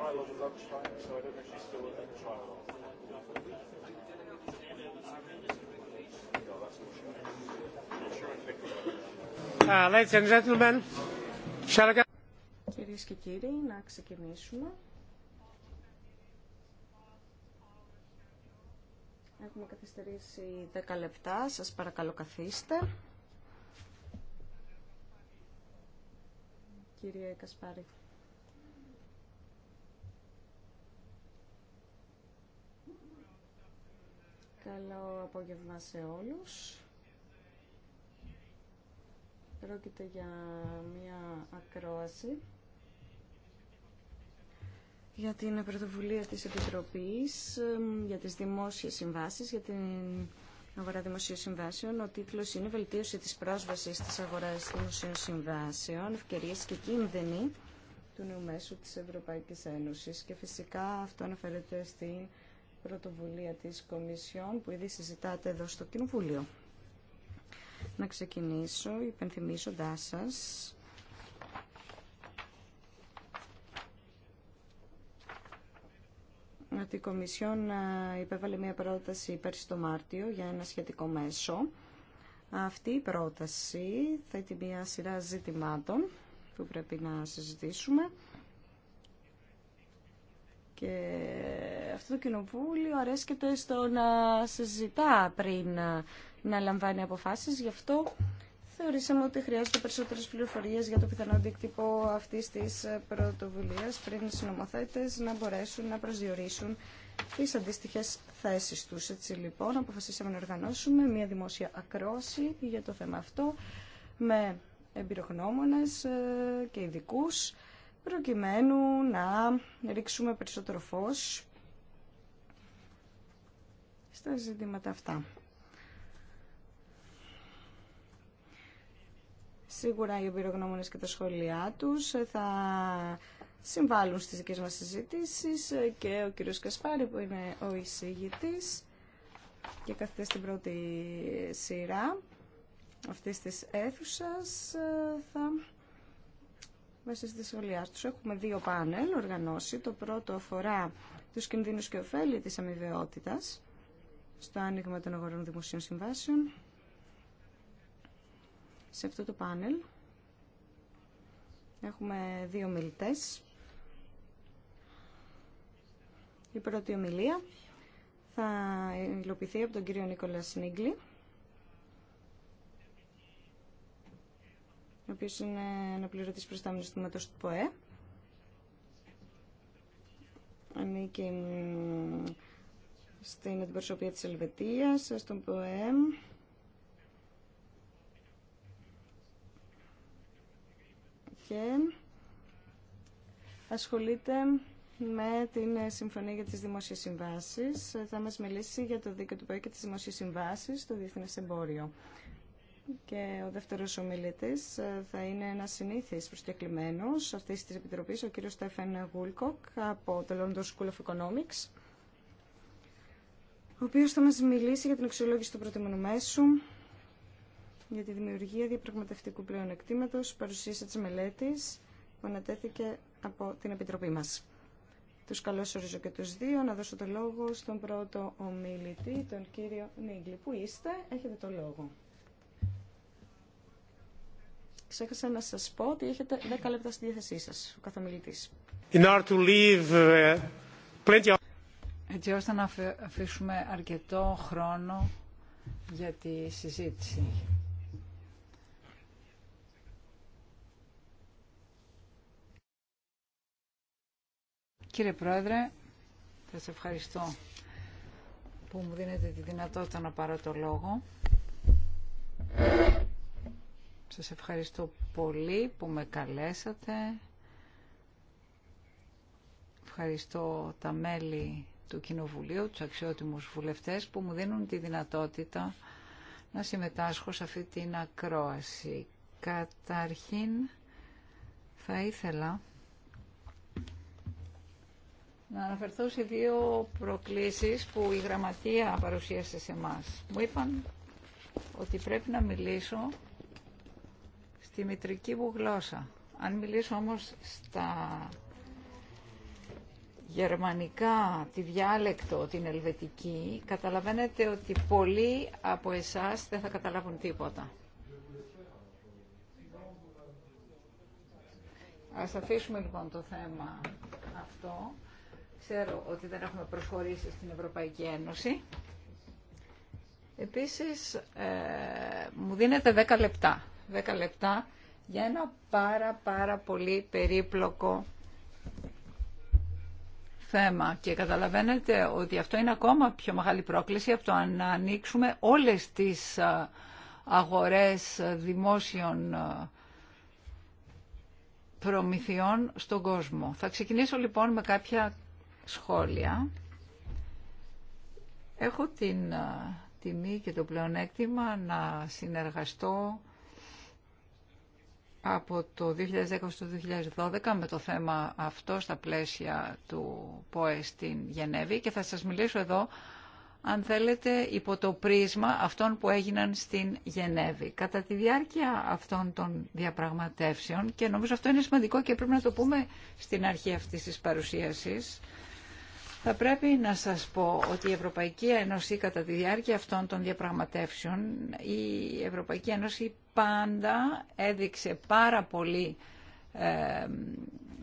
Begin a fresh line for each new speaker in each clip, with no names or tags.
Uh,
Κυρίε και κύριοι, να ξεκινήσουμε. Έχουμε καθυστερήσει 10 λεπτά. Σας παρακαλώ καθίστε. Κυρία Κασπάρη. Καλό απόγευμα σε όλους. Πρόκειται για μια ακρόαση για την πρωτοβουλία της Επιτροπής για τις δημόσιες συμβάσεις, για την αγορά δημοσίων συμβάσεων. Ο τίτλος είναι «Βελτίωση της πρόσβασης της αγοράς δημοσίων συμβάσεων, ευκαιρίες και κίνδυνοι» του νέου μέσου της Ευρωπαϊκής Ένωσης. Και φυσικά αυτό αναφέρεται στην πρωτοβουλία της Κομισιόν που ήδη συζητάτε εδώ στο Κοινοβούλιο. Να ξεκινήσω υπενθυμίζοντάς σας ότι η Κομισιόν υπέβαλε μια πρόταση πέρσι το Μάρτιο για ένα σχετικό μέσο. Αυτή η πρόταση είναι μια σειρά ζητημάτων που πρέπει να συζητήσουμε. Και αυτό το κοινοβούλιο αρέσκεται στο να συζητά πριν ε, να λαμβάνει αποφάσεις, γι' αυτό θεωρήσαμε ότι χρειάζονται περισσότερες πληροφορίες για το πιθανό αντίκτυπο αυτής της ε, πρωτοβουλίας πριν οι συνομοθέτες να μπορέσουν να προσδιορίσουν τις αντίστοιχες θέσεις τους. Έτσι λοιπόν αποφασίσαμε να οργανώσουμε μια δημόσια ακρόση για το θέμα αυτό με εμπειρογνώμονες ε, και ειδικού προκειμένου να ρίξουμε περισσότερο φως στα ζητήματα αυτά. Σίγουρα οι εμπειρογνώμονες και τα σχόλιά τους θα συμβάλλουν στις δικές μας συζητήσεις και ο κύριος Κασπάρη που είναι ο εισηγητής και καθίστε στην πρώτη σειρά αυτής της αίθουσας θα μέσα στη σχολιά του Έχουμε δύο πάνελ οργανώσει. Το πρώτο αφορά του κινδύνους και ωφέλη της αμοιβαιότητα στο άνοιγμα των αγορών δημοσίων συμβάσεων. Σε αυτό το πάνελ έχουμε δύο μιλητέ. Η πρώτη ομιλία θα υλοποιηθεί από τον κύριο Νίκολα Σνίγκλη, ο οποίος είναι αναπληρωτής προστάμενος του μετός του ΠΟΕ. Ανήκει στην αντιπροσωπεία της Ελβετίας, στον ΠΟΕ. Και ασχολείται με την Συμφωνία για τις Δημόσιες Συμβάσεις. Θα μας μιλήσει για το δίκαιο του ΠΟΕ και τις Δημόσιες Συμβάσεις στο Διεθνές Εμπόριο και ο δεύτερος ομιλητής ε, θα είναι ένα συνήθις προσκεκλημένος αυτή της επιτροπή, ο κύριος Στέφεν Γούλκοκ από το London School of Economics, ο οποίος θα μας μιλήσει για την αξιολόγηση του προτιμονού μέσου, για τη δημιουργία διαπραγματευτικού πλεονεκτήματος, παρουσίαση της μελέτης που ανατέθηκε από την Επιτροπή μας. Τους ορίζω και τους δύο. Να δώσω το λόγο στον πρώτο ομιλητή, τον κύριο Νίγκλη. Πού είστε, έχετε το λόγο. Ξέχασα να σας πω ότι έχετε 10 λεπτά στη διάθεσή σας, ο καθομιλητής.
In order to leave, uh, plenty of...
Έτσι ώστε να αφήσουμε
αρκετό χρόνο για τη συζήτηση. Κύριε Πρόεδρε, θα σας ευχαριστώ που μου δίνετε τη δυνατότητα να πάρω το λόγο. Σας ευχαριστώ πολύ που με καλέσατε. Ευχαριστώ τα μέλη του Κοινοβουλίου, τους αξιότιμους βουλευτές που μου δίνουν τη δυνατότητα να συμμετάσχω σε αυτή την ακρόαση. Καταρχήν θα ήθελα να αναφερθώ σε δύο προκλήσεις που η γραμματεία παρουσίασε σε μας. Μου είπαν ότι πρέπει να μιλήσω στη μητρική μου γλώσσα. Αν μιλήσω όμως στα γερμανικά, τη διάλεκτο, την ελβετική, καταλαβαίνετε ότι πολλοί από εσάς δεν θα καταλάβουν τίποτα. Ας αφήσουμε λοιπόν το θέμα αυτό. Ξέρω ότι δεν έχουμε προσχωρήσει στην Ευρωπαϊκή Ένωση. Επίσης, ε, μου δίνετε 10 λεπτά. 10 λεπτά για ένα πάρα πάρα πολύ περίπλοκο θέμα και καταλαβαίνετε ότι αυτό είναι ακόμα πιο μεγάλη πρόκληση από το να ανοίξουμε όλες τις αγορές δημόσιων προμηθειών στον κόσμο. Θα ξεκινήσω λοιπόν με κάποια σχόλια. Έχω την τιμή και το πλεονέκτημα να συνεργαστώ από το 2010 στο 2012 με το θέμα αυτό στα πλαίσια του ΠΟΕ στην Γενέβη και θα σας μιλήσω εδώ αν θέλετε υπό το πρίσμα αυτών που έγιναν στην Γενέβη. Κατά τη διάρκεια αυτών των διαπραγματεύσεων και νομίζω αυτό είναι σημαντικό και πρέπει να το πούμε στην αρχή αυτής της παρουσίασης θα πρέπει να σας πω ότι η Ευρωπαϊκή Ένωση κατά τη διάρκεια αυτών των διαπραγματεύσεων η Ευρωπαϊκή Ένωση πάντα έδειξε πάρα πολύ ε,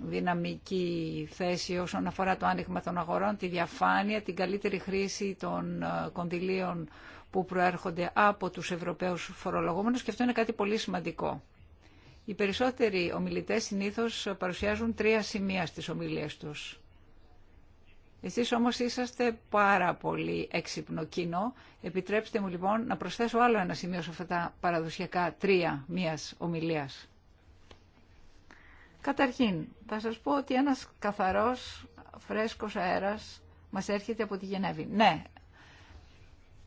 δυναμική θέση όσον αφορά το άνοιγμα των αγορών, τη διαφάνεια, την καλύτερη χρήση των ε, κονδυλίων που προέρχονται από τους Ευρωπαίους φορολογούμενους και αυτό είναι κάτι πολύ σημαντικό. Οι περισσότεροι ομιλητές συνήθως παρουσιάζουν τρία σημεία στις ομιλίες τους. Εσείς όμως είσαστε πάρα πολύ έξυπνο κοινό. Επιτρέψτε μου λοιπόν να προσθέσω άλλο ένα σημείο σε αυτά τα παραδοσιακά τρία μίας ομιλίας. Καταρχήν, θα σας πω ότι ένας καθαρός, φρέσκος αέρας μας έρχεται από τη Γενέβη. Ναι,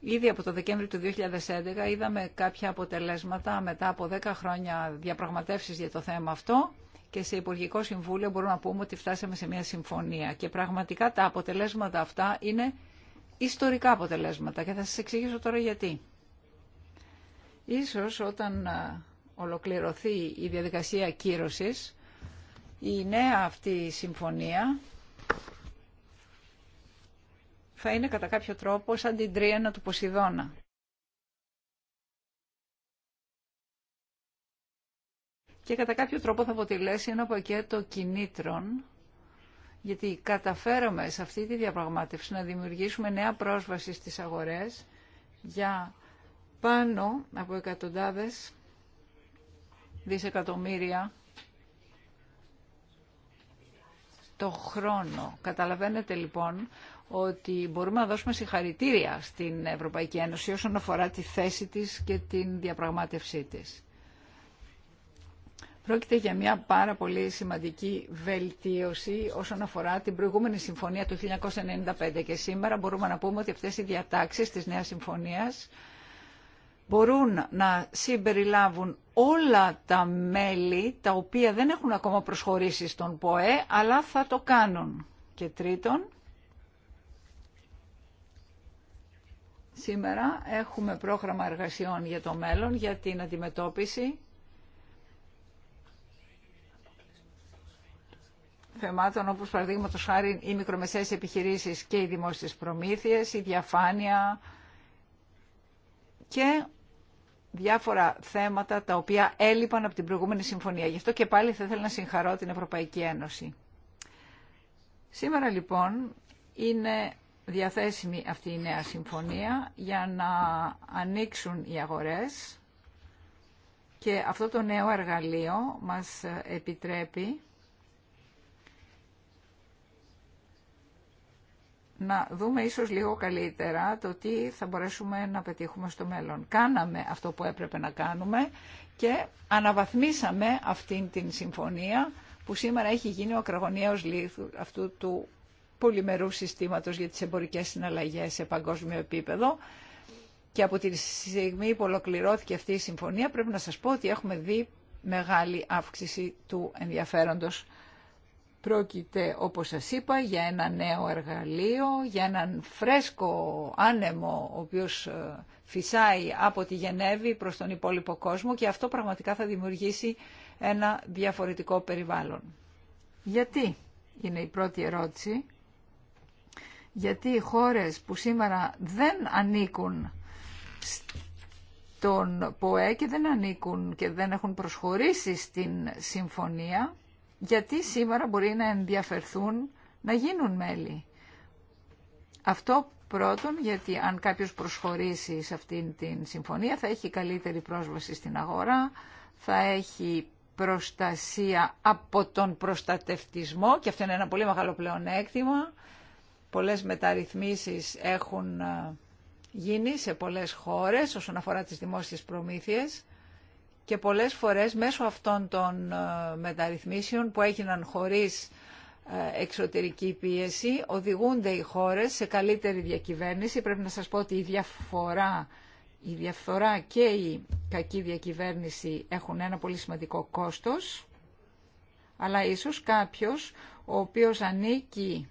Ήδη από το Δεκέμβριο του 2011 είδαμε κάποια αποτελέσματα μετά από 10 χρόνια διαπραγματεύσεις για το θέμα αυτό και σε Υπουργικό Συμβούλιο μπορούμε να πούμε ότι φτάσαμε σε μια συμφωνία. Και πραγματικά τα αποτελέσματα αυτά είναι ιστορικά αποτελέσματα και θα σας εξηγήσω τώρα γιατί. Ίσως όταν ολοκληρωθεί η διαδικασία κύρωσης, η νέα αυτή συμφωνία θα είναι κατά κάποιο τρόπο σαν την τρίανα του Ποσειδώνα. και κατά κάποιο τρόπο θα αποτελέσει ένα πακέτο κινήτρων γιατί καταφέραμε σε αυτή τη διαπραγμάτευση να δημιουργήσουμε νέα πρόσβαση στις αγορές για πάνω από εκατοντάδες δισεκατομμύρια το χρόνο. Καταλαβαίνετε λοιπόν ότι μπορούμε να δώσουμε συγχαρητήρια στην Ευρωπαϊκή Ένωση όσον αφορά τη θέση της και την διαπραγμάτευσή της. Πρόκειται για μια πάρα πολύ σημαντική βελτίωση όσον αφορά την προηγούμενη συμφωνία του 1995 και σήμερα μπορούμε να πούμε ότι αυτές οι διατάξεις της νέας συμφωνίας μπορούν να συμπεριλάβουν όλα τα μέλη τα οποία δεν έχουν ακόμα προσχωρήσει στον ΠΟΕ αλλά θα το κάνουν. Και τρίτον, σήμερα έχουμε πρόγραμμα εργασιών για το μέλλον για την αντιμετώπιση θεμάτων όπως παραδείγματος χάρη οι μικρομεσαίες επιχειρήσεις και οι δημόσιες προμήθειες, η διαφάνεια και διάφορα θέματα τα οποία έλειπαν από την προηγούμενη συμφωνία. Γι' αυτό και πάλι θα ήθελα να συγχαρώ την Ευρωπαϊκή Ένωση. Σήμερα λοιπόν είναι διαθέσιμη αυτή η νέα συμφωνία για να ανοίξουν οι αγορές και αυτό το νέο εργαλείο μας επιτρέπει να δούμε ίσως λίγο καλύτερα το τι θα μπορέσουμε να πετύχουμε στο μέλλον. Κάναμε αυτό που έπρεπε να κάνουμε και αναβαθμίσαμε αυτήν την συμφωνία που σήμερα έχει γίνει ο ακραγωνιαίος λίθου αυτού του πολυμερού συστήματος για τις εμπορικές συναλλαγές σε παγκόσμιο επίπεδο. Και από τη στιγμή που ολοκληρώθηκε αυτή η συμφωνία πρέπει να σας πω ότι έχουμε δει μεγάλη αύξηση του ενδιαφέροντος Πρόκειται, όπως σας είπα, για ένα νέο εργαλείο, για έναν φρέσκο άνεμο, ο οποίος ε, φυσάει από τη Γενέβη προς τον υπόλοιπο κόσμο και αυτό πραγματικά θα δημιουργήσει ένα διαφορετικό περιβάλλον. Γιατί, είναι η πρώτη ερώτηση, γιατί οι χώρες που σήμερα δεν ανήκουν στον ΠΟΕ και δεν ανήκουν και δεν έχουν προσχωρήσει στην συμφωνία, γιατί σήμερα μπορεί να ενδιαφερθούν να γίνουν μέλη. Αυτό πρώτον γιατί αν κάποιος προσχωρήσει σε αυτήν την συμφωνία θα έχει καλύτερη πρόσβαση στην αγορά, θα έχει προστασία από τον προστατευτισμό και αυτό είναι ένα πολύ μεγάλο πλεονέκτημα. Πολλές μεταρρυθμίσεις έχουν ε, γίνει σε πολλές χώρες όσον αφορά τις δημόσιες προμήθειες και πολλές φορές μέσω αυτών των ε, μεταρρυθμίσεων που έγιναν χωρίς ε, εξωτερική πίεση οδηγούνται οι χώρες σε καλύτερη διακυβέρνηση. Πρέπει να σας πω ότι η διαφορά, η διαφορά και η κακή διακυβέρνηση έχουν ένα πολύ σημαντικό κόστος, αλλά ίσως κάποιος ο οποίος ανήκει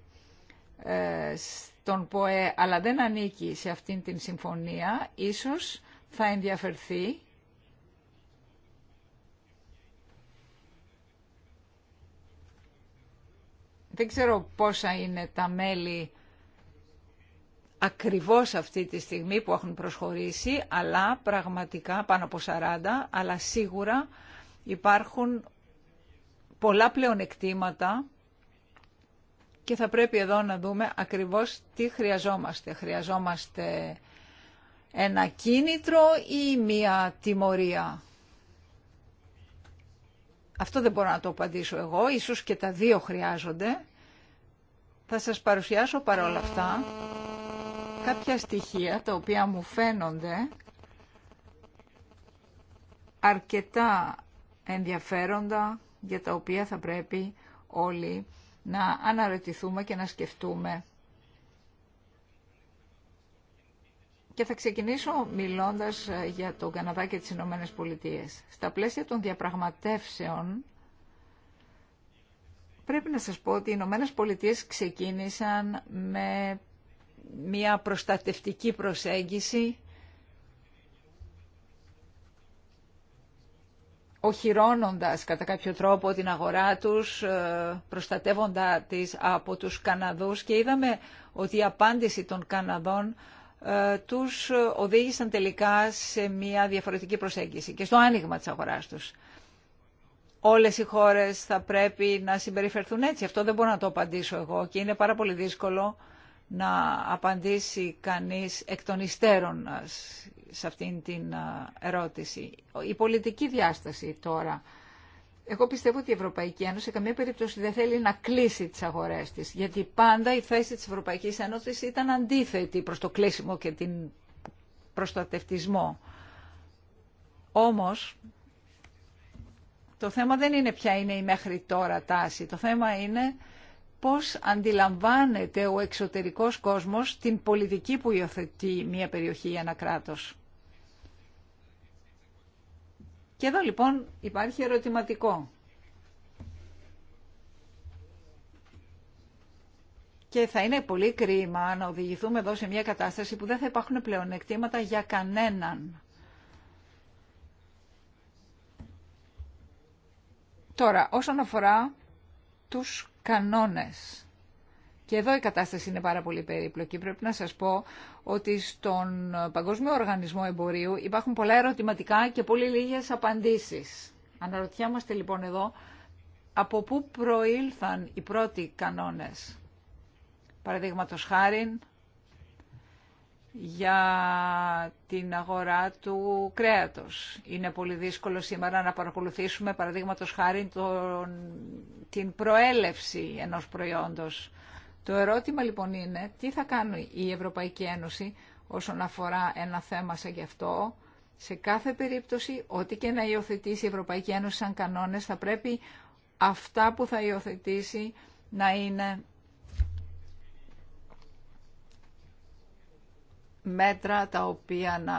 ε, στον ΠΟΕ αλλά δεν ανήκει σε αυτήν την συμφωνία, ίσως θα ενδιαφερθεί Δεν ξέρω πόσα είναι τα μέλη ακριβώς αυτή τη στιγμή που έχουν προσχωρήσει, αλλά πραγματικά πάνω από 40, αλλά σίγουρα υπάρχουν πολλά πλεονεκτήματα και θα πρέπει εδώ να δούμε ακριβώς τι χρειαζόμαστε. Χρειαζόμαστε ένα κίνητρο ή μία τιμωρία. Αυτό δεν μπορώ να το απαντήσω εγώ, ίσως και τα δύο χρειάζονται. Θα σας παρουσιάσω παρόλα αυτά κάποια στοιχεία τα οποία μου φαίνονται αρκετά ενδιαφέροντα για τα οποία θα πρέπει όλοι να αναρωτηθούμε και να σκεφτούμε. Και θα ξεκινήσω μιλώντας για τον Καναδά και τις Ηνωμένε Πολιτείες. Στα πλαίσια των διαπραγματεύσεων Πρέπει να σας πω ότι οι Ηνωμένε Πολιτείε ξεκίνησαν με μια προστατευτική προσέγγιση οχυρώνοντας κατά κάποιο τρόπο την αγορά τους, ε, προστατεύοντα τις από τους Καναδούς και είδαμε ότι η απάντηση των Καναδών ε, τους οδήγησαν τελικά σε μια διαφορετική προσέγγιση και στο άνοιγμα της αγοράς τους όλες οι χώρες θα πρέπει να συμπεριφερθούν έτσι. Αυτό δεν μπορώ να το απαντήσω εγώ και είναι πάρα πολύ δύσκολο να απαντήσει κανείς εκ των υστέρων σε αυτήν την ερώτηση. Η πολιτική διάσταση τώρα. Εγώ πιστεύω ότι η Ευρωπαϊκή Ένωση σε καμία περίπτωση δεν θέλει να κλείσει τις αγορές της, γιατί πάντα η θέση της Ευρωπαϊκής Ένωσης ήταν αντίθετη προς το κλείσιμο και την προστατευτισμό. Όμως, το θέμα δεν είναι ποια είναι η μέχρι τώρα τάση. Το θέμα είναι πώς αντιλαμβάνεται ο εξωτερικός κόσμος την πολιτική που υιοθετεί μια περιοχή ή ένα κράτος. Και εδώ λοιπόν υπάρχει ερωτηματικό. Και θα είναι πολύ κρίμα να οδηγηθούμε εδώ σε μια κατάσταση που δεν θα υπάρχουν πλεονεκτήματα για κανέναν. Τώρα, όσον αφορά τους κανόνες, και εδώ η κατάσταση είναι πάρα πολύ περίπλοκη. Πρέπει να σας πω ότι στον Παγκόσμιο Οργανισμό Εμπορίου υπάρχουν πολλά ερωτηματικά και πολύ λίγες απαντήσεις. Αναρωτιάμαστε λοιπόν εδώ από πού προήλθαν οι πρώτοι κανόνες. παραδείγματος χάριν για την αγορά του κρέατος. Είναι πολύ δύσκολο σήμερα να παρακολουθήσουμε, παραδείγματο χάρη, την προέλευση ενός προϊόντος. Το ερώτημα λοιπόν είναι τι θα κάνει η Ευρωπαϊκή Ένωση όσον αφορά ένα θέμα σε γι' αυτό. Σε κάθε περίπτωση, ό,τι και να υιοθετήσει η Ευρωπαϊκή Ένωση σαν κανόνες, θα πρέπει αυτά που θα υιοθετήσει να είναι μέτρα τα οποία να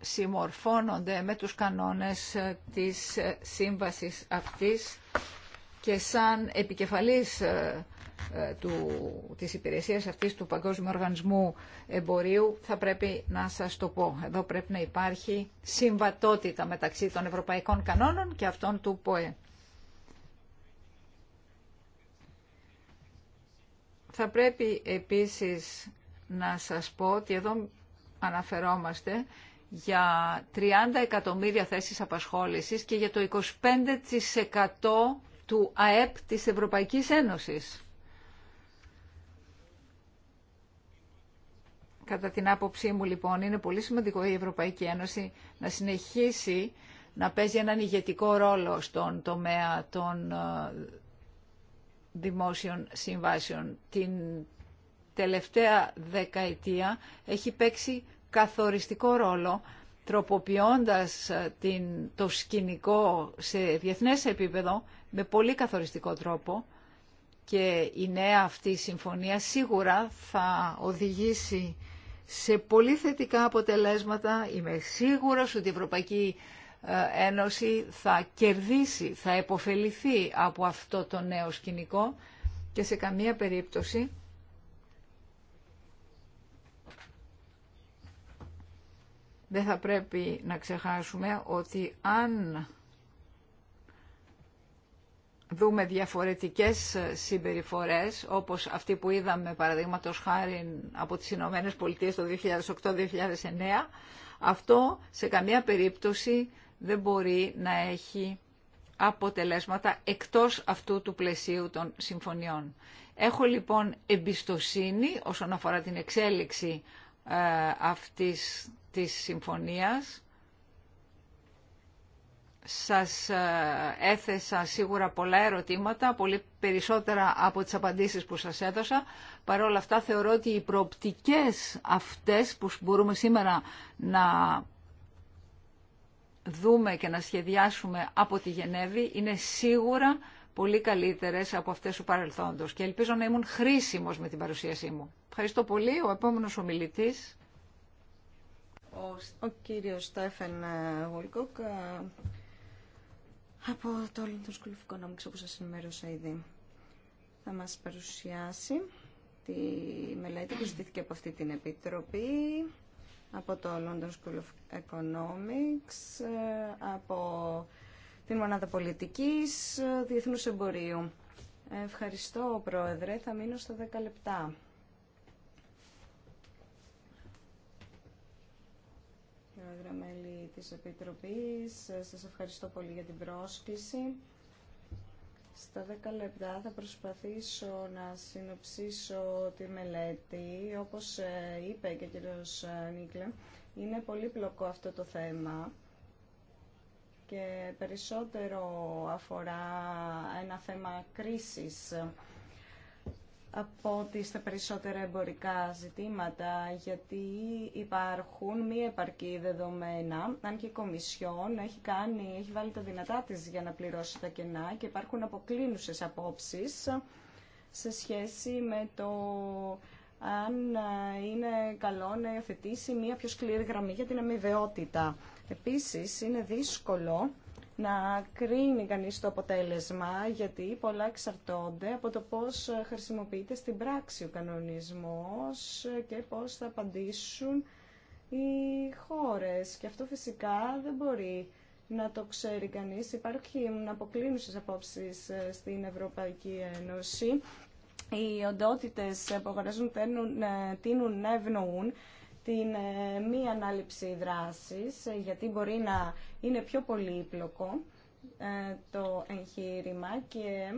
συμμορφώνονται με τους κανόνες ε, της ε, σύμβασης αυτής και σαν επικεφαλής ε, του, της υπηρεσίας αυτής του Παγκόσμιου Οργανισμού Εμπορίου θα πρέπει να σας το πω. Εδώ πρέπει να υπάρχει συμβατότητα μεταξύ των ευρωπαϊκών κανόνων και αυτών του ΠΟΕ. Θα πρέπει επίσης να σας πω ότι εδώ αναφερόμαστε για 30 εκατομμύρια θέσεις απασχόλησης και για το 25% του ΑΕΠ της Ευρωπαϊκής Ένωσης. Κατά την άποψή μου λοιπόν είναι πολύ σημαντικό η Ευρωπαϊκή Ένωση να συνεχίσει να παίζει έναν ηγετικό ρόλο στον τομέα των ε, δημόσιων συμβάσεων, την τελευταία δεκαετία έχει παίξει καθοριστικό ρόλο τροποποιώντας ε, την, το σκηνικό σε διεθνές επίπεδο με πολύ καθοριστικό τρόπο και η νέα αυτή συμφωνία σίγουρα θα οδηγήσει σε πολύ θετικά αποτελέσματα. Είμαι σίγουρος ότι η Ευρωπαϊκή ε, Ένωση θα κερδίσει, θα επωφεληθεί από αυτό το νέο σκηνικό και σε καμία περίπτωση δεν θα πρέπει να ξεχάσουμε ότι αν δούμε διαφορετικές συμπεριφορές όπως αυτή που είδαμε παραδείγματος χάρη από τις Ηνωμένε Πολιτείες το 2008-2009 αυτό σε καμία περίπτωση δεν μπορεί να έχει αποτελέσματα εκτός αυτού του πλαισίου των συμφωνιών. Έχω λοιπόν εμπιστοσύνη όσον αφορά την εξέλιξη ε, αυτής της συμφωνίας. Σας ε, έθεσα σίγουρα πολλά ερωτήματα, πολύ περισσότερα από τις απαντήσεις που σας έδωσα. Παρ' όλα αυτά θεωρώ ότι οι προοπτικές αυτές που μπορούμε σήμερα να δούμε και να σχεδιάσουμε από τη Γενέβη είναι σίγουρα πολύ καλύτερες από αυτές του παρελθόντος και ελπίζω να ήμουν χρήσιμος με την παρουσίασή μου. Ευχαριστώ πολύ. Ο επόμενος ομιλητής
ο κύριος Στέφεν Γουλκοκ ε, ε, από το London School of Economics, όπως σας ενημέρωσα ήδη, θα μας παρουσιάσει τη μελέτη που ζητήθηκε από αυτή την Επιτροπή, από το London School of Economics, ε, από την Μονάδα Πολιτικής Διεθνούς Εμπορίου. Ευχαριστώ, Πρόεδρε. Θα μείνω στα 10 λεπτά. Πρόεδρε, της Επιτροπής. Σας ευχαριστώ πολύ για την πρόσκληση. Στα 10 λεπτά θα προσπαθήσω να συνοψίσω τη μελέτη. Όπως ε, είπε και ο κύριος ε, Νίκλε, είναι πολύ πλοκό αυτό το θέμα και περισσότερο αφορά ένα θέμα κρίσης από ότι στα περισσότερα εμπορικά ζητήματα, γιατί υπάρχουν μη επαρκή δεδομένα, αν και η Κομισιόν έχει, κάνει, έχει βάλει τα δυνατά της για να πληρώσει τα κενά και υπάρχουν αποκλίνουσες απόψεις σε σχέση με το αν είναι καλό να υιοθετήσει μία πιο σκληρή γραμμή για την αμοιβαιότητα. Επίσης, είναι δύσκολο να κρίνει κανείς το αποτέλεσμα, γιατί πολλά εξαρτώνται από το πώς χρησιμοποιείται στην πράξη ο κανονισμός και πώς θα απαντήσουν οι χώρες. Και αυτό φυσικά δεν μπορεί να το ξέρει κανείς. Υπάρχουν αποκλίνουσες απόψεις ε, στην Ευρωπαϊκή Ένωση. Οι οντότητες που αγοράζουν τείνουν να ευνοούν την ε, μη ανάληψη δράσης, ε, γιατί μπορεί να είναι πιο πολύπλοκο ε, το εγχείρημα και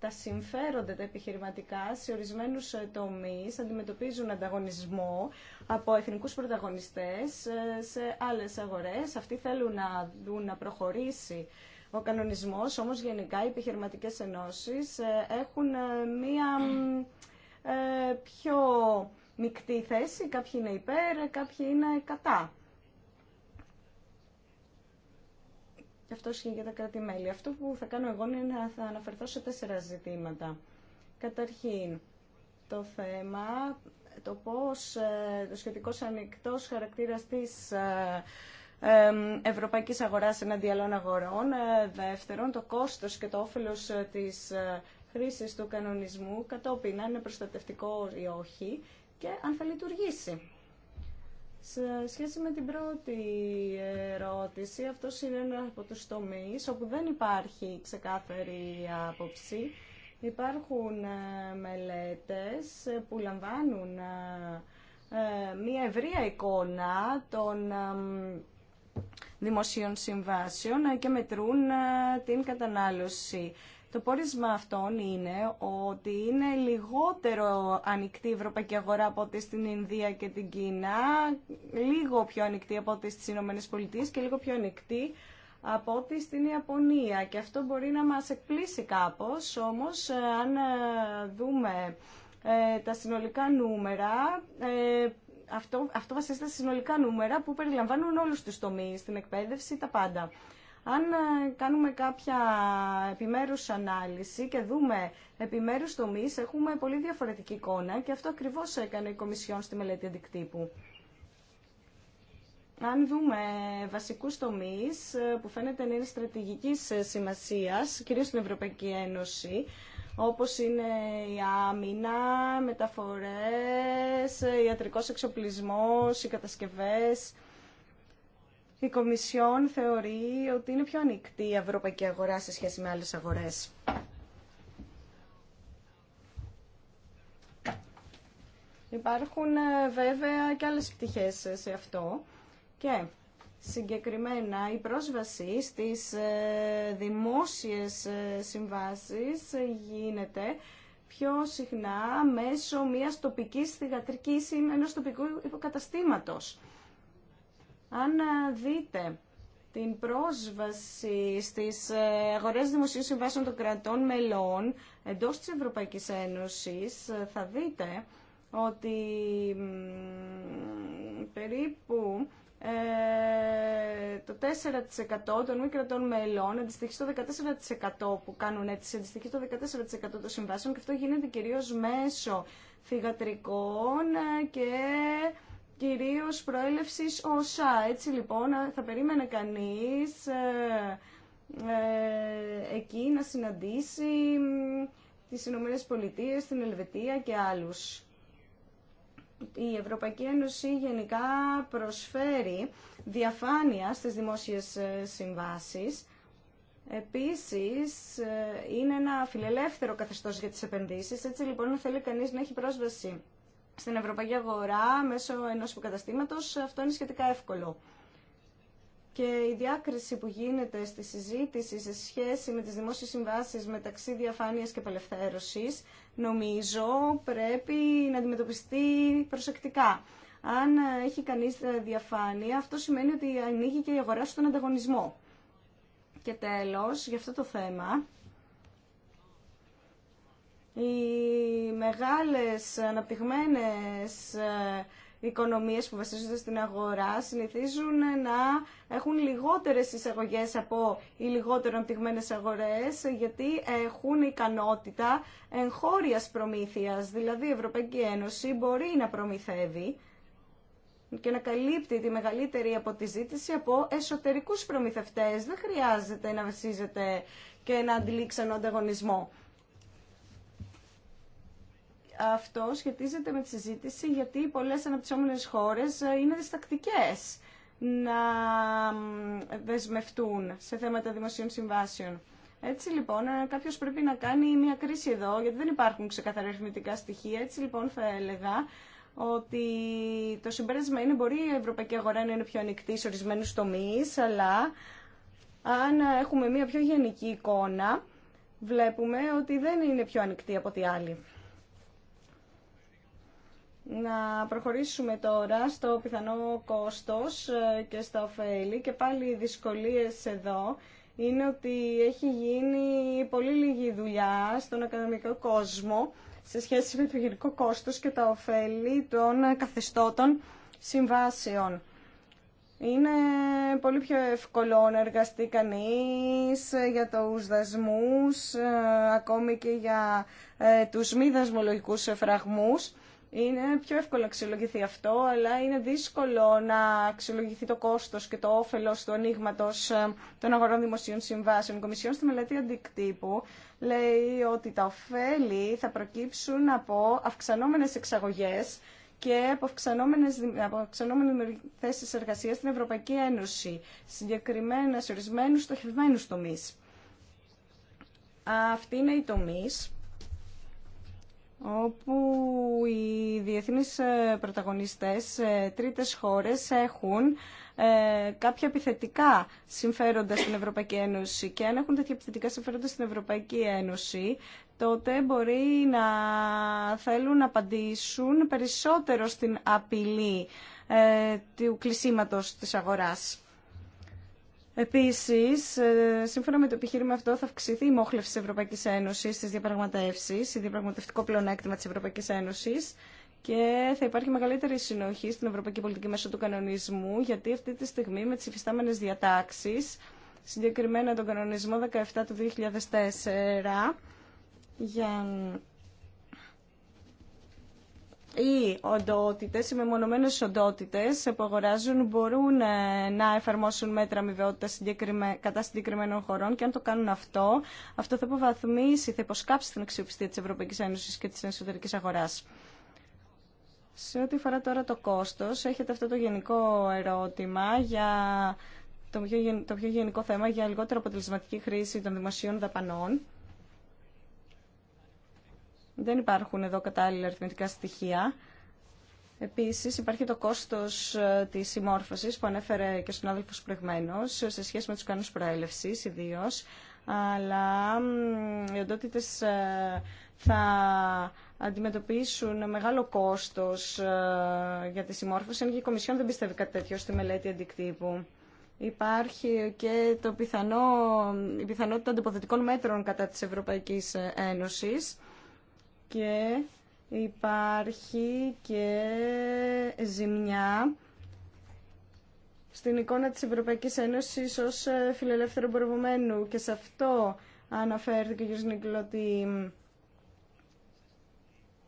τα συμφέροντα τα επιχειρηματικά σε ορισμένους τομείς αντιμετωπίζουν ανταγωνισμό από εθνικούς πρωταγωνιστές σε άλλες αγορές. Αυτοί θέλουν να δουν να προχωρήσει ο κανονισμός, όμως γενικά οι επιχειρηματικές ενώσεις έχουν μία πιο μεικτή θέση, κάποιοι είναι υπέρ, κάποιοι είναι κατά. Και αυτό ισχύει για τα κράτη-μέλη. Αυτό που θα κάνω εγώ είναι να αναφερθώ σε τέσσερα ζητήματα. Καταρχήν, το θέμα, το πώς ε, το σχετικός ανοιχτός χαρακτήρας της ε, ε, ευρωπαϊκής αγοράς εναντί άλλων αγορών. Δεύτερον, το κόστος και το όφελος της χρήσης του κανονισμού κατόπιν, αν είναι προστατευτικό ή όχι και αν θα λειτουργήσει. σχέση με την πρώτη ερώτηση, αυτό είναι ένα από τους τομείς όπου δεν υπάρχει ξεκάθαρη άποψη. Υπάρχουν ε, μελέτες που λαμβάνουν ε, ε, μια ευρεία εικόνα των δημοσίων συμβάσεων και μετρούν την κατανάλωση. Το πόρισμα αυτών είναι ότι είναι λιγότερο ανοιχτή η ευρωπαϊκή αγορά από ό,τι στην Ινδία και την Κίνα, λίγο πιο ανοιχτή από ό,τι στις Ηνωμένες και λίγο πιο ανοιχτή από ό,τι στην Ιαπωνία. Και αυτό μπορεί να μας εκπλήσει κάπως, όμως ε, αν ε, δούμε ε, τα συνολικά νούμερα, αυτό, αυτό βασίζεται στα συνολικά νούμερα που περιλαμβάνουν όλους τους τομείς, την εκπαίδευση, τα πάντα. Αν ε, κάνουμε κάποια επιμέρους ανάλυση και δούμε επιμέρους τομείς, έχουμε πολύ διαφορετική εικόνα και αυτό ακριβώς έκανε η Κομισιόν στη μελέτη αντικτύπου. Αν δούμε βασικούς τομείς ε, που φαίνεται να είναι στρατηγικής ε, σημασίας, κυρίως στην Ευρωπαϊκή Ένωση, όπως είναι η άμυνα, μεταφορές, ιατρικός εξοπλισμός, οι κατασκευές, η Κομισιόν θεωρεί ότι είναι πιο ανοιχτή η ευρωπαϊκή αγορά σε σχέση με άλλες αγορές. Υπάρχουν ε, βέβαια και άλλες πτυχές σε αυτό και συγκεκριμένα η πρόσβαση στις ε, δημόσιες ε, συμβάσεις γίνεται πιο συχνά μέσω μιας τοπικής θηγατρικής ή ενός τοπικού υποκαταστήματος. Αν ε, δείτε την πρόσβαση στις ε, αγορές δημοσίου συμβάσεων των κρατών μελών εντός της Ευρωπαϊκής Ένωσης, ε, θα δείτε ότι περίπου το 4% των μη κρατών μελών αντιστοιχεί στο 14% που κάνουν έτσι, αντιστοιχεί στο 14% των συμβάσεων και αυτό γίνεται κυρίως μέσω θυγατρικών και κυρίως προέλευσης ΩΣΑ. Έτσι λοιπόν θα περίμενε κανείς ε, ε, εκεί να συναντήσει τις Ηνωμένε Πολιτείε, την Ελβετία και άλλους. Η Ευρωπαϊκή Ένωση γενικά προσφέρει διαφάνεια στις δημόσιες ε, συμβάσεις. Επίσης, είναι ένα φιλελεύθερο καθεστώς για τις επενδύσεις, έτσι λοιπόν θέλει κανείς να έχει πρόσβαση στην ευρωπαϊκή αγορά μέσω ενός υποκαταστήματος, αυτό είναι σχετικά εύκολο. Και η διάκριση που γίνεται στη συζήτηση σε σχέση με τις δημόσιες συμβάσεις μεταξύ διαφάνειας και απελευθέρωσης, νομίζω πρέπει να αντιμετωπιστεί προσεκτικά. Αν έχει κανείς διαφάνεια, αυτό σημαίνει ότι ανοίγει και η αγορά στον ανταγωνισμό. Και τέλος, για αυτό το θέμα, οι μεγάλες αναπτυγμένες ε, οικονομίες που βασίζονται στην αγορά συνηθίζουν να έχουν λιγότερες εισαγωγές από οι λιγότερο αναπτυγμένες αγορές γιατί έχουν ικανότητα εγχώριας προμήθειας. Δηλαδή η Ευρωπαϊκή Ένωση μπορεί να προμηθεύει και να καλύπτει τη μεγαλύτερη αποτιζήτηση από εσωτερικούς προμηθευτές. Δεν χρειάζεται να βασίζεται και να αντιλήξαν ανταγωνισμό αυτό σχετίζεται με τη συζήτηση γιατί πολλές αναπτυσσόμενες χώρες ε, είναι διστακτικές να δεσμευτούν σε θέματα δημοσίων συμβάσεων. Έτσι λοιπόν, ε, κάποιο πρέπει να κάνει μια κρίση εδώ, γιατί δεν υπάρχουν ξεκαθαρά αριθμητικά στοιχεία. Έτσι λοιπόν, θα έλεγα ότι το συμπέρασμα είναι μπορεί η ευρωπαϊκή αγορά να είναι πιο ανοιχτή σε ορισμένου τομεί, αλλά αν έχουμε μια πιο γενική εικόνα, βλέπουμε ότι δεν είναι πιο ανοιχτή από τη άλλη να προχωρήσουμε τώρα στο πιθανό κόστος ε, και στα ωφέλη και πάλι οι δυσκολίες εδώ είναι ότι έχει γίνει πολύ λίγη δουλειά στον οικονομικό κόσμο σε σχέση με το γενικό κόστος και τα ωφέλη των καθεστώτων συμβάσεων. Είναι πολύ πιο εύκολο να εργαστεί κανείς ε, για τους δασμούς, ε, ακόμη και για τους μη δασμολογικούς εφραγμούς, είναι πιο εύκολο να αξιολογηθεί αυτό, αλλά είναι δύσκολο να αξιολογηθεί το κόστος και το όφελος του ανοίγματο ε, των αγορών δημοσίων συμβάσεων. Η Κομισιόν στη μελέτη αντικτύπου λέει ότι τα ωφέλη θα προκύψουν από αυξανόμενε εξαγωγέ και από αυξανόμενε από εργασία θέσεις εργασίας στην Ευρωπαϊκή Ένωση, συγκεκριμένα σε ορισμένου στοχευμένου τομεί. Αυτή είναι η τομείς όπου οι διεθνείς ε, πρωταγωνιστές ε, τρίτες χώρες έχουν ε, κάποια επιθετικά συμφέροντα στην Ευρωπαϊκή Ένωση και αν έχουν τέτοια επιθετικά συμφέροντα στην Ευρωπαϊκή Ένωση τότε μπορεί να θέλουν να απαντήσουν περισσότερο στην απειλή του κλεισίματος της αγοράς. Επίσης, ε, σύμφωνα με το επιχείρημα αυτό, θα αυξηθεί η μόχλευση τη Ευρωπαϊκής Ένωσης στις διαπραγματεύσεις, η διαπραγματευτικό πλεονέκτημα της Ευρωπαϊκής Ένωσης και θα υπάρχει μεγαλύτερη συνοχή στην ευρωπαϊκή πολιτική μέσω του κανονισμού, γιατί αυτή τη στιγμή με τι υφιστάμενε διατάξεις, συγκεκριμένα τον κανονισμό 17 του 2004, για οι οντότητες, οι μεμονωμένες οντότητες που αγοράζουν μπορούν ε, να εφαρμόσουν μέτρα αμοιβαιότητα κατά συγκεκριμένων χωρών και αν το κάνουν αυτό, αυτό θα υποβαθμίσει, θα υποσκάψει την αξιοπιστία της Ευρωπαϊκής Ένωσης και της εσωτερικής αγοράς. Σε ό,τι αφορά τώρα το κόστος, έχετε αυτό το γενικό ερώτημα για το πιο γενικό θέμα για λιγότερο αποτελεσματική χρήση των δημοσίων δαπανών. Δεν υπάρχουν εδώ κατάλληλα αριθμητικά στοιχεία. Επίσης υπάρχει το κόστος ε, της συμμόρφωσης που ανέφερε και ο συνάδελφος προηγουμένω ε, σε σχέση με τους κανόνες προέλευση, ιδίω, αλλά οι οντότητε ε, θα αντιμετωπίσουν μεγάλο κόστος για τη συμμόρφωση, αν και η Κομισιόν δεν πιστεύει κάτι τέτοιο στη μελέτη αντικτύπου. Υπάρχει και το πιθανό, η πιθανότητα αντιποθετικών μέτρων κατά της Ευρωπαϊκής Ένωσης και υπάρχει και ζημιά στην εικόνα της Ευρωπαϊκής Ένωσης ως ε, φιλελεύθερο εμπορευμένου και σε αυτό αναφέρθηκε ο κ. Νίκλο ότι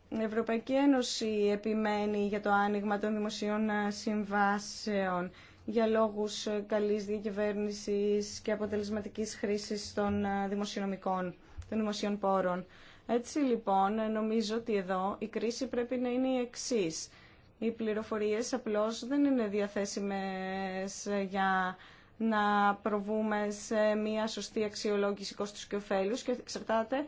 η Ευρωπαϊκή Ένωση επιμένει για το άνοιγμα των δημοσίων ε, συμβάσεων για λόγους ε, καλής διακυβέρνησης και αποτελεσματικής χρήσης των δημοσιονομικών, των δημοσίων πόρων. Έτσι λοιπόν νομίζω ότι εδώ η κρίση πρέπει να είναι η εξής. Οι πληροφορίες απλώς δεν είναι διαθέσιμες για να προβούμε σε μια σωστή αξιολόγηση κόστους και ωφέλους και εξαρτάται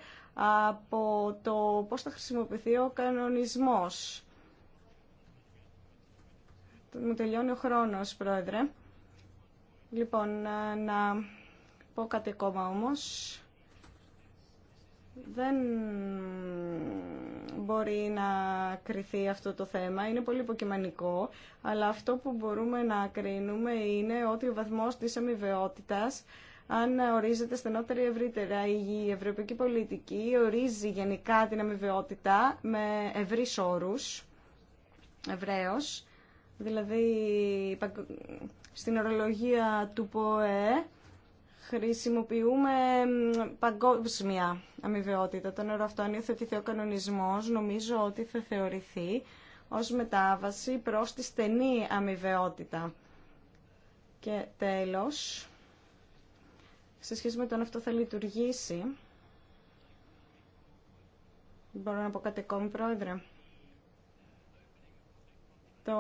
από το πώς θα χρησιμοποιηθεί ο κανονισμός. Μου τελειώνει ο χρόνος, Πρόεδρε. Λοιπόν, να πω κάτι ακόμα όμως δεν μπορεί να κρυθεί αυτό το θέμα. Είναι πολύ υποκειμενικό, αλλά αυτό που μπορούμε να κρίνουμε είναι ότι ο βαθμός της αμοιβαιότητας αν ορίζεται στενότερα στενότερη ευρωπαϊκή πολιτική ορίζει γενικά την αμοιβαιότητα με ευρύ όρους, ευρέως, δηλαδή στην ορολογία του ΠΟΕ χρησιμοποιούμε παγκόσμια αμοιβαιότητα. Το νερό αυτό, αν υιοθετηθεί ο κανονισμός, νομίζω ότι θα θεωρηθεί ως μετάβαση προς τη στενή αμοιβαιότητα. Και τέλος, σε σχέση με το αν αυτό θα λειτουργήσει, μπορώ να πω κάτι ακόμη, Πρόεδρε. Το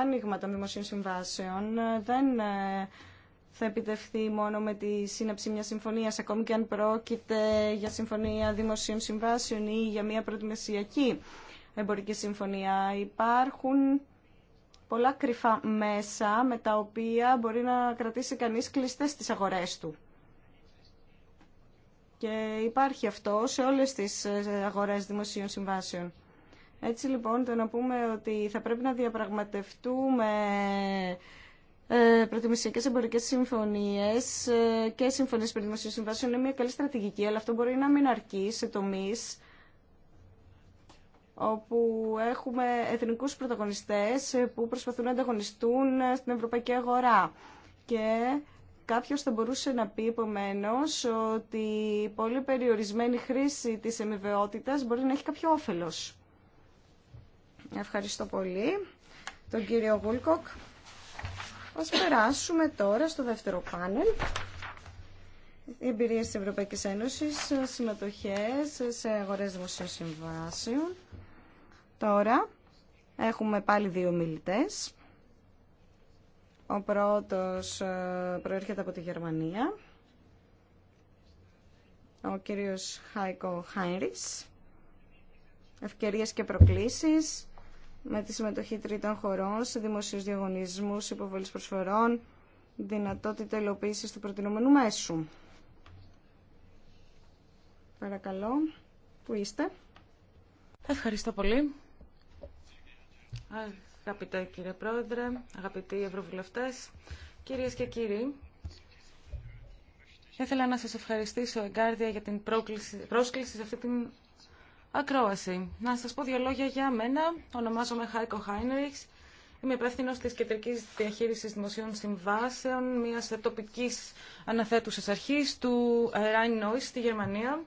άνοιγμα των δημοσίων συμβάσεων ε, δεν ε, θα επιτευχθεί μόνο με τη σύναψη μια συμφωνία, ακόμη και αν πρόκειται για συμφωνία δημοσίων συμβάσεων ή για μια προτιμεσιακή εμπορική συμφωνία. Υπάρχουν πολλά κρυφά μέσα με τα οποία μπορεί να κρατήσει κανείς κλειστές τις αγορές του. Και υπάρχει αυτό σε όλες τις ε, αγορές δημοσίων συμβάσεων. Έτσι λοιπόν το να πούμε ότι θα πρέπει να διαπραγματευτούμε ε, προτιμησιακές εμπορικές συμφωνίες ε, και συμφωνίες περί δημοσίου συμβάσεων είναι μια καλή στρατηγική, αλλά αυτό μπορεί να μην αρκεί σε τομείς όπου έχουμε εθνικούς πρωταγωνιστές ε, που προσπαθούν να ανταγωνιστούν στην ευρωπαϊκή αγορά. Και κάποιος θα μπορούσε να πει επομένω ότι η πολύ περιορισμένη χρήση της εμβεβαιότητας μπορεί να έχει κάποιο όφελος. Ευχαριστώ πολύ τον κύριο Γούλκοκ. Ας περάσουμε τώρα στο δεύτερο πάνελ. Οι εμπειρίες της Ευρωπαϊκής Ένωσης, συμμετοχές σε αγορές δημοσίων συμβάσεων. Τώρα έχουμε πάλι δύο μιλητές. Ο πρώτος ε, προέρχεται από τη Γερμανία, ο κύριος Χάικο Χάινρις. Ευκαιρίες και προκλήσεις με τη συμμετοχή τρίτων χωρών σε δημοσίους διαγωνισμούς υποβολής προσφορών, δυνατότητα υλοποίηση του προτινόμενου μέσου. Παρακαλώ, που είστε. Ευχαριστώ πολύ.
Αγαπητέ κύριε Πρόεδρε, αγαπητοί Ευρωβουλευτές, κυρίες και κύριοι, ήθελα να σας ευχαριστήσω εγκάρδια για την πρόσκληση σε αυτή την ακρόαση. Να σας πω δύο λόγια για μένα. Ονομάζομαι Χάικο Χάινριξ. Είμαι υπεύθυνο τη Κεντρική Διαχείριση Δημοσίων Συμβάσεων, μια τοπική αναθέτουσα αρχή του Rhein Neuss στη Γερμανία.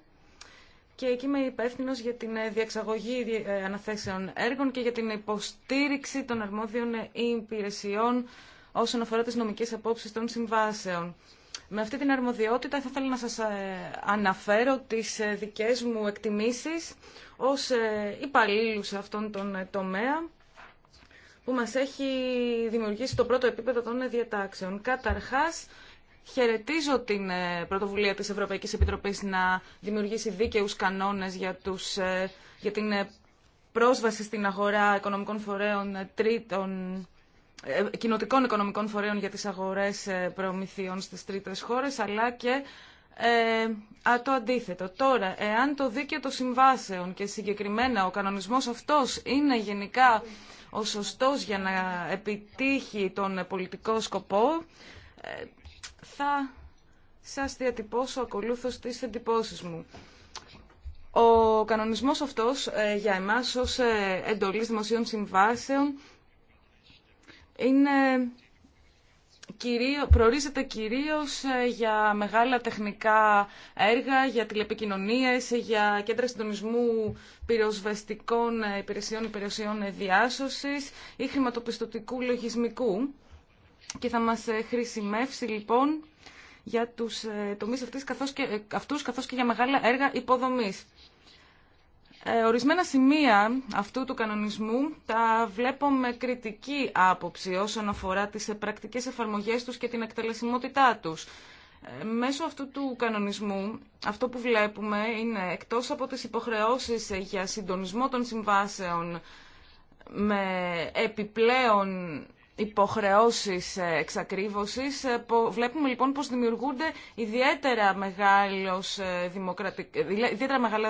Και εκεί είμαι υπεύθυνο για την διαξαγωγή ε, αναθέσεων έργων και για την υποστήριξη των αρμόδιων υπηρεσιών όσον αφορά τι νομικέ απόψει των συμβάσεων. Με αυτή την αρμοδιότητα θα ήθελα να σας ε, αναφέρω τις ε, δικές μου εκτιμήσεις ως ε, υπαλλήλου σε αυτόν τον τομέα που μας έχει δημιουργήσει το πρώτο επίπεδο των διατάξεων. Καταρχάς, χαιρετίζω την πρωτοβουλία της Ευρωπαϊκής Επιτροπής να δημιουργήσει δίκαιους κανόνες για, τους, για την πρόσβαση στην αγορά οικονομικών φορέων τρίτων ε, κοινοτικών οικονομικών φορέων για τις αγορές ε, προμηθειών στις τρίτες χώρες, αλλά και ε, το αντίθετο. Τώρα, εάν το δίκαιο των συμβάσεων και συγκεκριμένα ο κανονισμός αυτός είναι γενικά ο σωστός για να επιτύχει τον πολιτικό σκοπό, ε, θα σας διατυπώσω ακολούθως τις εντυπώσεις μου. Ο κανονισμός αυτός για εμάς ως εντολής δημοσίων συμβάσεων είναι κυρίως, προορίζεται κυρίως ε, για μεγάλα τεχνικά έργα, για τηλεπικοινωνίες, για κέντρα συντονισμού πυροσβεστικών ε, υπηρεσιών, υπηρεσιών διάσωσης ή χρηματοπιστωτικού λογισμικού. Και θα μας ε, χρησιμεύσει λοιπόν για τους τομείς αυτούς καθώς και, αυτούς, καθώς και για μεγάλα έργα υποδομής. Ε, ορισμένα σημεία αυτού του κανονισμού τα βλέπω με κριτική άποψη όσον αφορά τις πρακτικές εφαρμογές τους και την εκτελεσιμότητά τους. Ε, μέσω αυτού του κανονισμού αυτό που βλέπουμε είναι εκτός από τις υποχρεώσεις για συντονισμό των συμβάσεων με επιπλέον υποχρεώσεις ε, εξακρίβωσης. Ε, βλέπουμε λοιπόν πως δημιουργούνται ιδιαίτερα, μεγάλος, ε, ιδιαίτερα μεγάλα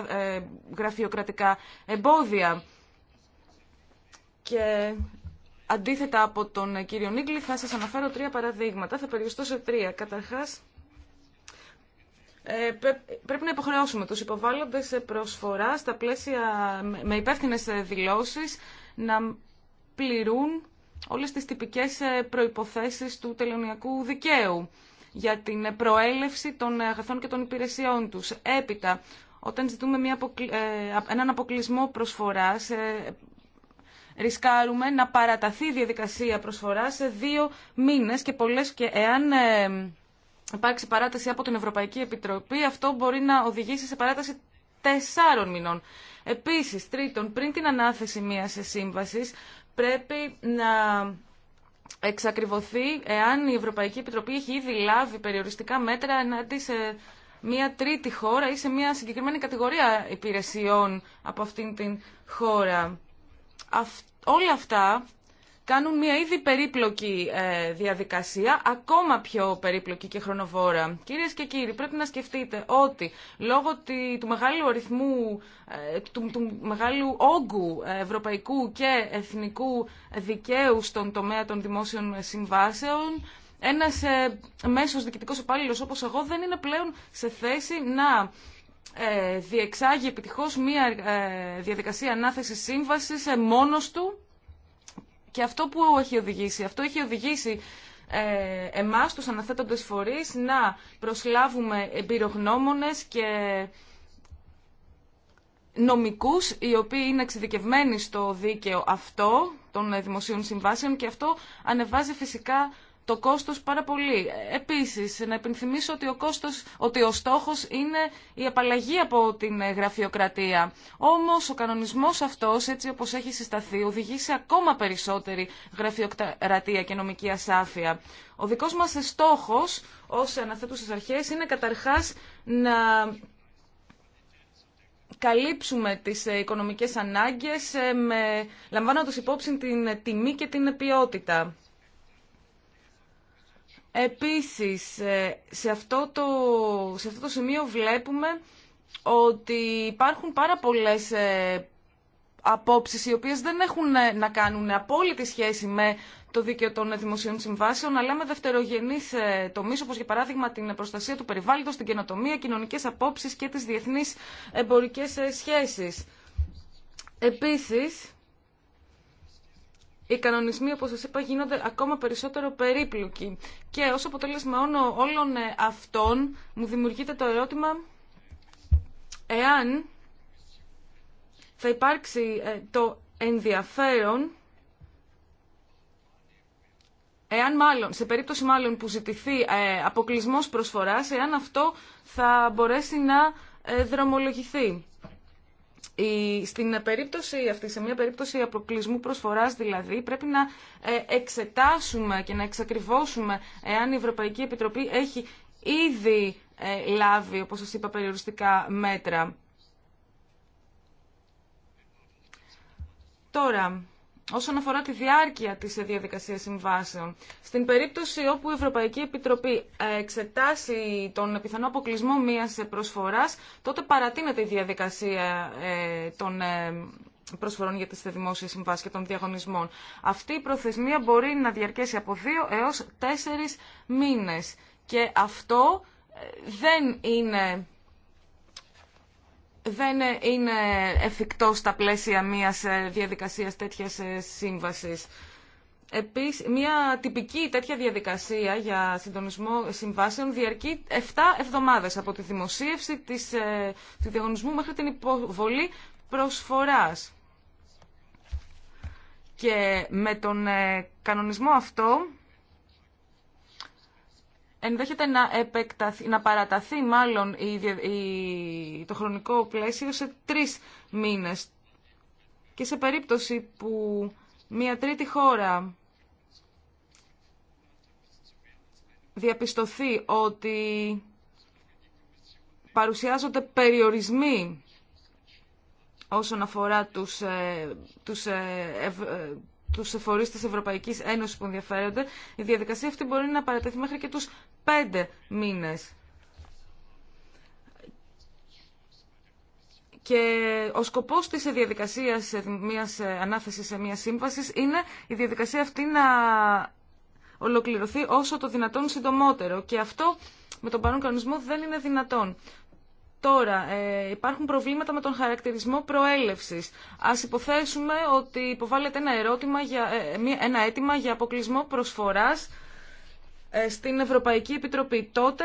γραφειοκρατικά εμπόδια. Και αντίθετα από τον κύριο Νίγκλη θα σας αναφέρω τρία παραδείγματα. Θα περιοριστώ σε τρία. Καταρχάς, πρέπει να υποχρεώσουμε τους υποβάλλοντες προσφορά στα πλαίσια με υπεύθυνε δηλώσεις να πληρούν όλες τις τυπικές ε, προϋποθέσεις του τελωνιακού δικαίου για την ε, προέλευση των αγαθών και των υπηρεσιών τους. Έπειτα, όταν ζητούμε μια ε, έναν αποκλεισμό προσφοράς, ρισκάρουμε να παραταθεί η διαδικασία προσφοράς σε δύο μήνες και πολλές και εάν υπάρξει παράταση από την Ευρωπαϊκή Επιτροπή, αυτό μπορεί να οδηγήσει σε παράταση τεσσάρων μηνών. Επίσης, τρίτον, πριν την ανάθεση μιας σύμβασης, πρέπει να εξακριβωθεί εάν η Ευρωπαϊκή Επιτροπή έχει ήδη λάβει περιοριστικά μέτρα ενάντια σε μια τρίτη χώρα ή σε μια συγκεκριμένη κατηγορία υπηρεσιών από αυτήν την χώρα. Όλα αυτά κάνουν μια ήδη περίπλοκη ε, διαδικασία ακόμα πιο περίπλοκη και χρονοβόρα. Κυρίε και κύριοι, πρέπει να σκεφτείτε ότι λόγω του μεγάλου αριθμού, ε, του, του μεγάλου όγκου ευρωπαϊκού και εθνικού δικαίου στον τομέα των δημόσιων συμβάσεων, ένα ε, μέσο διοικητικό υπάλληλο όπω εγώ δεν είναι πλέον σε θέση να διεξάγει επιτυχώ μία διαδικασία ανάθεσης σύμβασης μόνος του και αυτό που έχει οδηγήσει, αυτό έχει οδηγήσει ε, εμάς τους αναθέτοντες φορείς να προσλάβουμε εμπειρογνώμονες και νομικούς οι οποίοι είναι εξειδικευμένοι στο δίκαιο αυτό των δημοσίων συμβάσεων και αυτό ανεβάζει φυσικά το κόστος πάρα πολύ. Επίσης, να επιθυμίσω ότι ο, κόστος, ότι ο στόχος είναι η απαλλαγή από την γραφειοκρατία. Όμως, ο κανονισμός αυτός, έτσι όπως έχει συσταθεί, οδηγεί σε ακόμα περισσότερη γραφειοκρατία και νομική ασάφεια. Ο δικός μας στόχος, ως αναθέτουσες αρχές, είναι καταρχάς να καλύψουμε τις οικονομικές ανάγκες, ε, με, λαμβάνοντας υπόψη την τιμή και την ποιότητα. Επίσης, ε, σε αυτό, το, σε αυτό το σημείο βλέπουμε ότι υπάρχουν πάρα πολλές ε, απόψεις οι οποίες δεν έχουν ε, να κάνουν απόλυτη σχέση με το δίκαιο των δημοσίων συμβάσεων, αλλά με δευτερογενεί τομεί, όπως για παράδειγμα την προστασία του περιβάλλοντος, την καινοτομία, κοινωνικές απόψει και τι διεθνεί εμπορικέ σχέσει. Επίσης, οι κανονισμοί, όπως σας είπα, γίνονται ακόμα περισσότερο περίπλοκοι. Και ως αποτέλεσμα όλων ε, αυτών μου δημιουργείται το ερώτημα εάν θα υπάρξει ε, το ενδιαφέρον εάν μάλλον, σε περίπτωση μάλλον που ζητηθεί ε, αποκλεισμός προσφοράς, εάν αυτό θα μπορέσει να ε, δρομολογηθεί. Στην περίπτωση αυτή, σε μια περίπτωση αποκλεισμού προσφοράς δηλαδή, πρέπει να ε, εξετάσουμε και να εξακριβώσουμε εάν η Ευρωπαϊκή Επιτροπή έχει ήδη ε, λάβει, όπως σας είπα, περιοριστικά μέτρα. Τώρα, όσον αφορά τη διάρκεια της διαδικασίας συμβάσεων. Στην περίπτωση όπου η Ευρωπαϊκή Επιτροπή εξετάσει τον πιθανό αποκλεισμό μιας προσφοράς, τότε παρατείνεται η διαδικασία ε, των ε, προσφορών για τις δημόσιες συμβάσεις και των διαγωνισμών. Αυτή η προθεσμία μπορεί να διαρκέσει από δύο έως τέσσερις μήνες. Και αυτό ε, δεν είναι δεν είναι εφικτό στα πλαίσια μιας ε, διαδικασίας τέτοιας ε, σύμβασης. Επίσης, μια τυπική τέτοια διαδικασία για συντονισμό συμβάσεων διαρκεί 7 εβδομάδες από τη δημοσίευση της, ε, του διαγωνισμού μέχρι την υποβολή προσφοράς. Και με τον κανονισμό αυτό ενδέχεται να, επεκταθεί, να παραταθεί μάλλον η, το χρονικό πλαίσιο σε τρεις μήνες. Και σε περίπτωση που μια τρίτη χώρα διαπιστωθεί ότι παρουσιάζονται περιορισμοί όσον αφορά τους, ε, τους, ε, του φορείς της Ευρωπαϊκής Ένωσης που ενδιαφέρονται, η διαδικασία αυτή μπορεί να παρατεθεί μέχρι και τους πέντε μήνες. Και ο σκοπός της διαδικασία μιας ε, ανάθεσης σε μια σύμβαση είναι η διαδικασία αυτή να ολοκληρωθεί όσο το δυνατόν συντομότερο. Και αυτό με τον παρόν κανονισμό δεν είναι δυνατόν. Τώρα, ε, υπάρχουν προβλήματα με τον χαρακτηρισμό προέλευσης. Ας υποθέσουμε ότι υποβάλλεται ένα, ερώτημα για, ε, ε, ένα αίτημα για αποκλεισμό προσφοράς ε, στην Ευρωπαϊκή Επιτροπή. Τότε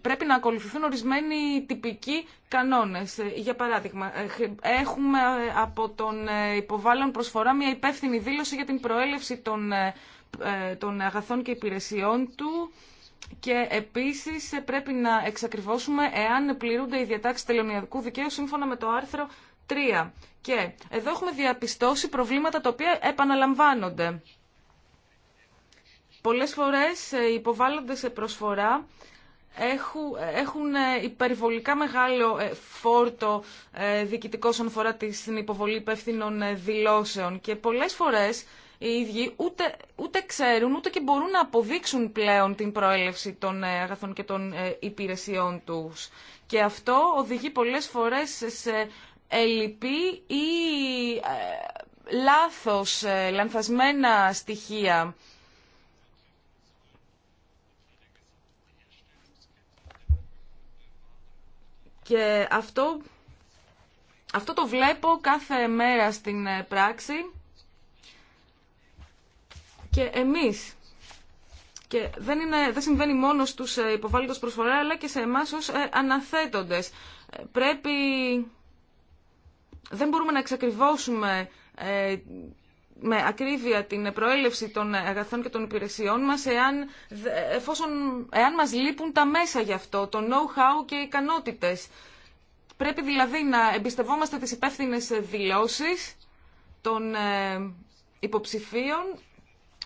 πρέπει να ακολουθηθούν ορισμένοι τυπικοί κανόνες. Για παράδειγμα, έχουμε από τον υποβάλλον προσφορά μια υπεύθυνη δήλωση για την προέλευση των, των αγαθών και υπηρεσιών του, και επίση πρέπει να εξακριβώσουμε εάν πληρούνται οι διατάξεις τελωνιακού δικαίου σύμφωνα με το άρθρο 3. Και εδώ έχουμε διαπιστώσει προβλήματα τα οποία επαναλαμβάνονται. Πολλές φορές ε, υποβάλλονται σε προσφορά έχουν ε, ε, υπερβολικά μεγάλο φόρτο διοικητικό όσον αφορά την υποβολή υπεύθυνων δηλώσεων και πολλές φορές οι ίδιοι ούτε, ούτε ξέρουν ούτε και μπορούν να αποδείξουν πλέον την προέλευση των ε, αγαθών και των ε, υπηρεσιών τους. Και αυτό οδηγεί πολλές φορές σε ελλειπή ή ε, λάθος, λανθασμένα στοιχεία. Και αυτό, αυτό το βλέπω κάθε μέρα στην πράξη και εμείς. Και δεν, είναι, δεν συμβαίνει μόνο στους ε, υποβάλλοντες προσφορά, αλλά και σε εμάς ως ε, αναθέτοντες. Ε, πρέπει... Δεν μπορούμε να εξακριβώσουμε με ακρίβεια την προέλευση των αγαθών και των υπηρεσιών μας εάν, εφόσον, εάν μας λείπουν τα μέσα γι' αυτό, το know-how και οι ικανότητες. Πρέπει δηλαδή να εμπιστευόμαστε τις υπεύθυνε δηλώσεις των υποψηφίων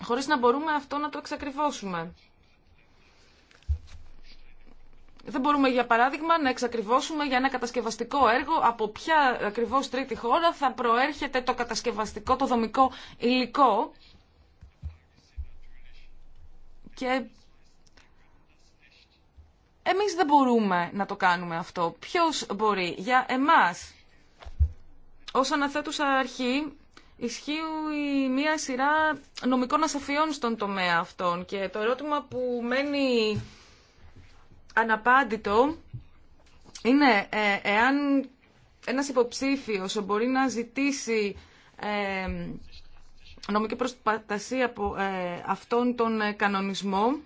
χωρίς να μπορούμε αυτό να το εξακριβώσουμε. Δεν μπορούμε, για παράδειγμα, να εξακριβώσουμε για ένα κατασκευαστικό έργο από ποια ακριβώς τρίτη χώρα θα προέρχεται το κατασκευαστικό, το δομικό υλικό. Και εμείς δεν μπορούμε να το κάνουμε αυτό. Ποιος μπορεί για εμάς. Ως αναθέτουσα αρχή, ισχύει μία σειρά νομικών ασαφιών στον τομέα αυτών και το ερώτημα που μένει αναπάντητο είναι ε, εάν ένας υποψήφιος μπορεί να ζητήσει ε, νομική προστασία από ε, αυτόν τον κανονισμό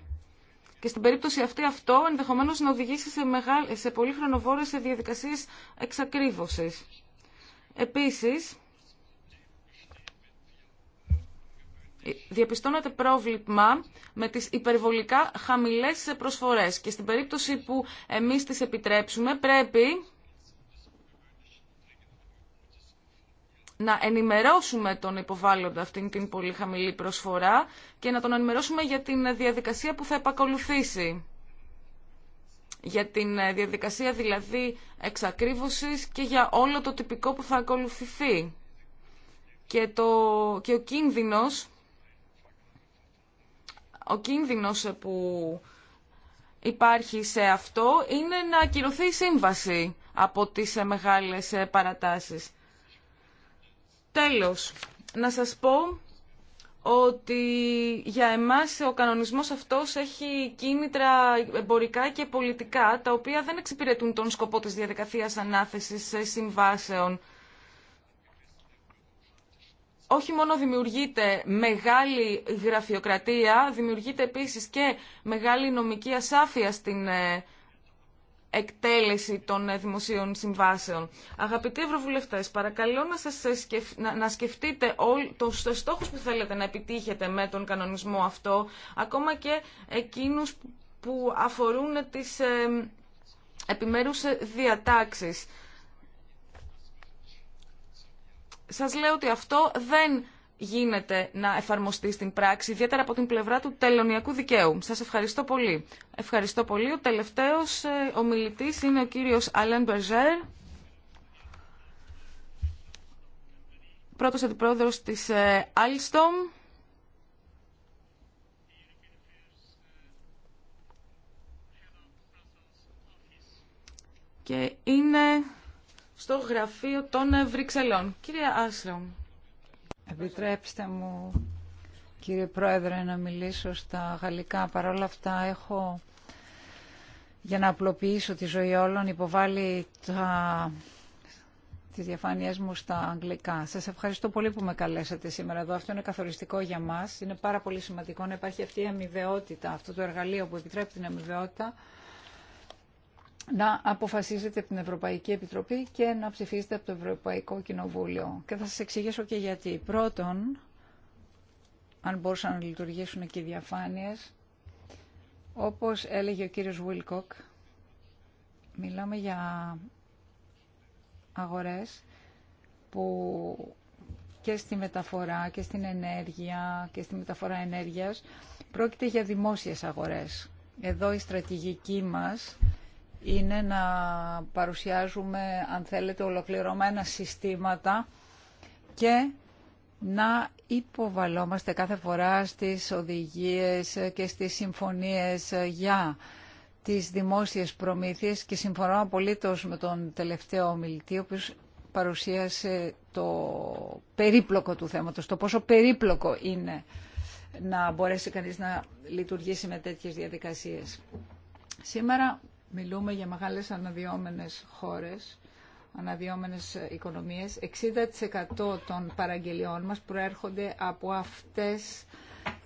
και στην περίπτωση αυτή αυτό ενδεχομένως να οδηγήσει σε, μεγάλη, σε πολύ χρονοβόρες διαδικασίες εξακρίβωσης. Επίσης, διαπιστώνεται πρόβλημα με τις υπερβολικά χαμηλές προσφορές και στην περίπτωση που εμείς τις επιτρέψουμε πρέπει να ενημερώσουμε τον υποβάλλοντα αυτήν την πολύ χαμηλή προσφορά και να τον ενημερώσουμε για την διαδικασία που θα επακολουθήσει. Για την διαδικασία δηλαδή εξακρίβωσης και για όλο το τυπικό που θα ακολουθηθεί. Και, το, και ο κίνδυνος ο κίνδυνος που υπάρχει σε αυτό είναι να ακυρωθεί η σύμβαση από τις μεγάλες παρατάσεις. Τέλος, να σας πω ότι για εμάς ο κανονισμός αυτός έχει κίνητρα εμπορικά και πολιτικά, τα οποία δεν εξυπηρετούν τον σκοπό της διαδικασίας ανάθεσης συμβάσεων όχι μόνο δημιουργείται μεγάλη γραφειοκρατία, δημιουργείται επίσης και μεγάλη νομική ασάφεια στην ε, εκτέλεση των ε, δημοσίων συμβάσεων. Αγαπητοί Ευρωβουλευτές, παρακαλώ να, σας ε, να σκεφτείτε όλ... τους στόχους που θέλετε να επιτύχετε με τον κανονισμό αυτό, ακόμα και εκείνους που αφορούν τις ε, επιμέρους διατάξεις σας λέω ότι αυτό δεν γίνεται να εφαρμοστεί στην πράξη, ιδιαίτερα από την πλευρά του τελωνιακού δικαίου. Σας ευχαριστώ πολύ. Ευχαριστώ πολύ. Ο τελευταίος ε, ομιλητής είναι ο κύριος Αλέν Μπερζέρ, πρώτος αντιπρόεδρος της ε, Alstom. Και είναι στο γραφείο των Βρυξελών. Κύριε Άσρομ. Επιτρέψτε μου, κύριε
Πρόεδρε, να μιλήσω στα γαλλικά. Παρ' όλα αυτά έχω, για να απλοποιήσω τη ζωή όλων, υποβάλει τα τις διαφάνειές μου στα αγγλικά. Σας ευχαριστώ πολύ που με καλέσατε σήμερα εδώ. Αυτό είναι καθοριστικό για μας. Είναι πάρα πολύ σημαντικό να υπάρχει αυτή η αμοιβαιότητα, αυτό το εργαλείο που επιτρέπει την αμοιβαιότητα να αποφασίζεται από την Ευρωπαϊκή Επιτροπή και να ψηφίζεται από το Ευρωπαϊκό Κοινοβούλιο. Και θα σας εξηγήσω και γιατί. Πρώτον, αν μπορούσαν να λειτουργήσουν και οι διαφάνειες, όπως έλεγε ο κύριος Βουίλκοκ, μιλάμε για αγορές που και στη μεταφορά και στην ενέργεια και στη μεταφορά ενέργειας πρόκειται για δημόσιες αγορές. Εδώ η στρατηγική μας είναι να παρουσιάζουμε, αν θέλετε, ολοκληρωμένα συστήματα και να υποβαλόμαστε κάθε φορά στις οδηγίες και στις συμφωνίες για τις δημόσιες προμήθειες και συμφωνώ απολύτως με τον τελευταίο ομιλητή, ο οποίος παρουσίασε το περίπλοκο του θέματος, το πόσο περίπλοκο είναι να μπορέσει κανείς να λειτουργήσει με τέτοιες διαδικασίες. Σήμερα Μιλούμε για μεγάλες αναδυόμενες χώρες, αναδυόμενες οικονομίες. 60% των παραγγελιών μας προέρχονται από αυτές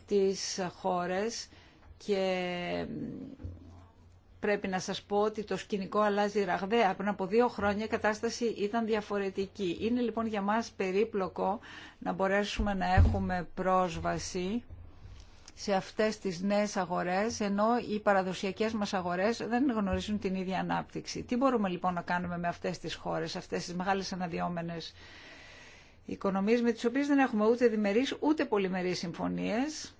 τις χώρες και πρέπει να σας πω ότι το σκηνικό αλλάζει ραγδαία. Πριν από δύο χρόνια η κατάσταση ήταν διαφορετική. Είναι λοιπόν για μας περίπλοκο να μπορέσουμε να έχουμε πρόσβαση σε αυτές τις νέες αγορές, ενώ οι παραδοσιακές μας αγορές δεν γνωρίζουν την ίδια ανάπτυξη. Τι μπορούμε λοιπόν να κάνουμε με αυτές τις χώρες, αυτές τις μεγάλες αναδυόμενες οικονομίες, με τις οποίες δεν έχουμε ούτε διμερείς ούτε πολυμερείς συμφωνίες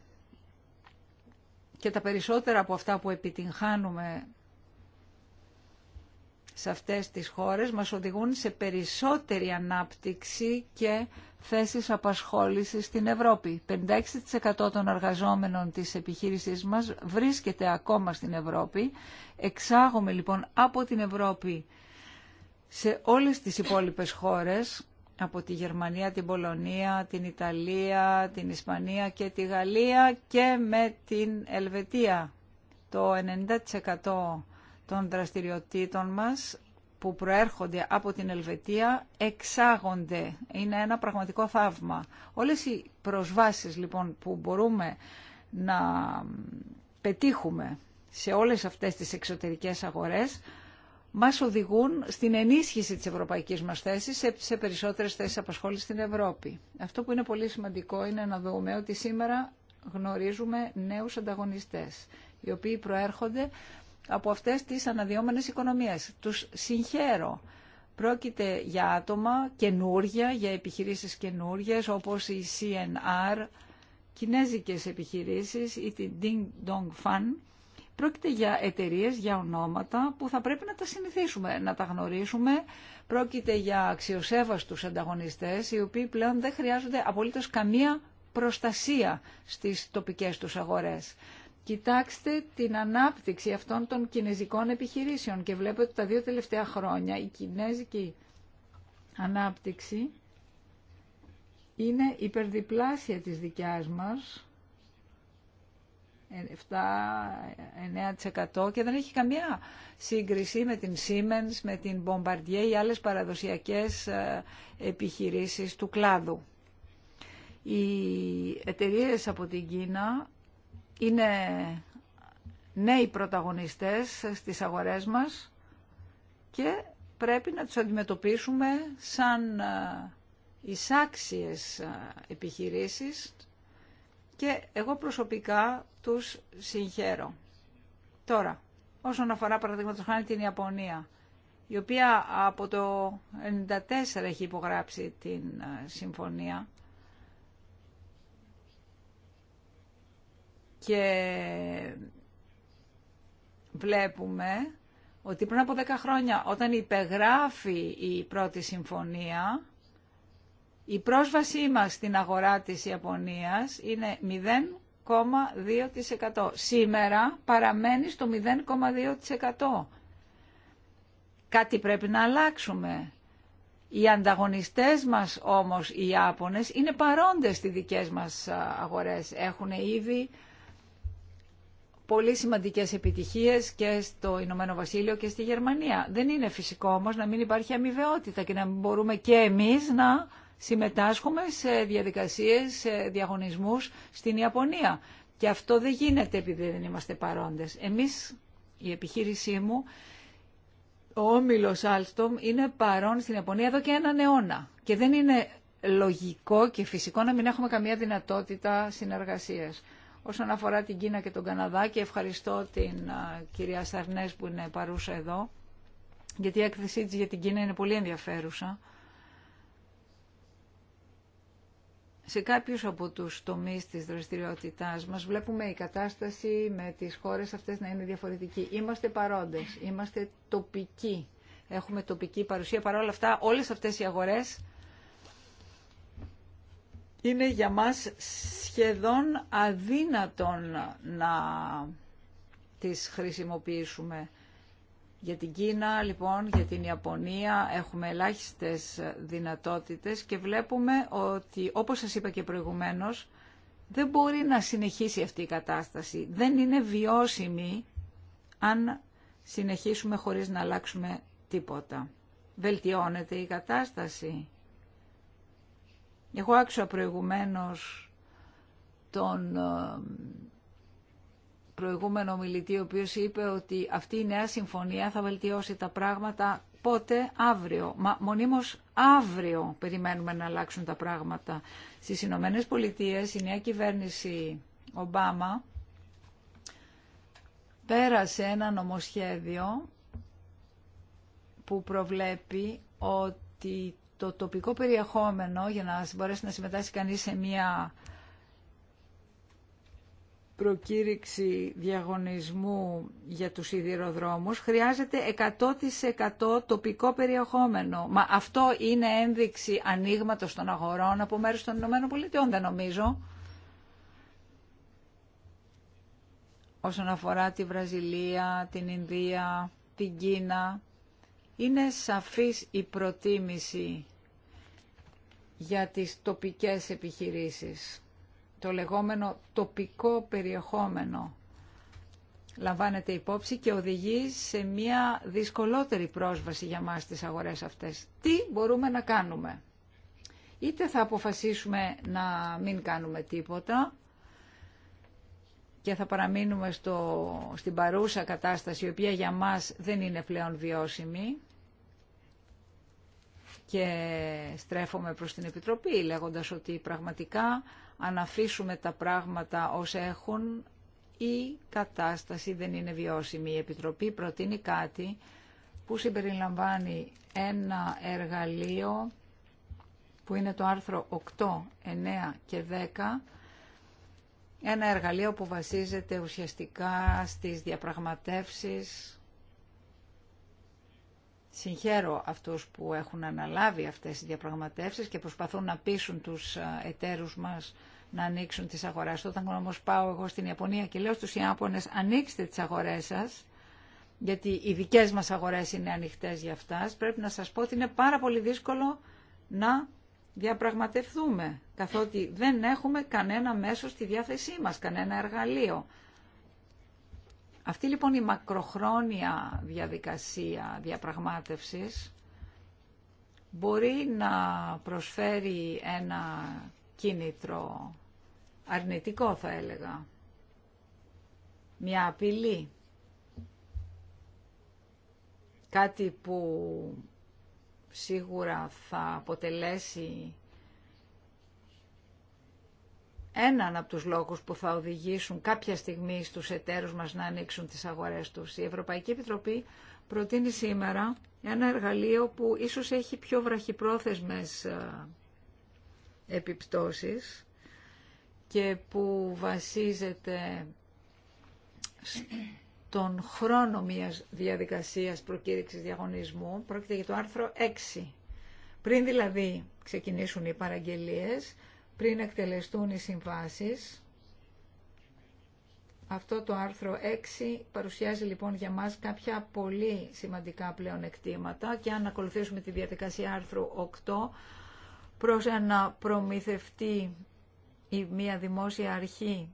και τα περισσότερα από αυτά που επιτυγχάνουμε σε αυτές τις χώρες μας οδηγούν σε περισσότερη ανάπτυξη και θέσεις απασχόλησης στην Ευρώπη. 56% των εργαζόμενων της επιχείρησής μας βρίσκεται ακόμα στην Ευρώπη. Εξάγουμε λοιπόν από την Ευρώπη σε όλες τις υπόλοιπες χώρες, από τη Γερμανία, την Πολωνία, την Ιταλία, την Ισπανία και τη Γαλλία και με την Ελβετία. Το 90% των δραστηριοτήτων μας που προέρχονται από την Ελβετία εξάγονται. Είναι ένα πραγματικό θαύμα. Όλες οι προσβάσεις λοιπόν που μπορούμε να πετύχουμε σε όλες αυτές τις εξωτερικές αγορές μας οδηγούν στην ενίσχυση της ευρωπαϊκής μας θέσης σε περισσότερες θέσεις απασχόλησης στην Ευρώπη. Αυτό που είναι πολύ σημαντικό είναι να δούμε ότι σήμερα γνωρίζουμε νέους ανταγωνιστές οι οποίοι προέρχονται από αυτές τις αναδιόμενες οικονομίες. Τους συγχαίρω. Πρόκειται για άτομα καινούργια, για επιχειρήσεις καινούργιες όπως η CNR, κινέζικες επιχειρήσεις ή την Ding Dong Fan. Πρόκειται για εταιρείε, για ονόματα που θα πρέπει να τα συνηθίσουμε, να τα γνωρίσουμε. Πρόκειται για αξιοσέβαστους ανταγωνιστές, οι οποίοι πλέον δεν χρειάζονται απολύτως καμία προστασία στις τοπικές τους αγορές. Κοιτάξτε την ανάπτυξη αυτών των κινέζικων επιχειρήσεων και βλέπετε τα δύο τελευταία χρόνια η κινέζικη ανάπτυξη είναι υπερδιπλάσια της δικιάς μας 7-9% ε, και δεν έχει καμία σύγκριση με την Siemens, με την Bombardier ή άλλες παραδοσιακές ε, επιχειρήσεις του κλάδου. Οι εταιρείες από την Κίνα είναι νέοι πρωταγωνιστές στις αγορές μας και πρέπει να τους αντιμετωπίσουμε σαν ε, εισάξιες ε, επιχειρήσεις και εγώ προσωπικά τους συγχαίρω. Τώρα, όσον αφορά παραδείγματο χάνει την Ιαπωνία, η οποία από το 1994 έχει υπογράψει την ε, συμφωνία Και βλέπουμε ότι πριν από 10 χρόνια όταν υπεγράφει η πρώτη συμφωνία, η πρόσβασή μας στην αγορά της Ιαπωνίας είναι 0,2%. Σήμερα παραμένει στο 0,2%. Κάτι πρέπει να αλλάξουμε. Οι ανταγωνιστές μας όμως, οι Ιάπωνες, είναι παρόντες στις δικές μας αγορές. Έχουν ήδη πολύ σημαντικές επιτυχίες και στο Ηνωμένο Βασίλειο και στη Γερμανία. Δεν είναι φυσικό όμως να μην υπάρχει αμοιβαιότητα και να μπορούμε και εμείς να συμμετάσχουμε σε διαδικασίες, σε διαγωνισμούς στην Ιαπωνία. Και αυτό δεν γίνεται επειδή δεν είμαστε παρόντες. Εμείς, η επιχείρησή μου, ο Όμιλος Άλστομ είναι παρόν στην Ιαπωνία εδώ και έναν αιώνα. Και δεν είναι λογικό και φυσικό να μην έχουμε καμία δυνατότητα συνεργασίας όσον αφορά την Κίνα και τον Καναδά και ευχαριστώ την κυρία Σαρνές που είναι παρούσα εδώ γιατί η έκθεσή της για την Κίνα είναι πολύ ενδιαφέρουσα. Σε κάποιους από τους τομείς της δραστηριότητάς μας βλέπουμε η κατάσταση με τις χώρες αυτές να είναι διαφορετική. Είμαστε παρόντες, είμαστε τοπικοί, έχουμε τοπική παρουσία. Παρ' όλα αυτά όλες αυτές οι αγορές είναι για μας σχεδόν αδύνατον να τις χρησιμοποιήσουμε. Για την Κίνα, λοιπόν, για την Ιαπωνία έχουμε ελάχιστες δυνατότητες και βλέπουμε ότι, όπως σας είπα και προηγουμένως, δεν μπορεί να συνεχίσει αυτή η κατάσταση. Δεν είναι βιώσιμη αν συνεχίσουμε χωρίς να αλλάξουμε τίποτα. Βελτιώνεται η κατάσταση. Εγώ άκουσα προηγουμένως τον ε, προηγούμενο μιλητή, ο οποίος είπε ότι αυτή η νέα συμφωνία θα βελτιώσει τα πράγματα πότε αύριο. Μα μονίμως αύριο περιμένουμε να αλλάξουν τα πράγματα. Στις Ηνωμένε Πολιτείε η νέα κυβέρνηση Ομπάμα πέρασε ένα νομοσχέδιο που προβλέπει ότι το τοπικό περιεχόμενο για να μπορέσει να συμμετάσχει κανείς σε μια προκήρυξη διαγωνισμού για τους σιδηροδρόμους χρειάζεται 100% τοπικό περιεχόμενο. Μα αυτό είναι ένδειξη ανοίγματο των αγορών από μέρους των Ηνωμένων Πολιτειών, δεν νομίζω. Όσον αφορά τη Βραζιλία, την Ινδία, την Κίνα, είναι σαφής η προτίμηση για τις τοπικές επιχειρήσεις. Το λεγόμενο τοπικό περιεχόμενο λαμβάνεται υπόψη και οδηγεί σε μια δυσκολότερη πρόσβαση για μας στις αγορές αυτές. Τι μπορούμε να κάνουμε. Είτε θα αποφασίσουμε να μην κάνουμε τίποτα και θα παραμείνουμε στο, στην παρούσα κατάσταση, η οποία για μας δεν είναι πλέον βιώσιμη, και στρέφομαι προς την Επιτροπή λέγοντας ότι πραγματικά αν αφήσουμε τα πράγματα ως έχουν η κατάσταση δεν είναι βιώσιμη. Η Επιτροπή προτείνει κάτι που συμπεριλαμβάνει ένα εργαλείο που είναι το άρθρο 8, 9 και 10 ένα εργαλείο που βασίζεται ουσιαστικά στις διαπραγματεύσεις Συγχαίρω αυτούς που έχουν αναλάβει αυτές τις διαπραγματεύσεις και προσπαθούν να πείσουν τους ε, εταίρους μας να ανοίξουν τις αγορές. Όταν όμω πάω εγώ στην Ιαπωνία και λέω στους Ιάπωνες ανοίξτε τις αγορές σας, γιατί οι δικές μας αγορές είναι ανοιχτές για αυτά, πρέπει να σας πω ότι είναι πάρα πολύ δύσκολο να διαπραγματευτούμε, καθότι δεν έχουμε κανένα μέσο στη διάθεσή μας, κανένα εργαλείο. Αυτή λοιπόν η μακροχρόνια διαδικασία διαπραγμάτευσης μπορεί να προσφέρει ένα κίνητρο αρνητικό θα έλεγα, μια απειλή, κάτι που σίγουρα θα αποτελέσει έναν από τους λόγους που θα οδηγήσουν κάποια στιγμή στους εταίρους μας να ανοίξουν τις αγορές τους. Η Ευρωπαϊκή Επιτροπή προτείνει σήμερα ένα εργαλείο που ίσως έχει πιο βραχυπρόθεσμες ε, επιπτώσεις και που βασίζεται στον χρόνο μιας διαδικασίας προκήρυξης διαγωνισμού. Πρόκειται για το άρθρο 6. Πριν δηλαδή ξεκινήσουν οι παραγγελίες, πριν εκτελεστούν οι συμβάσεις. Αυτό το άρθρο 6 παρουσιάζει λοιπόν για μας κάποια πολύ σημαντικά πλεονεκτήματα και αν ακολουθήσουμε τη διαδικασία άρθρου 8 προς να προμηθευτεί η μία δημόσια αρχή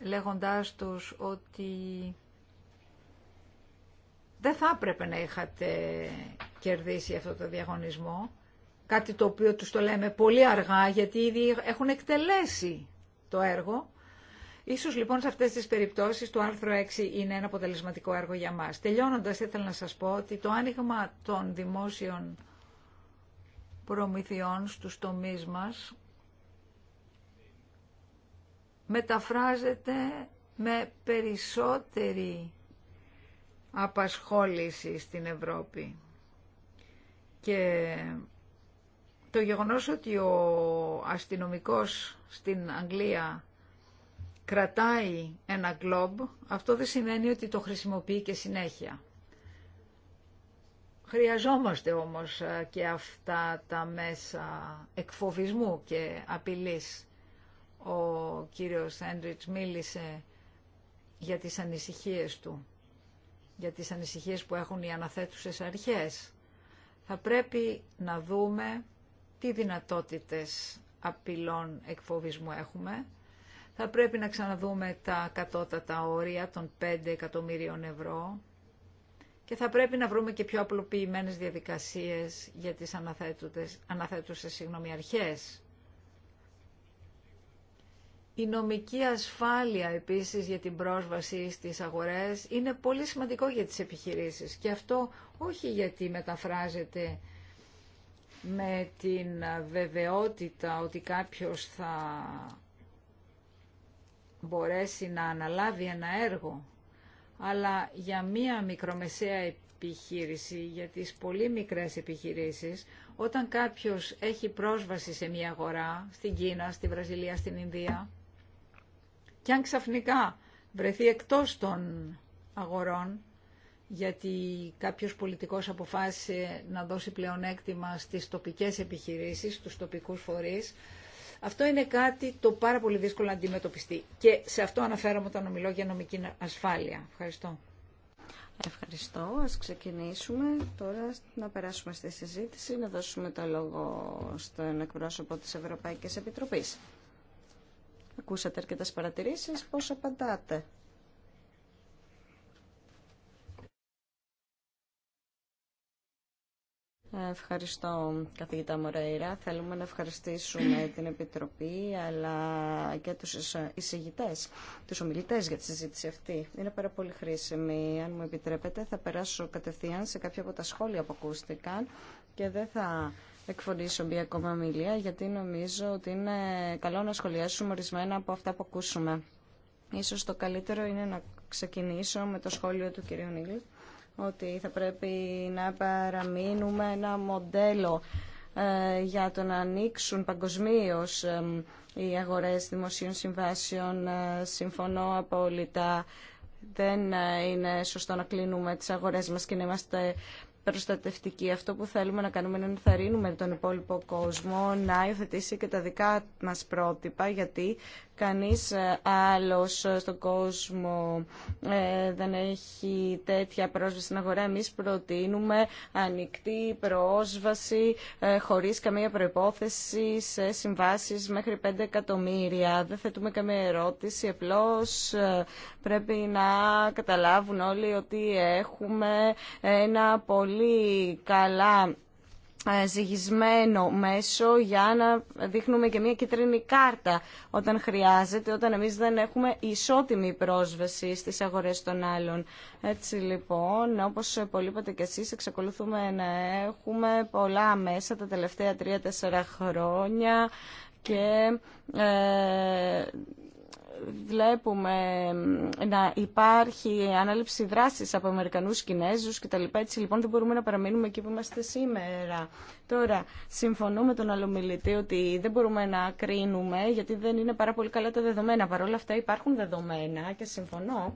λέγοντάς τους ότι δεν θα έπρεπε να είχατε κερδίσει αυτό το διαγωνισμό κάτι το οποίο τους το λέμε πολύ αργά γιατί ήδη έχουν εκτελέσει το έργο. Ίσως λοιπόν σε αυτές τις περιπτώσεις το άρθρο 6 είναι ένα αποτελεσματικό έργο για μας. Τελειώνοντας ήθελα να σας πω ότι το άνοιγμα των δημόσιων προμηθειών στους τομείς μας μεταφράζεται με περισσότερη απασχόληση στην Ευρώπη. Και το γεγονός ότι ο αστυνομικός στην Αγγλία κρατάει ένα γκλόμπ, αυτό δεν σημαίνει ότι το χρησιμοποιεί και συνέχεια. Χρειαζόμαστε όμως ε, και αυτά τα μέσα εκφοβισμού και απειλής. Ο κύριος Έντριτς μίλησε για τις ανησυχίες του, για τις ανησυχίες που έχουν οι αναθέτουσες αρχές. Θα πρέπει να δούμε τι δυνατότητες απειλών εκφοβισμού έχουμε. Θα πρέπει να ξαναδούμε τα κατώτατα όρια των 5 εκατομμύριων ευρώ και θα πρέπει να βρούμε και πιο απλοποιημένες διαδικασίες για τις αναθέτουσες συγγνώμη, αρχές. Η νομική ασφάλεια επίσης για την πρόσβαση στις αγορές είναι πολύ σημαντικό για τις επιχειρήσεις και αυτό όχι γιατί μεταφράζεται με την βεβαιότητα ότι κάποιος θα μπορέσει να αναλάβει ένα έργο, αλλά για μία μικρομεσαία επιχείρηση, για τις πολύ μικρές επιχειρήσεις, όταν κάποιος έχει πρόσβαση σε μία αγορά, στην Κίνα, στη Βραζιλία, στην Ινδία, και αν ξαφνικά βρεθεί εκτός των αγορών, γιατί κάποιος πολιτικός αποφάσισε να δώσει πλεονέκτημα στις τοπικές επιχειρήσεις, στους τοπικούς φορείς. Αυτό είναι κάτι το πάρα πολύ δύσκολο να αντιμετωπιστεί. Και σε αυτό αναφέρομαι όταν ομιλώ για νομική ασφάλεια. Ευχαριστώ.
Ευχαριστώ. Ας ξεκινήσουμε τώρα να περάσουμε στη συζήτηση, να δώσουμε το λόγο στον εκπρόσωπο της Ευρωπαϊκής Επιτροπής. Ακούσατε αρκετές παρατηρήσεις, πώς απαντάτε. Ευχαριστώ καθηγητά Μορέιρα. Θέλουμε να ευχαριστήσουμε την Επιτροπή αλλά και τους εισηγητές, τους ομιλητές για τη συζήτηση αυτή. Είναι πάρα πολύ χρήσιμη. Αν μου επιτρέπετε θα περάσω κατευθείαν σε κάποια από τα σχόλια που ακούστηκαν και δεν θα εκφωνήσω μία ακόμα ομιλία γιατί νομίζω ότι είναι καλό να σχολιάσουμε ορισμένα από αυτά που ακούσουμε. Ίσως το καλύτερο είναι να ξεκινήσω με το σχόλιο του κυρίου Νίγλου ότι θα πρέπει να παραμείνουμε ένα μοντέλο ε, για το να ανοίξουν παγκοσμίω ε, οι αγορές δημοσίων συμβάσεων. Ε, συμφωνώ απόλυτα. Δεν είναι σωστό να κλείνουμε τις αγορές μας και να είμαστε προστατευτικοί. Αυτό που θέλουμε να κάνουμε είναι να ενθαρρύνουμε τον υπόλοιπο κόσμο να υιοθετήσει και τα δικά μας πρότυπα, γιατί Κανείς ε, άλλος ε, στον κόσμο ε, δεν έχει τέτοια πρόσβαση στην αγορά. Εμείς προτείνουμε ανοιχτή πρόσβαση χωρίς καμία προϋπόθεση σε συμβάσεις μέχρι 5 εκατομμύρια. Δεν θέτουμε καμία ερώτηση, απλώς πρέπει να καταλάβουν όλοι ότι έχουμε ένα πολύ καλά ε, ζυγισμένο μέσο για να δείχνουμε και μια κίτρινη κάρτα όταν χρειάζεται, όταν εμείς δεν έχουμε ισότιμη πρόσβαση στις αγορές των άλλων. Έτσι λοιπόν, όπως πολύ είπατε και εσείς, εξακολουθούμε να έχουμε πολλά μέσα τα τελευταία τρία-τέσσερα χρόνια και ε, βλέπουμε να υπάρχει ανάληψη δράσης από Αμερικανούς, Κινέζους κτλ. Έτσι λοιπόν δεν μπορούμε να παραμείνουμε εκεί που είμαστε σήμερα. Τώρα, συμφωνώ με τον αλλομιλητή ότι δεν μπορούμε να κρίνουμε γιατί δεν είναι πάρα πολύ καλά τα δεδομένα. Παρ' όλα αυτά υπάρχουν δεδομένα και συμφωνώ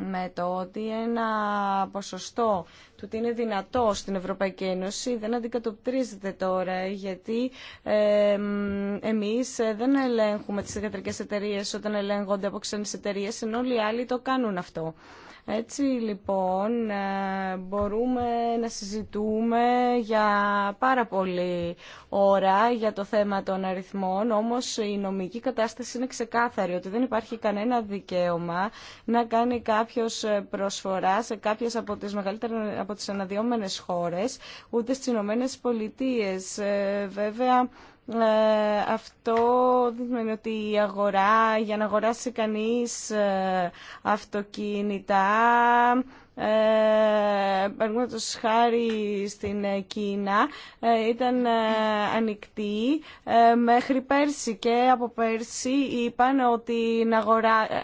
με το ότι ένα ποσοστό του ότι είναι δυνατό στην Ευρωπαϊκή Ένωση δεν αντικατοπτρίζεται τώρα γιατί ε, εμείς δεν ελέγχουμε τις ιατρικές εταιρείες όταν ελέγχονται από ξένες εταιρείες ενώ όλοι οι άλλοι το κάνουν αυτό. Έτσι λοιπόν ε, μπορούμε να συζητούμε για πάρα πολύ ώρα για το θέμα των αριθμών, όμως η νομική κατάσταση είναι ξεκάθαρη ότι δεν υπάρχει κανένα δικαίωμα να κάνει κάποιος ε, προσφορά σε κάποιες από τις, μεγαλύτερες, από τις αναδυόμενες χώρες, ούτε στις Ηνωμένε Πολιτείες. Ε, βέβαια, ε, αυτό δείχνει ότι η αγορά, για να αγοράσει κανείς ε, αυτοκίνητα, ε, παραδείγματο χάρη στην Κίνα ήταν ανοιχτή μέχρι πέρσι και από πέρσι είπαν ότι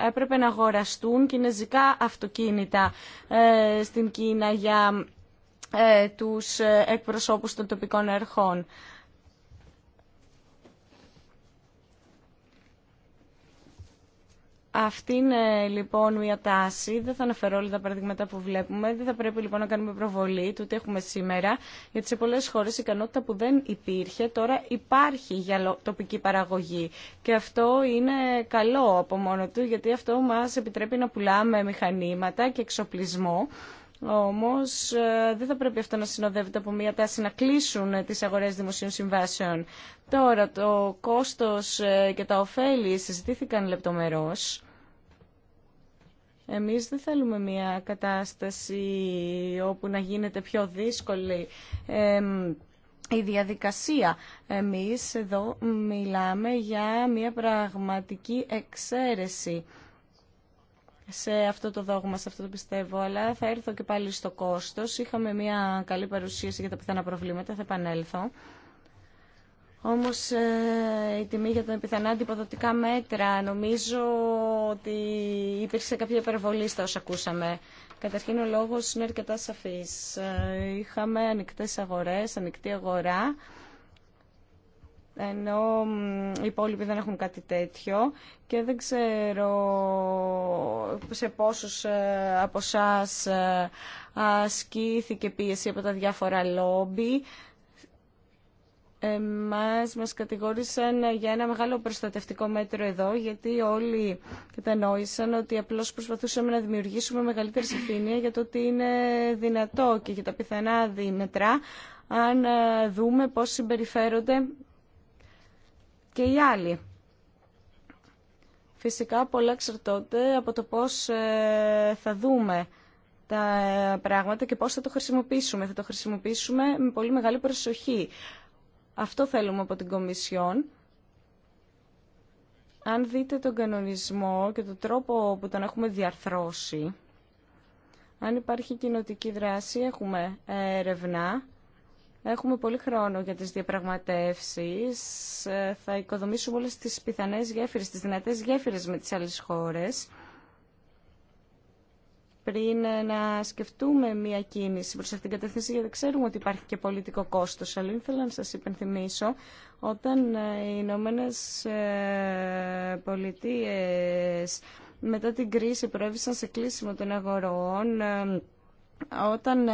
έπρεπε να αγοραστούν κινέζικα αυτοκίνητα στην Κίνα για τους εκπροσώπους των τοπικών αρχών. Αυτή είναι λοιπόν μια τάση, δεν θα αναφέρω όλα τα παραδείγματα που βλέπουμε, δεν θα πρέπει λοιπόν να κάνουμε προβολή του τι έχουμε σήμερα, γιατί σε πολλές χώρες η ικανότητα που δεν υπήρχε τώρα υπάρχει για τοπική παραγωγή. Και αυτό είναι καλό από μόνο του, γιατί αυτό μας επιτρέπει να πουλάμε μηχανήματα και εξοπλισμό όμως ε, δεν θα πρέπει αυτό να συνοδεύεται από μια τάση να κλείσουν τις αγορές δημοσίων συμβάσεων. Τώρα το κόστος ε, και τα ωφέλη συζητήθηκαν λεπτομερώς. Εμείς δεν θέλουμε μια κατάσταση όπου να γίνεται πιο δύσκολη η διαδικασία. Εμείς εδώ μιλάμε για μια πραγματική εξαίρεση σε αυτό το δόγμα, σε αυτό το πιστεύω, αλλά θα έρθω και πάλι στο κόστος. Είχαμε μια καλή παρουσίαση για τα πιθανά προβλήματα, θα επανέλθω. Όμως ε, η τιμή για τα πιθανά αντιποδοτικά μέτρα, νομίζω ότι υπήρξε κάποια υπερβολή στα όσα ακούσαμε. Καταρχήν ο λόγος είναι αρκετά σαφής. Ε, είχαμε ανοιχτές αγορές, ανοιχτή αγορά ενώ οι υπόλοιποι δεν έχουν κάτι τέτοιο και δεν ξέρω σε πόσους ε, από εσά ασκήθηκε πίεση από τα διάφορα λόμπι. Εμάς μας κατηγόρησαν για ένα μεγάλο προστατευτικό μέτρο εδώ, γιατί όλοι κατανόησαν ότι απλώς προσπαθούσαμε να δημιουργήσουμε μεγαλύτερη συμφωνία για το ότι είναι δυνατό και για τα πιθανά δίμετρα, αν ε, δούμε πώς συμπεριφέρονται και οι άλλοι. Φυσικά πολλά εξαρτώνται από το πώς ε, θα δούμε τα ε, πράγματα και πώς θα το χρησιμοποιήσουμε. Θα το χρησιμοποιήσουμε με πολύ μεγάλη προσοχή. Αυτό θέλουμε από την Κομισιόν. Αν δείτε τον κανονισμό και τον τρόπο που τον έχουμε διαρθρώσει, αν υπάρχει κοινοτική δράση, έχουμε ε, έρευνα Έχουμε πολύ χρόνο για τις διαπραγματεύσεις. Ε, θα οικοδομήσουμε όλες τις πιθανές γέφυρες, τις δυνατές γέφυρες με τις άλλες χώρες πριν να σκεφτούμε μια κίνηση προς αυτήν την κατεύθυνση, γιατί ξέρουμε ότι υπάρχει και πολιτικό κόστος. Αλλά ήθελα να σας υπενθυμίσω, όταν ε, οι Ηνωμένε Πολιτείε μετά την κρίση προέβησαν σε κλείσιμο των αγορών, ε, όταν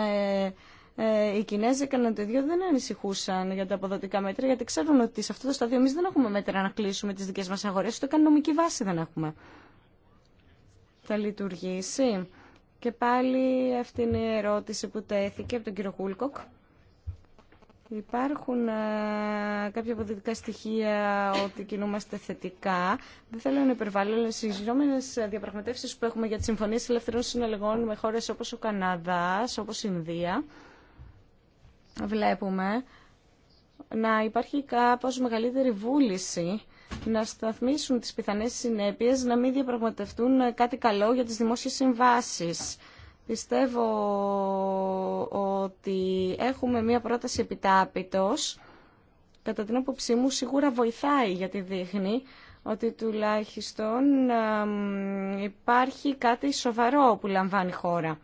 ε, οι Κινέζοι έκαναν το ίδιο, δεν ανησυχούσαν για τα αποδοτικά μέτρα, γιατί ξέρουν ότι σε αυτό το στάδιο εμεί δεν έχουμε μέτρα να κλείσουμε τι δικέ μα αγορέ, ούτε καν νομική βάση δεν έχουμε. Θα λειτουργήσει. Και πάλι αυτή είναι η ερώτηση που τέθηκε από τον κύριο Χούλκοκ. Υπάρχουν ε, κάποια αποδεικτικά στοιχεία ότι κινούμαστε θετικά. Δεν θέλω να υπερβάλλω, αλλά στι διαπραγματεύσει που έχουμε για τι συμφωνίε ελεύθερων συναλλαγών με χώρε όπω ο Καναδά, όπω η Ινδία, βλέπουμε να υπάρχει κάπως μεγαλύτερη βούληση να σταθμίσουν τις πιθανές συνέπειες να μην διαπραγματευτούν κάτι καλό για τις δημόσιες συμβάσεις. Πιστεύω ότι έχουμε μία πρόταση επιτάπητος. Κατά την άποψή μου σίγουρα βοηθάει γιατί δείχνει ότι τουλάχιστον υπάρχει κάτι σοβαρό που λαμβάνει η χώρα.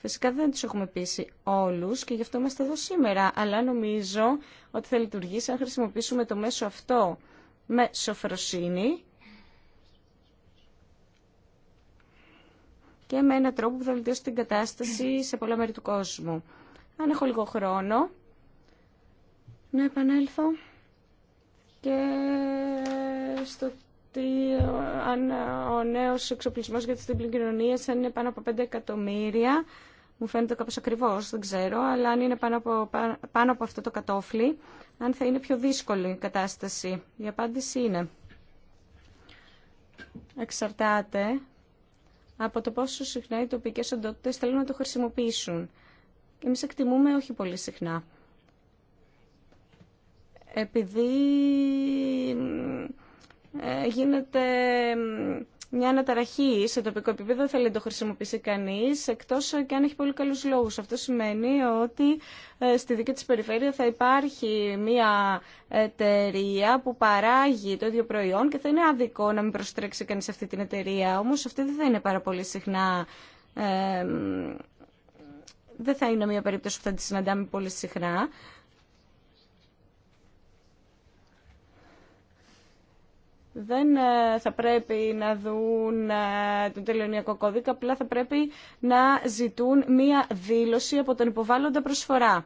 Φυσικά δεν του έχουμε πείσει όλους και γι' αυτό είμαστε εδώ σήμερα, αλλά νομίζω ότι θα λειτουργήσει αν χρησιμοποιήσουμε το μέσο αυτό με σοφροσύνη και με έναν τρόπο που θα βελτιώσει την κατάσταση σε πολλά μέρη του κόσμου. Αν έχω λίγο χρόνο, να επανέλθω και στο ότι αν ο νέος εξοπλισμός για τις διπλή αν είναι πάνω από 5 εκατομμύρια, μου φαίνεται κάπως ακριβώς, δεν ξέρω, αλλά αν είναι πάνω από, πάνω από αυτό το κατόφλι, αν θα είναι πιο δύσκολη η κατάσταση. Η απάντηση είναι, εξαρτάται από το πόσο συχνά οι τοπικές οντότητες θέλουν να το χρησιμοποιήσουν. Εμείς εκτιμούμε όχι πολύ συχνά. Επειδή ε, γίνεται μια αναταραχή σε τοπικό επίπεδο, δεν θέλει να το χρησιμοποιήσει κανεί, εκτό και αν έχει πολύ καλούς λόγου. Αυτό σημαίνει ότι ε, στη δική τη περιφέρεια θα υπάρχει μια εταιρεία που παράγει το ίδιο προϊόν και θα είναι άδικο να μην προστρέξει κανεί αυτή την εταιρεία. Όμω αυτή δεν θα είναι πάρα πολύ συχνά. Ε, δεν θα είναι μια περίπτωση που θα τη συναντάμε πολύ συχνά. δεν ε, θα πρέπει να δουν ε, τον τελειωνιακό κώδικα, απλά θα πρέπει να ζητούν μία δήλωση από τον υποβάλλοντα προσφορά.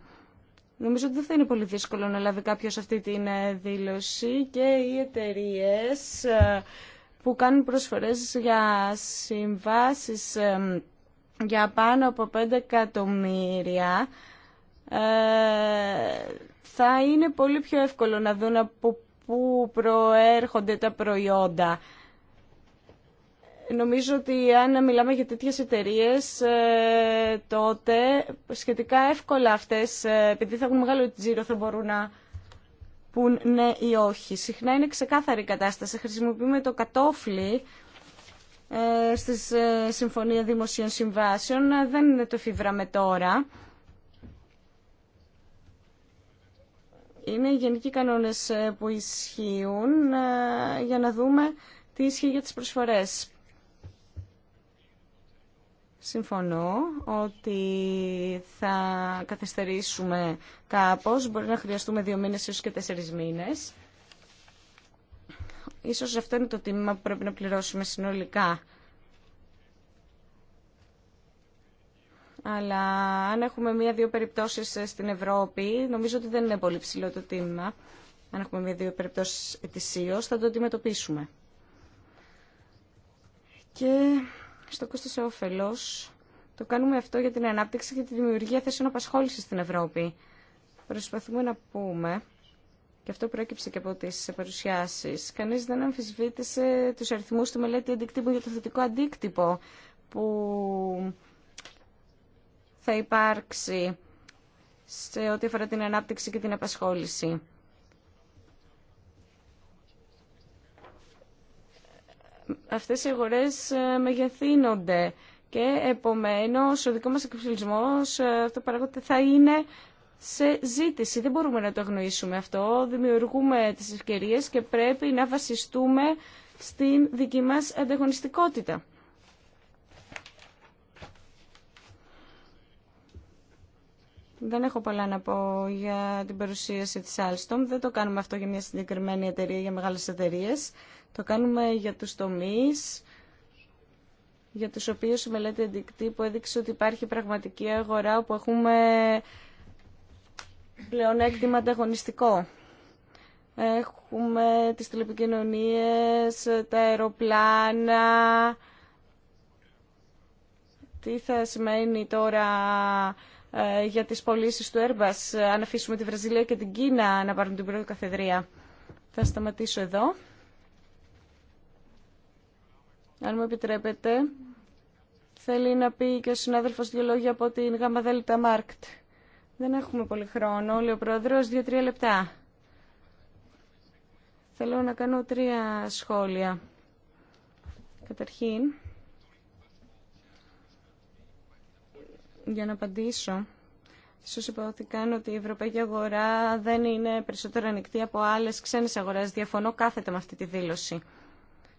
Νομίζω ότι δεν θα είναι πολύ δύσκολο να λάβει κάποιο αυτή τη ε, δήλωση και οι εταιρείε που κάνουν προσφορές για συμβάσεις για πάνω από 5 εκατομμύρια θα είναι πολύ πιο εύκολο να δουν από πού προέρχονται τα προϊόντα. Νομίζω ότι αν μιλάμε για τέτοιες εταιρείες, ε, τότε σχετικά εύκολα αυτές, ε, επειδή θα έχουν μεγάλο τζίρο, θα μπορούν να πούν ναι ή όχι. Συχνά είναι ξεκάθαρη η κατάσταση. Χρησιμοποιούμε το κατόφλι ε, στη Συμφωνία Δημοσίων Συμβάσεων. Δεν είναι το φίβραμε τώρα. είναι οι γενικοί κανόνες ε, που ισχύουν ε, για να δούμε τι ισχύει για τις προσφορές. Συμφωνώ ότι θα καθυστερήσουμε κάπως, μπορεί να χρειαστούμε δύο μήνες ή και τέσσερις μήνες. Ίσως αυτό είναι το τίμημα που πρέπει να πληρώσουμε συνολικά Αλλά αν έχουμε μία-δύο περιπτώσεις ε, στην Ευρώπη, νομίζω ότι δεν είναι πολύ ψηλό το τίμημα. Αν έχουμε μία-δύο περιπτώσεις ετησίως, θα το αντιμετωπίσουμε. Και στο κόστος όφελος, το κάνουμε αυτό για την ανάπτυξη και τη δημιουργία θέσεων απασχόλησης στην Ευρώπη. Προσπαθούμε να πούμε, και αυτό προέκυψε και από τις παρουσιάσεις, κανείς δεν αμφισβήτησε τους αριθμούς του μελέτη αντικτύπου για το θετικό αντίκτυπο, που θα υπάρξει σε ό,τι αφορά την ανάπτυξη και την απασχόληση. Αυτές οι αγορές ε, μεγεθύνονται και επομένως ο δικό μας εξοπλισμός ε, αυτό παράγονται θα είναι σε ζήτηση. Δεν μπορούμε να το αγνοήσουμε αυτό. Δημιουργούμε τις ευκαιρίες και πρέπει να βασιστούμε στην δική μας ανταγωνιστικότητα. Δεν έχω πολλά να πω για την παρουσίαση της Alstom. Δεν το κάνουμε αυτό για μια συγκεκριμένη εταιρεία, για μεγάλες εταιρείες. Το κάνουμε για τους τομείς για τους οποίους η μελέτη που έδειξε ότι υπάρχει πραγματική αγορά όπου έχουμε πλεονέκτημα ανταγωνιστικό. Έχουμε τις τηλεπικοινωνίες, τα αεροπλάνα. Τι θα σημαίνει τώρα ε, για τις πωλήσει του Airbus ε, αν αφήσουμε τη Βραζιλία και την Κίνα να πάρουν την πρώτη καθεδρία. Θα σταματήσω εδώ. Αν μου επιτρέπετε, θέλει να πει και ο συνάδελφος δύο λόγια από την ΓΑΜΑ ΜΑΡΚΤ. Δεν έχουμε πολύ χρόνο, λέει ο Πρόεδρος, δύο-τρία λεπτά. Θέλω να κάνω τρία σχόλια. Καταρχήν, Για να απαντήσω, ίσως είπα ότι η ευρωπαϊκή αγορά δεν είναι περισσότερο ανοιχτή από άλλε ξένες αγορές. Διαφωνώ κάθετα με αυτή τη δήλωση.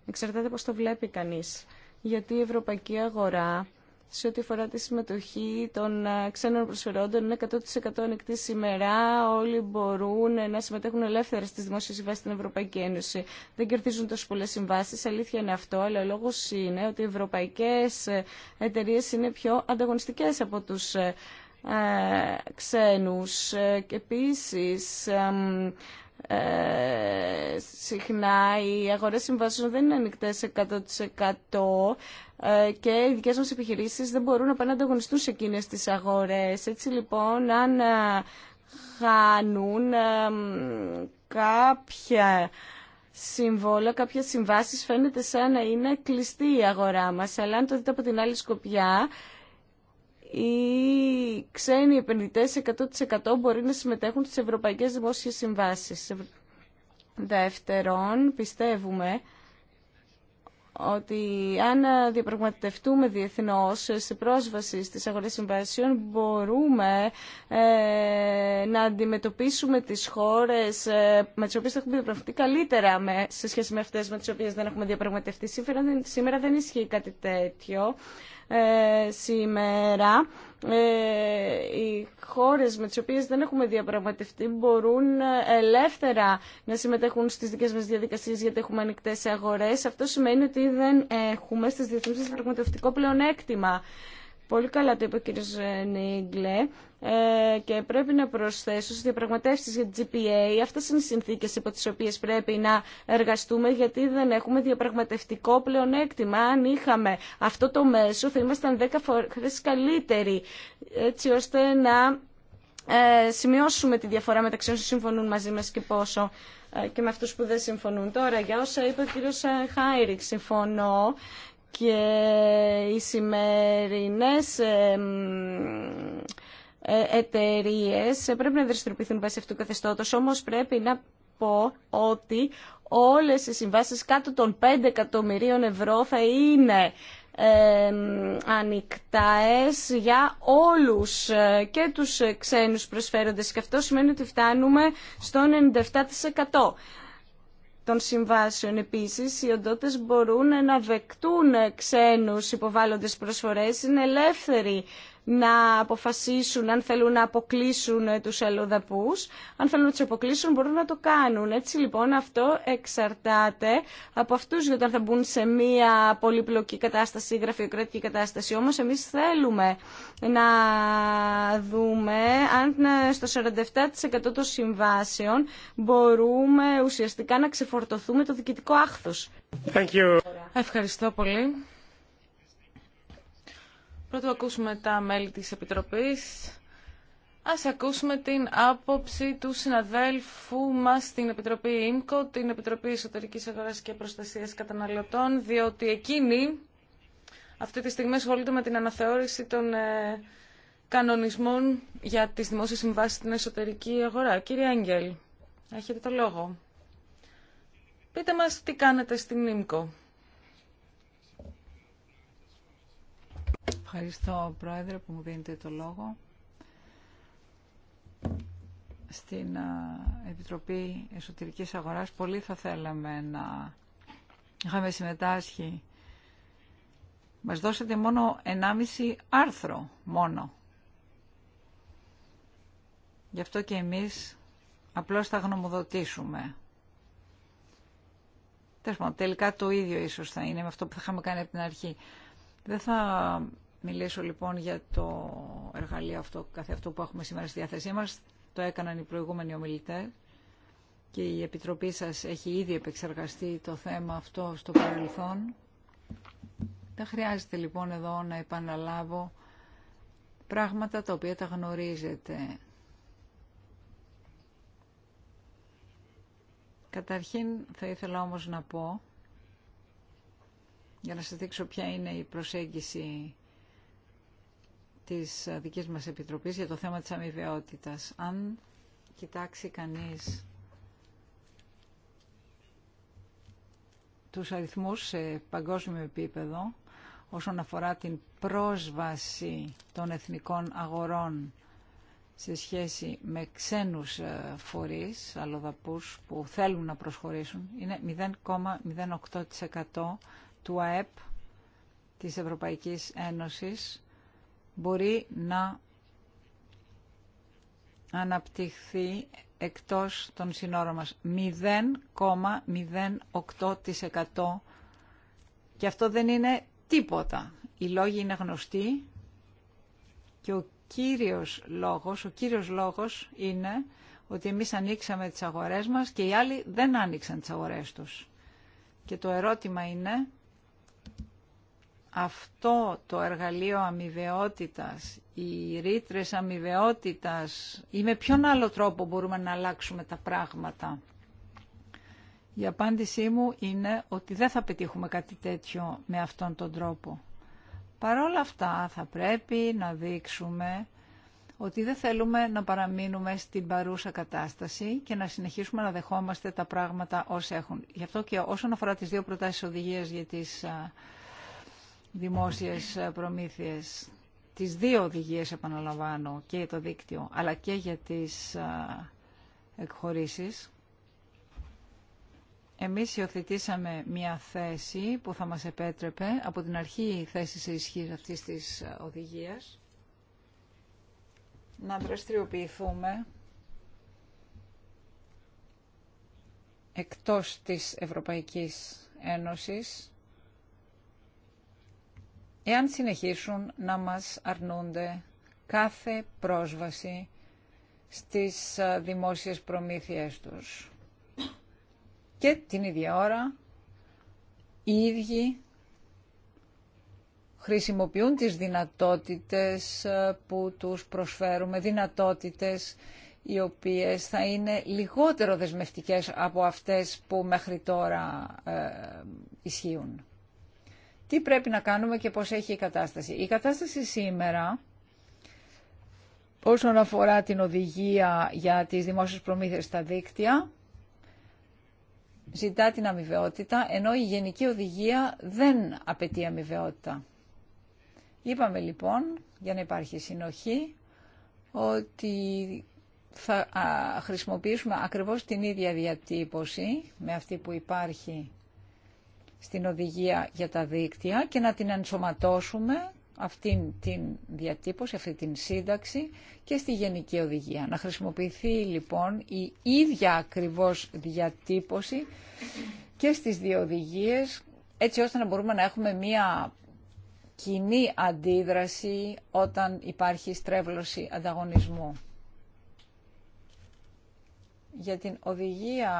Εξαρτάται πώς το βλέπει κανείς. Γιατί η ευρωπαϊκή αγορά σε ό,τι αφορά τη συμμετοχή των ε, ξένων προσφερόντων είναι 100% ανοιχτή σήμερα. Όλοι μπορούν ε, να συμμετέχουν ελεύθερα στις δημόσιες συμβάσει στην Ευρωπαϊκή Ένωση. Δεν κερδίζουν τόσο πολλέ συμβάσει. αλήθεια είναι αυτό, αλλά ο λόγο είναι ότι οι ευρωπαϊκές ε, εταιρείε είναι πιο ανταγωνιστικέ από τους ε, ξένους. Και επίσης, ε, συχνά οι αγορές συμβάσεων δεν είναι ανοιχτέ 100% ε, και οι δικές μας επιχειρήσεις δεν μπορούν να πάνε να ανταγωνιστούν σε εκείνες τις αγορές. Έτσι λοιπόν αν ε, χάνουν κάποια συμβόλαια, κάποια συμβάσεις φαίνεται σαν να είναι κλειστή η αγορά μας. Αλλά αν το δείτε από την άλλη σκοπιά οι ξένοι επενδυτές 100% μπορεί να συμμετέχουν στις ευρωπαϊκές δημόσιες συμβάσεις. Δεύτερον, πιστεύουμε ότι αν διαπραγματευτούμε διεθνώς σε πρόσβαση στις αγορές συμβάσεων μπορούμε ε, να αντιμετωπίσουμε τις χώρες ε, με τις οποίες έχουμε διαπραγματευτεί καλύτερα με, σε σχέση με αυτές με τις οποίες δεν έχουμε διαπραγματευτεί. Σήμερα, σήμερα δεν ισχύει κάτι τέτοιο. Ε, σήμερα ε, οι χώρες με τις οποίες δεν έχουμε διαπραγματευτεί μπορούν ε, ελεύθερα να συμμετέχουν στις δικές μας διαδικασίες γιατί έχουμε ανοιχτέ αγορές. Αυτό σημαίνει ότι δεν έχουμε στις διεθνείς διαπραγματευτικό πλεονέκτημα. Πολύ καλά το είπε ο κ. Ε, Νίγκλε ε, και πρέπει να προσθέσω στι διαπραγματεύσει για την GPA. Αυτέ είναι οι συνθήκε υπό τι οποίε πρέπει να εργαστούμε, γιατί δεν έχουμε διαπραγματευτικό πλεονέκτημα. Αν είχαμε αυτό το μέσο, θα ήμασταν 10 φορέ καλύτεροι, έτσι ώστε να ε, σημειώσουμε τη διαφορά μεταξύ όσων συμφωνούν μαζί μας και πόσο και με αυτούς που δεν συμφωνούν. Τώρα, για όσα είπε ο κύριος Χάιριξ συμφωνώ και οι σημερινές ε, εταιρείε πρέπει να δραστηριοποιηθούν βάσει αυτού του καθεστώτος, όμως πρέπει να πω ότι όλες οι συμβάσεις κάτω των 5 εκατομμυρίων ευρώ θα είναι ε, για όλους ε, και τους ξένους προσφέροντες και αυτό σημαίνει ότι φτάνουμε στο 97% των συμβάσεων. Επίσης, οι οντότες μπορούν να δεκτούν ξένους υποβάλλοντες προσφορές, είναι ελεύθεροι να αποφασίσουν αν θέλουν να αποκλείσουν ε, τους αλλοδαπούς. Αν θέλουν να τους αποκλείσουν μπορούν να το κάνουν. Έτσι λοιπόν αυτό εξαρτάται από αυτούς όταν θα μπουν σε μία πολύπλοκη κατάσταση, γραφειοκρατική κατάσταση. Όμως εμείς θέλουμε να δούμε αν ε, στο 47% των συμβάσεων μπορούμε ουσιαστικά να ξεφορτωθούμε το διοικητικό άχθος. Ευχαριστώ πολύ.
Πρώτο ακούσουμε τα μέλη της Επιτροπής. Ας ακούσουμε την άποψη του συναδέλφου μας στην Επιτροπή ΙΜΚΟ, την Επιτροπή Εσωτερικής Αγοράς και Προστασίας Καταναλωτών, διότι εκείνη αυτή τη στιγμή ασχολείται με την αναθεώρηση των ε, κανονισμών για τις δημόσιες συμβάσεις στην εσωτερική αγορά. Κύριε Άγγελ, έχετε το λόγο. Πείτε μας τι κάνετε στην ΙΜΚΟ. Ευχαριστώ, Πρόεδρε, που μου δίνετε το λόγο.
Στην Επιτροπή Εσωτερικής Αγοράς πολύ θα θέλαμε να είχαμε συμμετάσχει. Μας δώσετε μόνο 1,5 άρθρο, μόνο. Γι' αυτό και εμείς απλώς θα γνωμοδοτήσουμε. Τέλος τελικά το ίδιο ίσως θα είναι με αυτό που θα είχαμε κάνει από την αρχή. Δεν θα μιλήσω λοιπόν για το εργαλείο αυτό, καθε που έχουμε σήμερα στη διάθεσή μας. Το έκαναν οι προηγούμενοι ομιλητές και η Επιτροπή σας έχει ήδη επεξεργαστεί το θέμα αυτό στο παρελθόν. Δεν χρειάζεται λοιπόν εδώ να επαναλάβω πράγματα τα οποία τα γνωρίζετε. Καταρχήν θα ήθελα όμως να πω, για να σας δείξω ποια είναι η προσέγγιση της δικής μας Επιτροπής για το θέμα της αμοιβαιότητας. Αν κοιτάξει κανείς τους αριθμούς σε παγκόσμιο επίπεδο όσον αφορά την πρόσβαση των εθνικών αγορών σε σχέση με ξένους ε, φορείς, αλλοδαπούς που θέλουν να προσχωρήσουν, είναι 0,08% του ΑΕΠ της Ευρωπαϊκής Ένωσης μπορεί να αναπτυχθεί εκτός των συνόρων μας 0,08% και αυτό δεν είναι τίποτα. Οι λόγοι είναι γνωστοί και ο κύριος λόγος, ο κύριος λόγος είναι ότι εμείς ανοίξαμε τις αγορές μας και οι άλλοι δεν άνοιξαν τις αγορές τους. Και το ερώτημα είναι αυτό το εργαλείο αμοιβαιότητας, οι ρήτρε αμοιβαιότητας ή με ποιον άλλο τρόπο μπορούμε να αλλάξουμε τα πράγματα. Η απάντησή μου είναι ότι δεν θα πετύχουμε κάτι τέτοιο με αυτόν τον τρόπο. Παρ' όλα αυτά θα πρέπει να δείξουμε ότι δεν θέλουμε να παραμείνουμε στην παρούσα κατάσταση και να συνεχίσουμε να δεχόμαστε τα πράγματα όσοι έχουν. Γι' αυτό και όσον αφορά τις δύο προτάσεις οδηγίας για τις δημόσιες προμήθειες. Τις δύο οδηγίες επαναλαμβάνω και το δίκτυο αλλά και για τις εκχωρήσεις. Εμείς υιοθετήσαμε μια θέση που θα μας επέτρεπε από την αρχή η θέση σε ισχύ αυτής της οδηγίας να δραστηριοποιηθούμε εκτός της Ευρωπαϊκής Ένωσης εάν συνεχίσουν να μας αρνούνται κάθε πρόσβαση στις δημόσιες προμήθειές τους. Και την ίδια ώρα οι ίδιοι χρησιμοποιούν τις δυνατότητες που τους προσφέρουμε, δυνατότητες οι οποίες θα είναι λιγότερο δεσμευτικές από αυτές που μέχρι τώρα ε, ισχύουν τι πρέπει να κάνουμε και πώς έχει η κατάσταση. Η κατάσταση σήμερα, όσον αφορά την οδηγία για τις δημόσιες προμήθειες στα δίκτυα, ζητά την αμοιβαιότητα, ενώ η γενική οδηγία δεν απαιτεί αμοιβαιότητα. Είπαμε λοιπόν, για να υπάρχει συνοχή, ότι θα χρησιμοποιήσουμε ακριβώς την ίδια διατύπωση με αυτή που υπάρχει στην οδηγία για τα δίκτυα και να την ενσωματώσουμε αυτήν την διατύπωση, αυτή την σύνταξη και στη γενική οδηγία. Να χρησιμοποιηθεί λοιπόν η ίδια ακριβώς διατύπωση και στις δύο οδηγίες έτσι ώστε να μπορούμε να έχουμε μία κοινή αντίδραση όταν υπάρχει στρέβλωση ανταγωνισμού. Για την οδηγία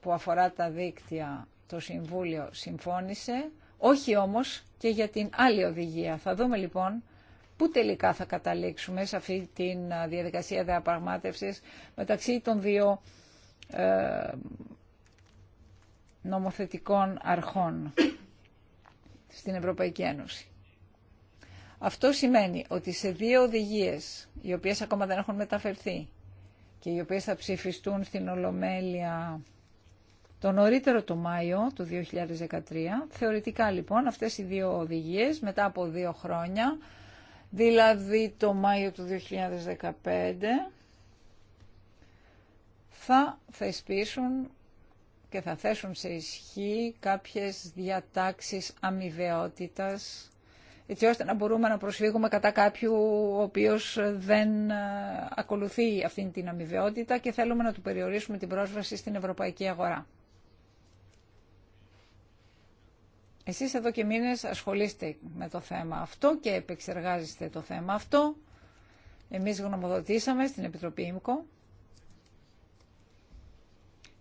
που αφορά τα δίκτυα το Συμβούλιο συμφώνησε, όχι όμως και για την άλλη οδηγία. Θα δούμε λοιπόν πού τελικά θα καταλήξουμε σε αυτή τη διαδικασία διαπραγμάτευσης μεταξύ των δύο ε, νομοθετικών αρχών στην Ευρωπαϊκή Ένωση. Αυτό σημαίνει ότι σε δύο οδηγίες, οι οποίες ακόμα δεν έχουν μεταφερθεί και οι οποίες θα ψηφιστούν στην Ολομέλεια το νωρίτερο το Μάιο του 2013. Θεωρητικά λοιπόν αυτές οι δύο οδηγίες μετά από δύο χρόνια, δηλαδή το Μάιο του 2015, θα θεσπίσουν και θα θέσουν σε ισχύ κάποιες διατάξεις αμοιβαιότητας έτσι ώστε να μπορούμε να προσφύγουμε κατά κάποιου ο οποίος δεν ε, ακολουθεί αυτήν την αμοιβαιότητα και θέλουμε να του περιορίσουμε την πρόσβαση στην ευρωπαϊκή αγορά. Εσείς εδώ και μήνες ασχολείστε με το θέμα αυτό και επεξεργάζεστε το θέμα αυτό. Εμείς γνωμοδοτήσαμε στην Επιτροπή ΙΜΚΟ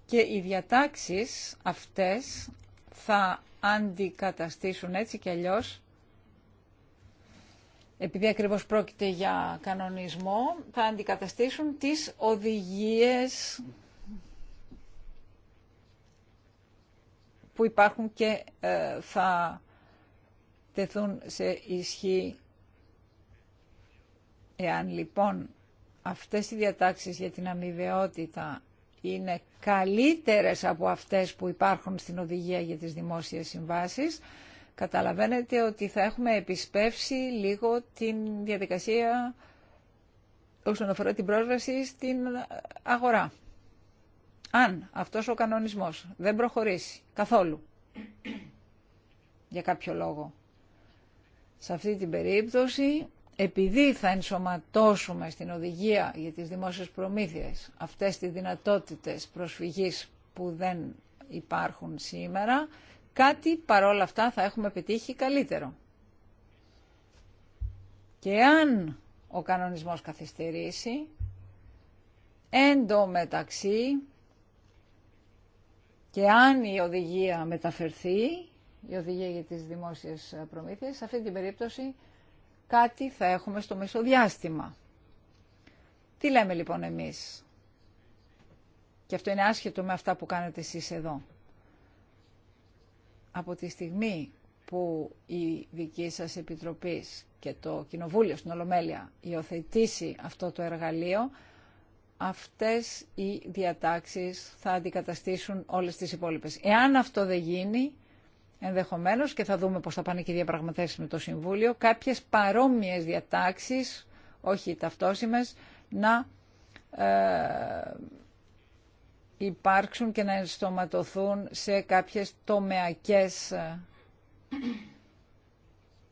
και οι διατάξεις αυτές θα αντικαταστήσουν έτσι και αλλιώς επειδή ακριβώς πρόκειται για κανονισμό, θα αντικαταστήσουν τις οδηγίες που υπάρχουν και ε, θα τεθούν σε ισχύ. Εάν λοιπόν αυτές οι διατάξεις για την αμοιβαιότητα είναι καλύτερες από αυτές που υπάρχουν στην οδηγία για τις δημόσιες συμβάσεις, καταλαβαίνετε ότι θα έχουμε επισπεύσει λίγο την διαδικασία όσον αφορά την πρόσβαση στην αγορά. Αν αυτός ο κανονισμός δεν προχωρήσει καθόλου για κάποιο λόγο, σε αυτή την περίπτωση, επειδή θα ενσωματώσουμε στην οδηγία για τις δημόσιες προμήθειες αυτές τις δυνατότητες προσφυγής που δεν υπάρχουν σήμερα, κάτι παρόλα αυτά θα έχουμε πετύχει καλύτερο. Και αν ο κανονισμός καθυστερήσει, μεταξύ, και αν η οδηγία μεταφερθεί, η οδηγία για τις δημόσιες προμήθειες, σε αυτή την περίπτωση κάτι θα έχουμε στο μεσοδιάστημα. Τι λέμε λοιπόν εμείς. Και αυτό είναι άσχετο με αυτά που κάνετε εσείς εδώ. Από τη στιγμή που η δική σας επιτροπής και το Κοινοβούλιο στην Ολομέλεια υιοθετήσει αυτό το εργαλείο, αυτές οι διατάξεις θα αντικαταστήσουν όλες τις υπόλοιπες. Εάν αυτό δεν γίνει, ενδεχομένως, και θα δούμε πώς θα πάνε και οι διαπραγματεύσεις με το Συμβούλιο, κάποιες παρόμοιες διατάξεις, όχι ταυτόσιμες, να ε, υπάρξουν και να ενστοματωθούν σε κάποιες τομεακές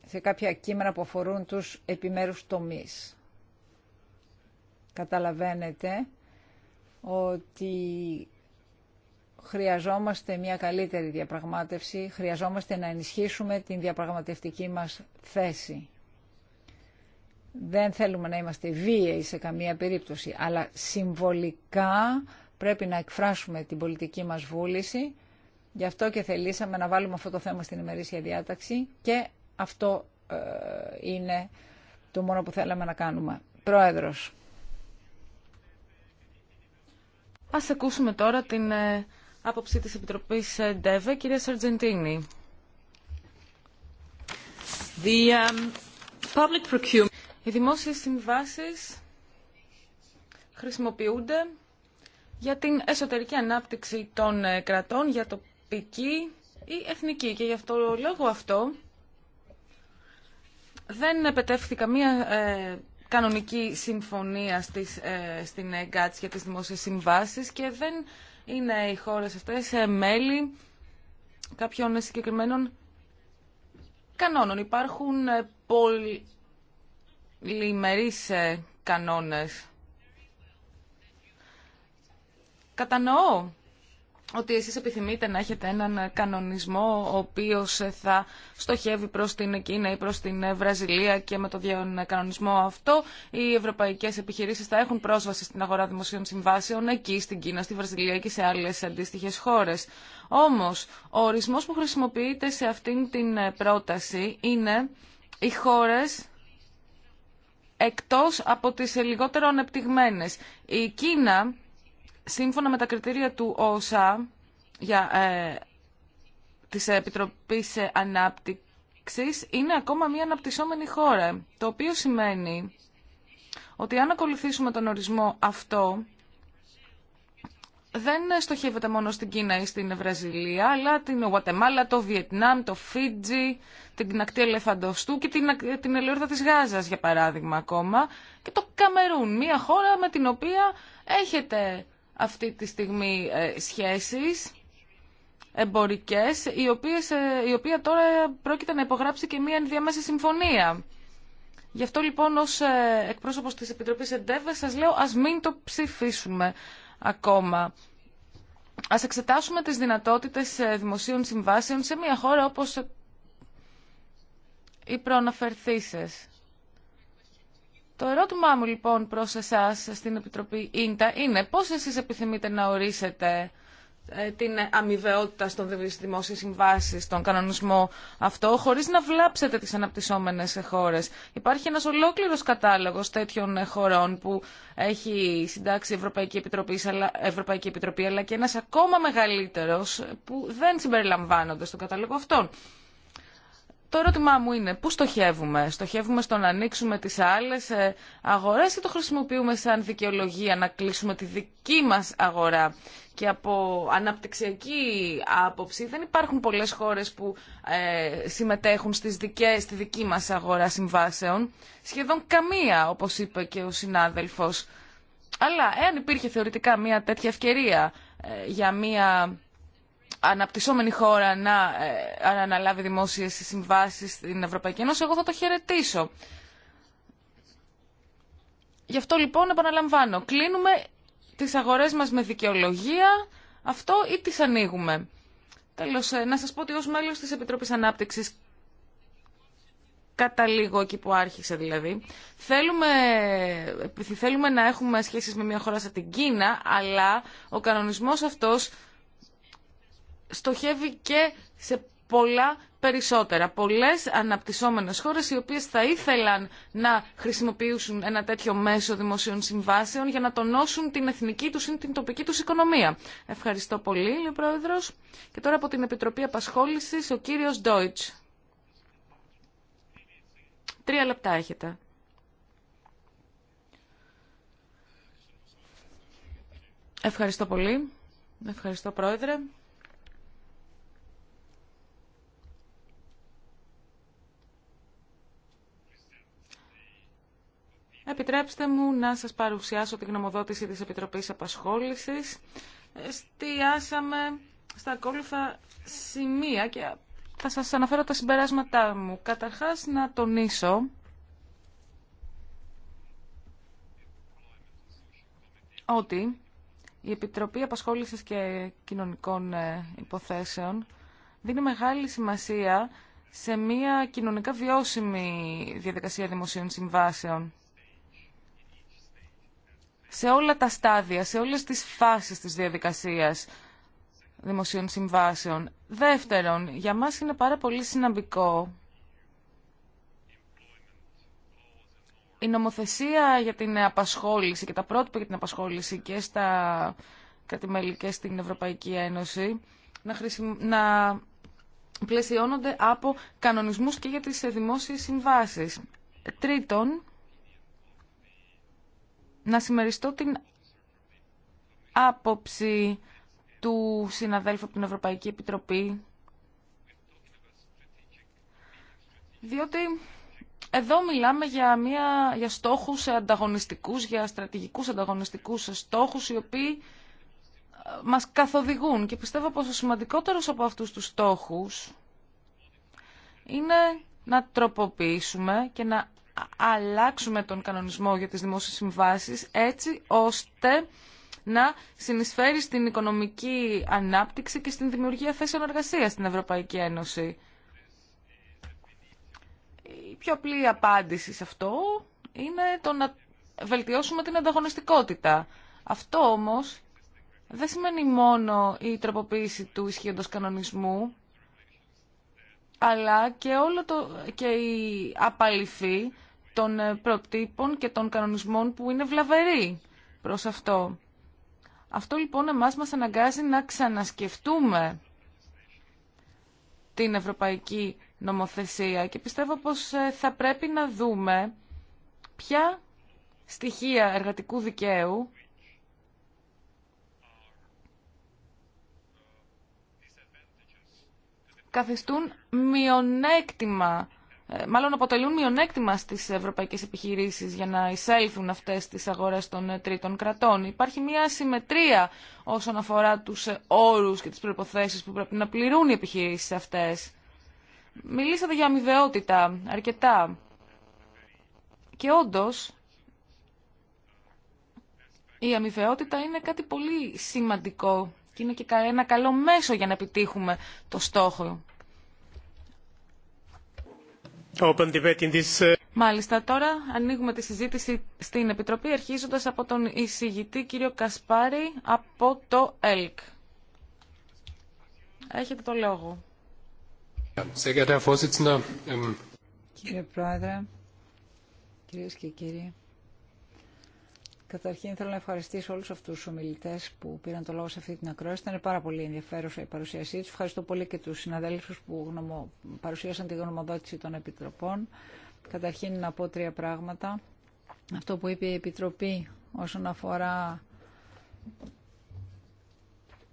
σε κάποια κείμενα που αφορούν τους επιμέρους τομείς. Καταλαβαίνετε ότι χρειαζόμαστε μια καλύτερη διαπραγμάτευση, χρειαζόμαστε να ενισχύσουμε την διαπραγματευτική μας θέση. Δεν θέλουμε να είμαστε βίαιοι σε καμία περίπτωση, αλλά συμβολικά πρέπει να εκφράσουμε την πολιτική μας βούληση. Γι' αυτό και θελήσαμε να βάλουμε αυτό το θέμα στην ημερήσια διάταξη και αυτό ε, είναι το μόνο που θέλαμε να κάνουμε. Πρόεδρος.
Ας ακούσουμε τώρα την ε, άποψη της Επιτροπής ΔΕΒΕ, κυρία Σαρτζεντίνη. The, um, public procurement. Οι δημόσιες συμβάσεις χρησιμοποιούνται για την εσωτερική ανάπτυξη των ε, κρατών, για τοπική ή εθνική. Και γι' αυτό λόγο αυτό δεν επετεύχθη καμία ε, κανονική συμφωνία ε, στην ΕΓΚΑΤΣ για τις δημόσιες συμβάσεις και δεν είναι οι χώρες αυτές ε, μέλη κάποιων συγκεκριμένων κανόνων. Υπάρχουν ε, πολυμερείς κανόνες. Κατανοώ ότι εσείς επιθυμείτε να έχετε έναν κανονισμό ο οποίος θα στοχεύει προς την Κίνα ή προς την Βραζιλία και με τον κανονισμό αυτό οι ευρωπαϊκές επιχειρήσεις θα έχουν πρόσβαση στην αγορά δημοσίων συμβάσεων εκεί στην Κίνα, στη Βραζιλία και σε άλλες αντίστοιχες χώρες. Όμως, ο ορισμός που χρησιμοποιείται σε αυτήν την πρόταση είναι οι χώρες εκτός από τις λιγότερο ανεπτυγμένες. Η Κίνα Σύμφωνα με τα κριτήρια του ΩΣΑ για, ε, της Επιτροπής Ανάπτυξης είναι ακόμα μια αναπτυσσόμενη χώρα, το οποίο σημαίνει ότι αν ακολουθήσουμε τον ορισμό αυτό, δεν στοχεύεται μόνο στην Κίνα ή στην Βραζιλία, αλλά την Ουατεμάλα, το Βιετνάμ, το Φίτζι, την ακτή Ελεφαντοστού και την, την της Γάζας, για παράδειγμα, ακόμα, και το Καμερούν, μια χώρα με την οποία έχετε αυτή τη στιγμή ε, σχέσεις εμπορικές, οι οποίες, ε, η οποία τώρα πρόκειται να υπογράψει και μία ενδιάμεση συμφωνία. Γι' αυτό λοιπόν ως ε, εκπρόσωπος της Επιτροπής ΕΝΤΕΒΕ σας λέω ας μην το ψηφίσουμε ακόμα. Ας εξετάσουμε τις δυνατότητες δημοσίων συμβάσεων σε μια χώρα όπως οι προαναφερθήσεις. Το ερώτημά μου λοιπόν προς εσάς στην Επιτροπή ΙΝΤΑ είναι πώς εσείς επιθυμείτε να ορίσετε ε, την αμοιβαιότητα στον δημόσιο συμβάσεις, στον κανονισμό αυτό, χωρίς να βλάψετε τις αναπτυσσόμενες χώρες. Υπάρχει ένας ολόκληρος κατάλογος τέτοιων χωρών που έχει συντάξει η Ευρωπαϊκή Επιτροπή, αλλά, Ευρωπαϊκή Επιτροπή, αλλά και ένας ακόμα μεγαλύτερος που δεν συμπεριλαμβάνονται στον κατάλογο αυτόν. Το ερώτημά μου είναι πού στοχεύουμε. Στοχεύουμε στο να ανοίξουμε τις άλλες ε, αγορές ή το χρησιμοποιούμε σαν δικαιολογία να κλείσουμε τη δική μας αγορά. Και από αναπτυξιακή άποψη δεν υπάρχουν πολλές χώρες που ε, συμμετέχουν στις δικές, στη δική μας αγορά συμβάσεων. Σχεδόν καμία, όπως είπε και ο συνάδελφος. Αλλά εάν υπήρχε θεωρητικά μια τέτοια ευκαιρία ε, για μια αναπτυσσόμενη χώρα ε, να αναλάβει δημόσιες συμβάσεις στην Ευρωπαϊκή Ένωση, εγώ θα το χαιρετήσω. Γι' αυτό λοιπόν επαναλαμβάνω, κλείνουμε τις αγορές μας με δικαιολογία, αυτό ή τις ανοίγουμε. Τέλος, ε, να σας πω ότι ως μέλος της Επιτροπής Ανάπτυξης κατά λίγο εκεί που άρχισε δηλαδή. Θέλουμε, ε, θέλουμε να έχουμε σχέσεις με μια χώρα σαν την Κίνα, αλλά ο κανονισμός αυτός στοχεύει και σε πολλά περισσότερα. Πολλές αναπτυσσόμενες χώρες οι οποίες θα ήθελαν να χρησιμοποιήσουν ένα τέτοιο μέσο δημοσίων συμβάσεων για να τονώσουν την εθνική τους ή την τοπική τους οικονομία. Ευχαριστώ πολύ, λέει ο Πρόεδρος. Και τώρα από την Επιτροπή Απασχόλησης, ο κύριος Ντόιτς. Τρία λεπτά έχετε. Ευχαριστώ πολύ. Ευχαριστώ, Πρόεδρε. Επιτρέψτε μου να σας παρουσιάσω τη γνωμοδότηση της Επιτροπής Απασχόλησης. Στιάσαμε στα ακόλουθα σημεία και θα σας αναφέρω τα συμπεράσματά μου. Καταρχάς να τονίσω ότι η Επιτροπή Απασχόλησης και Κοινωνικών ε, Υποθέσεων δίνει μεγάλη σημασία σε μια κοινωνικά βιώσιμη διαδικασία δημοσίων συμβάσεων σε όλα τα στάδια, σε όλες τις φάσεις της διαδικασίας δημοσίων συμβάσεων. Δεύτερον, για μας είναι πάρα πολύ συναμπικό η νομοθεσία για την απασχόληση και τα πρότυπα για την απασχόληση και στα κρατημέλη και στην Ευρωπαϊκή Ένωση να, να πλαισιώνονται από κανονισμούς και για τις δημόσιες συμβάσεις. Τρίτον, να συμμεριστώ την άποψη του συναδέλφου από την Ευρωπαϊκή Επιτροπή, διότι εδώ μιλάμε για, μια, για στόχους ανταγωνιστικούς, για στρατηγικούς ανταγωνιστικούς στόχους, οι οποίοι ε, μας καθοδηγούν και πιστεύω πως ο σημαντικότερος από αυτούς τους στόχους είναι να τροποποιήσουμε και να αλλάξουμε τον κανονισμό για τις δημόσιες συμβάσεις έτσι ώστε να συνεισφέρει στην οικονομική ανάπτυξη και στην δημιουργία θέσεων εργασίας στην Ευρωπαϊκή Ένωση. Η πιο απλή απάντηση σε αυτό είναι το να βελτιώσουμε την ανταγωνιστικότητα. Αυτό όμως δεν σημαίνει μόνο η τροποποίηση του ισχύοντος κανονισμού, αλλά και, και η απαλήφη των ε, προτύπων και των κανονισμών που είναι βλαβεροί προς αυτό. Αυτό λοιπόν εμάς μας αναγκάζει να ξανασκεφτούμε την ευρωπαϊκή νομοθεσία και πιστεύω πως ε, θα πρέπει να δούμε ποια στοιχεία εργατικού δικαίου καθιστούν μειονέκτημα ε, μάλλον αποτελούν μειονέκτημα στις ευρωπαϊκές επιχειρήσεις για να εισέλθουν αυτές τις αγορές των ε, τρίτων κρατών. Υπάρχει μια συμμετρία όσον αφορά τους ε, όρους και τις προϋποθέσεις που πρέπει να πληρούν οι επιχειρήσεις αυτές. Μιλήσατε για αμοιβαιότητα αρκετά. Και όντως, η αμοιβαιότητα είναι κάτι πολύ σημαντικό και είναι και ένα καλό μέσο για να επιτύχουμε το στόχο
Uh,
Μάλιστα, τώρα ανοίγουμε τη συζήτηση στην Επιτροπή, αρχίζοντας από τον εισηγητή κύριο Κασπάρη από το ΕΛΚ. Έχετε το λόγο.
Ähm,
Κύριε Πρόεδρε, κυρίες και κύριοι, Καταρχήν θέλω να ευχαριστήσω όλους αυτούς τους ομιλητές που πήραν το λόγο σε αυτή την ακρόαση. Ήταν πάρα πολύ ενδιαφέρουσα η παρουσίασή τους. Ευχαριστώ πολύ και τους συναδέλφους που παρουσίασαν τη γνωμοδότηση των Επιτροπών. Καταρχήν να πω τρία πράγματα. Αυτό που είπε η Επιτροπή όσον αφορά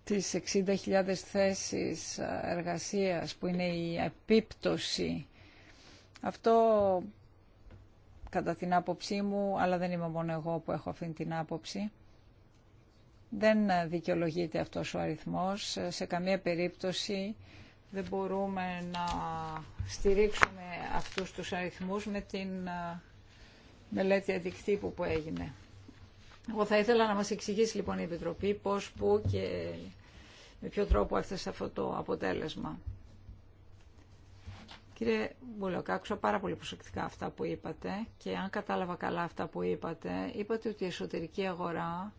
τις 60.000 θέσεις εργασίας που είναι η επίπτωση αυτό κατά την άποψή μου, αλλά δεν είμαι μόνο εγώ που έχω αυτή την άποψη. Δεν δικαιολογείται αυτός ο αριθμός. Σε καμία περίπτωση δεν μπορούμε να στηρίξουμε αυτούς τους αριθμούς με την ε, μελέτη αντικτύπου που έγινε. Εγώ θα ήθελα να μας εξηγήσει λοιπόν η Επιτροπή πώς, πού και με ποιο τρόπο έφτασε αυτό το αποτέλεσμα. Κύριε Μπουλοκ, άκουσα πάρα πολύ προσεκτικά αυτά που είπατε και αν κατάλαβα καλά αυτά που είπατε, είπατε ότι η εσωτερική αγορά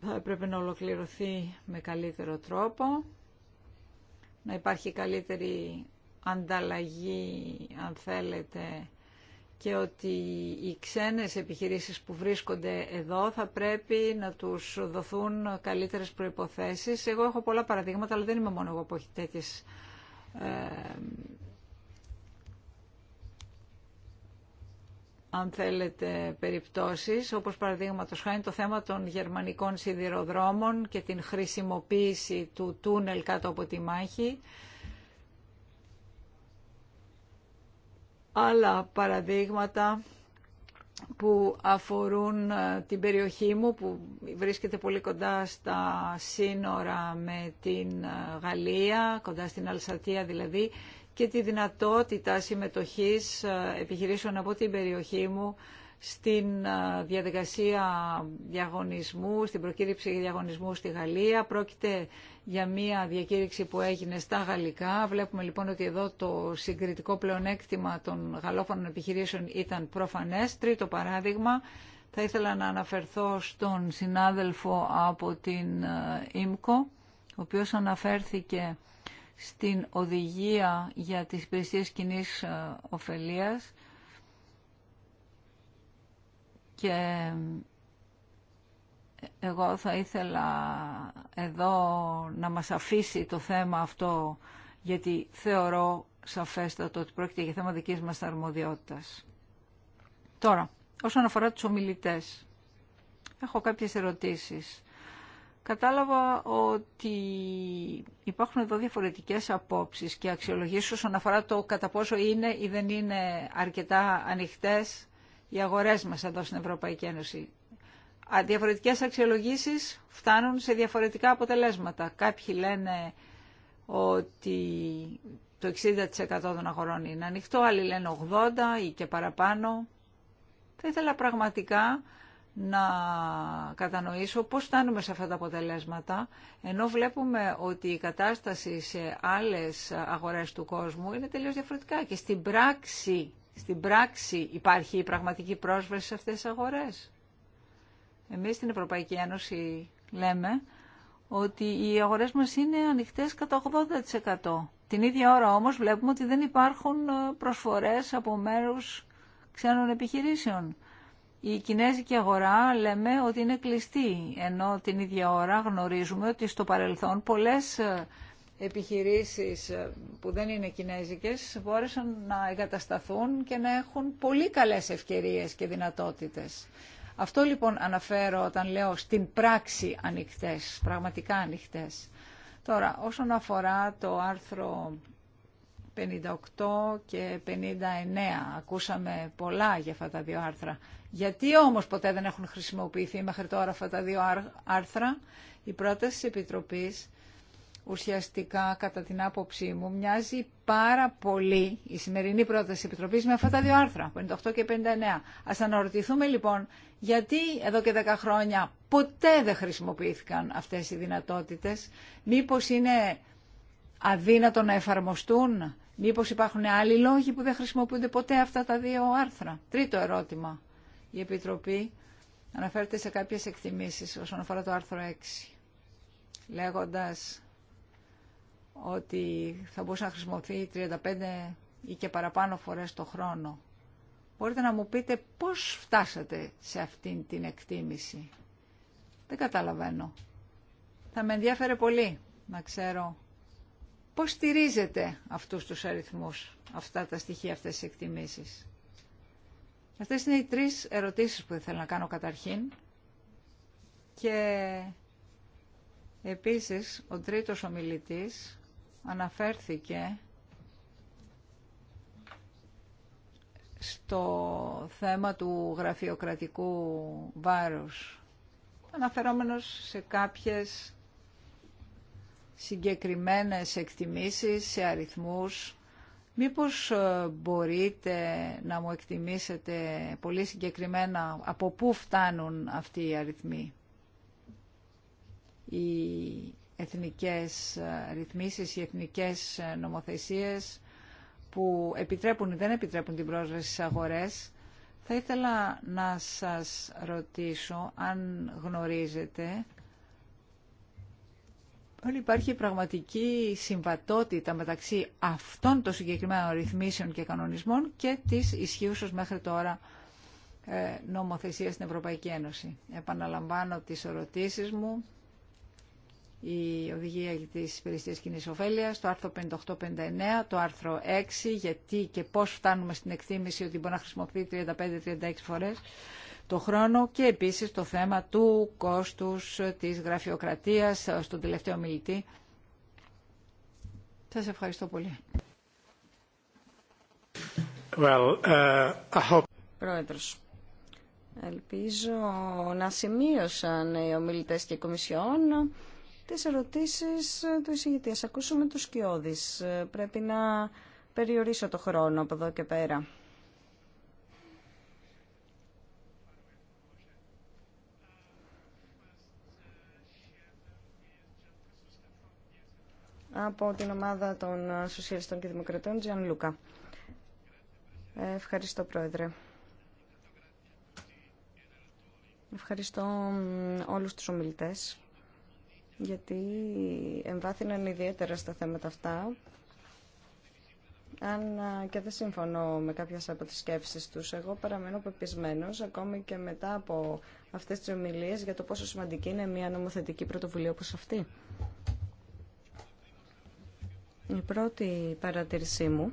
θα έπρεπε να ολοκληρωθεί με καλύτερο τρόπο, να υπάρχει καλύτερη ανταλλαγή, αν θέλετε, και ότι οι ξένες επιχειρήσεις που βρίσκονται εδώ θα πρέπει να τους δοθούν καλύτερες προϋποθέσεις. Εγώ έχω πολλά παραδείγματα, αλλά δεν είμαι μόνο εγώ που έχει τέτοιες ε, αν θέλετε, περιπτώσεις, όπως παραδείγματο χάρη το θέμα των γερμανικών σιδηροδρόμων και την χρησιμοποίηση του τούνελ κάτω από τη μάχη. άλλα παραδείγματα που αφορούν ε, την περιοχή μου που βρίσκεται πολύ κοντά στα σύνορα με την ε, Γαλλία, κοντά στην Αλσατία δηλαδή και τη δυνατότητα συμμετοχής ε, επιχειρήσεων από την περιοχή μου στην διαδικασία διαγωνισμού, στην προκήρυξη διαγωνισμού στη Γαλλία. Πρόκειται για μια διακήρυξη που έγινε στα γαλλικά. Βλέπουμε λοιπόν ότι εδώ το συγκριτικό πλεονέκτημα των γαλλόφωνων επιχειρήσεων ήταν προφανές. Τρίτο παράδειγμα, θα ήθελα να αναφερθώ στον συνάδελφο από την ΙΜΚΟ, ο οποίος αναφέρθηκε στην οδηγία για τις υπηρεσίες κοινή ωφελίας και εγώ θα ήθελα εδώ να μας αφήσει το θέμα αυτό, γιατί θεωρώ σαφέστατο ότι πρόκειται για θέμα δικής μας αρμοδιότητας. Τώρα, όσον αφορά τους ομιλητές, έχω κάποιες ερωτήσεις. Κατάλαβα ότι υπάρχουν εδώ διαφορετικές απόψεις και αξιολογήσεις όσον αφορά το κατά πόσο είναι ή δεν είναι αρκετά ανοιχτές οι αγορές μας εδώ στην Ευρωπαϊκή Ένωση. Διαφορετικές αξιολογήσεις φτάνουν σε διαφορετικά αποτελέσματα. Κάποιοι λένε ότι το 60% των αγορών είναι ανοιχτό, άλλοι λένε 80% ή και παραπάνω. Θα ήθελα πραγματικά να κατανοήσω πώς φτάνουμε σε αυτά τα αποτελέσματα, ενώ βλέπουμε ότι η κατάσταση σε άλλες αγορές του κόσμου είναι τελείως διαφορετικά και στην πράξη στην πράξη υπάρχει η πραγματική πρόσβαση σε αυτές τις αγορές. Εμείς στην Ευρωπαϊκή Ένωση λέμε ότι οι αγορές μας είναι ανοιχτές κατά 80%. Την ίδια ώρα όμως βλέπουμε ότι δεν υπάρχουν ε, προσφορές από μέρους ξένων επιχειρήσεων. Η κινέζικη αγορά λέμε ότι είναι κλειστή, ενώ την ίδια ώρα γνωρίζουμε ότι στο παρελθόν πολλές ε, επιχειρήσεις ε, που δεν είναι κινέζικες μπόρεσαν να εγκατασταθούν και να έχουν πολύ καλές ευκαιρίες και δυνατότητες. Αυτό λοιπόν αναφέρω όταν λέω στην πράξη ανοιχτές, πραγματικά ανοιχτές. Τώρα, όσον αφορά το άρθρο 58 και 59, ακούσαμε πολλά για αυτά τα δύο άρθρα. Γιατί όμως ποτέ δεν έχουν χρησιμοποιηθεί μέχρι τώρα αυτά τα δύο άρθρα. Η πρόταση της Επιτροπής ουσιαστικά κατά την άποψή μου μοιάζει πάρα πολύ η σημερινή πρόταση της Επιτροπής με αυτά τα δύο άρθρα, 58 και 59. Ας αναρωτηθούμε λοιπόν γιατί εδώ και 10 χρόνια ποτέ δεν χρησιμοποιήθηκαν αυτές οι δυνατότητες, μήπως είναι αδύνατο να εφαρμοστούν, μήπως υπάρχουν άλλοι λόγοι που δεν χρησιμοποιούνται ποτέ αυτά τα δύο άρθρα. Τρίτο ερώτημα. Η Επιτροπή αναφέρεται σε κάποιες εκτιμήσεις όσον αφορά το άρθρο 6, λέγοντας ότι θα μπορούσε να χρησιμοποιηθεί 35 ή και παραπάνω φορές το χρόνο. Μπορείτε να μου πείτε πώς φτάσατε σε αυτήν την εκτίμηση. Δεν καταλαβαίνω. Θα με ενδιαφέρε πολύ να ξέρω πώς στηρίζετε αυτούς τους αριθμούς, αυτά τα στοιχεία, αυτές τις εκτιμήσεις. Αυτές είναι οι τρεις ερωτήσεις που θέλω να κάνω καταρχήν. Και επίσης ο τρίτος ομιλητής αναφέρθηκε στο θέμα του γραφειοκρατικού βάρους, αναφερόμενος σε κάποιες συγκεκριμένες εκτιμήσεις, σε αριθμούς. Μήπως ε, μπορείτε να μου εκτιμήσετε πολύ συγκεκριμένα από πού φτάνουν αυτοί οι αριθμοί εθνικές ε, ρυθμίσεις ή εθνικές ε, νομοθεσίες που επιτρέπουν ή δεν επιτρέπουν την πρόσβαση στις αγορές. Θα ήθελα να σας ρωτήσω αν γνωρίζετε ότι υπάρχει πραγματική συμβατότητα μεταξύ αυτών των συγκεκριμένων ρυθμίσεων και κανονισμών και της ισχύουσας μέχρι τώρα ε, νομοθεσία στην Ευρωπαϊκή Ένωση. Επαναλαμβάνω τις ερωτήσεις μου η οδηγία της υπηρεσία κοινή ωφέλεια, το αρθρο 5859, το άρθρο 6, γιατί και πώς φτάνουμε στην εκτίμηση ότι μπορεί να χρησιμοποιεί 35-36 φορές το χρόνο και επίσης το θέμα του κόστους της γραφειοκρατίας ε, στον τελευταίο μιλητή. Σας ευχαριστώ πολύ. Well, uh, I hope...
Πρόεδρος. Ελπίζω να σημείωσαν οι ομιλητές και οι κομισιόν τις ερωτήσεις ε, του εισηγητή. Ας ακούσουμε τους σκιώδεις. Ε, πρέπει να περιορίσω το χρόνο από εδώ και πέρα. από την ομάδα των ε, Σοσιαλιστών και Δημοκρατών, Τζιάν Λούκα. Ευχαριστώ, Πρόεδρε. Ευχαριστώ όλους τους ομιλητές γιατί εμβάθυναν ιδιαίτερα στα θέματα αυτά αν και δεν συμφωνώ με κάποιε από τις σκέψεις τους. Εγώ παραμένω πεπισμένος ακόμη και μετά από αυτές τις ομιλίες για το πόσο σημαντική είναι μια νομοθετική πρωτοβουλία όπως αυτή. Η πρώτη παρατήρησή μου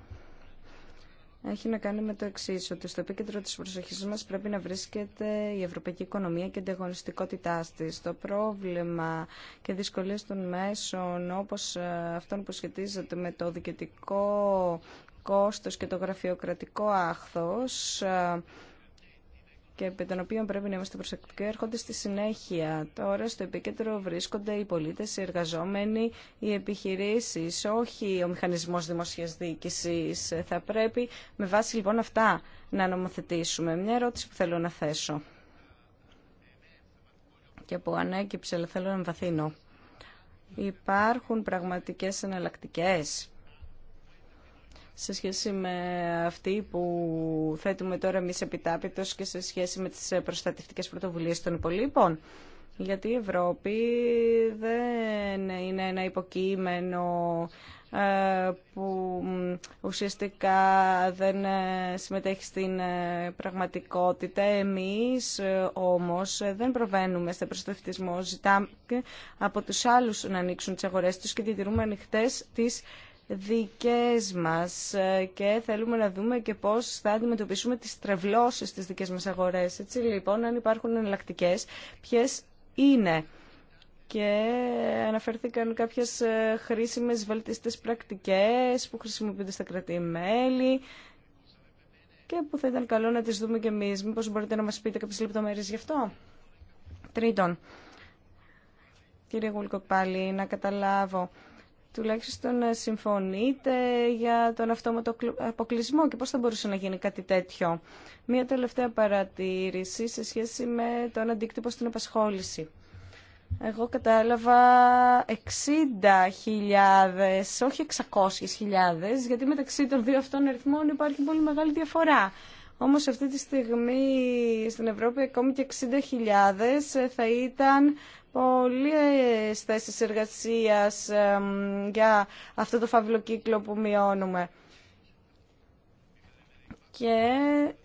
έχει να κάνει με το εξή, ότι στο επίκεντρο τη προσοχή μα πρέπει να βρίσκεται η ευρωπαϊκή οικονομία και η ανταγωνιστικότητά τη. Το πρόβλημα και δυσκολίε των μέσων, όπω ε, αυτών που σχετίζεται με το δικαιωτικό κόστος και το γραφειοκρατικό άχθος ε, και επί των οποίων πρέπει να είμαστε προσεκτικοί έρχονται στη συνέχεια. Τώρα στο επίκεντρο βρίσκονται οι πολίτες, οι εργαζόμενοι, οι επιχειρήσει, όχι ο μηχανισμός δημοσια διοίκηση. Θα πρέπει με βάση λοιπόν αυτά να νομοθετήσουμε. Μια ερώτηση που θέλω να θέσω και που ανέκυψε, αλλά θέλω να εμβαθύνω. Υπάρχουν πραγματικές εναλλακτικέ σε σχέση με αυτή που θέτουμε τώρα εμεί επιτάπητος και σε σχέση με τις προστατευτικές πρωτοβουλίες των υπολείπων. Γιατί η Ευρώπη δεν είναι ένα υποκείμενο ε, που ουσιαστικά δεν ε, συμμετέχει στην ε, πραγματικότητα. Εμείς όμως δεν προβαίνουμε σε προστατευτισμό. Ζητάμε από τους άλλους να ανοίξουν τις αγορές τους και διατηρούμε ανοιχτέ τις δικές μας ε, και θέλουμε να δούμε και πώς θα αντιμετωπίσουμε τις τρευλώσεις στις δικές μας αγορές. Έτσι λοιπόν, αν υπάρχουν εναλλακτικέ, ποιες είναι. Και αναφέρθηκαν κάποιες ε, χρήσιμες βελτιστές πρακτικές που χρησιμοποιούνται στα κρατή-μέλη και που θα ήταν καλό να τις δούμε και εμείς. Μήπως μπορείτε να μας πείτε κάποιες λεπτομέρειες γι' αυτό. Τρίτον, κύριε να καταλάβω τουλάχιστον ε, συμφωνείτε για τον αυτόματο αποκλεισμό και πώς θα μπορούσε να γίνει κάτι τέτοιο. Μία τελευταία παρατήρηση σε σχέση με τον αντίκτυπο στην απασχόληση. Εγώ κατάλαβα 60.000, όχι 600.000, γιατί μεταξύ των δύο αυτών αριθμών υπάρχει πολύ μεγάλη διαφορά. Όμως αυτή τη στιγμή στην Ευρώπη ακόμη και 60.000 θα ήταν πολλές θέσεις εργασίας για αυτό το φαύλο κύκλο που μειώνουμε. Και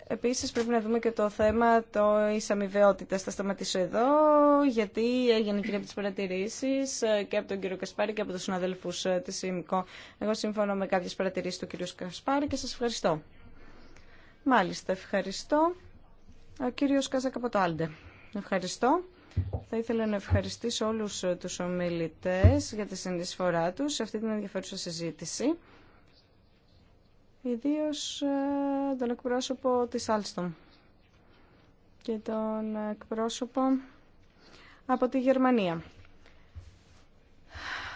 επίσης πρέπει να δούμε και το θέμα της αμοιβαιότητας. Θα σταματήσω εδώ, γιατί έγινε και από τις παρατηρήσεις ε, και από τον κύριο Κασπάρη και από τους συναδέλφους ε, της ΣΥΜΚΟ. Εγώ συμφωνώ με κάποιες παρατηρήσεις του κύριου Κασπάρη και σας ευχαριστώ. Μάλιστα, ευχαριστώ. Ο κύριος Κάζακα από το Άλντε. Ευχαριστώ. Θα ήθελα να ευχαριστήσω όλους ε, τους ομιλητές για τη συνεισφορά τους σε αυτή την ενδιαφέρουσα συζήτηση. Ιδίως ε, τον εκπρόσωπο της Alstom και τον εκπρόσωπο από τη Γερμανία.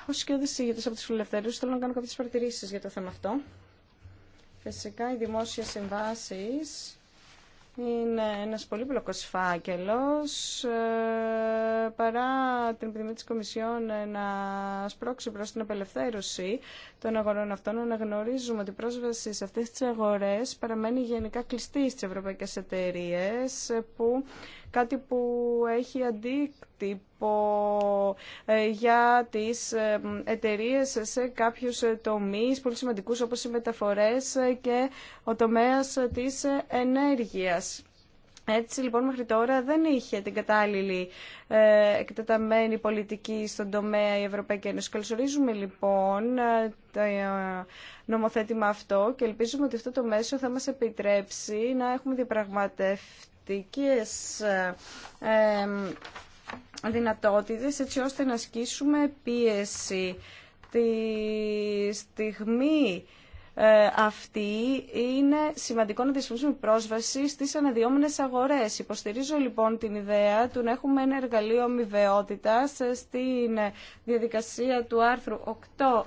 Ως και από τους φιλελευθερούς θέλω να κάνω κάποιες παρατηρήσεις για το θέμα αυτό. Φυσικά οι δημόσιες συμβάσεις είναι ένας πολύπλοκος φάκελος ε, παρά την επιδημία της Κομισιόν ε, να σπρώξει προς την απελευθέρωση των αγορών αυτών να γνωρίζουμε ότι η πρόσβαση σε αυτές τις αγορές παραμένει γενικά κλειστή στις ευρωπαϊκές εταιρείες ε, που κάτι που έχει αντίκτυπο ε, για τις ε, εταιρείες σε κάποιους ε, τομείς πολύ σημαντικούς όπως οι μεταφορές και ο τομέας της ενέργειας. Έτσι λοιπόν μέχρι τώρα δεν είχε την κατάλληλη ε, εκτεταμένη πολιτική στον τομέα η Ευρωπαϊκή Ένωση. Καλωσορίζουμε λοιπόν το νομοθέτημα αυτό και ελπίζουμε ότι αυτό το μέσο θα μας επιτρέψει να έχουμε διαπραγματευτεί πολιτικές ε, δυνατότητες έτσι ώστε να ασκήσουμε πίεση τη στιγμή ε, αυτή είναι σημαντικό να δημιουργήσουμε πρόσβαση στις αναδυόμενες αγορές. Υποστηρίζω λοιπόν την ιδέα του να έχουμε ένα εργαλείο αμοιβαιότητας στην διαδικασία του άρθρου 8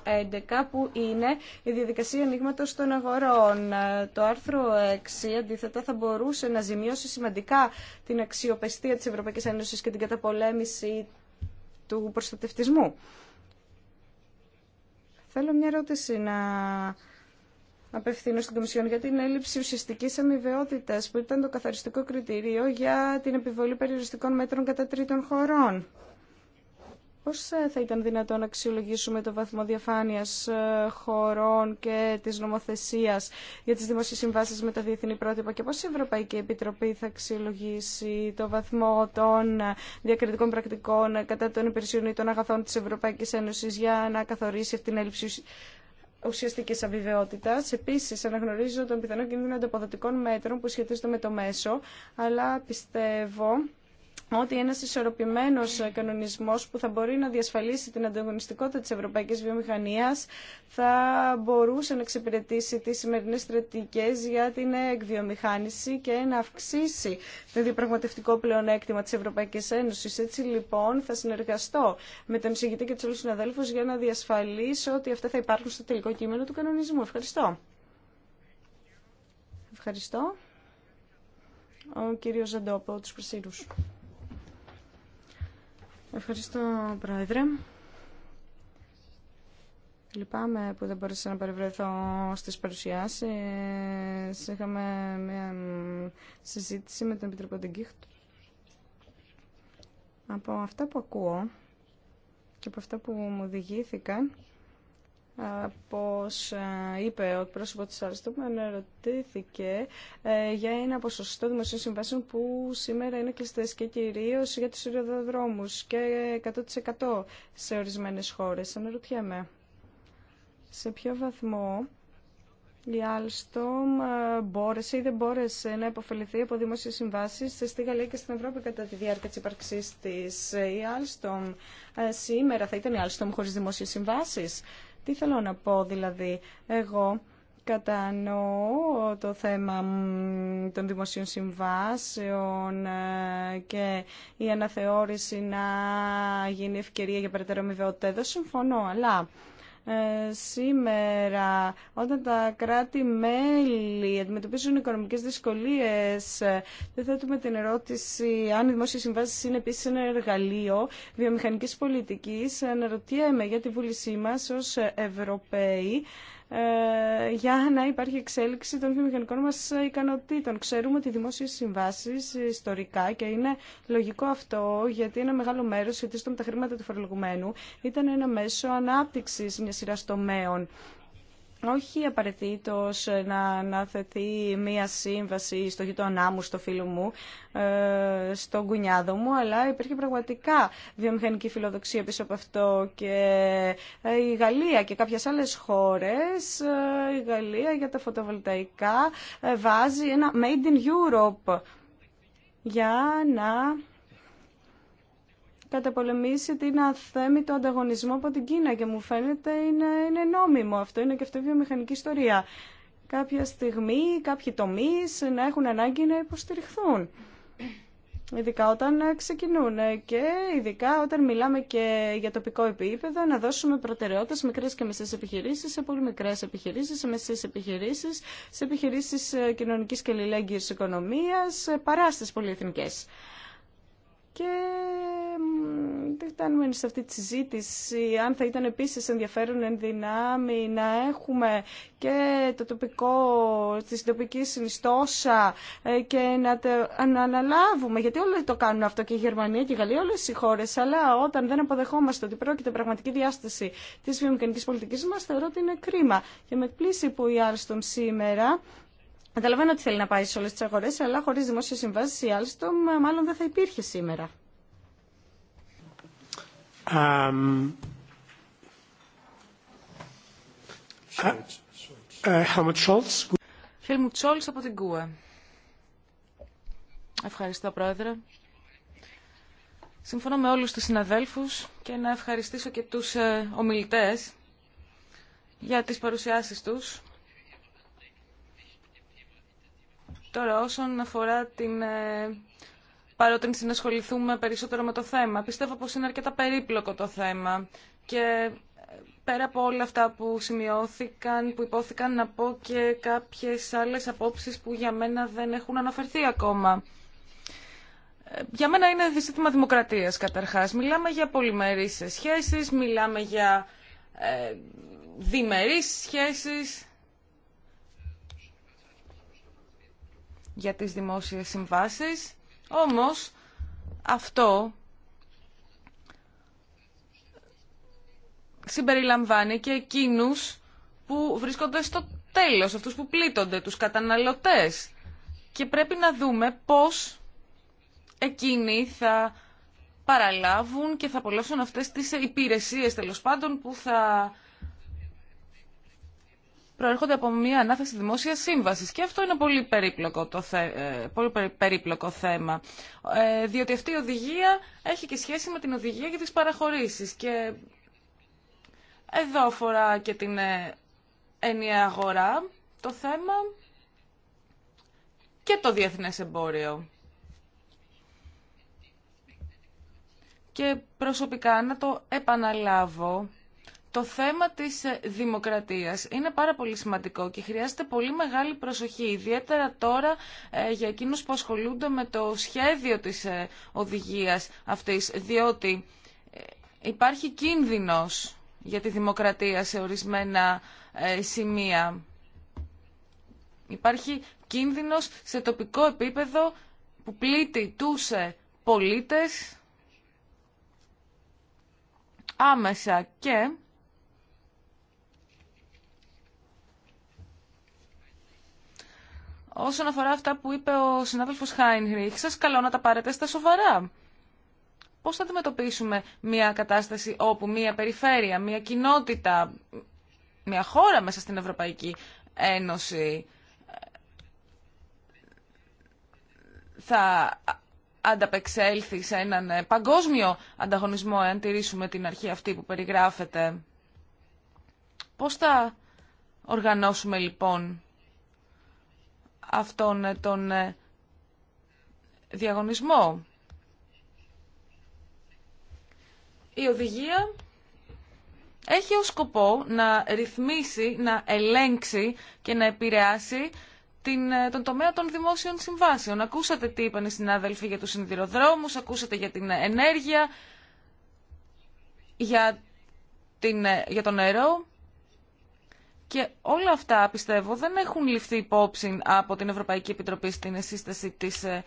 8-11 που είναι η διαδικασία ανοίγματο των αγορών. Το άρθρο 6 αντίθετα θα μπορούσε να ζημιώσει σημαντικά την αξιοπιστία της Ευρωπαϊκής Ένωσης και την καταπολέμηση του προστατευτισμού. Θέλω μια ερώτηση να απευθύνω στην Κομισιόν για την έλλειψη ουσιαστική αμοιβαιότητα που ήταν το καθαριστικό κριτήριο για την επιβολή περιοριστικών μέτρων κατά τρίτων χωρών. Πώ ε, θα ήταν δυνατόν να αξιολογήσουμε το βαθμό διαφάνεια ε, χωρών και τη νομοθεσία για τι δημοσίε συμβάσει με τα διεθνή πρότυπα και πώ η Ευρωπαϊκή Επιτροπή θα αξιολογήσει το βαθμό των διακριτικών πρακτικών κατά των υπηρεσιών ή των αγαθών τη Ευρωπαϊκή Ένωση για να καθορίσει αυτή την έλλειψη ουσιαστικής αβεβαιότητα. Επίσης, αναγνωρίζω τον πιθανό κίνδυνο ανταποδοτικών μέτρων που σχετίζονται με το μέσο, αλλά πιστεύω ότι ένας ισορροπημένος κανονισμός που θα μπορεί να διασφαλίσει την ανταγωνιστικότητα της ευρωπαϊκής βιομηχανίας θα μπορούσε να εξυπηρετήσει τις σημερινές στρατηγικές για την εκβιομηχάνηση και να αυξήσει το διαπραγματευτικό πλεονέκτημα της Ευρωπαϊκής Ένωσης. Έτσι λοιπόν θα συνεργαστώ με τον εισηγητή και τους όλους συναδέλφους για να διασφαλίσω ότι αυτά θα υπάρχουν στο τελικό κείμενο του κανονισμού. Ευχαριστώ. Ευχαριστώ. Ο κύριος Ζαντόπο, τους Πρεσίρους. Ευχαριστώ, Πρόεδρε. Λυπάμαι που δεν μπορούσα να περιβρεθώ στις παρουσιάσεις. Είχαμε μια συζήτηση με τον Επιτροπό Ντεγκίχτ. Από αυτά που ακούω και από αυτά που μου οδηγήθηκαν... Πώς είπε ο εκπρόσωπο της Αριστούμενου, ερωτήθηκε ε, για ένα ποσοστό δημοσίων συμβάσεων που σήμερα είναι κλειστές και κυρίως για τους σιριοδρόμους και 100% σε ορισμένες χώρες. Αναρωτιέμαι, σε ποιο βαθμό η Alstom ε, μπόρεσε ή δεν μπόρεσε να υποφεληθεί από δημόσιε συμβάσει στη Γαλλία και στην Ευρώπη κατά τη διάρκεια τη ύπαρξή τη. Η Alstom ε, σήμερα θα ήταν η Alstom χωρί δημόσιε συμβάσει. Τι θέλω να πω δηλαδή, εγώ κατανοώ το θέμα των δημοσίων συμβάσεων ε, και η αναθεώρηση να γίνει ευκαιρία για περαιτέρω αμοιβαιότητα. Εδώ συμφωνώ, αλλά ε, σήμερα όταν τα κράτη-μέλη αντιμετωπίζουν οικονομικές δυσκολίες ε, δεν θέτουμε την ερώτηση αν οι δημόσιες συμβάσεις είναι επίσης ένα εργαλείο βιομηχανικής πολιτικής αναρωτιέμαι για τη βούλησή μας ως Ευρωπαίοι ε, για να υπάρχει εξέλιξη των βιομηχανικών μας ικανοτήτων. Ξέρουμε ότι οι δημόσιες συμβάσεις ιστορικά και είναι λογικό αυτό γιατί ένα μεγάλο μέρος σχετίζεται με τα χρήματα του φορολογουμένου ήταν ένα μέσο ανάπτυξης μιας σειράς τομέων όχι απαραίτητο να αναθεθεί μία σύμβαση στο γειτονά μου, στο φίλο μου, ε, στον κουνιάδο μου, αλλά υπήρχε πραγματικά βιομηχανική φιλοδοξία πίσω από αυτό και ε, η Γαλλία και κάποιες άλλες χώρες, ε, η Γαλλία για τα φωτοβολταϊκά βάζει ένα Made in Europe για να καταπολεμήσει την αθέμητο ανταγωνισμό από την Κίνα και μου φαίνεται είναι, είναι νόμιμο αυτό, είναι και αυτή η βιομηχανική ιστορία. Κάποια στιγμή, κάποιοι τομείς να έχουν ανάγκη να υποστηριχθούν. Ειδικά όταν ξεκινούν και ειδικά όταν μιλάμε και για τοπικό επίπεδο να δώσουμε προτεραιότητα σε μικρές και μεσές επιχειρήσει, σε πολύ μικρέ επιχειρήσει σε μεσές επιχειρήσει σε επιχειρήσεις κοινωνικής και λιλέγγυης οικονομία, παρά στι πολυεθνικέ. Και δεν φτάνουμε σε αυτή τη συζήτηση αν θα ήταν επίση ενδιαφέρον εν δυνάμει να έχουμε και το τοπικό, τη τοπική συνιστόσα ε, και να, τε, αναλάβουμε. Γιατί όλοι το κάνουν αυτό και η Γερμανία και η Γαλλία, όλες οι χώρες. Αλλά όταν δεν αποδεχόμαστε ότι πρόκειται πραγματική διάσταση της βιομηχανικής πολιτικής μας, θεωρώ ότι είναι κρίμα. Και με εκπλήσει που η Άρστον σήμερα Καταλαβαίνω ότι θέλει να πάει σε όλε τι αγορέ, αλλά χωρί δημόσια συμβάσεις η Alstom ε, μάλλον δεν θα υπήρχε σήμερα.
Ε, um,
Χέλμουτ από την ΚΟΕ. Ευχαριστώ, Πρόεδρε. Συμφωνώ με όλους τους συναδέλφους και να ευχαριστήσω και τους ε, ομιλητές για τις παρουσιάσεις τους Τώρα, όσον αφορά την ε, να ασχοληθούμε περισσότερο με το θέμα. Πιστεύω πως είναι αρκετά περίπλοκο το θέμα και ε, πέρα από όλα αυτά που σημειώθηκαν, που υπόθηκαν να πω και κάποιες άλλες απόψεις που για μένα δεν έχουν αναφερθεί ακόμα. Ε, για μένα είναι ζήτημα δημοκρατίας καταρχάς. Μιλάμε για πολυμερείς σχέσεις, μιλάμε για διμερείς σχέσεις, για τις δημόσιες συμβάσεις, όμως αυτό συμπεριλαμβάνει και εκείνους που βρίσκονται στο τέλος, αυτούς που πλήττονται, τους καταναλωτές. Και πρέπει να δούμε πώς εκείνοι θα παραλάβουν και θα απολαύσουν αυτές τις υπηρεσίες τέλος πάντων που θα προέρχονται από μια ανάθεση δημόσιας σύμβασης. Και αυτό είναι πολύ περίπλοκο, το ε, πολύ περίπλοκο θέμα, ε, διότι αυτή η οδηγία έχει και σχέση με την οδηγία για τις παραχωρήσεις. Και εδώ αφορά και την ε, ενιαία αγορά το θέμα και το διεθνές εμπόριο. Και προσωπικά να το επαναλάβω το θέμα της ε, δημοκρατίας είναι πάρα πολύ σημαντικό και χρειάζεται πολύ μεγάλη προσοχή, ιδιαίτερα τώρα ε, για εκείνους που ασχολούνται με το σχέδιο της ε, οδηγίας αυτής, διότι υπάρχει κίνδυνος για τη δημοκρατία σε ορισμένα σημεία. Υπάρχει κίνδυνος σε τοπικό επίπεδο που πλήττει τους πολίτες άμεσα και Όσον αφορά αυτά που είπε ο συνάδελφος Χάινριχ, σας καλώ να τα πάρετε στα σοβαρά. Πώς θα αντιμετωπίσουμε μια κατάσταση όπου μια περιφέρεια, μια κοινότητα, μια χώρα μέσα στην Ευρωπαϊκή Ένωση θα ανταπεξέλθει σε έναν παγκόσμιο ανταγωνισμό εάν τηρήσουμε την αρχή αυτή που περιγράφεται. Πώς θα οργανώσουμε λοιπόν αυτόν τον ε, διαγωνισμό. Η οδηγία έχει ως σκοπό να ρυθμίσει, να ελέγξει και να επηρεάσει ε, τον τομέα των δημόσιων συμβάσεων. Ακούσατε τι είπαν οι συνάδελφοι για τους συνδυροδρόμους, ακούσατε για την ενέργεια, για, την, ε, για το νερό. Και όλα αυτά, πιστεύω, δεν έχουν ληφθεί υπόψη από την Ευρωπαϊκή Επιτροπή στην σύσταση της, ε,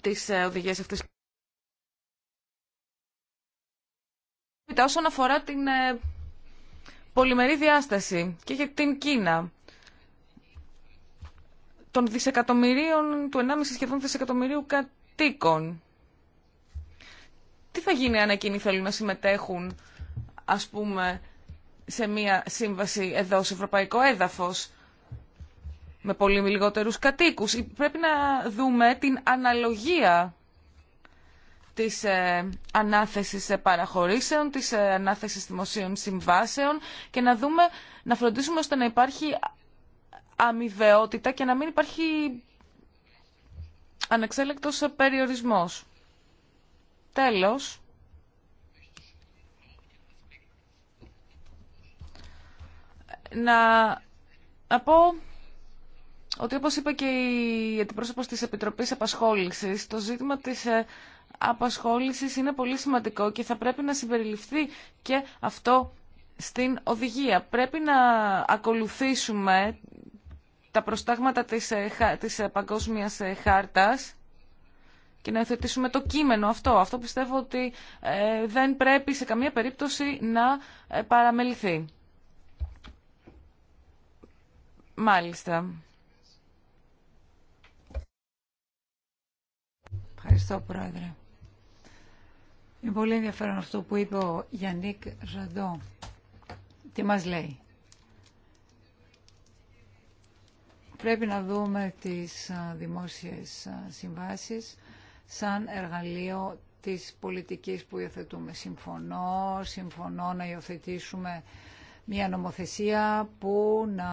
της ε, οδηγίας αυτής. Όσον αφορά την ε, πολυμερή διάσταση και για την Κίνα, των δισεκατομμυρίων, του 1,5 σχεδόν δισεκατομμυρίου κατοίκων. Τι θα γίνει αν εκείνοι θέλουν να συμμετέχουν, ας πούμε, σε μία σύμβαση εδώ σε ευρωπαϊκό έδαφος με πολύ λιγότερους κατοίκους. Πρέπει να δούμε την αναλογία της ε, ανάθεσης ε, παραχωρήσεων, της ε, ανάθεσης δημοσίων συμβάσεων και να δούμε, να φροντίσουμε ώστε να υπάρχει αμοιβαιότητα και να μην υπάρχει ανεξέλεκτος ε, περιορισμός. Τέλος, να, να πω ότι όπως είπε και η αντιπρόσωπος της Επιτροπής Απασχόλησης, το ζήτημα της ε, απασχόλησης είναι πολύ σημαντικό και θα πρέπει να συμπεριληφθεί και αυτό στην οδηγία. Πρέπει να ακολουθήσουμε τα προστάγματα της, ε, της ε, Παγκόσμιας Χάρτας και να υιοθετήσουμε το κείμενο αυτό. Αυτό πιστεύω ότι δεν πρέπει σε καμία περίπτωση να παραμεληθεί. Μάλιστα.
Ευχαριστώ, Πρόεδρε. Είναι πολύ ενδιαφέρον αυτό που είπε ο Γιάννικ Ραντό. Τι μας λέει. Πρέπει να δούμε τις δημόσιες συμβάσεις σαν εργαλείο της πολιτικής που υιοθετούμε. Συμφωνώ, συμφωνώ να υιοθετήσουμε μια νομοθεσία που να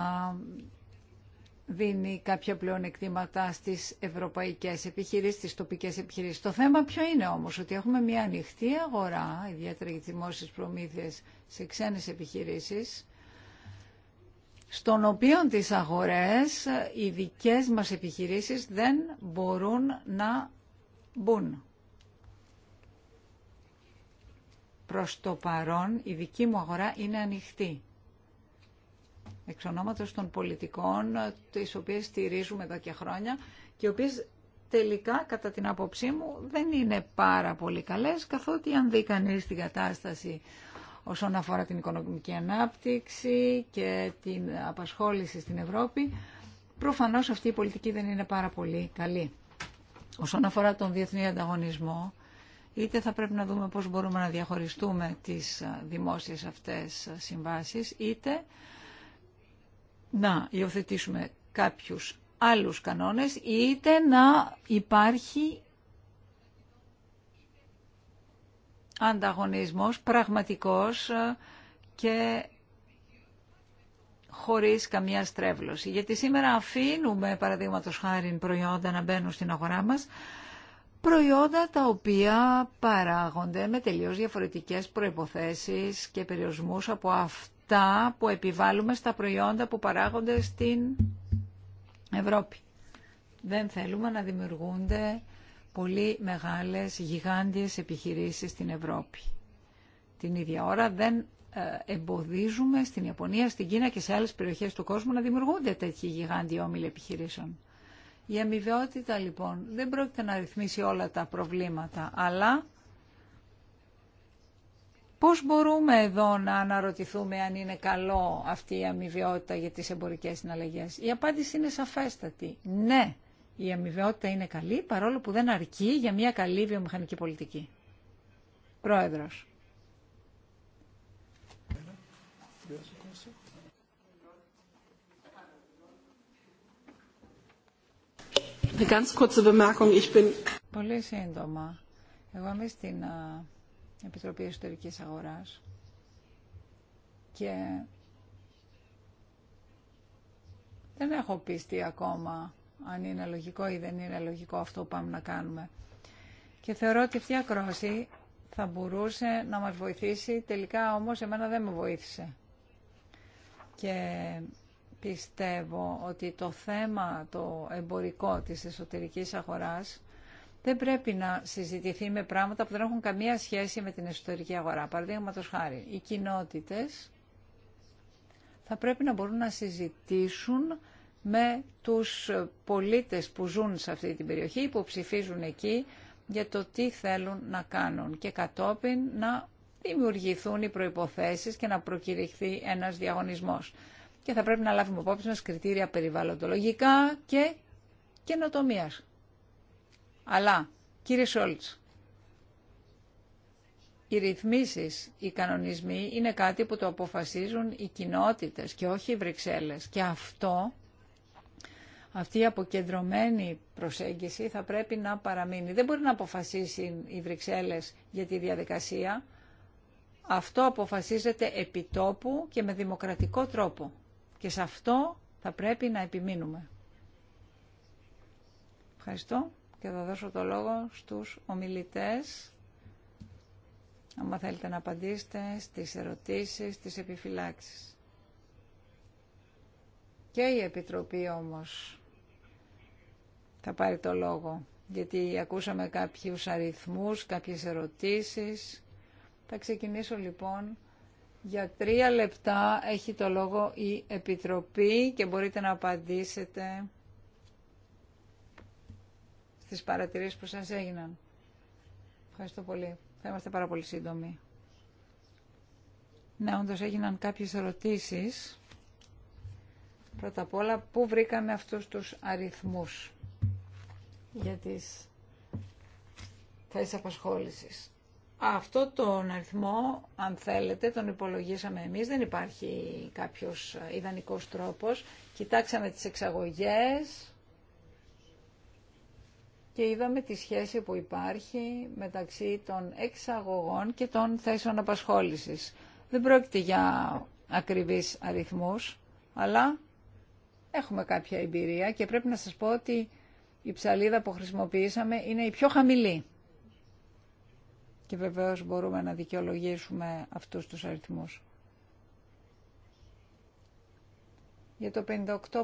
δίνει κάποια εκτίματα στις ευρωπαϊκές επιχειρήσεις, στις τοπικές επιχειρήσεις. Το θέμα ποιο είναι όμως, ότι έχουμε μια ανοιχτή αγορά, ιδιαίτερα για τις δημόσιες προμήθειες σε ξένες επιχειρήσεις, στον οποίο τις αγορές οι δικές μας επιχειρήσεις δεν μπορούν να μπουν. προς το παρόν η δική μου αγορά είναι ανοιχτή. Εξ των πολιτικών, τις οποίες στηρίζουμε εδώ και χρόνια και οι οποίες τελικά, κατά την άποψή μου, δεν είναι πάρα πολύ καλές, καθότι αν δει κανεί την κατάσταση όσον αφορά την οικονομική ανάπτυξη και την απασχόληση στην Ευρώπη, προφανώς αυτή η πολιτική δεν είναι πάρα πολύ καλή. Όσον αφορά τον διεθνή ανταγωνισμό, είτε θα πρέπει να δούμε πώς μπορούμε να διαχωριστούμε τις δημόσιες αυτές συμβάσεις, είτε να υιοθετήσουμε κάποιους άλλους κανόνες, είτε να υπάρχει ανταγωνισμός πραγματικός και χωρίς καμία στρέβλωση. Γιατί σήμερα αφήνουμε, παραδείγματος χάρη, προϊόντα να μπαίνουν στην αγορά μας, προϊόντα τα οποία παράγονται με τελείως διαφορετικές προϋποθέσεις και περιορισμούς από αυτά που επιβάλλουμε στα προϊόντα που παράγονται στην Ευρώπη. Δεν θέλουμε να δημιουργούνται πολύ μεγάλες γιγάντιες επιχειρήσεις στην Ευρώπη. Την ίδια ώρα δεν ε, εμποδίζουμε στην Ιαπωνία, στην Κίνα και σε άλλες περιοχές του κόσμου να δημιουργούνται τέτοιοι γιγάντιοι όμιλοι επιχειρήσεων. Η αμοιβαιότητα λοιπόν δεν πρόκειται να ρυθμίσει όλα τα προβλήματα, αλλά πώς μπορούμε εδώ να αναρωτηθούμε αν είναι καλό αυτή η αμοιβαιότητα για τις εμπορικές συναλλαγές. Η απάντηση είναι σαφέστατη. Ναι, η αμοιβαιότητα είναι καλή, παρόλο που δεν αρκεί για μια καλή βιομηχανική πολιτική. Πρόεδρος.
Eine ganz kurze Bemerkung. Ich bin...
Πολύ σύντομα. Εγώ είμαι στην Επιτροπή Εσωτερικής Αγοράς και δεν έχω πίστη ακόμα αν είναι λογικό ή δεν είναι λογικό αυτό που πάμε να κάνουμε. Και θεωρώ ότι αυτή η ακρόαση θα μπορούσε να μας βοηθήσει, τελικά όμως εμένα δεν με βοήθησε. Και πιστεύω ότι το θέμα το εμπορικό της εσωτερικής αγοράς δεν πρέπει να συζητηθεί με πράγματα που δεν έχουν καμία σχέση με την εσωτερική αγορά. Παραδείγματος χάρη, οι κοινότητες θα πρέπει να μπορούν να συζητήσουν με τους πολίτες που ζουν σε αυτή την περιοχή, που ψηφίζουν εκεί για το τι θέλουν να κάνουν και κατόπιν να δημιουργηθούν οι προϋποθέσεις και να προκηρυχθεί ένας διαγωνισμός και θα πρέπει να λάβουμε υπόψη μας κριτήρια περιβαλλοντολογικά και καινοτομία. Αλλά, κύριε Σόλτς, οι ρυθμίσεις, οι κανονισμοί είναι κάτι που το αποφασίζουν οι κοινότητες και όχι οι Βρυξέλλες. Και αυτό, αυτή η αποκεντρωμένη προσέγγιση θα πρέπει να παραμείνει. Δεν μπορεί να αποφασίσει οι Βρυξέλλες για τη διαδικασία. Αυτό αποφασίζεται επιτόπου και με δημοκρατικό τρόπο. Και σε αυτό θα πρέπει να επιμείνουμε. Ευχαριστώ και θα δώσω το λόγο στους ομιλητές. Αν θέλετε να απαντήσετε στις ερωτήσεις, στις επιφυλάξεις. Και η Επιτροπή όμως θα πάρει το λόγο, γιατί ακούσαμε κάποιους αριθμούς, κάποιες ερωτήσεις. Θα ξεκινήσω λοιπόν για τρία λεπτά έχει το λόγο η Επιτροπή και μπορείτε να απαντήσετε στις παρατηρήσεις που σας έγιναν. Ευχαριστώ πολύ. Θα είμαστε πάρα πολύ σύντομοι. Ναι, όντως έγιναν κάποιες ερωτήσεις. Πρώτα απ' όλα, πού βρήκαμε αυτούς τους αριθμούς για τις θέσεις απασχόλησης. Αυτό τον αριθμό, αν θέλετε, τον υπολογίσαμε εμείς, δεν υπάρχει κάποιος ιδανικός τρόπος. Κοιτάξαμε τις εξαγωγές και είδαμε τη σχέση που υπάρχει μεταξύ των εξαγωγών και των θέσεων απασχόλησης. Δεν πρόκειται για ακριβείς αριθμούς, αλλά έχουμε κάποια εμπειρία και πρέπει να σας πω ότι η ψαλίδα που χρησιμοποιήσαμε είναι η πιο χαμηλή και βεβαίως μπορούμε να δικαιολογήσουμε αυτούς τους αριθμούς. Για το 58-59,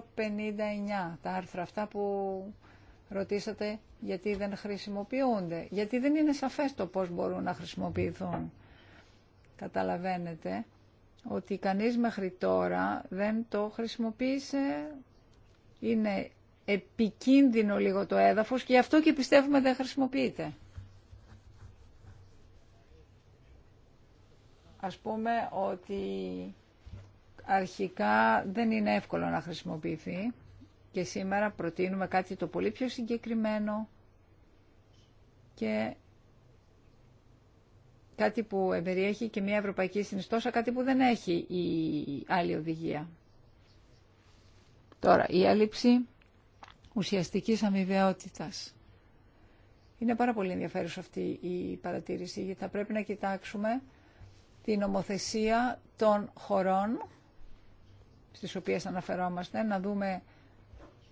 τα άρθρα αυτά που ρωτήσατε γιατί δεν χρησιμοποιούνται, γιατί δεν είναι σαφές το πώς μπορούν να χρησιμοποιηθούν. Καταλαβαίνετε ότι κανείς μέχρι τώρα δεν το χρησιμοποίησε, είναι επικίνδυνο λίγο το έδαφος και γι' αυτό και πιστεύουμε δεν χρησιμοποιείται. Ας πούμε ότι αρχικά δεν είναι εύκολο να χρησιμοποιηθεί και σήμερα προτείνουμε κάτι το πολύ πιο συγκεκριμένο και κάτι που εμπεριέχει και μια ευρωπαϊκή συνιστόσα, κάτι που δεν έχει η άλλη οδηγία. Τώρα, η έλλειψη ουσιαστικής αμοιβαιότητας. Είναι πάρα πολύ ενδιαφέρουσα αυτή η παρατήρηση, γιατί θα πρέπει να κοιτάξουμε την ομοθεσία των χωρών στις οποίες αναφερόμαστε, να δούμε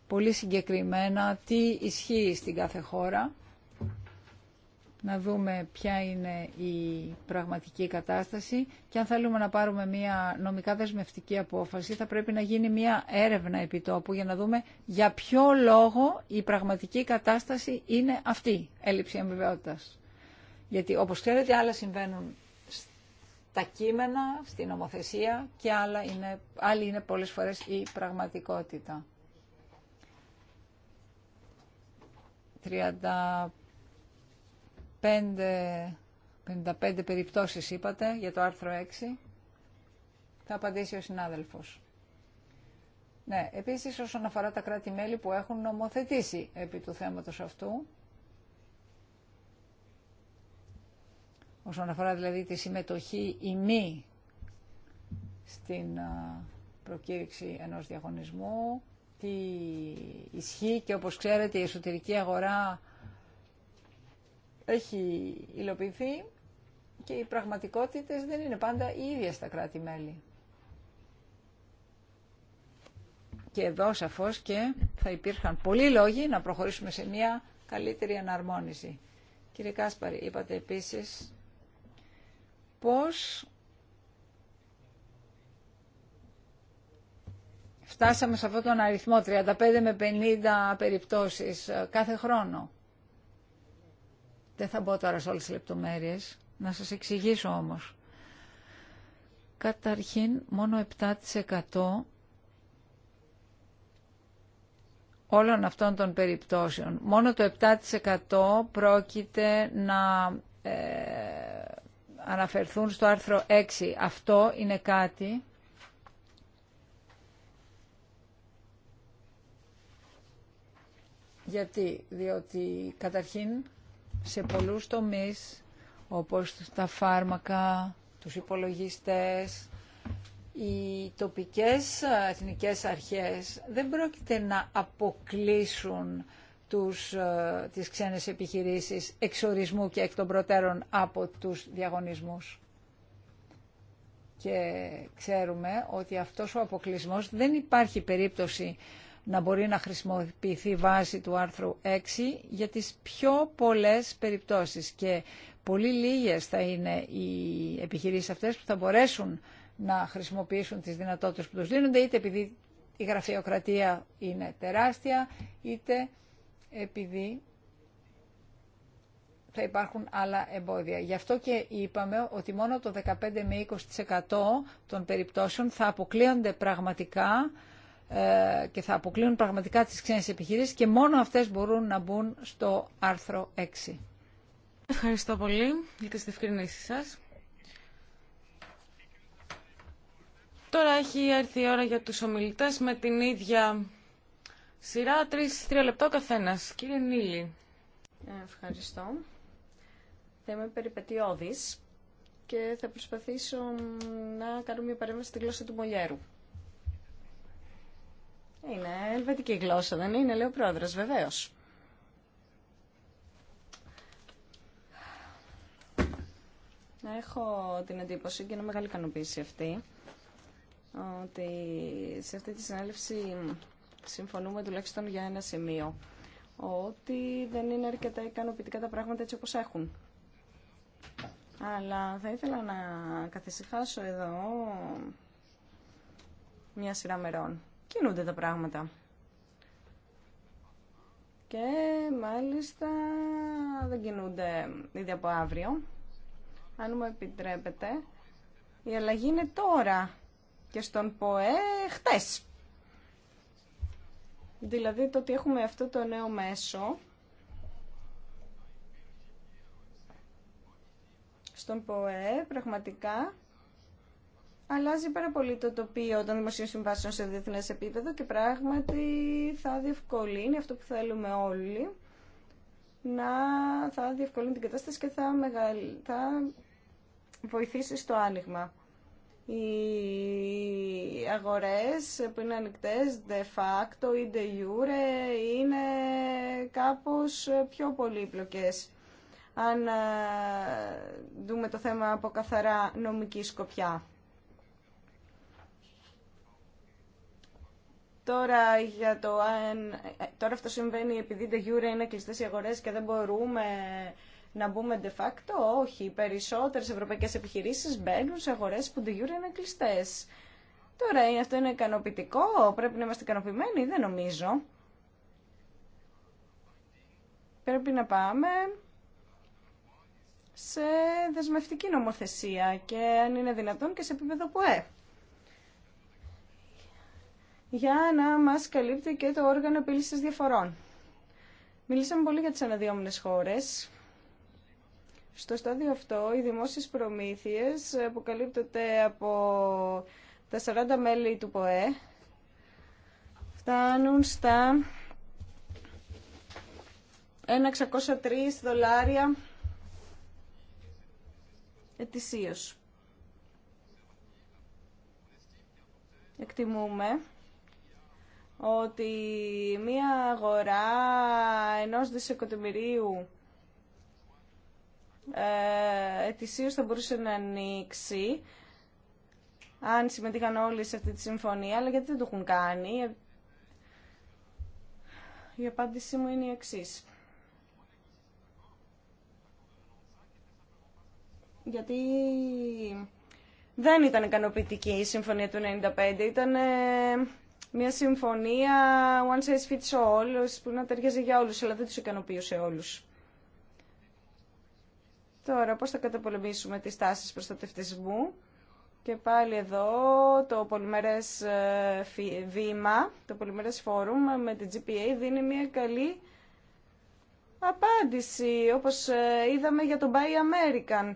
πολύ συγκεκριμένα τι ισχύει στην κάθε χώρα, να δούμε ποια είναι η πραγματική κατάσταση και αν θέλουμε να πάρουμε μια νομικά δεσμευτική απόφαση θα πρέπει να γίνει μια έρευνα επιτόπου για να δούμε για ποιο λόγο η πραγματική κατάσταση είναι αυτή, έλλειψη αμοιβαιότητας. Γιατί όπως ξέρετε άλλα συμβαίνουν τα κείμενα στην νομοθεσία και άλλα είναι, άλλη είναι πολλές φορές η πραγματικότητα. 35, 55 περιπτώσεις είπατε για το άρθρο 6. Θα απαντήσει ο συνάδελφος. Ναι, επίσης όσον αφορά τα κράτη-μέλη που έχουν νομοθετήσει επί του θέματος αυτού, όσον αφορά δηλαδή τη συμμετοχή ή μη στην προκήρυξη ενός διαγωνισμού, τι ισχύει και όπως ξέρετε η εσωτερική αγορά έχει υλοποιηθεί και οι πραγματικότητες δεν είναι πάντα οι στα κράτη-μέλη. Και εδώ σαφώς και θα υπήρχαν πολλοί λόγοι να προχωρήσουμε σε μια καλύτερη εναρμόνιση. Κύριε Κάσπαρη, είπατε επίσης πώς φτάσαμε σε αυτόν τον αριθμό 35 με 50 περιπτώσεις ε, κάθε χρόνο. Δεν θα μπω τώρα σε όλες τις λεπτομέρειες, να σας εξηγήσω όμως. Καταρχήν, μόνο 7% όλων αυτών των περιπτώσεων, μόνο το 7% πρόκειται να ε, αναφερθούν στο άρθρο 6. Αυτό είναι κάτι Γιατί, διότι καταρχήν σε πολλούς τομείς όπως τα φάρμακα, τους υπολογιστές, οι τοπικές εθνικές αρχές δεν πρόκειται να αποκλείσουν τους, ε, τις ξένες επιχειρήσεις εξορισμού και εκ των προτέρων από τους διαγωνισμούς. Και ξέρουμε ότι αυτός ο αποκλεισμός δεν υπάρχει περίπτωση να μπορεί να χρησιμοποιηθεί βάση του άρθρου 6 για τις πιο πολλές περιπτώσεις και πολύ λίγες θα είναι οι επιχειρήσεις αυτές που θα μπορέσουν να χρησιμοποιήσουν τις δυνατότητες που τους δίνονται είτε επειδή η γραφειοκρατία είναι τεράστια είτε επειδή θα υπάρχουν άλλα εμπόδια. Γι' αυτό και είπαμε ότι μόνο το 15 με 20% των περιπτώσεων θα αποκλείονται πραγματικά ε, και θα αποκλείουν πραγματικά τις ξένες επιχειρήσεις και μόνο αυτές μπορούν να μπουν στο
άρθρο 6. Ευχαριστώ πολύ για τις διευκρινήσεις σας. Τώρα έχει έρθει η ώρα για τους ομιλητές με την ίδια Σειρά, τρεις, τρία λεπτό καθένας. Κύριε Νίλη.
Ευχαριστώ. Θα είμαι περιπετειώδη και θα προσπαθήσω να κάνω μια παρέμβαση στη γλώσσα του Μολιέρου. Είναι ελβετική γλώσσα, δεν είναι, λέει ο πρόεδρος, βεβαίως. Έχω την εντύπωση και είναι μεγάλη ικανοποίηση αυτή ότι σε αυτή τη συνέλευση συμφωνούμε τουλάχιστον για ένα σημείο. Ότι δεν είναι αρκετά ικανοποιητικά τα πράγματα έτσι όπως έχουν. Αλλά θα ήθελα να καθησυχάσω εδώ μια σειρά μερών. Κινούνται τα πράγματα. Και μάλιστα δεν κινούνται ήδη από αύριο. Αν μου επιτρέπετε, η αλλαγή είναι τώρα και στον ΠΟΕ χτες. Δηλαδή το ότι έχουμε αυτό το νέο μέσο στον ΠΟΕ πραγματικά αλλάζει πάρα πολύ το τοπίο των δημοσίων συμβάσεων σε διεθνέ επίπεδο και πράγματι θα διευκολύνει αυτό που θέλουμε όλοι να θα διευκολύνει την κατάσταση και θα, μεγαλ... θα βοηθήσει στο άνοιγμα οι αγορές που είναι ανοιχτές de facto ή de jure είναι κάπως πιο πολύπλοκες αν ε, δούμε το θέμα από καθαρά νομική σκοπιά. Τώρα, για το, αν, ε, τώρα αυτό συμβαίνει επειδή de jure είναι κλειστές οι αγορές και δεν μπορούμε να μπούμε de facto, όχι. Οι περισσότερες ευρωπαϊκές επιχειρήσεις μπαίνουν σε αγορές που de είναι Τώρα, ε, αυτό είναι ικανοποιητικό, πρέπει να είμαστε ικανοποιημένοι, δεν νομίζω. Πρέπει να πάμε σε δεσμευτική νομοθεσία και αν είναι δυνατόν και σε επίπεδο που ε. Για να μας καλύπτει και το όργανο επίλυσης διαφορών. Μιλήσαμε πολύ για τις αναδυόμενες χώρες στο στάδιο αυτό, οι δημόσιες προμήθειες που καλύπτονται από τα 40 μέλη του ΠΟΕ φτάνουν στα 1.603 δολάρια ετησίως. Εκτιμούμε ότι μία αγορά ενός δισεκατομμυρίου ε, ετησίως θα μπορούσε να ανοίξει αν συμμετείχαν όλοι σε αυτή τη συμφωνία, αλλά γιατί δεν το έχουν κάνει. Ε, η απάντησή μου είναι η εξή. Γιατί δεν ήταν ικανοποιητική η συμφωνία του 1995 ήταν ε, μια συμφωνία one size fits all, που να ταιριάζει για όλους, αλλά δεν τους ικανοποιούσε όλους. Τώρα, πώς θα καταπολεμήσουμε τις τάσεις προστατευτισμού. Και πάλι εδώ το πολυμερές ε, βήμα, το πολυμερές φόρουμ με την GPA δίνει μια καλή απάντηση, όπως ε, είδαμε για το Buy American.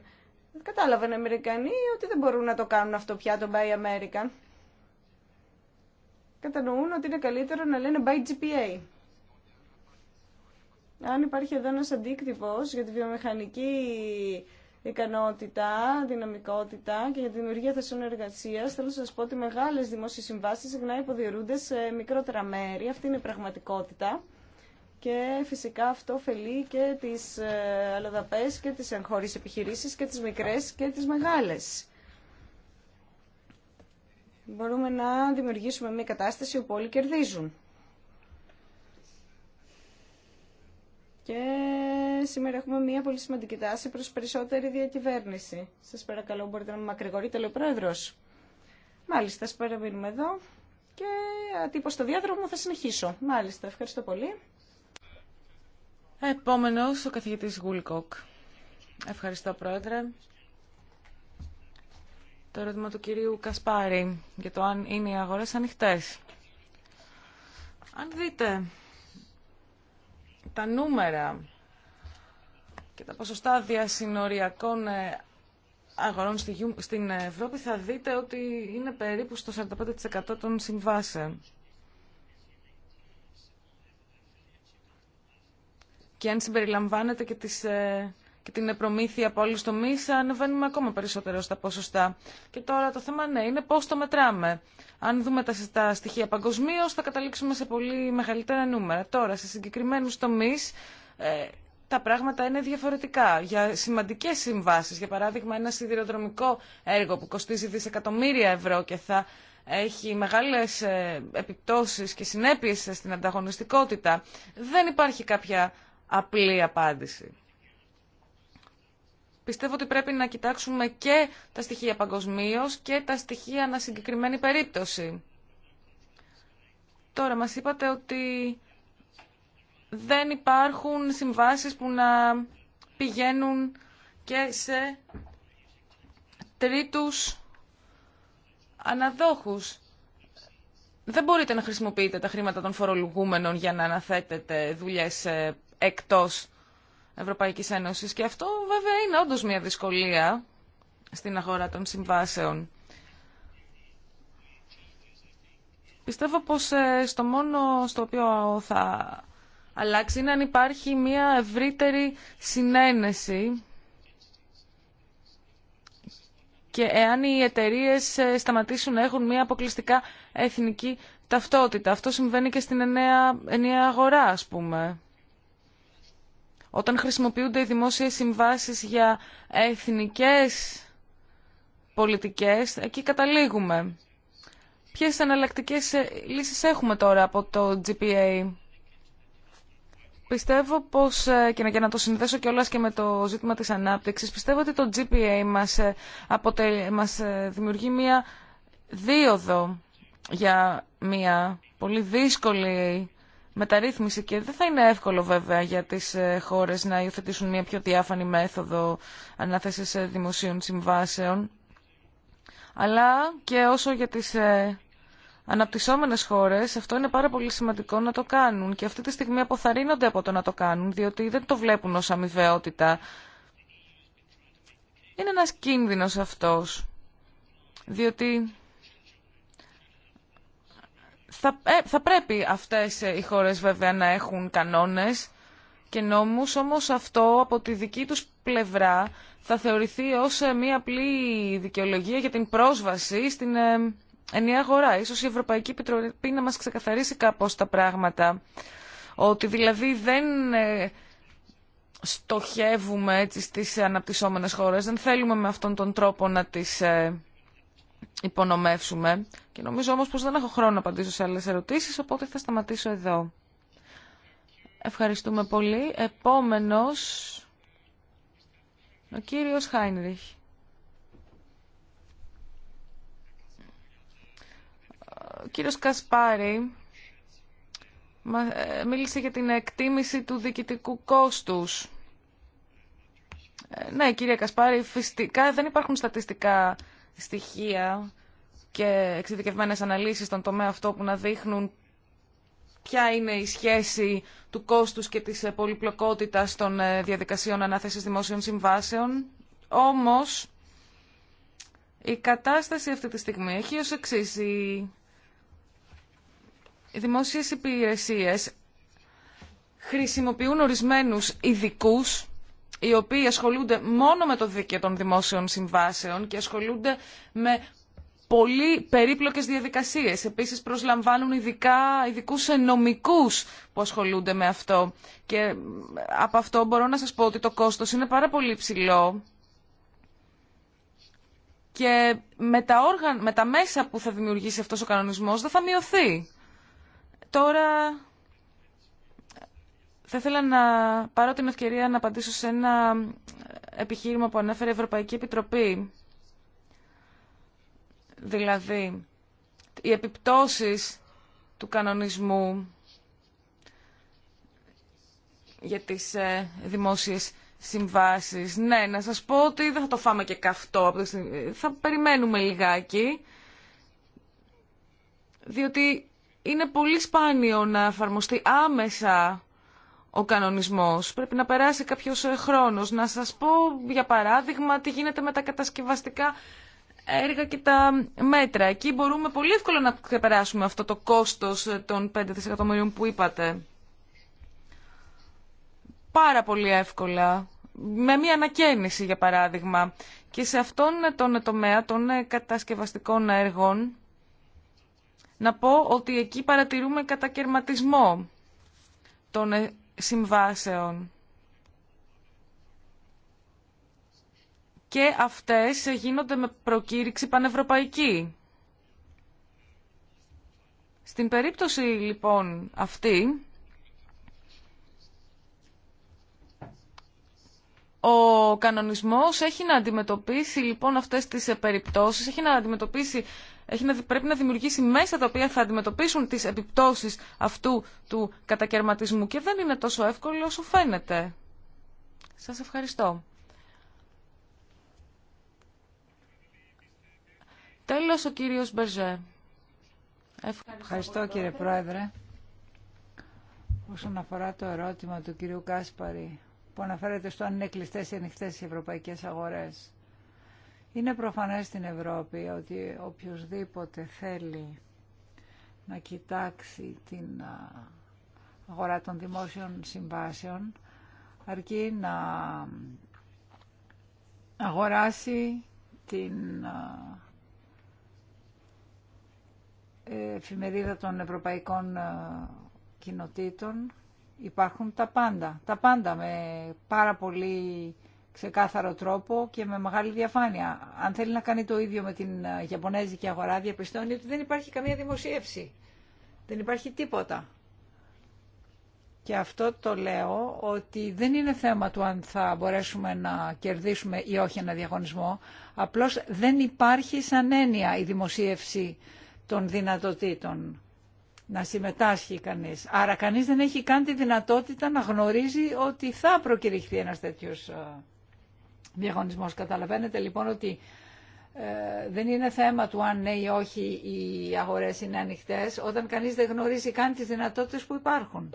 Κατάλαβαν οι Αμερικανοί ότι δεν μπορούν να το κάνουν αυτό πια το Buy American. Κατανοούν ότι είναι καλύτερο να λένε Buy GPA αν υπάρχει εδώ ένας αντίκτυπος για τη βιομηχανική ικανότητα, δυναμικότητα και για τη δημιουργία θεσμών εργασία. Θέλω να σα πω ότι μεγάλε δημόσιε συμβάσει συχνά υποδιαιρούνται σε μικρότερα μέρη. Αυτή είναι η πραγματικότητα. Και φυσικά αυτό ωφελεί και τι ε, αλλοδαπέ και τι εγχώριε επιχειρήσει και τι μικρέ και τι μεγάλε. Μπορούμε να δημιουργήσουμε μια κατάσταση όπου όλοι κερδίζουν. Και σήμερα έχουμε μια πολύ σημαντική τάση προς περισσότερη διακυβέρνηση. Σας παρακαλώ, μπορείτε να με μακρηγορείτε, λέει ο Πρόεδρος. Μάλιστα, σα παραμείνουμε εδώ και τύπο στο διάδρομο θα συνεχίσω. Μάλιστα, ευχαριστώ πολύ.
Επόμενο ο καθηγητής Γουλκοκ. Ευχαριστώ, Πρόεδρε. Το ερώτημα του κυρίου Κασπάρη για το αν είναι οι αγορέ ανοιχτέ. Αν δείτε τα νούμερα και τα ποσοστά διασυνοριακών ε, αγορών στην Ευρώπη θα δείτε ότι είναι περίπου στο 45% των συμβάσεων. Και αν συμπεριλαμβάνετε και τις ε, και την προμήθεια από όλου τομεί, ανεβαίνουμε ακόμα περισσότερο στα ποσοστά. Και τώρα το θέμα ναι, είναι πώ το μετράμε. Αν δούμε τα, στοιχεία παγκοσμίω, θα καταλήξουμε σε πολύ μεγαλύτερα νούμερα. Τώρα, σε συγκεκριμένου τομεί, ε, τα πράγματα είναι διαφορετικά. Για σημαντικέ συμβάσει, για παράδειγμα, ένα σιδηροδρομικό έργο που κοστίζει δισεκατομμύρια ευρώ και θα έχει μεγάλες ε, επιπτώσεις και συνέπειες στην ανταγωνιστικότητα, δεν υπάρχει κάποια απλή απάντηση πιστεύω ότι πρέπει να κοιτάξουμε και τα στοιχεία παγκοσμίω και τα στοιχεία ανά συγκεκριμένη περίπτωση. Τώρα, μας είπατε ότι δεν υπάρχουν συμβάσεις που να πηγαίνουν και σε τρίτους αναδόχους. Δεν μπορείτε να χρησιμοποιείτε τα χρήματα των φορολογούμενων για να αναθέτετε δουλειές ε, εκτός Ευρωπαϊκή Ένωση. και αυτό βέβαια είναι όντω μια δυσκολία στην αγορά των συμβάσεων. Πιστεύω πως ε, στο μόνο στο οποίο θα αλλάξει είναι αν υπάρχει μια ευρύτερη συνένεση και εάν οι εταιρείε ε, σταματήσουν να έχουν μια αποκλειστικά εθνική ταυτότητα. Αυτό συμβαίνει και στην ενιαία αγορά, ας πούμε. Όταν χρησιμοποιούνται οι δημόσιες συμβάσεις για εθνικές πολιτικές, εκεί καταλήγουμε. Ποιες εναλλακτικέ ε, λύσεις έχουμε τώρα από το GPA. Πιστεύω πως, ε, και για να το συνδέσω κιόλα και με το ζήτημα της ανάπτυξης, πιστεύω ότι το GPA μας, ε, μας δημιουργεί μία δίωδο για μία πολύ δύσκολη μεταρρύθμιση και δεν θα είναι εύκολο βέβαια για τις ε, χώρες να υιοθετήσουν μια πιο διάφανη μέθοδο ανάθεσης ε, δημοσίων συμβάσεων αλλά και όσο για τις ε, αναπτυσσόμενες χώρες αυτό είναι πάρα πολύ σημαντικό να το κάνουν και αυτή τη στιγμή αποθαρρύνονται από το να το κάνουν διότι δεν το βλέπουν ως αμοιβαιότητα. Είναι ένας κίνδυνος αυτός διότι θα, ε, θα πρέπει αυτές ε, οι χώρες βέβαια να έχουν κανόνες και νόμους, όμως αυτό από τη δική τους πλευρά θα θεωρηθεί ως ε, μία απλή δικαιολογία για την πρόσβαση στην ενιαία αγορά. Ίσως η Ευρωπαϊκή Επιτροπή να μας ξεκαθαρίσει κάπως τα πράγματα. Ότι δηλαδή δεν στοχεύουμε έτσι, στις αναπτυσσόμενες χώρες, δεν θέλουμε με αυτόν τον τρόπο να τις υπονομεύσουμε και νομίζω όμως πως δεν έχω χρόνο να απαντήσω σε άλλες ερωτήσεις, οπότε θα σταματήσω εδώ. Ευχαριστούμε πολύ. Επόμενος, ο κύριος Χάινριχ. Ο κύριος Κασπάρη ε, μίλησε για την εκτίμηση του διοικητικού κόστους. Ε, ναι, κύριε Κασπάρη, φυσικά δεν υπάρχουν στατιστικά στοιχεία και εξειδικευμένες αναλύσεις στον τομέα αυτό που να δείχνουν ποια είναι η σχέση του κόστους και της ε, πολυπλοκότητας των ε, διαδικασιών ανάθεσης δημόσιων συμβάσεων. Όμως, η κατάσταση αυτή τη στιγμή έχει ως εξή. Οι δημόσιες υπηρεσίες χρησιμοποιούν ορισμένους ειδικού οι οποίοι ασχολούνται μόνο με το δίκαιο των δημόσιων συμβάσεων και ασχολούνται με πολύ περίπλοκες διαδικασίες. Επίσης προσλαμβάνουν ειδικά, ειδικούς νομικούς που ασχολούνται με αυτό. Και ε, από αυτό μπορώ να σας πω ότι το κόστος είναι πάρα πολύ ψηλό. Και με τα, με τα μέσα που θα δημιουργήσει αυτός ο κανονισμός δεν θα μειωθεί. Τώρα θα ήθελα να πάρω την ευκαιρία να απαντήσω σε ένα επιχείρημα που ανέφερε η Ευρωπαϊκή Επιτροπή. Δηλαδή, οι επιπτώσεις του κανονισμού για τις ε, δημόσιες συμβάσεις. Ναι, να σας πω ότι δεν θα το φάμε και καυτό. Θα περιμένουμε λιγάκι, διότι είναι πολύ σπάνιο να εφαρμοστεί άμεσα ο κανονισμός. Πρέπει να περάσει κάποιος ε, χρόνος. Να σας πω, για παράδειγμα, τι γίνεται με τα κατασκευαστικά έργα και τα μέτρα. Εκεί μπορούμε πολύ εύκολα να ξεπεράσουμε αυτό το κόστος ε, των 5 δισεκατομμυρίων που είπατε. Πάρα πολύ εύκολα. Με μία ανακαίνιση, για παράδειγμα. Και σε αυτόν τον τομέα των ε, κατασκευαστικών έργων, να πω ότι εκεί παρατηρούμε κατακαιρματισμό των συμβάσεων. Και αυτές γίνονται με προκήρυξη πανευρωπαϊκή. Στην περίπτωση λοιπόν αυτή, ο κανονισμός έχει να αντιμετωπίσει λοιπόν αυτές τις ε, περιπτώσεις, έχει να αντιμετωπίσει έχει να, πρέπει να δημιουργήσει μέσα τα οποία θα αντιμετωπίσουν τις επιπτώσεις αυτού του κατακαιρματισμού και δεν είναι τόσο εύκολο όσο φαίνεται. Σας ευχαριστώ. Τέλος ο κύριος Μπερζέ. Ευχαριστώ, ευχαριστώ κύριε
Πρόεδρε. Όσον αφορά το ερώτημα του κυρίου Κάσπαρη που αναφέρεται στο αν είναι κλειστές ή ανοιχτές οι ευρωπαϊκές αγορές. Είναι προφανές στην Ευρώπη ότι οποιοδήποτε θέλει να κοιτάξει την αγορά των δημόσιων συμβάσεων αρκεί να αγοράσει την εφημερίδα των ευρωπαϊκών κοινοτήτων. Υπάρχουν τα πάντα. Τα πάντα με πάρα πολύ σε κάθαρο τρόπο και με μεγάλη διαφάνεια. Αν θέλει να κάνει το ίδιο με την ε, Ιαπωνέζικη αγορά, διαπιστώνει ότι δεν υπάρχει καμία δημοσίευση. Δεν υπάρχει τίποτα. Και αυτό το λέω ότι δεν είναι θέμα του αν θα μπορέσουμε να κερδίσουμε ή όχι ένα διαγωνισμό. Απλώς δεν υπάρχει σαν έννοια η δημοσίευση των δυνατοτήτων να συμμετάσχει κανείς. Άρα κανείς δεν έχει καν τη δυνατότητα να γνωρίζει ότι θα προκηρυχθεί ένας τέτοιος ε, διαγωνισμός. Καταλαβαίνετε λοιπόν ότι ε, δεν είναι θέμα του αν ναι ή όχι οι αγορές είναι ανοιχτές, όταν κανείς δεν γνωρίζει καν τις δυνατότητες που υπάρχουν.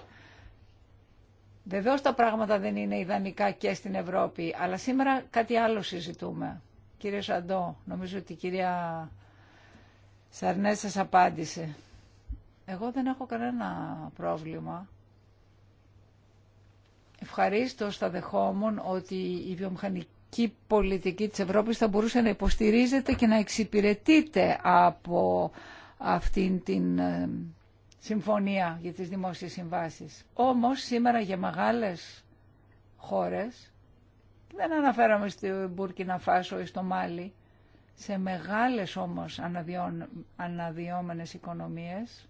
Βεβαίως τα πράγματα δεν είναι ιδανικά και στην Ευρώπη, αλλά σήμερα κάτι άλλο συζητούμε. Κύριε Σαντό, νομίζω ότι η κυρία Σαρνέ σας απάντησε. Εγώ δεν έχω κανένα πρόβλημα. Ευχαριστώ θα δεχόμουν ότι η βιομηχανική η πολιτική της Ευρώπης θα μπορούσε να υποστηρίζεται και να εξυπηρετείται από αυτήν την ε, συμφωνία για τις δημόσιες συμβάσεις. Όμως σήμερα για μεγάλες χώρες, δεν αναφέραμε στη Μπουρκινα Φάσο ή στο Μάλι, σε μεγάλες όμως αναδιόμενες οικονομίες,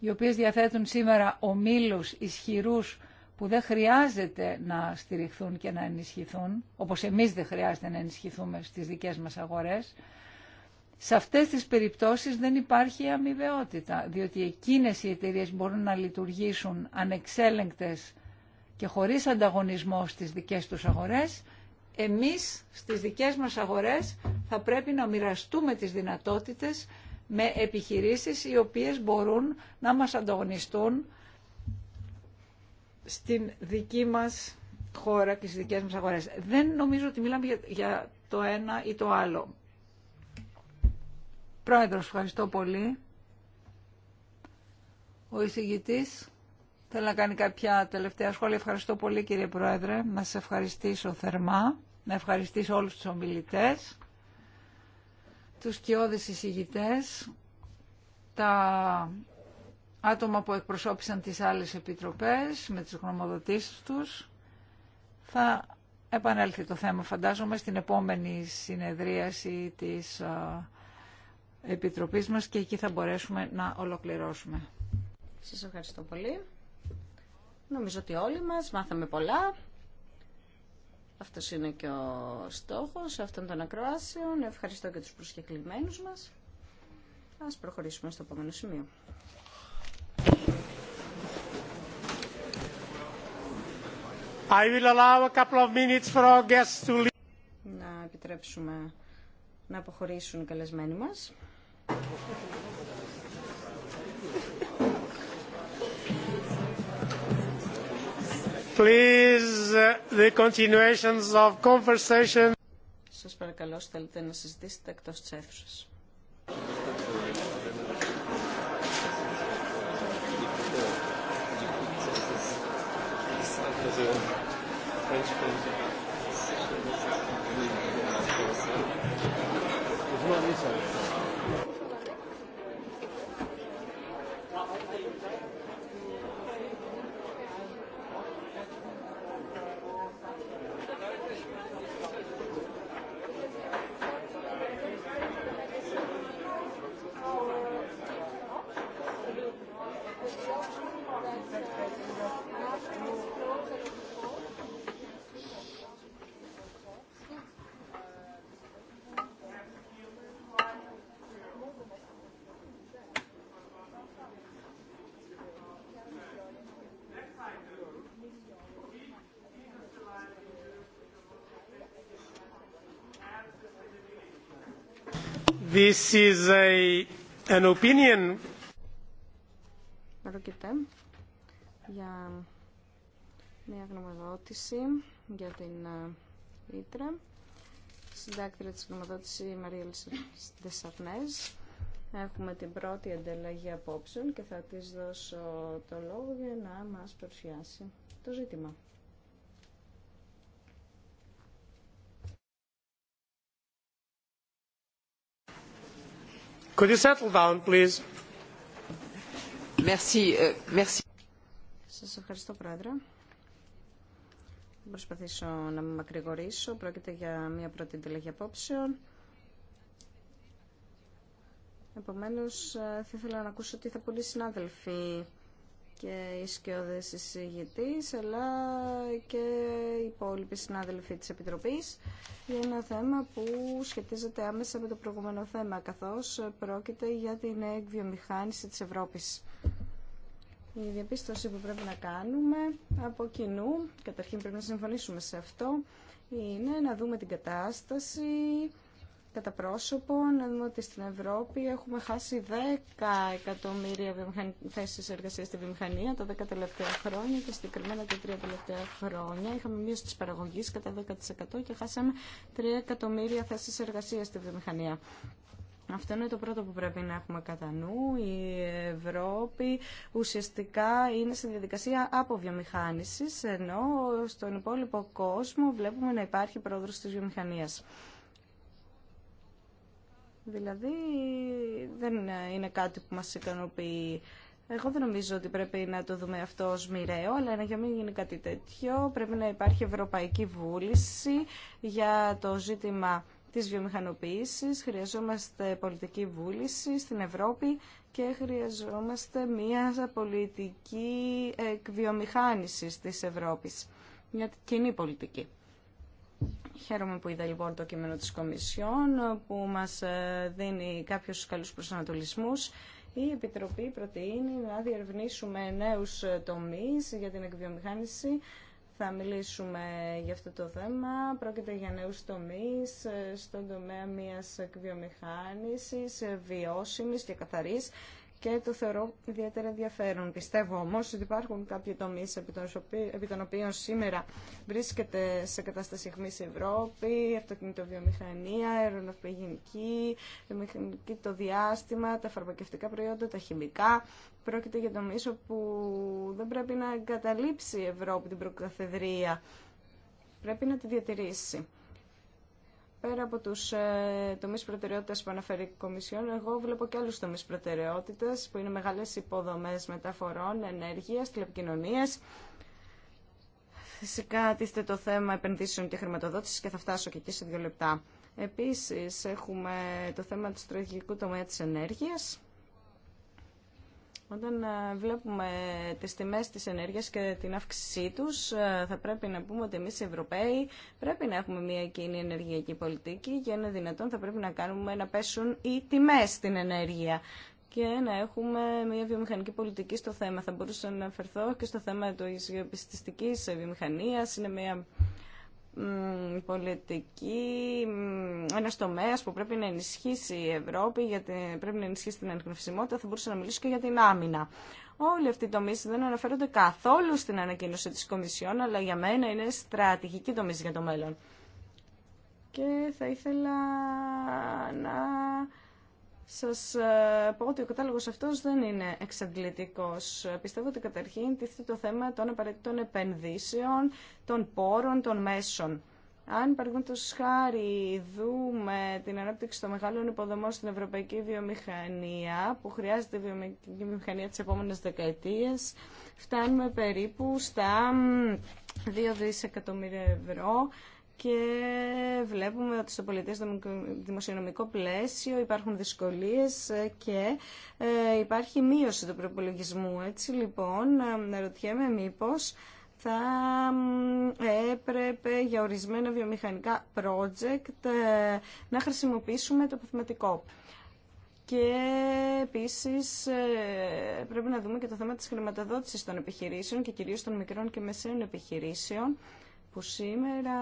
οι οποίες διαθέτουν σήμερα ομίλους ισχυρούς που δεν χρειάζεται να στηριχθούν και να ενισχυθούν, όπως εμείς δεν χρειάζεται να ενισχυθούμε στις δικές μας αγορές, σε αυτές τις περιπτώσεις δεν υπάρχει αμοιβαιότητα, διότι εκείνες οι εταιρείες μπορούν να λειτουργήσουν ανεξέλεγκτες και χωρίς ανταγωνισμό στις δικές τους αγορές, εμείς στις δικές μας αγορές θα πρέπει να μοιραστούμε τις δυνατότητες με επιχειρήσεις οι οποίες μπορούν να μας ανταγωνιστούν στην δική μας χώρα και στις δικές μας αγορές. Δεν νομίζω ότι μιλάμε για το ένα ή το άλλο. Πρόεδρος, ευχαριστώ πολύ. Ο εισηγητής θέλει να κάνει κάποια τελευταία σχόλια. Ευχαριστώ πολύ κύριε Πρόεδρε. Να σας ευχαριστήσω θερμά. Να ευχαριστήσω όλους τους ομιλητές, τους κοιόδες εισηγητές, τα άτομα που εκπροσώπησαν τις άλλες επιτροπές με τις γνωμοδοτήσεις τους. Θα επανέλθει το θέμα, φαντάζομαι, στην επόμενη συνεδρίαση της Επιτροπής μας και εκεί θα μπορέσουμε να
ολοκληρώσουμε. Σας ευχαριστώ πολύ. Νομίζω ότι όλοι μας μάθαμε πολλά. Αυτός είναι και ο στόχος αυτών των ακροάσεων. Ευχαριστώ και τους προσκεκλημένους μας. Ας προχωρήσουμε στο επόμενο σημείο. Να επιτρέψουμε να αποχωρήσουν οι καλεσμένοι μας.
Please, uh, the
Σας παρακαλώ, θέλετε να συζητήσετε εκτός της αίθουσας. Thanks,
This is a, an opinion.
για μια γνωμοδότηση για την ε, Ήτρα. Συντάκτρια της γνωμοδότηση η Μαρία Δεσσαρνές. Έχουμε την πρώτη ανταλλαγή απόψεων και θα της δώσω το λόγο για να μας παρουσιάσει το ζήτημα. Euh, Σα ευχαριστώ, Πρόεδρε. Θα προσπαθήσω να με ακρηγορήσω. Πρόκειται για μια πρώτη τελεγή απόψεων. Επομένως, ε, θα ήθελα να ακούσω τι θα πολλοί συνάδελφοι και οι σκιώδες εισηγητής αλλά και οι υπόλοιποι συνάδελφοι της Επιτροπής για ένα θέμα που σχετίζεται άμεσα με το προηγούμενο θέμα καθώς πρόκειται για την εκβιομηχάνηση της Ευρώπης. Η διαπίστωση που πρέπει να κάνουμε από κοινού, καταρχήν πρέπει να συμφωνήσουμε σε αυτό, είναι να δούμε την κατάσταση κατά πρόσωπο, να δούμε ότι στην Ευρώπη έχουμε χάσει 10 εκατομμύρια θέσεις εργασίας στη βιομηχανία τα 10 τελευταία χρόνια και συγκεκριμένα τα 3 τελευταία χρόνια. Είχαμε μείωση της παραγωγής κατά 10% και χάσαμε 3 εκατομμύρια θέσεις εργασίας στη βιομηχανία. Αυτό είναι το πρώτο που πρέπει να έχουμε κατά νου. Η Ευρώπη ουσιαστικά είναι σε διαδικασία αποβιομηχάνησης, ενώ στον υπόλοιπο κόσμο βλέπουμε να υπάρχει πρόοδος της βιομηχανίας. Δηλαδή δεν είναι κάτι που μας ικανοποιεί. Εγώ δεν νομίζω ότι πρέπει να το δούμε αυτό ως μοιραίο, αλλά για να μην γίνει κάτι τέτοιο πρέπει να υπάρχει ευρωπαϊκή βούληση για το ζήτημα της βιομηχανοποίησης, χρειαζόμαστε πολιτική βούληση στην Ευρώπη και χρειαζόμαστε μια πολιτική εκβιομηχανηση της Ευρώπης, μια κοινή πολιτική. Χαίρομαι που είδα λοιπόν το κείμενο της Κομισιόν που μας ε, δίνει κάποιους καλούς προσανατολισμούς. Η Επιτροπή προτείνει να διερευνήσουμε νέους ε, τομείς για την εκβιομηχάνηση. Θα μιλήσουμε για αυτό το θέμα. Πρόκειται για νέους τομείς ε, στον τομέα μιας εκβιομηχάνησης, βιώσιμης και καθαρής και το θεωρώ ιδιαίτερα ενδιαφέρον. Πιστεύω όμως ότι υπάρχουν κάποιοι τομείς επί των οποίων σήμερα βρίσκεται σε κατάσταση χμής η Ευρώπη, αυτοκινητοβιομηχανία, αεροναυπηγενική, το διάστημα, τα φαρμακευτικά προϊόντα, τα χημικά. Πρόκειται για τομεί όπου δεν πρέπει να εγκαταλείψει η Ευρώπη την προκαθεδρία. Πρέπει να τη διατηρήσει πέρα από τους ε, τομείς προτεραιότητας που αναφέρει η Κομισιόν, εγώ βλέπω και άλλους τομείς προτεραιότητας που είναι μεγάλες υποδομές μεταφορών, ενέργειας, τηλεπικοινωνίας. Φυσικά τίθεται το θέμα επενδύσεων και χρηματοδότησης και θα φτάσω και εκεί σε δύο λεπτά. Επίσης έχουμε το θέμα του στρατηγικού τομέα της ενέργειας. Όταν ε, βλέπουμε τις τιμές της ενέργειας και την αύξησή τους, ε, θα πρέπει να πούμε ότι εμείς οι Ευρωπαίοι πρέπει να έχουμε μια κοινή ενεργειακή πολιτική και είναι δυνατόν θα πρέπει να κάνουμε να πέσουν οι τιμές στην ενέργεια και να έχουμε μια βιομηχανική πολιτική στο θέμα. Θα μπορούσα να αναφερθώ και στο θέμα της βιοπιστικής βιομηχανίας. Είναι μια πολιτική, ένα τομέα που πρέπει να ενισχύσει η Ευρώπη, γιατί πρέπει να ενισχύσει την ανεκνευσιμότητα, θα μπορούσα να μιλήσω και για την άμυνα. Όλοι αυτοί οι τομεί δεν αναφέρονται καθόλου στην ανακοίνωση τη Κομισιόν, αλλά για μένα είναι στρατηγική τομή για το μέλλον. Και θα ήθελα να σας ε, πω ότι ο κατάλογος αυτός δεν είναι εξαντλητικός. Πιστεύω ότι καταρχήν τίθεται το θέμα των απαραίτητων επενδύσεων, των πόρων, των μέσων. Αν παραδείγματο χάρη δούμε την ανάπτυξη των μεγάλων υποδομών στην ευρωπαϊκή βιομηχανία, που χρειάζεται η βιομηχανία τις επόμενες δεκαετίες, φτάνουμε περίπου στα 2 δισεκατομμύρια ευρώ και βλέπουμε ότι στο πολιτές δημοσιονομικό πλαίσιο υπάρχουν δυσκολίες ε, και ε, υπάρχει μείωση του προπολογισμού. Έτσι λοιπόν, ε, να ρωτιέμαι μήπως θα έπρεπε για ορισμένα βιομηχανικά project να χρησιμοποιήσουμε το παθηματικό. Και επίσης πρέπει να δούμε και το θέμα της χρηματοδότησης των επιχειρήσεων και κυρίως των μικρών και μεσαίων επιχειρήσεων που σήμερα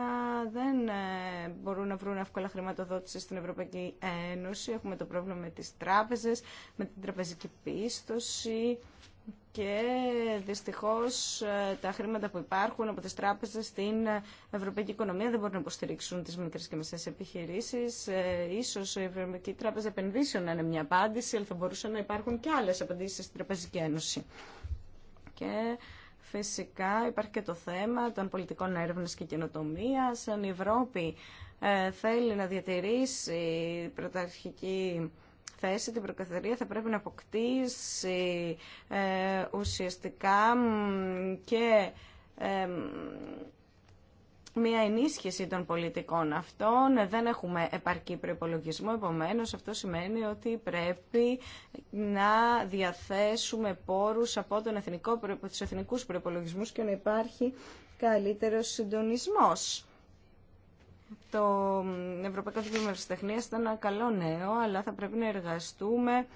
δεν ε, μπορούν να βρουν εύκολα χρηματοδότηση στην Ευρωπαϊκή Ένωση. Έχουμε το πρόβλημα με τις τράπεζες, με την τραπεζική πίστοση και δυστυχώς ε, τα χρήματα που υπάρχουν από τις τράπεζες στην ευρωπαϊκή οικονομία δεν μπορούν να υποστηρίξουν τις μικρές και μεσαίες επιχειρήσεις. Ε, ίσως η Ευρωπαϊκή Τράπεζα Επενδύσεων να είναι μια απάντηση, αλλά θα μπορούσαν να υπάρχουν και άλλες απαντήσεις στην Τραπεζική Ένωση. Και Φυσικά υπάρχει και το θέμα των πολιτικών έρευνα και καινοτομία. Αν η Ευρώπη ε, θέλει να διατηρήσει πρωταρχική θέση, την προκαθερία θα πρέπει να αποκτήσει ε, ουσιαστικά και ε, μια ενίσχυση των πολιτικών αυτών. Δεν έχουμε επαρκή προπολογισμό, επομένως αυτό σημαίνει ότι πρέπει να διαθέσουμε πόρους από τον εθνικό, τους εθνικούς και να υπάρχει καλύτερος συντονισμός. Το Ευρωπαϊκό Δίκαιο Τεχνίας ήταν ένα καλό νέο, αλλά θα πρέπει να εργαστούμε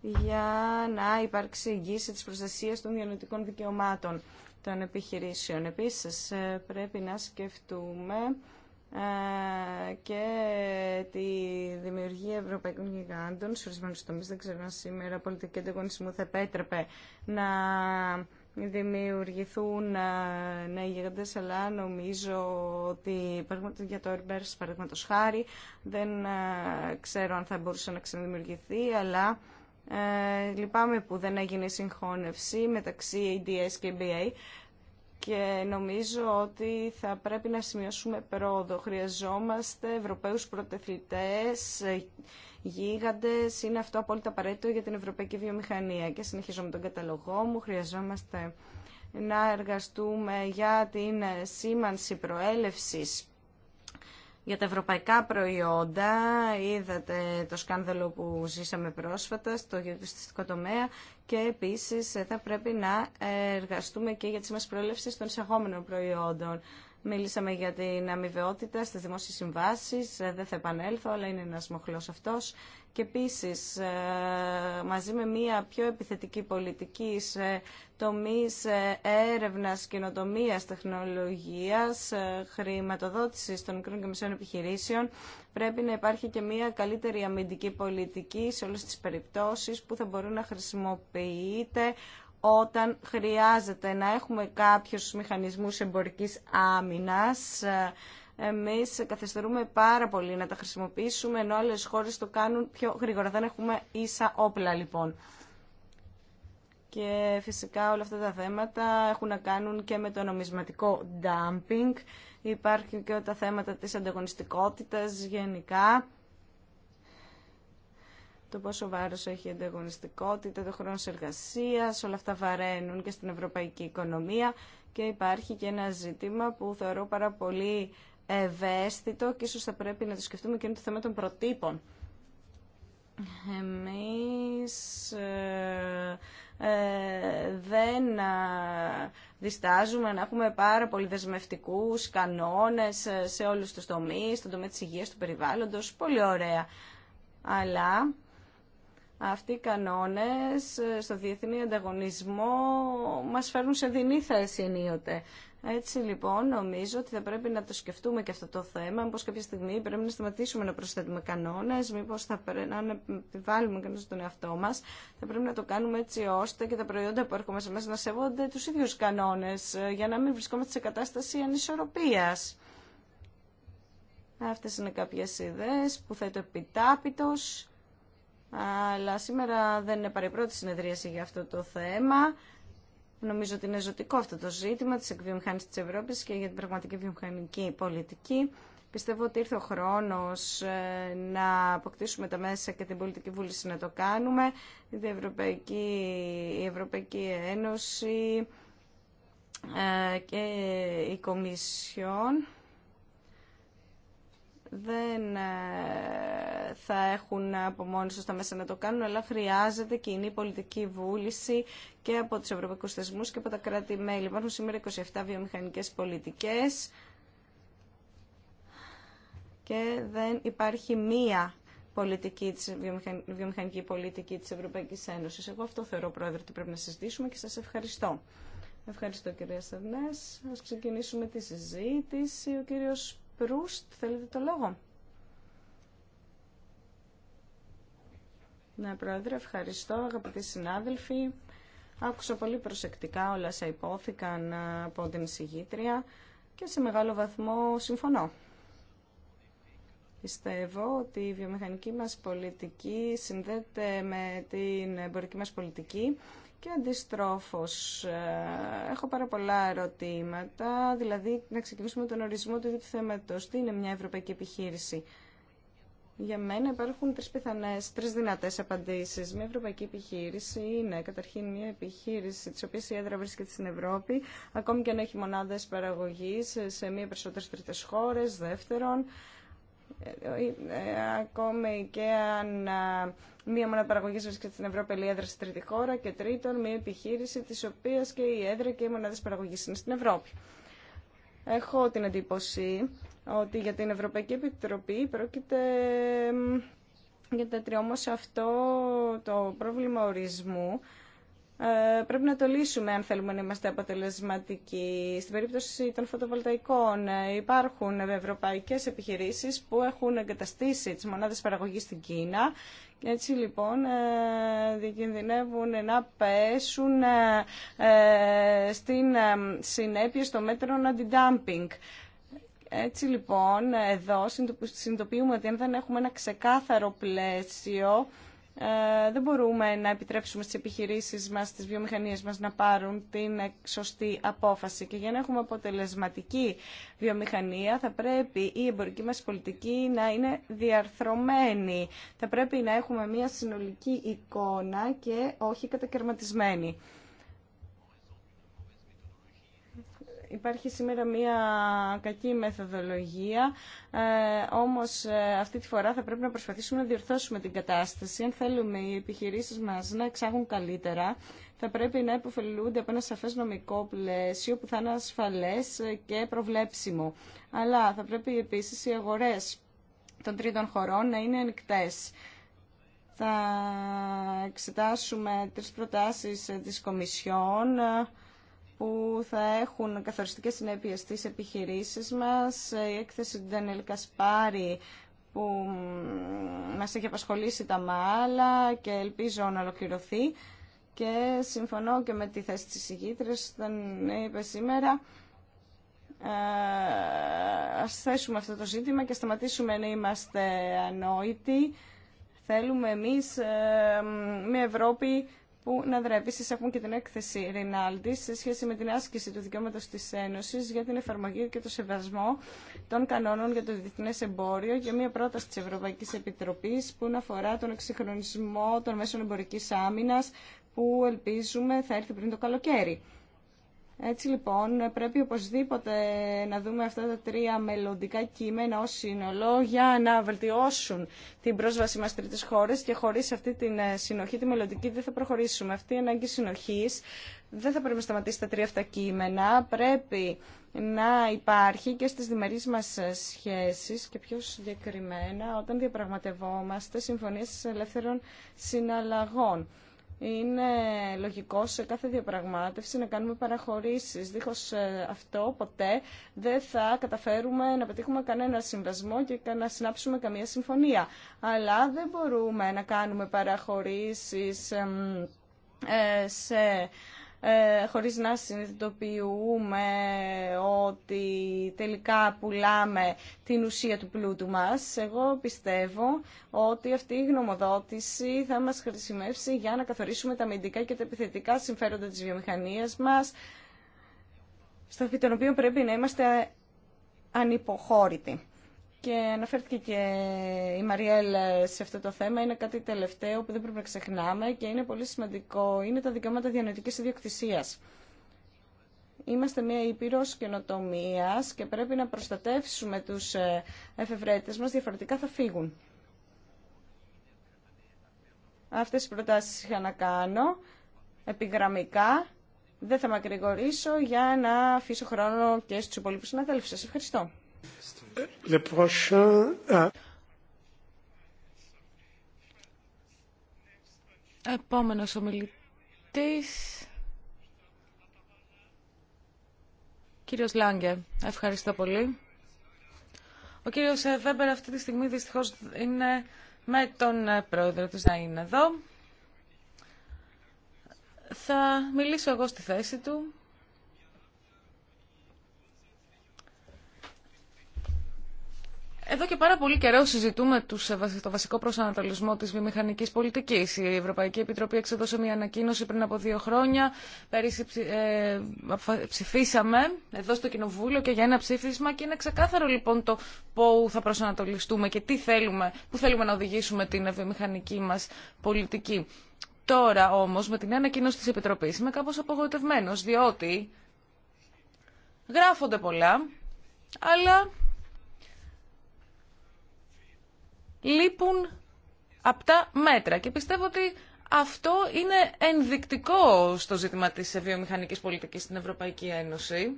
για να υπάρξει εγγύηση της προστασίας των διανοητικών δικαιωμάτων των επιχειρήσεων. Επίσης, ε, πρέπει να σκεφτούμε ε, και τη δημιουργία ευρωπαϊκών γιγάντων σε ορισμένου τομεί. Δεν ξέρω αν σήμερα η πολιτική ανταγωνισμού θα επέτρεπε να δημιουργηθούν ε, νέοι γιγαντέ, αλλά νομίζω ότι για το Airbus, παραδείγματο χάρη, δεν ξέρω αν θα μπορούσε να ξαναδημιουργηθεί, αλλά ε, λυπάμαι που δεν έγινε συγχώνευση μεταξύ ADS και BA και νομίζω ότι θα πρέπει να σημειώσουμε πρόοδο. Χρειαζόμαστε Ευρωπαίους πρωτεθλητές, ε, γίγαντες, είναι αυτό απόλυτα απαραίτητο για την ευρωπαϊκή βιομηχανία. Και συνεχίζω με τον καταλογό μου, χρειαζόμαστε να εργαστούμε για την σήμανση προέλευσης για τα ευρωπαϊκά προϊόντα είδατε το σκάνδαλο που ζήσαμε πρόσφατα στο γεωπιστικό τομέα και επίσης θα πρέπει να εργαστούμε και για τις μας προέλευσεις των εισαγόμενων προϊόντων. Μίλησαμε για την αμοιβαιότητα στι δημόσιε συμβάσεις, ε, δεν θα επανέλθω, αλλά είναι ένα μοχλός αυτός. Και επίση, ε, μαζί με μια πιο επιθετική πολιτική σε τομεί ε, έρευνας, καινοτομίας, τεχνολογίας, χρηματοδότησης των μικρών και μεσαίων επιχειρήσεων, πρέπει να υπάρχει και μια καλύτερη αμυντική πολιτική σε όλε τι περιπτώσει που θα μπορούν να χρησιμοποιείται όταν χρειάζεται να έχουμε κάποιους μηχανισμούς εμπορικής άμυνας, εμείς καθυστερούμε πάρα πολύ να τα χρησιμοποιήσουμε, ενώ άλλες χώρες το κάνουν πιο γρήγορα. Δεν έχουμε ίσα όπλα λοιπόν. Και φυσικά όλα αυτά τα θέματα έχουν να κάνουν και με το νομισματικό dumping. Υπάρχουν και τα θέματα της ανταγωνιστικότητας γενικά το πόσο βάρος έχει η ανταγωνιστικότητα, το χρόνο εργασία, όλα αυτά βαραίνουν και στην ευρωπαϊκή οικονομία και υπάρχει και ένα ζήτημα που θεωρώ πάρα πολύ ευαίσθητο και ίσως θα πρέπει να το σκεφτούμε και είναι το θέμα των προτύπων. Εμείς ε, ε, δεν ε, διστάζουμε να έχουμε πάρα πολύ δεσμευτικούς κανόνες σε όλους τους τομείς, στον τομέα της υγείας, του περιβάλλοντος, πολύ ωραία. Αλλά αυτοί οι κανόνες ε, στο διεθνή ανταγωνισμό μας φέρνουν σε δινή θέση ενίοτε. Έτσι λοιπόν νομίζω ότι θα πρέπει να το σκεφτούμε και αυτό το θέμα, μήπως κάποια στιγμή πρέπει να σταματήσουμε να προσθέτουμε κανόνες, μήπως θα πρέπει να επιβάλλουμε κανόνες στον εαυτό μας, θα πρέπει να το κάνουμε έτσι ώστε και τα προϊόντα που έρχομαι σε μέσα να σέβονται τους ίδιους κανόνες, ε, για να μην βρισκόμαστε σε κατάσταση ανισορροπίας. Αυτές είναι κάποιες ιδέες που θέτω επιτάπητος αλλά σήμερα δεν είναι πρώτη συνεδρίαση για αυτό το θέμα. Νομίζω ότι είναι ζωτικό αυτό το ζήτημα της εκβιομηχάνησης της Ευρώπης και για την πραγματική βιομηχανική πολιτική. Πιστεύω ότι ήρθε ο χρόνος ε, να αποκτήσουμε τα μέσα και την πολιτική βούληση να το κάνουμε. Η Ευρωπαϊκή, η Ευρωπαϊκή Ένωση ε, και η Κομισιόν δεν ε, θα έχουν από μόνοι τους τα μέσα να το κάνουν, αλλά χρειάζεται κοινή πολιτική βούληση και από τους ευρωπαϊκούς θεσμούς και από τα κράτη-μέλη. Υπάρχουν σήμερα 27 βιομηχανικές πολιτικές και δεν υπάρχει μία πολιτική, βιομηχανική πολιτική της Ευρωπαϊκής Ένωσης. Εγώ αυτό θεωρώ, Πρόεδρε, ότι πρέπει να συζητήσουμε και σας ευχαριστώ. Ευχαριστώ κυρία Σερνές. Ας ξεκινήσουμε τη συζήτηση. Ο κύριος Προύστ, θέλετε το λόγο. Ναι, Πρόεδρε, ευχαριστώ, αγαπητοί συνάδελφοι. Άκουσα πολύ προσεκτικά όλα σε υπόθηκαν ε, από την συγγήτρια και σε μεγάλο βαθμό συμφωνώ. Πιστεύω ότι η βιομηχανική μας πολιτική συνδέεται με την εμπορική μας πολιτική και αντιστρόφως, ε, έχω πάρα πολλά ερωτήματα, δηλαδή να ξεκινήσουμε τον ορισμό του ίδιου του θέματος. Τι είναι μια ευρωπαϊκή επιχείρηση. Για μένα υπάρχουν τρεις πιθανές, τρεις δυνατές απαντήσεις. Μια ευρωπαϊκή επιχείρηση είναι καταρχήν μια επιχείρηση της οποίας η έδρα βρίσκεται στην Ευρώπη, ακόμη και αν έχει μονάδες παραγωγής σε μία περισσότερες τρίτες χώρες. Δεύτερον, ε, ε, ακόμη και αν μία μονάδα παραγωγή βρίσκεται στην Ευρώπη, αλλά η έδρα τρίτη χώρα. Και τρίτον, μία επιχείρηση τη οποία και η έδρα και οι μονάδε παραγωγή είναι στην Ευρώπη. Έχω την εντύπωση ότι για την Ευρωπαϊκή Επιτροπή πρόκειται για τα τρία, αυτό το πρόβλημα ορισμού ε, πρέπει να το λύσουμε αν θέλουμε να είμαστε αποτελεσματικοί. Στην περίπτωση των φωτοβολταϊκών ε, υπάρχουν ευρωπαϊκές επιχειρήσεις που έχουν εγκαταστήσει τις μονάδες παραγωγής στην Κίνα. Έτσι λοιπόν ε, διακινδυνεύουν να πέσουν στην συνέπεια στο μέτρο αντι-dumping. Έτσι λοιπόν εδώ συνειδητοποιούμε ότι αν δεν έχουμε ένα ξεκάθαρο πλαίσιο ε, δεν μπορούμε να επιτρέψουμε στις επιχειρήσεις μας, στις βιομηχανίες μας να πάρουν την σωστή απόφαση. Και για να έχουμε αποτελεσματική βιομηχανία θα πρέπει η εμπορική μας πολιτική να είναι διαρθρωμένη. Θα πρέπει να έχουμε μια συνολική εικόνα και όχι κατακαιρματισμένη. Υπάρχει σήμερα μία κακή μεθοδολογία, ε, όμως ε, αυτή τη φορά θα πρέπει να προσπαθήσουμε να διορθώσουμε την κατάσταση. Αν θέλουμε οι επιχειρήσεις μας να εξάγουν καλύτερα, θα πρέπει να υποφελούνται από ένα σαφές νομικό πλαίσιο που θα είναι ασφαλές και προβλέψιμο. Αλλά θα πρέπει επίσης οι αγορές των τρίτων χωρών να είναι ανοιχτές. Θα εξετάσουμε τρεις προτάσεις της Κομισιόν που θα έχουν καθοριστικές συνέπειες στις επιχειρήσεις μας. Η έκθεση του Ντανιέλ Κασπάρη που μας έχει απασχολήσει τα μάλα και ελπίζω να ολοκληρωθεί και συμφωνώ και με τη θέση της ηγήτρες όταν είπε σήμερα ε, ας θέσουμε αυτό το ζήτημα και σταματήσουμε να είμαστε ανόητοι θέλουμε εμείς ε, μια Ευρώπη που να δρέπει, έχουν και την έκθεση Ρινάλντι σε σχέση με την άσκηση του δικαιώματο τη Ένωση για την εφαρμογή και το σεβασμό των κανόνων για το διεθνέ εμπόριο για μια πρόταση τη Ευρωπαϊκή Επιτροπή που αφορά τον εξυγχρονισμό των μέσων εμπορική άμυνα που ελπίζουμε θα έρθει πριν το καλοκαίρι. Έτσι λοιπόν πρέπει οπωσδήποτε να δούμε αυτά τα τρία μελλοντικά κείμενα ως σύνολο για να βελτιώσουν την πρόσβαση μας τρίτες χώρες και χωρίς αυτή την ε, συνοχή, τη μελλοντική, δεν θα προχωρήσουμε. Αυτή η ανάγκη συνοχής δεν θα πρέπει να σταματήσει τα τρία αυτά κείμενα. Πρέπει να υπάρχει και στις διμερείς μας ε, σχέσεις και πιο συγκεκριμένα όταν διαπραγματευόμαστε συμφωνίες ελεύθερων συναλλαγών είναι λογικό σε κάθε διαπραγμάτευση να κάνουμε παραχωρήσεις. Δίχως ε, αυτό ποτέ δεν θα καταφέρουμε να πετύχουμε κανένα συμβασμό και να συνάψουμε καμία συμφωνία. Αλλά δεν μπορούμε να κάνουμε παραχωρήσεις ε, σε ε, χωρίς να συνειδητοποιούμε ότι τελικά πουλάμε την ουσία του πλούτου μας. Εγώ πιστεύω ότι αυτή η γνωμοδότηση θα μας χρησιμεύσει για να καθορίσουμε τα αμυντικά και τα επιθετικά συμφέροντα της βιομηχανίας μας, στο οποίο πρέπει να είμαστε ανυποχώρητοι. Και αναφέρθηκε και η Μαριέλ σε αυτό το θέμα. Είναι κάτι τελευταίο που δεν πρέπει να ξεχνάμε και είναι πολύ σημαντικό. Είναι τα δικαιώματα διανοητική ιδιοκτησία. Είμαστε μια ήπειρο καινοτομία και πρέπει να προστατεύσουμε τους ε, εφευρέτες μας, διαφορετικά θα φύγουν. Αυτές οι προτάσει είχα να κάνω επιγραμμικά. Δεν θα μακρηγορήσω για να αφήσω χρόνο και στους υπόλοιπους συναδέλφους σας. Ευχαριστώ.
Le prochain... Euh,
Επόμενος
ομιλητής, κύριος Λάγκε. Ευχαριστώ πολύ. Ο κύριος ε, Βέμπερ αυτή τη στιγμή δυστυχώς είναι με τον ε, πρόεδρο του να είναι εδώ. Θα μιλήσω εγώ στη θέση του. Εδώ και πάρα πολύ καιρό συζητούμε τους, ε, το βασικό προσανατολισμό τη βιομηχανική πολιτική. Η Ευρωπαϊκή Επιτροπή εξέδωσε μια ανακοίνωση πριν από δύο χρόνια. Πέρυσι ε, ψηφίσαμε εδώ στο Κοινοβούλιο και για ένα ψήφισμα και είναι ξεκάθαρο λοιπόν το πού θα προσανατολιστούμε και τι θέλουμε, πού θέλουμε να οδηγήσουμε την βιομηχανική μα πολιτική. Τώρα όμω, με την ανακοίνωση τη Επιτροπής είμαι κάπω απογοητευμένο, διότι γράφονται πολλά αλλά λείπουν τα μέτρα και πιστεύω ότι αυτό είναι ενδεικτικό στο ζήτημα της βιομηχανικής πολιτικής στην Ευρωπαϊκή Ένωση.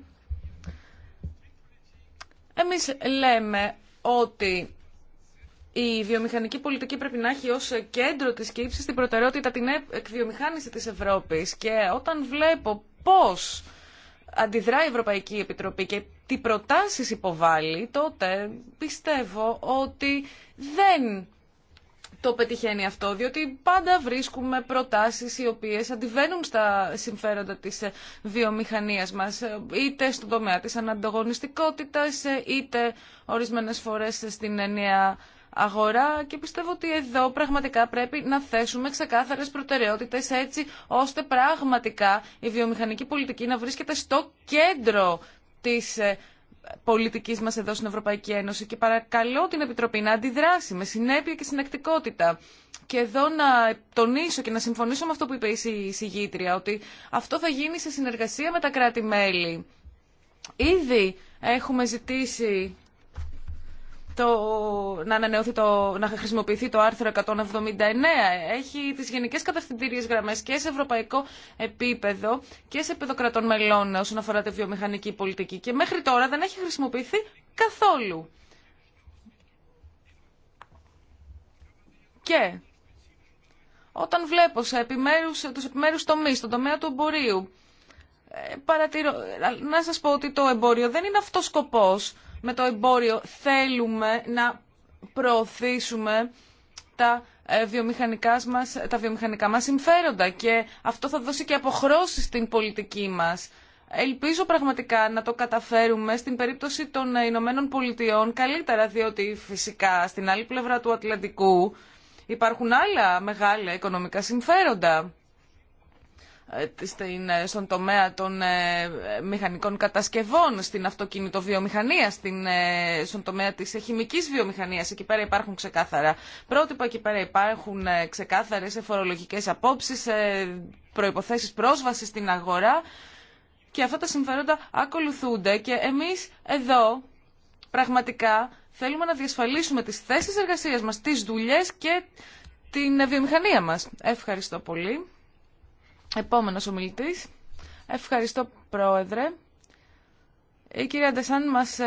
Εμείς λέμε ότι η βιομηχανική πολιτική πρέπει να έχει ως κέντρο της κήψη, την προτεραιότητα την εκβιομηχάνηση της Ευρώπης και όταν βλέπω πώς αντιδρά η Ευρωπαϊκή Επιτροπή και τι προτάσεις υποβάλλει, τότε πιστεύω ότι δεν το πετυχαίνει αυτό, διότι πάντα βρίσκουμε προτάσεις οι οποίες αντιβαίνουν στα συμφέροντα της ε, βιομηχανίας μας, ε, είτε στον τομέα της ανανταγωνιστικότητας, ε, είτε ορισμένες φορές στην ενιαία αγορά και πιστεύω ότι εδώ πραγματικά πρέπει να θέσουμε ξεκάθαρες προτεραιότητες έτσι ώστε πραγματικά η βιομηχανική πολιτική να βρίσκεται στο κέντρο της πολιτική μα εδώ στην Ευρωπαϊκή Ένωση και παρακαλώ την Επιτροπή να αντιδράσει με συνέπεια και συνεκτικότητα. Και εδώ να τονίσω και να συμφωνήσω με αυτό που είπε η συγγήτρια, ότι αυτό θα γίνει σε συνεργασία με τα κράτη-μέλη. Ήδη έχουμε ζητήσει το, να ανανεωθεί να χρησιμοποιηθεί το άρθρο 179. Έχει τις γενικές κατευθυντήριε γραμμές και σε ευρωπαϊκό επίπεδο και σε επίπεδο κρατών μελών όσον αφορά τη βιομηχανική πολιτική και μέχρι τώρα δεν έχει χρησιμοποιηθεί καθόλου. Και όταν βλέπω σε επιμέρους, τους επιμέρους τομείς, στον τομέα του εμπορίου, ε, παρατηρώ, να σας πω ότι το εμπόριο δεν είναι αυτός σκοπός με το εμπόριο. Θέλουμε να προωθήσουμε τα ε, βιομηχανικά μας, τα βιομηχανικά μας συμφέροντα και αυτό θα δώσει και αποχρώσεις στην πολιτική μας. Ελπίζω πραγματικά να το καταφέρουμε στην περίπτωση των Ηνωμένων Πολιτειών καλύτερα, διότι φυσικά στην άλλη πλευρά του Ατλαντικού υπάρχουν άλλα μεγάλα οικονομικά συμφέροντα. Ε, ε, στον τομέα των ε, μηχανικών κατασκευών, στην αυτοκινητοβιομηχανία, στην, στον τομέα της χημικής βιομηχανίας. Εκεί πέρα υπάρχουν ξεκάθαρα πρότυπα, εκεί πέρα υπάρχουν ξεκάθαρες εφορολογικές απόψεις, προϋποθέσεις πρόσβασης στην αγορά και αυτά τα συμφέροντα ακολουθούνται και εμείς εδώ πραγματικά θέλουμε να διασφαλίσουμε τις θέσεις εργασίας μας, τις δουλειές και την βιομηχανία μας. Ευχαριστώ πολύ. Επόμενος ομιλητής. Ευχαριστώ, Πρόεδρε. Η κυρία Ντεσάν μας ε,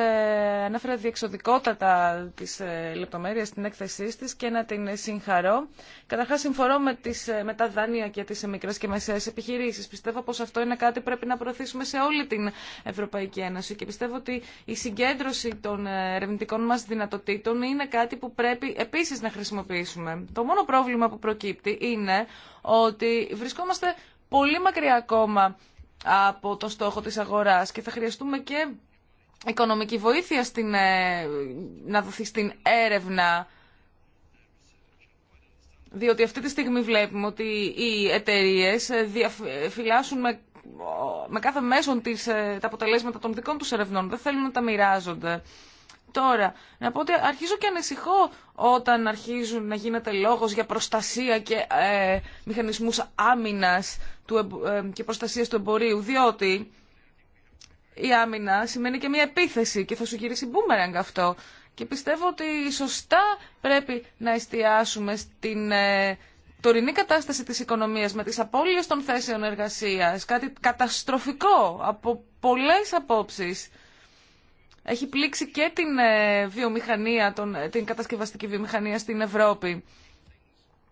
ανέφερε διεξοδικότατα τις ε, λεπτομέρειες στην έκθεσή της και να την συγχαρώ. Καταρχάς συμφορώ με, τις, ε, με τα δάνεια και τις μικρές και μεσαίες επιχειρήσεις. Πιστεύω πως αυτό είναι κάτι που πρέπει να προωθήσουμε σε όλη την Ευρωπαϊκή Ένωση και πιστεύω ότι η συγκέντρωση των ερευνητικών μας δυνατοτήτων είναι κάτι που πρέπει επίσης να χρησιμοποιήσουμε. Το μόνο πρόβλημα που προκύπτει είναι ότι βρισκόμαστε πολύ μακριά ακόμα από το στόχο της αγοράς και θα χρειαστούμε και οικονομική βοήθεια στην, ε, να δοθεί στην έρευνα διότι αυτή τη στιγμή βλέπουμε ότι οι εταιρείε ε, διαφυλάσσουν με, κάθε μέσο τις, ε, τα αποτελέσματα των δικών τους ερευνών. Δεν θέλουν να τα μοιράζονται. Τώρα, να πω ότι αρχίζω και ανησυχώ όταν αρχίζουν να γίνεται λόγος για προστασία και ε, μηχανισμούς άμυνας του, και προστασία του εμπορίου, διότι η άμυνα σημαίνει και μια επίθεση και θα σου γυρίσει μπούμεραγκ αυτό. Και πιστεύω ότι σωστά πρέπει να εστιάσουμε στην ε, τωρινή κατάσταση της οικονομίας με τις απώλειες των θέσεων εργασίας, κάτι καταστροφικό από πολλές απόψεις. Έχει πλήξει και την, ε, βιομηχανία, τον, ε, την κατασκευαστική βιομηχανία στην Ευρώπη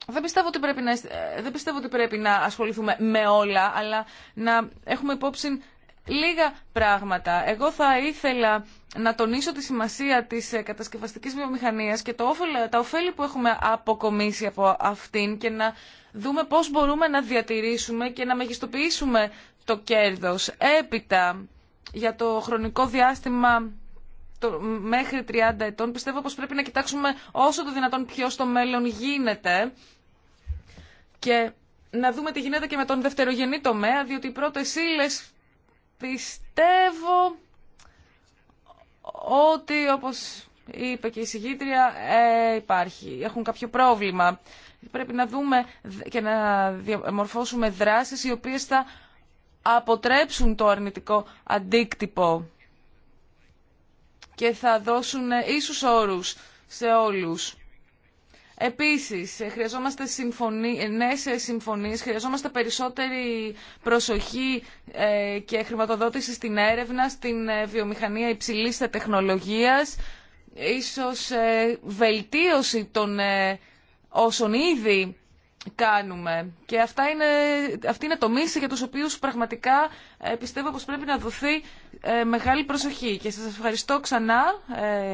δεν πιστεύω, ότι πρέπει να, ε, δεν πιστεύω ότι πρέπει να ασχοληθούμε με όλα, αλλά να έχουμε υπόψη λίγα πράγματα. Εγώ θα ήθελα να τονίσω τη σημασία της ε, κατασκευαστικής βιομηχανίας και το τα ωφέλη που έχουμε αποκομίσει από αυτήν και να δούμε πώς μπορούμε να διατηρήσουμε και να μεγιστοποιήσουμε το κέρδος. Έπειτα, για το χρονικό διάστημα μέχρι 30 ετών, πιστεύω πως πρέπει να κοιτάξουμε όσο το δυνατόν πιο στο μέλλον γίνεται και να δούμε τι γίνεται και με τον δευτερογενή τομέα, διότι οι πρώτες πιστεύω ότι όπως είπε και η συγγήτρια ε, υπάρχει, έχουν κάποιο πρόβλημα. Πρέπει να δούμε και να διαμορφώσουμε δράσεις οι οποίες θα αποτρέψουν το αρνητικό αντίκτυπο και θα δώσουν ίσους όρους σε όλους. Επίσης, χρειαζόμαστε νέε νέες συμφωνίες, χρειαζόμαστε περισσότερη προσοχή ε, και χρηματοδότηση στην έρευνα, στην ε, βιομηχανία υψηλής τεχνολογίας, ίσως ε, βελτίωση των όσων ήδη κάνουμε. Και αυτά είναι, αυτή είναι για τους οποίους πραγματικά πιστεύω πως πρέπει να δοθεί μεγάλη προσοχή. Και σας ευχαριστώ ξανά,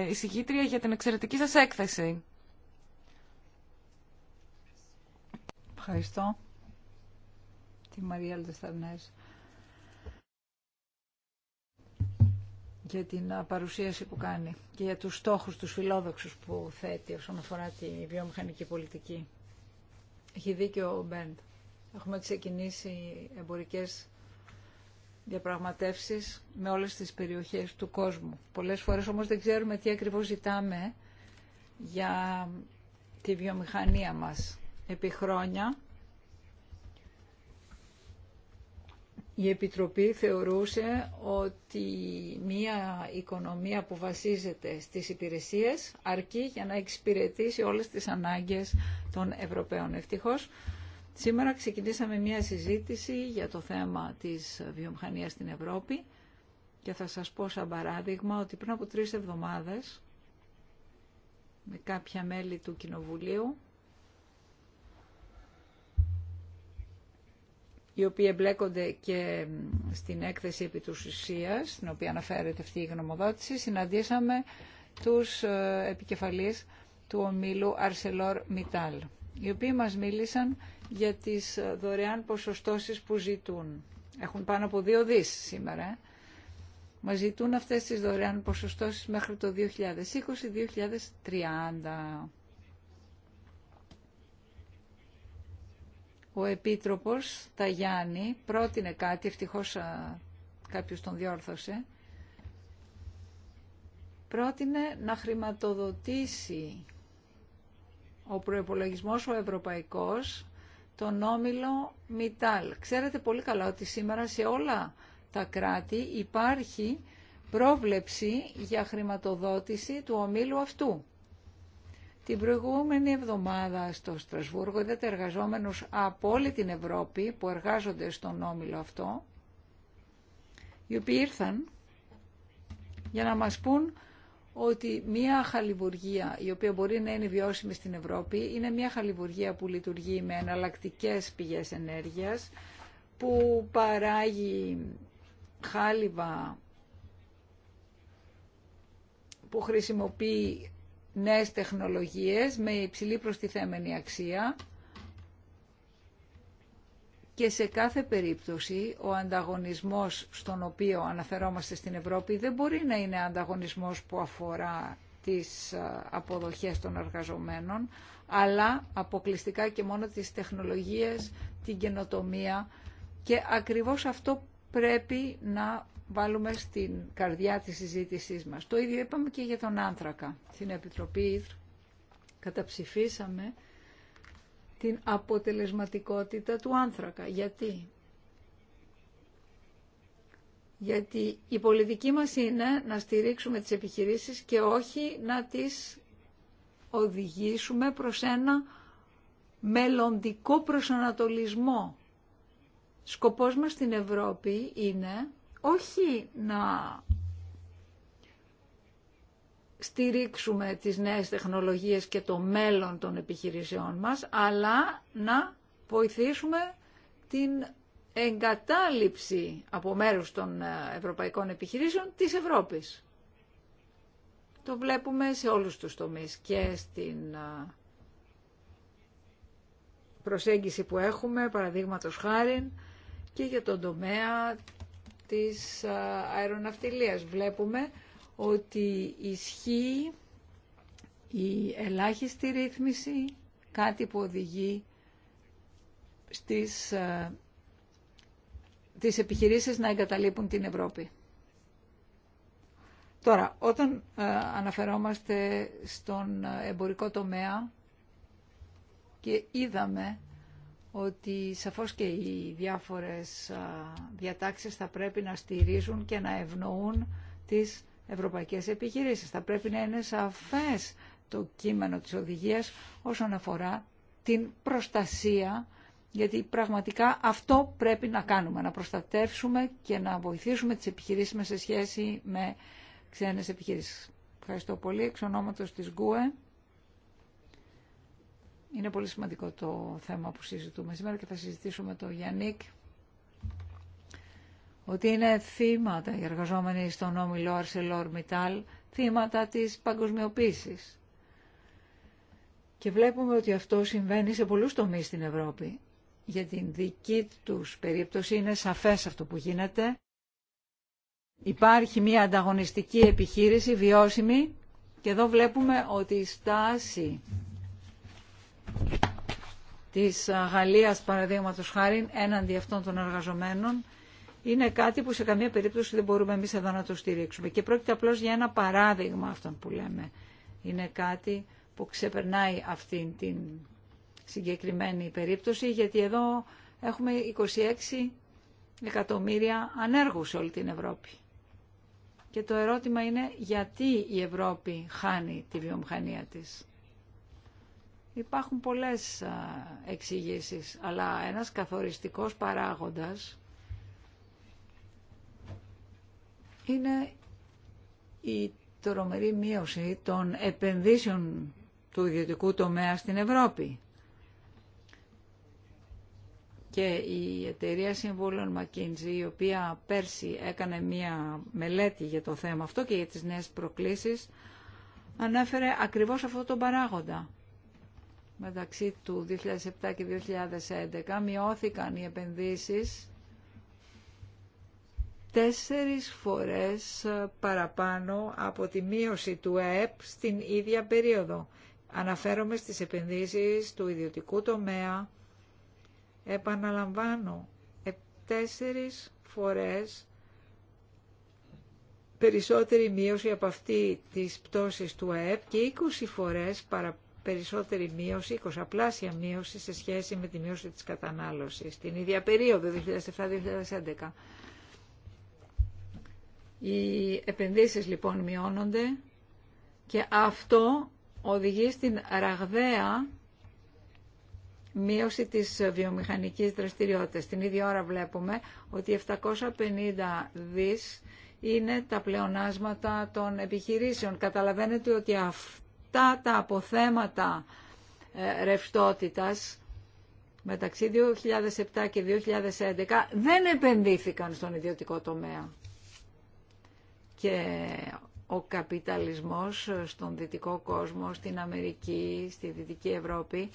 εισηγήτρια, για την εξαιρετική σας έκθεση.
Ευχαριστώ τη Μαρία Λτεσταρνές για την παρουσίαση που κάνει και για τους στόχους, τους φιλόδοξους που θέτει όσον αφορά τη βιομηχανική πολιτική. Έχει δίκιο ο Μπέντ. Έχουμε ξεκινήσει εμπορικές διαπραγματεύσεις με όλες τις περιοχές του κόσμου. Πολλές φορές όμως δεν ξέρουμε τι ακριβώς ζητάμε για τη βιομηχανία μας επί χρόνια η Επιτροπή θεωρούσε ότι μία οικονομία που βασίζεται στις υπηρεσίες αρκεί για να εξυπηρετήσει όλες τις ανάγκες των Ευρωπαίων. Ευτυχώς, σήμερα ξεκινήσαμε μία συζήτηση για το θέμα της βιομηχανίας στην Ευρώπη και θα σας πω σαν παράδειγμα ότι πριν από τρεις εβδομάδες με κάποια μέλη του Κοινοβουλίου οι οποίοι εμπλέκονται και στην έκθεση επί τους ουσίας, στην οποία αναφέρεται αυτή η γνωμοδότηση, συναντήσαμε τους ε, επικεφαλείς του ομίλου Αρσελόρ Μιτάλ, οι οποίοι μας μίλησαν για τις ε, δωρεάν ποσοστώσεις που ζητούν. Έχουν πάνω από δύο δις σήμερα. Ε. Μας ζητούν αυτές τις δωρεάν ποσοστώσεις μέχρι το 2020-2030. Ο Επίτροπος Ταγιάννη πρότεινε κάτι, ευτυχώς κάποιος τον διόρθωσε, πρότεινε να χρηματοδοτήσει ο προϋπολογισμός ο ευρωπαϊκός τον όμιλο Μιτάλ. Ξέρετε πολύ καλά ότι σήμερα σε όλα τα κράτη υπάρχει πρόβλεψη για χρηματοδότηση του ομίλου αυτού. Την προηγούμενη εβδομάδα στο Στρασβούργο είδατε εργαζόμενους από όλη την Ευρώπη που εργάζονται στον όμιλο αυτό, οι οποίοι ήρθαν για να μας πούν ότι μια χαλιβουργία η οποία μπορεί να είναι βιώσιμη στην Ευρώπη είναι μια χαλιβουργία που λειτουργεί με εναλλακτικέ πηγές ενέργειας, που παράγει χάλιβα που χρησιμοποιεί νέες τεχνολογίες με υψηλή προστιθέμενη αξία και σε κάθε περίπτωση ο ανταγωνισμός στον οποίο αναφερόμαστε στην Ευρώπη δεν μπορεί να είναι ανταγωνισμός που αφορά τις αποδοχές των εργαζομένων, αλλά αποκλειστικά και μόνο τις τεχνολογίες, την καινοτομία και ακριβώς αυτό πρέπει να βάλουμε στην καρδιά της συζήτησής μας. Το ίδιο είπαμε και για τον άνθρακα. Στην Επιτροπή καταψηφίσαμε την αποτελεσματικότητα του άνθρακα. Γιατί? Γιατί η πολιτική μας είναι να στηρίξουμε τις επιχειρήσεις και όχι να τις οδηγήσουμε προς ένα μελλοντικό προσανατολισμό. Σκοπός μας στην Ευρώπη είναι όχι να στηρίξουμε τις νέες τεχνολογίες και το μέλλον των επιχειρήσεών μας, αλλά να βοηθήσουμε την εγκατάλειψη από μέρους των ε, ευρωπαϊκών επιχειρήσεων της Ευρώπης. Το βλέπουμε σε όλους τους τομείς και στην ε, προσέγγιση που έχουμε, παραδείγματος χάρη, και για τον τομέα της αεροναυτιλίας. Βλέπουμε ότι ισχύει η ελάχιστη ρύθμιση, κάτι που οδηγεί στις τις επιχειρήσεις να εγκαταλείπουν την Ευρώπη. Τώρα, όταν αναφερόμαστε στον εμπορικό τομέα και είδαμε ότι σαφώς και οι διάφορες διατάξεις θα πρέπει να στηρίζουν και να ευνοούν τις ευρωπαϊκές επιχειρήσεις. Θα πρέπει να είναι σαφές το κείμενο της οδηγίας όσον αφορά την προστασία, γιατί πραγματικά αυτό πρέπει να κάνουμε, να προστατεύσουμε και να βοηθήσουμε τις επιχειρήσεις μας σε σχέση με ξένες επιχειρήσεις. Ευχαριστώ πολύ. Εξ ονόματος της ΓΚΟΕ. Είναι πολύ σημαντικό το θέμα που συζητούμε σήμερα και θα συζητήσουμε το Γιάννικ ότι είναι θύματα οι εργαζόμενοι στον όμιλο Αρσελόρ Μιτάλ, θύματα της παγκοσμιοποίησης. Και βλέπουμε ότι αυτό συμβαίνει σε πολλούς τομείς στην Ευρώπη. Για την δική τους περίπτωση είναι σαφές αυτό που γίνεται. Υπάρχει μια ανταγωνιστική επιχείρηση βιώσιμη και εδώ βλέπουμε ότι η στάση της ε, Γαλλίας παραδείγματος χάρη έναντι αυτών των εργαζομένων είναι κάτι που σε καμία περίπτωση δεν μπορούμε εμείς εδώ να το στηρίξουμε. Και πρόκειται απλώς για ένα παράδειγμα αυτών που λέμε. Είναι κάτι που ξεπερνάει αυτή την συγκεκριμένη περίπτωση γιατί εδώ έχουμε 26 εκατομμύρια ανέργους σε όλη την Ευρώπη. Και το ερώτημα είναι γιατί η Ευρώπη χάνει τη βιομηχανία της. Υπάρχουν πολλές εξηγήσει, αλλά ένας καθοριστικός παράγοντας είναι η τρομερή μείωση των επενδύσεων του ιδιωτικού τομέα στην Ευρώπη. Και η εταιρεία συμβούλων McKinsey, η οποία πέρσι έκανε μία μελέτη για το θέμα αυτό και για τις νέες προκλήσεις, ανέφερε ακριβώς αυτό το παράγοντα μεταξύ του 2007 και 2011 μειώθηκαν οι επενδύσεις τέσσερις φορές παραπάνω από τη μείωση του ΕΕΠ στην ίδια περίοδο. Αναφέρομαι στις επενδύσεις του ιδιωτικού τομέα. Επαναλαμβάνω, ε, τέσσερις φορές περισσότερη μείωση από αυτή της πτώσης του ΕΕΠ και 20 φορές παραπάνω περισσότερη μείωση, 20 πλάσια μείωση σε σχέση με τη μείωση της κατανάλωσης την ίδια περίοδο 2007-2011. Οι επενδύσεις λοιπόν μειώνονται και αυτό οδηγεί στην ραγδαία μείωση της βιομηχανικής δραστηριότητας. Την ίδια ώρα βλέπουμε ότι 750 δις είναι τα πλεονάσματα των επιχειρήσεων. Καταλαβαίνετε ότι αυτό τα αποθέματα ε, ρευστότητας μεταξύ 2007 και 2011 δεν επενδύθηκαν στον ιδιωτικό τομέα. Και ο καπιταλισμός στον δυτικό κόσμο, στην Αμερική, στη Δυτική Ευρώπη,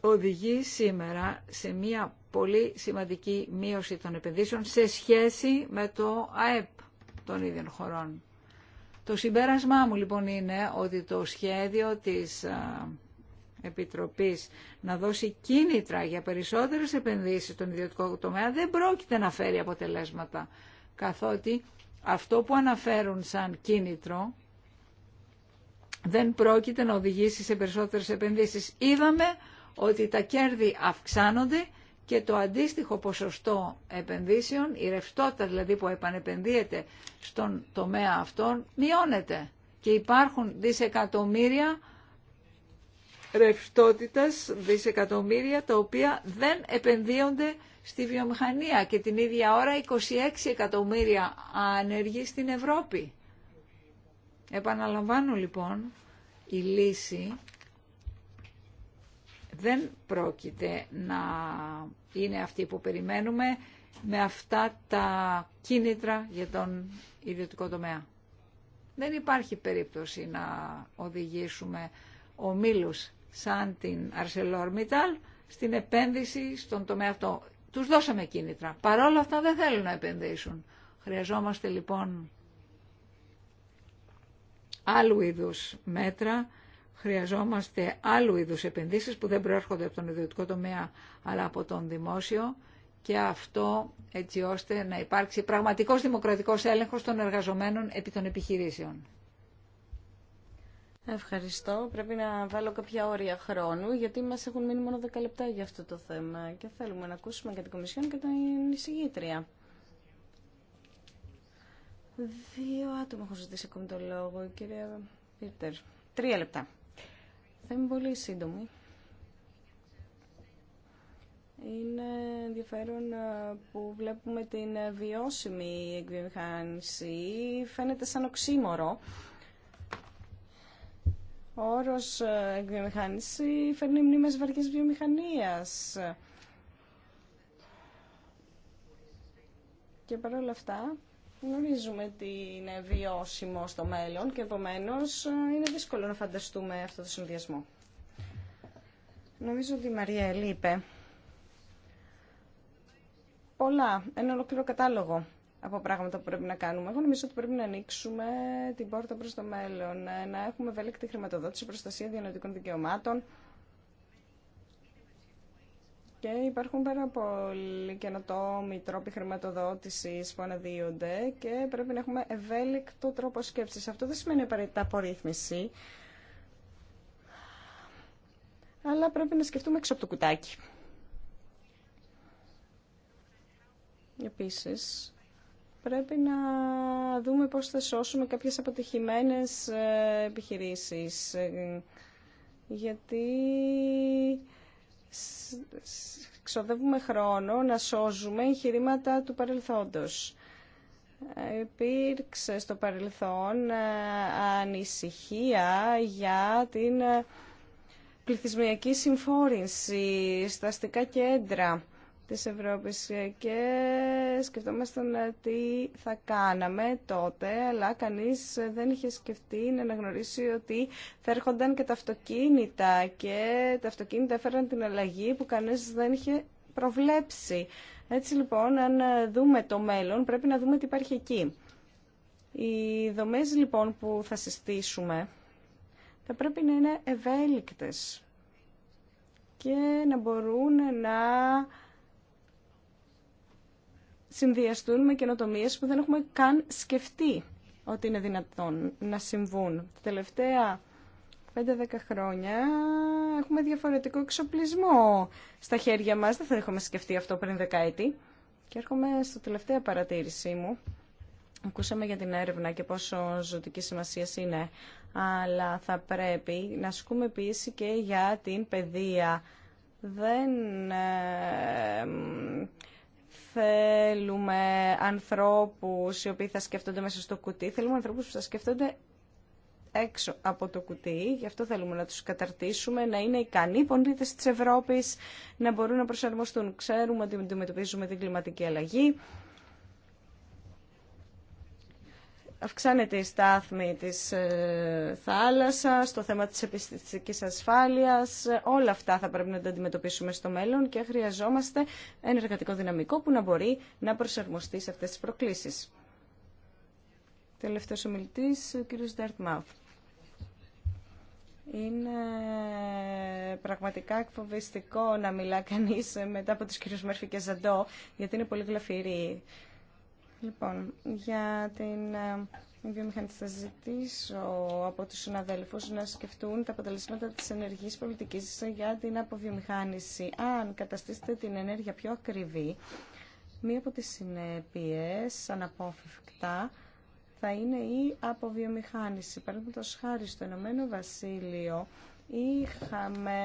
οδηγεί σήμερα σε μια πολύ σημαντική μείωση των επενδύσεων σε σχέση με το ΑΕΠ των ίδιων χωρών. Το συμπέρασμά μου λοιπόν είναι ότι το σχέδιο της Επιτροπής να δώσει κίνητρα για περισσότερες επενδύσεις στον ιδιωτικό τομέα δεν πρόκειται να φέρει αποτελέσματα, καθότι αυτό που αναφέρουν σαν κίνητρο δεν πρόκειται να οδηγήσει σε περισσότερες επενδύσεις. Είδαμε ότι τα κέρδη αυξάνονται και το αντίστοιχο ποσοστό επενδύσεων, η ρευστότητα δηλαδή που επανεπενδύεται στον τομέα αυτόν, μειώνεται. Και υπάρχουν δισεκατομμύρια ρευστότητας, δισεκατομμύρια τα οποία δεν επενδύονται στη βιομηχανία και την ίδια ώρα 26 εκατομμύρια άνεργοι στην Ευρώπη. Επαναλαμβάνω λοιπόν, η λύση δεν πρόκειται να είναι αυτή που περιμένουμε με αυτά τα κίνητρα για τον ιδιωτικό τομέα. Δεν υπάρχει περίπτωση να οδηγήσουμε ομίλους σαν την ArcelorMittal στην επένδυση στον τομέα αυτό. Τους δώσαμε κίνητρα. Παρόλα αυτά δεν θέλουν να επενδύσουν. Χρειαζόμαστε λοιπόν άλλου είδους μέτρα χρειαζόμαστε άλλου είδους επενδύσεις που δεν προέρχονται από τον ιδιωτικό τομέα αλλά από τον δημόσιο και αυτό έτσι ώστε να υπάρξει πραγματικός δημοκρατικός έλεγχος των εργαζομένων επί των επιχειρήσεων.
Ευχαριστώ. Πρέπει να βάλω κάποια όρια χρόνου, γιατί μας έχουν μείνει μόνο 10 λεπτά για αυτό το θέμα και θέλουμε να ακούσουμε και την Κομισιόν και την εισηγήτρια. Δύο άτομα έχουν ζητήσει ακόμη το λόγο, κύριε Πίτερ. Τρία λεπτά. Θα είμαι πολύ σύντομη. Είναι ενδιαφέρον ε, που βλέπουμε την ε, βιώσιμη εκβιομηχάνηση. Φαίνεται σαν οξύμορο. Ο όρος ε, εκβιομηχάνηση φέρνει μνήμες βαριές βιομηχανίας. Και παρόλα αυτά γνωρίζουμε ότι είναι βιώσιμο στο μέλλον και επομένω, ε, είναι δύσκολο να φανταστούμε αυτό το συνδυασμό. Νομίζω ότι η Μαρία Ελή είπε πολλά, ένα ολόκληρο κατάλογο από πράγματα που πρέπει να κάνουμε. Εγώ νομίζω ότι πρέπει να ανοίξουμε την πόρτα προς το μέλλον, ε, να έχουμε ευέλικτη χρηματοδότηση, προστασία διανοητικών δικαιωμάτων, και υπάρχουν πάρα πολλοί καινοτόμοι τρόποι χρηματοδότηση που αναδύονται και πρέπει να έχουμε ευέλικτο τρόπο σκέψη. Αυτό δεν σημαίνει απαραίτητα απορρίθμιση, αλλά πρέπει να σκεφτούμε έξω από το κουτάκι. Επίσης, πρέπει να δούμε πώς θα σώσουμε κάποιες αποτυχημένες ε, επιχειρήσεις. Ε, γιατί ξοδεύουμε χρόνο να σώζουμε εγχειρήματα του παρελθόντος. Υπήρξε στο παρελθόν ε, ανησυχία για την ε, πληθυσμιακή συμφόρηση στα αστικά κέντρα της Ευρώπης ε, και σκεφτόμασταν ε, τι θα κάναμε τότε, αλλά κανείς ε, δεν είχε σκεφτεί να αναγνωρίσει ότι θα έρχονταν και τα αυτοκίνητα και τα αυτοκίνητα έφεραν την αλλαγή που κανείς δεν είχε προβλέψει. Έτσι λοιπόν, αν δούμε το μέλλον, πρέπει να δούμε τι υπάρχει εκεί. Οι δομές λοιπόν που θα συστήσουμε θα πρέπει να είναι ευέλικτες και να μπορούν να συνδυαστούν με καινοτομίες που δεν έχουμε καν σκεφτεί ότι είναι δυνατόν να συμβούν. Τα τελευταία 5-10 χρόνια έχουμε διαφορετικό εξοπλισμό στα χέρια μας. Δεν θα έχουμε σκεφτεί αυτό πριν δεκαετή. Και έρχομαι στο τελευταία παρατήρησή μου. Ακούσαμε για την έρευνα και πόσο ζωτική σημασία είναι, αλλά θα πρέπει να ασκούμε επίση και για την παιδεία. Δεν ε, θέλουμε ανθρώπους οι οποίοι θα σκέφτονται μέσα στο κουτί, θέλουμε ανθρώπους που θα σκέφτονται έξω από το κουτί, γι' αυτό θέλουμε να τους καταρτήσουμε, να είναι ικανοί πολίτες της Ευρώπης, να μπορούν να προσαρμοστούν. Ξέρουμε ότι αντιμετωπίζουμε την κλιματική αλλαγή, αυξάνεται η στάθμη της ε, θάλασσας, το θέμα της επιστημικής ασφάλειας. Ε, όλα αυτά θα πρέπει να τα αντιμετωπίσουμε στο μέλλον και χρειαζόμαστε ένα εργατικό δυναμικό που να μπορεί να προσαρμοστεί σε αυτές τις προκλήσεις. Τελευταίος ομιλητής, ο κύριος Dartmouth. Είναι πραγματικά εκφοβιστικό να μιλά κανείς ε, μετά από τους κύριους Μέρφη και Ζαντό, γιατί είναι πολύ γλαφυροί Λοιπόν, για την ε, βιομηχανία θα ζητήσω από τους συναδέλφους να σκεφτούν τα αποτελέσματα της ενεργής πολιτικής για την αποβιομηχάνηση. Αν καταστήσετε την ενέργεια πιο ακριβή, μία από τις συνέπειες αναπόφευκτα θα είναι η αποβιομηχάνηση. Παραδείγματος χάρη στο Ηνωμένο Βασίλειο, είχαμε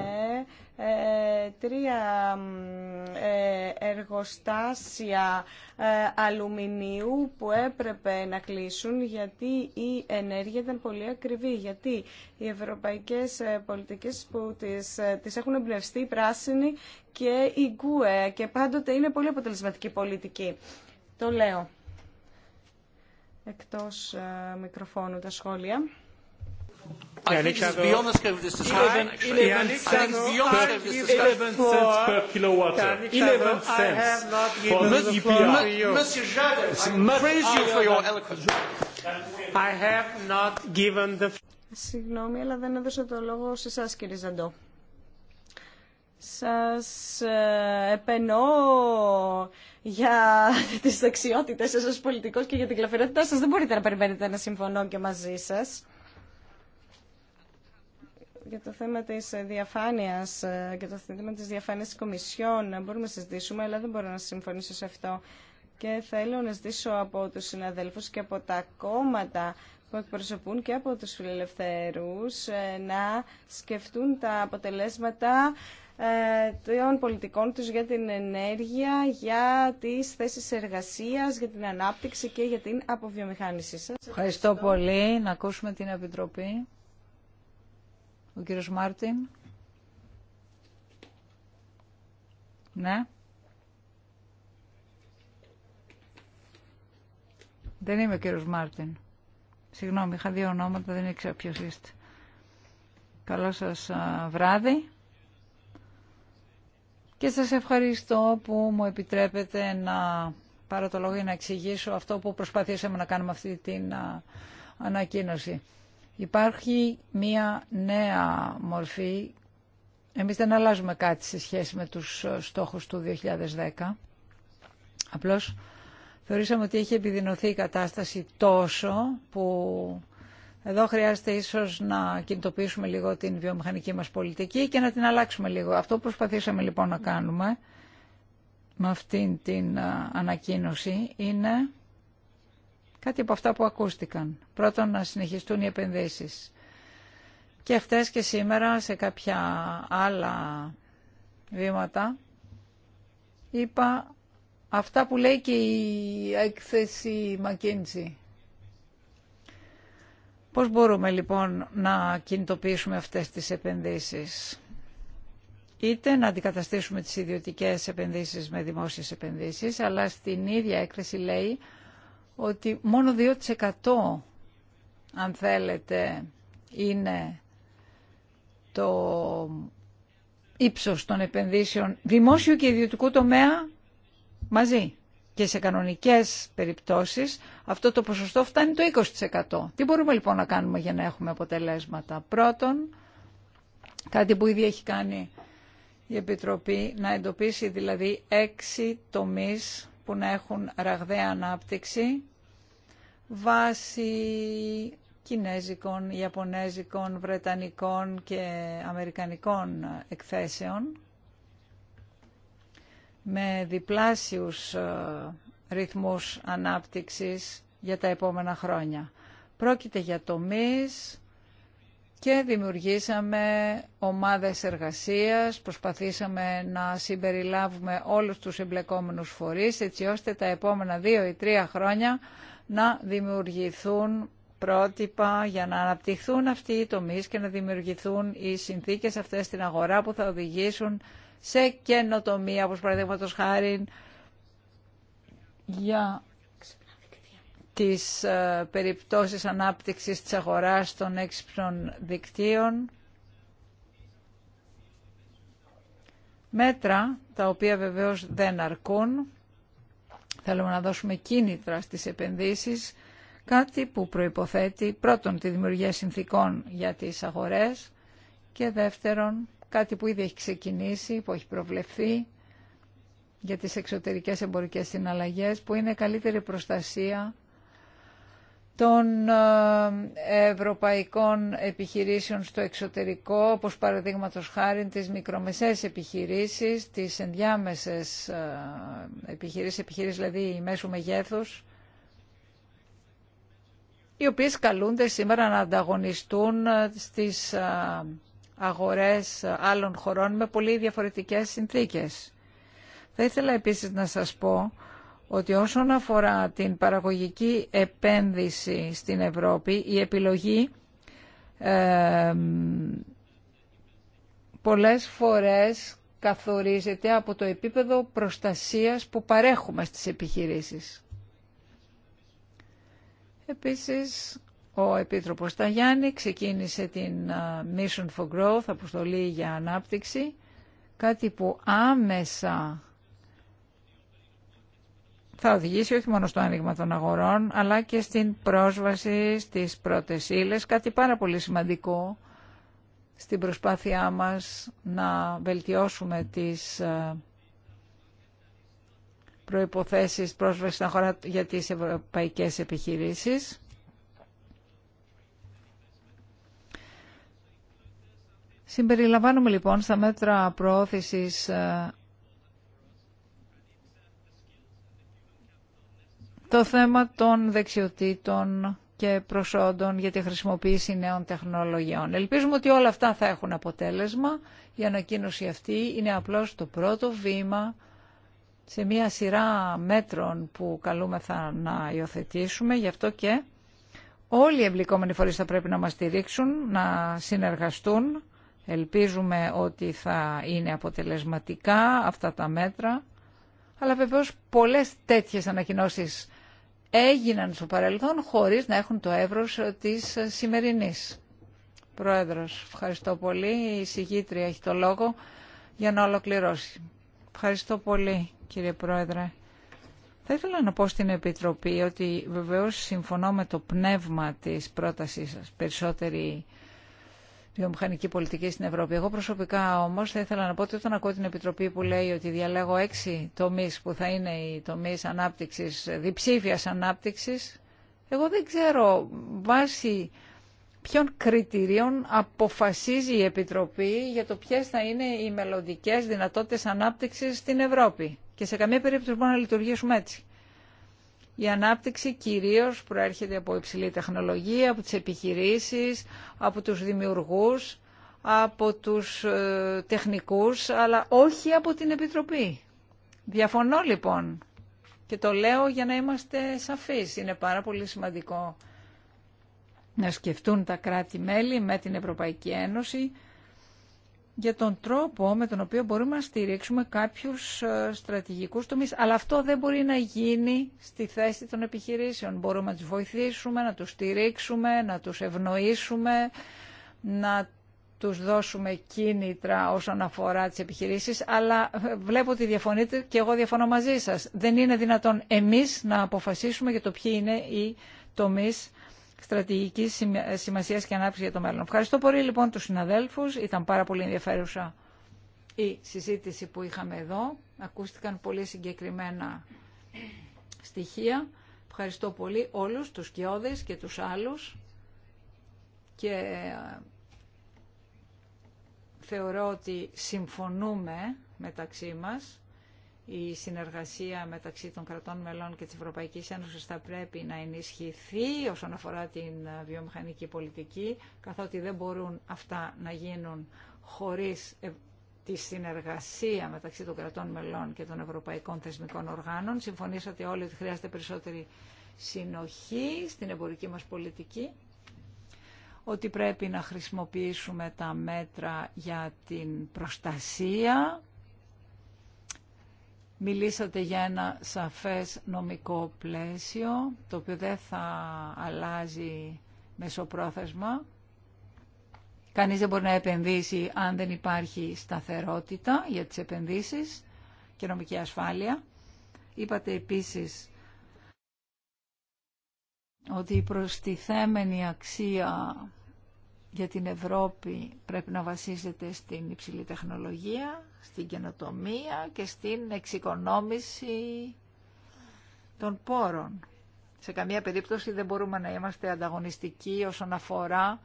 ε, τρία ε, εργοστάσια ε, αλουμινίου που έπρεπε να κλείσουν γιατί η ενέργεια ήταν πολύ ακριβή. Γιατί οι ευρωπαϊκές πολιτικές που τις, τις έχουν εμπνευστεί οι πράσινοι και η γκουε και πάντοτε είναι πολύ αποτελεσματική πολιτική. Το λέω εκτός μικροφώνου τα σχόλια. Συγγνώμη, αλλά δεν έδωσα το λόγο σε εσά, κύριε Ζαντό. Σα ε, επενώ για τι δεξιότητε, σα ω πολιτικό και για την κλαφερότητά Σα Δεν μπορείτε να περιμένετε να συμφωνώ και μαζί σα για το θέμα της διαφάνειας ε, και το θέμα της διαφάνειας της Κομισιόν μπορούμε να συζητήσουμε, αλλά δεν μπορώ να συμφωνήσω σε αυτό. Και θέλω να ζητήσω από τους συναδέλφους και από τα κόμματα που εκπροσωπούν και από τους φιλελευθέρους ε, να σκεφτούν τα αποτελέσματα ε, των πολιτικών τους για την ενέργεια, για τις θέσεις εργασίας, για την ανάπτυξη και για την αποβιομηχάνηση σας. Ευχαριστώ
πολύ. Να ακούσουμε την Επιτροπή. Ο κύριος Μάρτιν. Ναι. Δεν είμαι ο κύριος Μάρτιν. Συγγνώμη, είχα δύο ονόματα, δεν ήξερα ποιος είστε. Καλό σας βράδυ. Και σας ευχαριστώ που μου επιτρέπετε να πάρω το λόγο για να εξηγήσω αυτό που προσπαθήσαμε να κάνουμε αυτή την ανακοίνωση. Υπάρχει μία νέα μορφή. Εμείς δεν αλλάζουμε κάτι σε σχέση με τους ε, στόχους του 2010. Απλώς θεωρήσαμε ότι έχει επιδεινωθεί η κατάσταση τόσο που εδώ χρειάζεται ίσως να κινητοποιήσουμε λίγο την βιομηχανική μας πολιτική και να την αλλάξουμε λίγο. Αυτό που προσπαθήσαμε λοιπόν να κάνουμε με αυτήν την ε, ανακοίνωση είναι κάτι από αυτά που ακούστηκαν. Πρώτον, να συνεχιστούν οι επενδύσεις. Και χτες και σήμερα σε κάποια άλλα βήματα είπα αυτά που λέει και η έκθεση McKinsey. Πώς μπορούμε λοιπόν να κινητοποιήσουμε αυτές τις επενδύσεις. Είτε να αντικαταστήσουμε τις ιδιωτικές επενδύσεις με δημόσιες επενδύσεις, αλλά στην ίδια έκθεση λέει ότι μόνο 2% αν θέλετε είναι το ύψος των επενδύσεων δημόσιου και ιδιωτικού τομέα μαζί. Και σε κανονικές περιπτώσεις αυτό το ποσοστό φτάνει το 20%. Τι μπορούμε λοιπόν να κάνουμε για να έχουμε αποτελέσματα. Πρώτον, κάτι που ήδη έχει κάνει η Επιτροπή, να εντοπίσει δηλαδή έξι τομείς που να έχουν ραγδαία ανάπτυξη βάσει κινέζικων, ιαπωνέζικων, βρετανικών και αμερικανικών εκθέσεων με διπλάσιους ε, ρυθμούς ανάπτυξης για τα επόμενα χρόνια. Πρόκειται για τομείς και δημιουργήσαμε ομάδες εργασίας, προσπαθήσαμε να συμπεριλάβουμε όλους τους εμπλεκόμενους φορείς, έτσι ώστε τα επόμενα δύο ή τρία χρόνια να δημιουργηθούν πρότυπα για να αναπτυχθούν αυτοί οι τομείς και να δημιουργηθούν οι συνθήκες αυτές στην αγορά που θα οδηγήσουν σε καινοτομία, όπως παραδείγματος χάρη για τις ε, περιπτώσεις ανάπτυξης της αγοράς των έξυπνων δικτύων, μέτρα τα οποία βεβαίως δεν αρκούν. Θέλουμε να δώσουμε κίνητρα στις επενδύσεις, κάτι που προϋποθέτει πρώτον τη δημιουργία συνθήκων για τις αγορές και δεύτερον κάτι που ήδη έχει ξεκινήσει, που έχει προβλεφθεί για τις εξωτερικές εμπορικές συναλλαγές, που είναι καλύτερη προστασία των ε, ευρωπαϊκών επιχειρήσεων στο εξωτερικό, όπως παραδείγματο χάρη τις μικρομεσαίες επιχειρήσεις, τις ενδιάμεσες ε, επιχειρήσεις, επιχειρήσεις δηλαδή μέσου μεγέθους, οι οποίες καλούνται σήμερα να ανταγωνιστούν ε, στις αγορές άλλων χωρών με πολύ διαφορετικές συνθήκες. Θα ήθελα επίσης να σας πω ότι όσον αφορά την παραγωγική επένδυση στην Ευρώπη, η επιλογή ε, πολλές φορές καθορίζεται από το επίπεδο προστασίας που παρέχουμε στις επιχειρήσεις. Επίσης, ο Επίτροπος Ταγιάννη ξεκίνησε την Mission for Growth, αποστολή για ανάπτυξη, κάτι που άμεσα θα οδηγήσει όχι μόνο στο άνοιγμα των αγορών, αλλά και στην πρόσβαση στις πρώτες ύλες, κάτι πάρα πολύ σημαντικό στην προσπάθειά μας να βελτιώσουμε τις ε, προϋποθέσεις πρόσβασης στην αγορά για τις ευρωπαϊκές επιχειρήσεις. Συμπεριλαμβάνουμε λοιπόν στα μέτρα προώθησης ε, το θέμα των δεξιοτήτων και προσόντων για τη χρησιμοποίηση νέων τεχνολογιών. Ελπίζουμε ότι όλα αυτά θα έχουν αποτέλεσμα. Η ανακοίνωση αυτή είναι απλώς το πρώτο βήμα σε μία σειρά μέτρων που καλούμεθα να υιοθετήσουμε. Γι' αυτό και όλοι οι εμπλικόμενοι φορείς θα πρέπει να μας στηρίξουν, να συνεργαστούν. Ελπίζουμε ότι θα είναι αποτελεσματικά αυτά τα μέτρα. Αλλά βεβαίως πολλές τέτοιες ανακοινώσεις έγιναν στο παρελθόν χωρίς να έχουν το έβρος της σημερινής. Πρόεδρος, ευχαριστώ πολύ. Η συγγήτρια έχει το λόγο για να ολοκληρώσει. Ευχαριστώ πολύ, κύριε Πρόεδρε. Θα ήθελα να πω στην Επιτροπή ότι βεβαίως συμφωνώ με το πνεύμα της πρότασής σας. Περισσότερη βιομηχανική πολιτική στην Ευρώπη. Εγώ προσωπικά όμως θα ήθελα να πω ότι όταν ακούω την Επιτροπή που λέει ότι διαλέγω έξι τομεί που θα είναι οι τομείς ανάπτυξης, διψήφιας ανάπτυξης, εγώ δεν ξέρω βάσει ποιων κριτηρίων αποφασίζει η Επιτροπή για το ποιε θα είναι οι μελλοντικέ δυνατότητε ανάπτυξη στην Ευρώπη. Και σε καμία περίπτωση μπορούμε να λειτουργήσουμε έτσι. Η ανάπτυξη κυρίως προέρχεται από υψηλή τεχνολογία, από τις επιχειρήσεις, από τους δημιουργούς, από τους ε, τεχνικούς, αλλά όχι από την Επιτροπή. Διαφωνώ λοιπόν και το λέω για να είμαστε σαφείς. Είναι πάρα πολύ σημαντικό να σκεφτούν τα κράτη-μέλη με την Ευρωπαϊκή Ένωση για τον τρόπο με τον οποίο μπορούμε να στηρίξουμε κάποιους ε, στρατηγικούς τομείς. Αλλά αυτό δεν μπορεί να γίνει στη θέση των επιχειρήσεων. Μπορούμε να τους βοηθήσουμε, να τους στηρίξουμε, να τους ευνοήσουμε, να τους δώσουμε κίνητρα όσον αφορά τις επιχειρήσεις, αλλά ε, βλέπω ότι διαφωνείτε και εγώ διαφωνώ μαζί σας. Δεν είναι δυνατόν εμείς να αποφασίσουμε για το ποιοι είναι οι τομείς στρατηγική σημασία και ανάπτυξη για το μέλλον. Ευχαριστώ πολύ λοιπόν του συναδέλφου. Ήταν πάρα πολύ ενδιαφέρουσα η συζήτηση που είχαμε εδώ. Ακούστηκαν πολύ συγκεκριμένα στοιχεία. Ευχαριστώ πολύ όλους τους Κιώδες και τους άλλους και ε, θεωρώ ότι συμφωνούμε μεταξύ μας η συνεργασία μεταξύ των κρατών μελών και της Ευρωπαϊκής Ένωσης θα πρέπει να ενισχυθεί όσον αφορά την ε, βιομηχανική πολιτική, καθότι δεν μπορούν αυτά να γίνουν χωρίς ε, τη συνεργασία μεταξύ των κρατών μελών και των ευρωπαϊκών θεσμικών οργάνων. Συμφωνήσατε όλοι ότι χρειάζεται περισσότερη συνοχή στην εμπορική μας πολιτική, ότι πρέπει να χρησιμοποιήσουμε τα μέτρα για την προστασία Μιλήσατε για ένα σαφές νομικό πλαίσιο, το οποίο δεν θα αλλάζει μεσοπρόθεσμα. Κανείς δεν μπορεί να επενδύσει αν δεν υπάρχει σταθερότητα για τις επενδύσεις και νομική ασφάλεια. Είπατε επίσης ότι η προστιθέμενη αξία για την Ευρώπη πρέπει να βασίζεται στην υψηλή τεχνολογία, στην καινοτομία και στην εξοικονόμηση των πόρων. Σε καμία περίπτωση δεν μπορούμε να είμαστε ανταγωνιστικοί όσον αφορά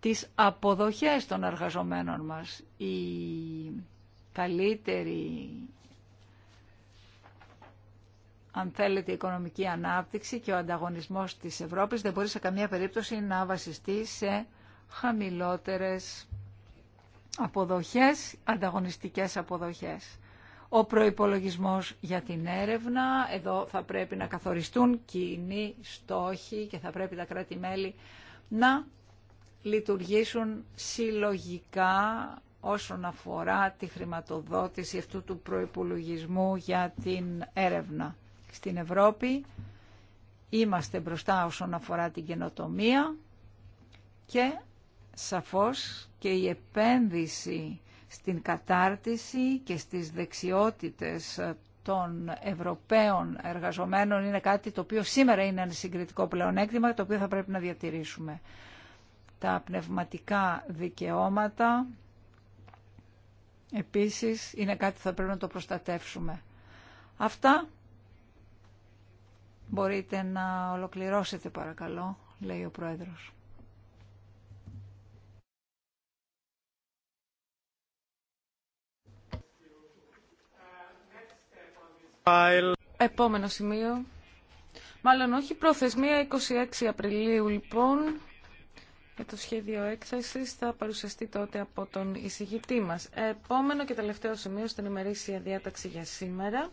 τις αποδοχές των εργαζομένων μας. Η καλύτερη αν θέλετε, η οικονομική ανάπτυξη και ο ανταγωνισμός της Ευρώπης δεν μπορεί σε καμία περίπτωση να βασιστεί σε χαμηλότερες αποδοχές, ανταγωνιστικές αποδοχές. Ο προϋπολογισμός για την έρευνα, εδώ θα πρέπει να καθοριστούν κοινοί στόχοι και θα πρέπει τα κράτη-μέλη να λειτουργήσουν συλλογικά όσον αφορά τη χρηματοδότηση αυτού του προϋπολογισμού για την έρευνα στην Ευρώπη. Είμαστε μπροστά όσον αφορά την καινοτομία και σαφώς και η επένδυση στην κατάρτιση και στις δεξιότητες των Ευρωπαίων εργαζομένων είναι κάτι το οποίο σήμερα είναι ένα συγκριτικό πλεονέκτημα το οποίο θα πρέπει να διατηρήσουμε. Τα πνευματικά δικαιώματα επίσης είναι κάτι που θα πρέπει να το προστατεύσουμε. Αυτά Μπορείτε να ολοκληρώσετε παρακαλώ, λέει ο Πρόεδρος.
Επόμενο σημείο. Μάλλον όχι, προθεσμία 26 Απριλίου λοιπόν. Για το σχέδιο έκθεσης θα παρουσιαστεί τότε από τον εισηγητή μας. Επόμενο και τελευταίο σημείο στην ημερήσια διάταξη για σήμερα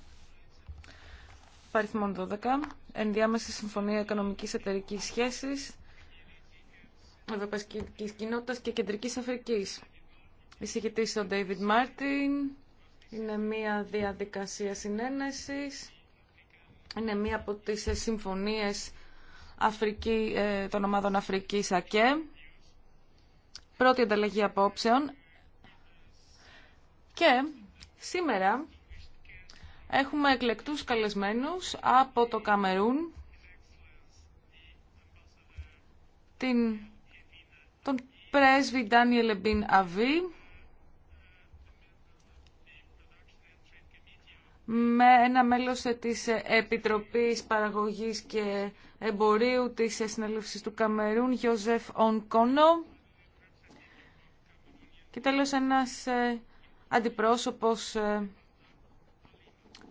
παριθμών 12, ενδιάμεση συμφωνία οικονομικής εταιρικής σχέση, Ευρωπαϊκή Κοινότητα και Κεντρικής Αφρικής. Εισηγητής ο Ντέιβιντ Μάρτιν, είναι μία διαδικασία συνένεση, είναι μία από τι συμφωνίε Αφρική, ε, των ομάδων Αφρικής ΑΚΕ. Πρώτη ανταλλαγή απόψεων. Και σήμερα Έχουμε εκλεκτούς καλεσμένους από το Καμερούν, την, τον πρέσβη Ντάνιελ Εμπίν Αβί, με ένα μέλος της Επιτροπής Παραγωγής και Εμπορίου της Συνέλευσης του Καμερούν, Γιώζεφ Ονκόνο, και τέλος ένας ε, αντιπρόσωπος ε,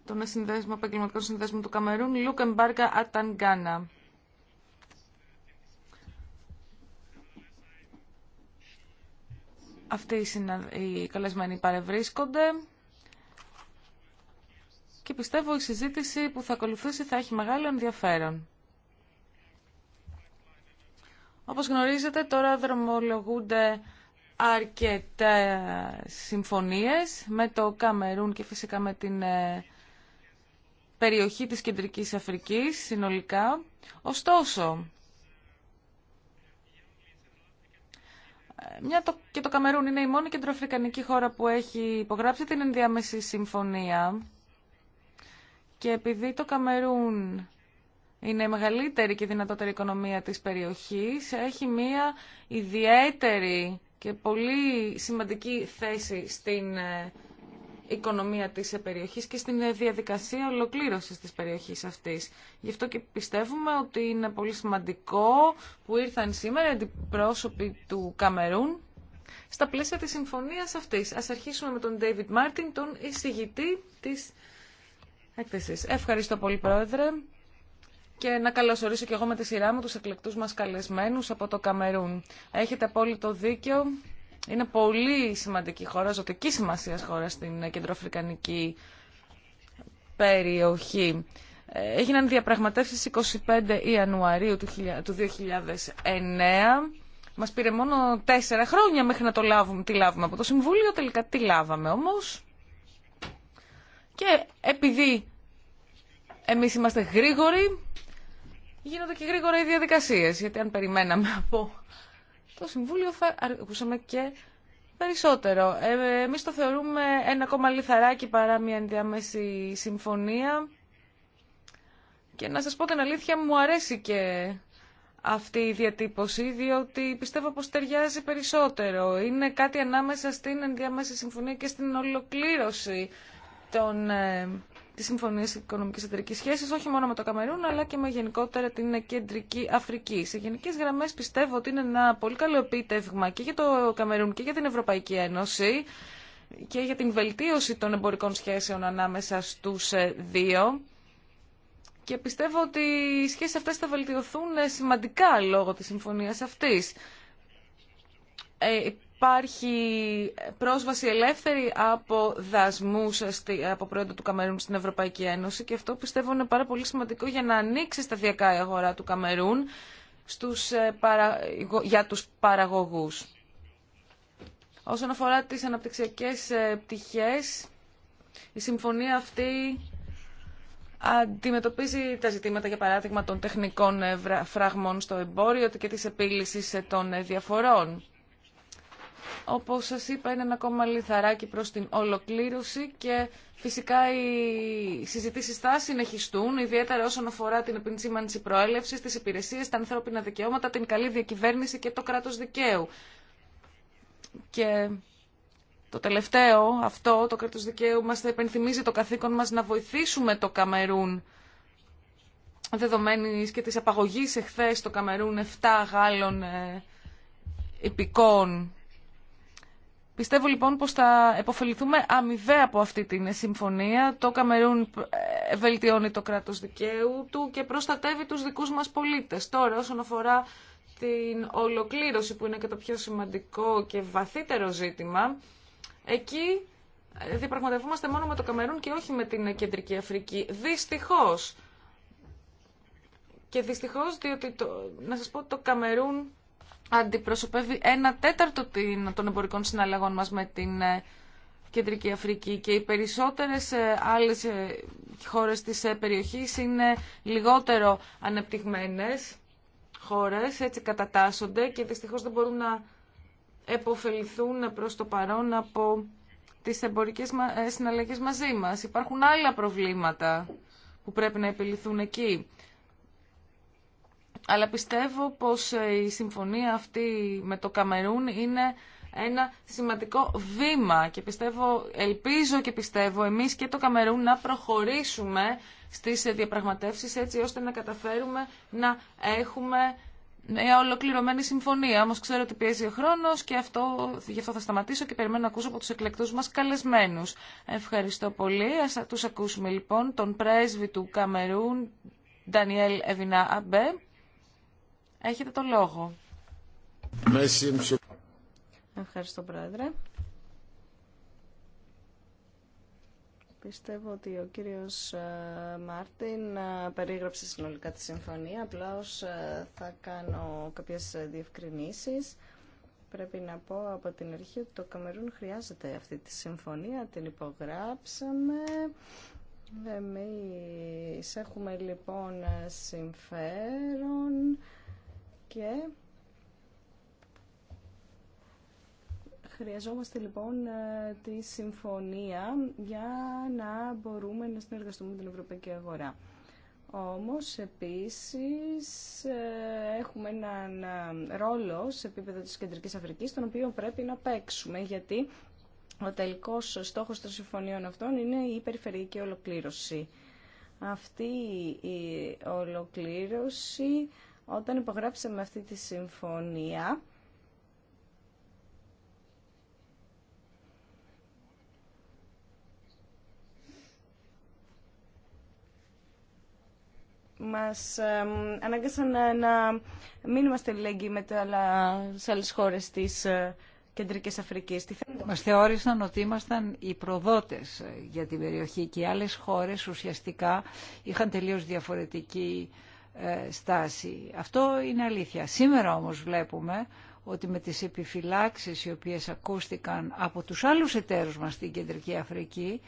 τον συνδέσμων, επαγγελματικών συνδέσμων του Καμερούν, Εμπάρκα Ατανγκάνα. Αυτοί οι καλεσμένοι παρευρίσκονται και πιστεύω η συζήτηση που θα ακολουθήσει θα έχει μεγάλο ενδιαφέρον. Όπως γνωρίζετε τώρα δρομολογούνται αρκετές συμφωνίες με το Καμερούν και φυσικά με την ε, περιοχή της Κεντρικής Αφρικής συνολικά. Ωστόσο, μια το, και το Καμερούν είναι η μόνη κεντροαφρικανική χώρα που έχει υπογράψει την ενδιάμεση συμφωνία και επειδή το Καμερούν είναι η μεγαλύτερη και δυνατότερη οικονομία της περιοχής, έχει μια ιδιαίτερη και πολύ σημαντική θέση στην ε, οικονομία της περιοχής και στην ε, διαδικασία ολοκλήρωσης της περιοχής αυτής. Γι' αυτό και πιστεύουμε ότι είναι πολύ σημαντικό που ήρθαν σήμερα αντιπρόσωποι του Καμερούν στα πλαίσια της συμφωνίας αυτής. Ας αρχίσουμε με τον David Μάρτιν, τον εισηγητή της έκθεσης. Ευχαριστώ πολύ Πρόεδρε και να καλωσορίσω και εγώ με τη σειρά μου τους εκλεκτούς μας καλεσμένους από το Καμερούν. Έχετε απόλυτο δίκιο είναι πολύ σημαντική χώρα, ζωτική σημασία χώρα στην κεντροαφρικανική περιοχή. Ε, έγιναν διαπραγματεύσεις 25 Ιανουαρίου του 2009. Μας πήρε μόνο τέσσερα χρόνια μέχρι να το λάβουμε. Τι λάβουμε από το Συμβούλιο, τελικά τι λάβαμε όμως. Και επειδή εμείς είμαστε γρήγοροι, γίνονται και γρήγορα οι διαδικασίες. Γιατί αν περιμέναμε από το Συμβούλιο θα ακούσαμε και περισσότερο. Ε, εμείς το θεωρούμε ένα ακόμα λιθαράκι παρά μια ενδιάμεση συμφωνία. Και να σας πω την αλήθεια, μου αρέσει και αυτή η διατύπωση, διότι πιστεύω πως ταιριάζει περισσότερο. Είναι κάτι ανάμεσα στην ενδιάμεση συμφωνία και στην ολοκλήρωση των ε, τη Συμφωνία Οικονομική Εταιρική Σχέση, όχι μόνο με το Καμερούν, αλλά και με γενικότερα την Κεντρική Αφρική. Σε γενικέ γραμμέ πιστεύω ότι είναι ένα πολύ καλό επίτευγμα και για το Καμερούν και για την Ευρωπαϊκή Ένωση και για την βελτίωση των εμπορικών σχέσεων ανάμεσα στους ε, δύο. Και πιστεύω ότι οι σχέσεις αυτές θα βελτιωθούν ε, σημαντικά λόγω της συμφωνίας αυτής. Ε, υπάρχει πρόσβαση ελεύθερη από δασμούς από προϊόντα του Καμερούν στην Ευρωπαϊκή Ένωση και αυτό πιστεύω είναι πάρα πολύ σημαντικό για να ανοίξει σταδιακά η αγορά του Καμερούν στους, ε, για τους παραγωγούς. Όσον αφορά τις αναπτυξιακές ε, πτυχές, η συμφωνία αυτή αντιμετωπίζει τα ζητήματα, για παράδειγμα, των τεχνικών ε, φραγμών στο εμπόριο και της επίλυσης των διαφορών όπως σας είπα, είναι ένα ακόμα λιθαράκι προς την ολοκλήρωση και φυσικά οι συζητήσεις θα συνεχιστούν, ιδιαίτερα όσον αφορά την επισήμανση προέλευσης, τις υπηρεσίες, τα ανθρώπινα δικαιώματα, την καλή διακυβέρνηση και το κράτος δικαίου. Και το τελευταίο αυτό, το κράτος δικαίου, μας θα υπενθυμίζει το καθήκον μας να βοηθήσουμε το Καμερούν δεδομένης και της απαγωγής εχθές στο Καμερούν 7 Γάλλων ε, υπηκών Πιστεύω λοιπόν πως θα επωφεληθούμε αμοιβαία από αυτή την συμφωνία. Το Καμερούν ε, βελτιώνει το κράτος δικαίου του και προστατεύει τους δικούς μας πολίτες. Τώρα όσον αφορά την ολοκλήρωση που είναι και το πιο σημαντικό και βαθύτερο ζήτημα, εκεί ε, διαπραγματευόμαστε μόνο με το Καμερούν και όχι με την Κεντρική Αφρική. Δυστυχώς. Και δυστυχώς διότι το, να σας πω το Καμερούν αντιπροσωπεύει ένα τέταρτο των εμπορικών συναλλαγών μας με την ε, Κεντρική Αφρική και οι περισσότερες ε, άλλες ε, χώρες της περιοχής είναι λιγότερο ανεπτυγμένες χώρες, έτσι κατατάσσονται και δυστυχώς δεν μπορούν να επωφεληθούν προς το παρόν από τις εμπορικές συναλλαγές μαζί μας. Υπάρχουν άλλα προβλήματα που πρέπει να επιληθούν εκεί. Αλλά πιστεύω πως ε, η συμφωνία αυτή με το Καμερούν είναι ένα σημαντικό βήμα και πιστεύω, ελπίζω και πιστεύω εμείς και το Καμερούν να προχωρήσουμε στις διαπραγματεύσεις έτσι ώστε να καταφέρουμε να έχουμε μια ολοκληρωμένη συμφωνία. Όμως ξέρω ότι πιέζει ο χρόνος και αυτό, γι' αυτό θα σταματήσω και περιμένω να ακούσω από τους εκλεκτούς μας καλεσμένους. Ευχαριστώ πολύ. Ας τους ακούσουμε λοιπόν τον πρέσβη του Καμερούν, Ντανιέλ Εβινά Αμπέ
Έχετε το λόγο. Ευχαριστώ, Πρόεδρε. Πιστεύω ότι ο κύριος ε, Μάρτιν ε, περίγραψε συνολικά τη συμφωνία. Απλά ε, θα κάνω κάποιες διευκρινήσεις. Πρέπει να πω από την αρχή ότι το Καμερούν χρειάζεται αυτή τη συμφωνία. Την υπογράψαμε. Εμείς έχουμε λοιπόν συμφέρον και Χρειαζόμαστε λοιπόν ε, τη συμφωνία για να μπορούμε να συνεργαστούμε με την ευρωπαϊκή αγορά. Όμως, επίσης, ε, έχουμε έναν ε, ρόλο σε επίπεδο της Κεντρικής Αφρικής, τον οποίο πρέπει να παίξουμε, γιατί ο τελικός στόχος των συμφωνίων αυτών είναι η περιφερειακή ολοκλήρωση. Αυτή η ολοκλήρωση όταν υπογράψαμε αυτή τη συμφωνία, μας αναγκάσαν να μην είμαστε λέγγυοι με τα σε άλλες χώρες της ε, Κεντρικής Αφρικής.
Μας θεώρησαν ότι ήμασταν οι προδότες ε, για την περιοχή και οι άλλες χώρες ουσιαστικά είχαν τελείως διαφορετική ε, στάση. Αυτό είναι αλήθεια. Σήμερα όμως βλέπουμε ότι με τις επιφυλάξεις οι οποίες ακούστηκαν από τους άλλους εταίρους μας στην Κεντρική Αφρική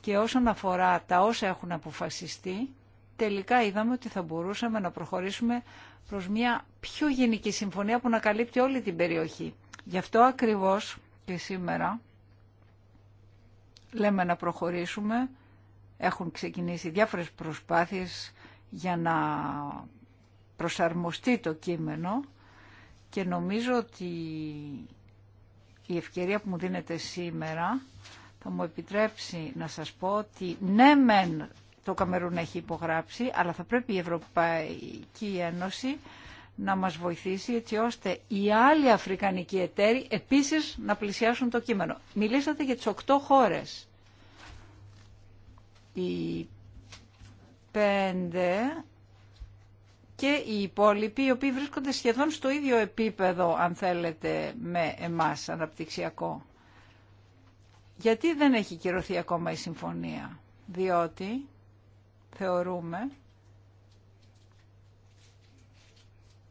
και όσον αφορά τα όσα έχουν αποφασιστεί, τελικά είδαμε ότι θα μπορούσαμε να προχωρήσουμε προς μια πιο γενική συμφωνία που να καλύπτει όλη την περιοχή. Γι' αυτό ακριβώς και σήμερα λέμε να προχωρήσουμε. Έχουν ξεκινήσει διάφορες προσπάθειες για να προσαρμοστεί το κείμενο και νομίζω ότι η ευκαιρία που μου δίνεται σήμερα θα μου επιτρέψει να σας πω ότι ναι μεν το Καμερούν έχει υπογράψει, αλλά θα πρέπει η Ευρωπαϊκή Ένωση να μας βοηθήσει έτσι ώστε οι άλλοι αφρικανικοί εταίροι επίσης να πλησιάσουν το κείμενο. Μιλήσατε για τις οκτώ χώρες και οι υπόλοιποι, οι οποίοι βρίσκονται σχεδόν στο ίδιο επίπεδο, αν θέλετε, με εμάς αναπτυξιακό. Γιατί δεν έχει κυρωθεί ακόμα η συμφωνία. Διότι θεωρούμε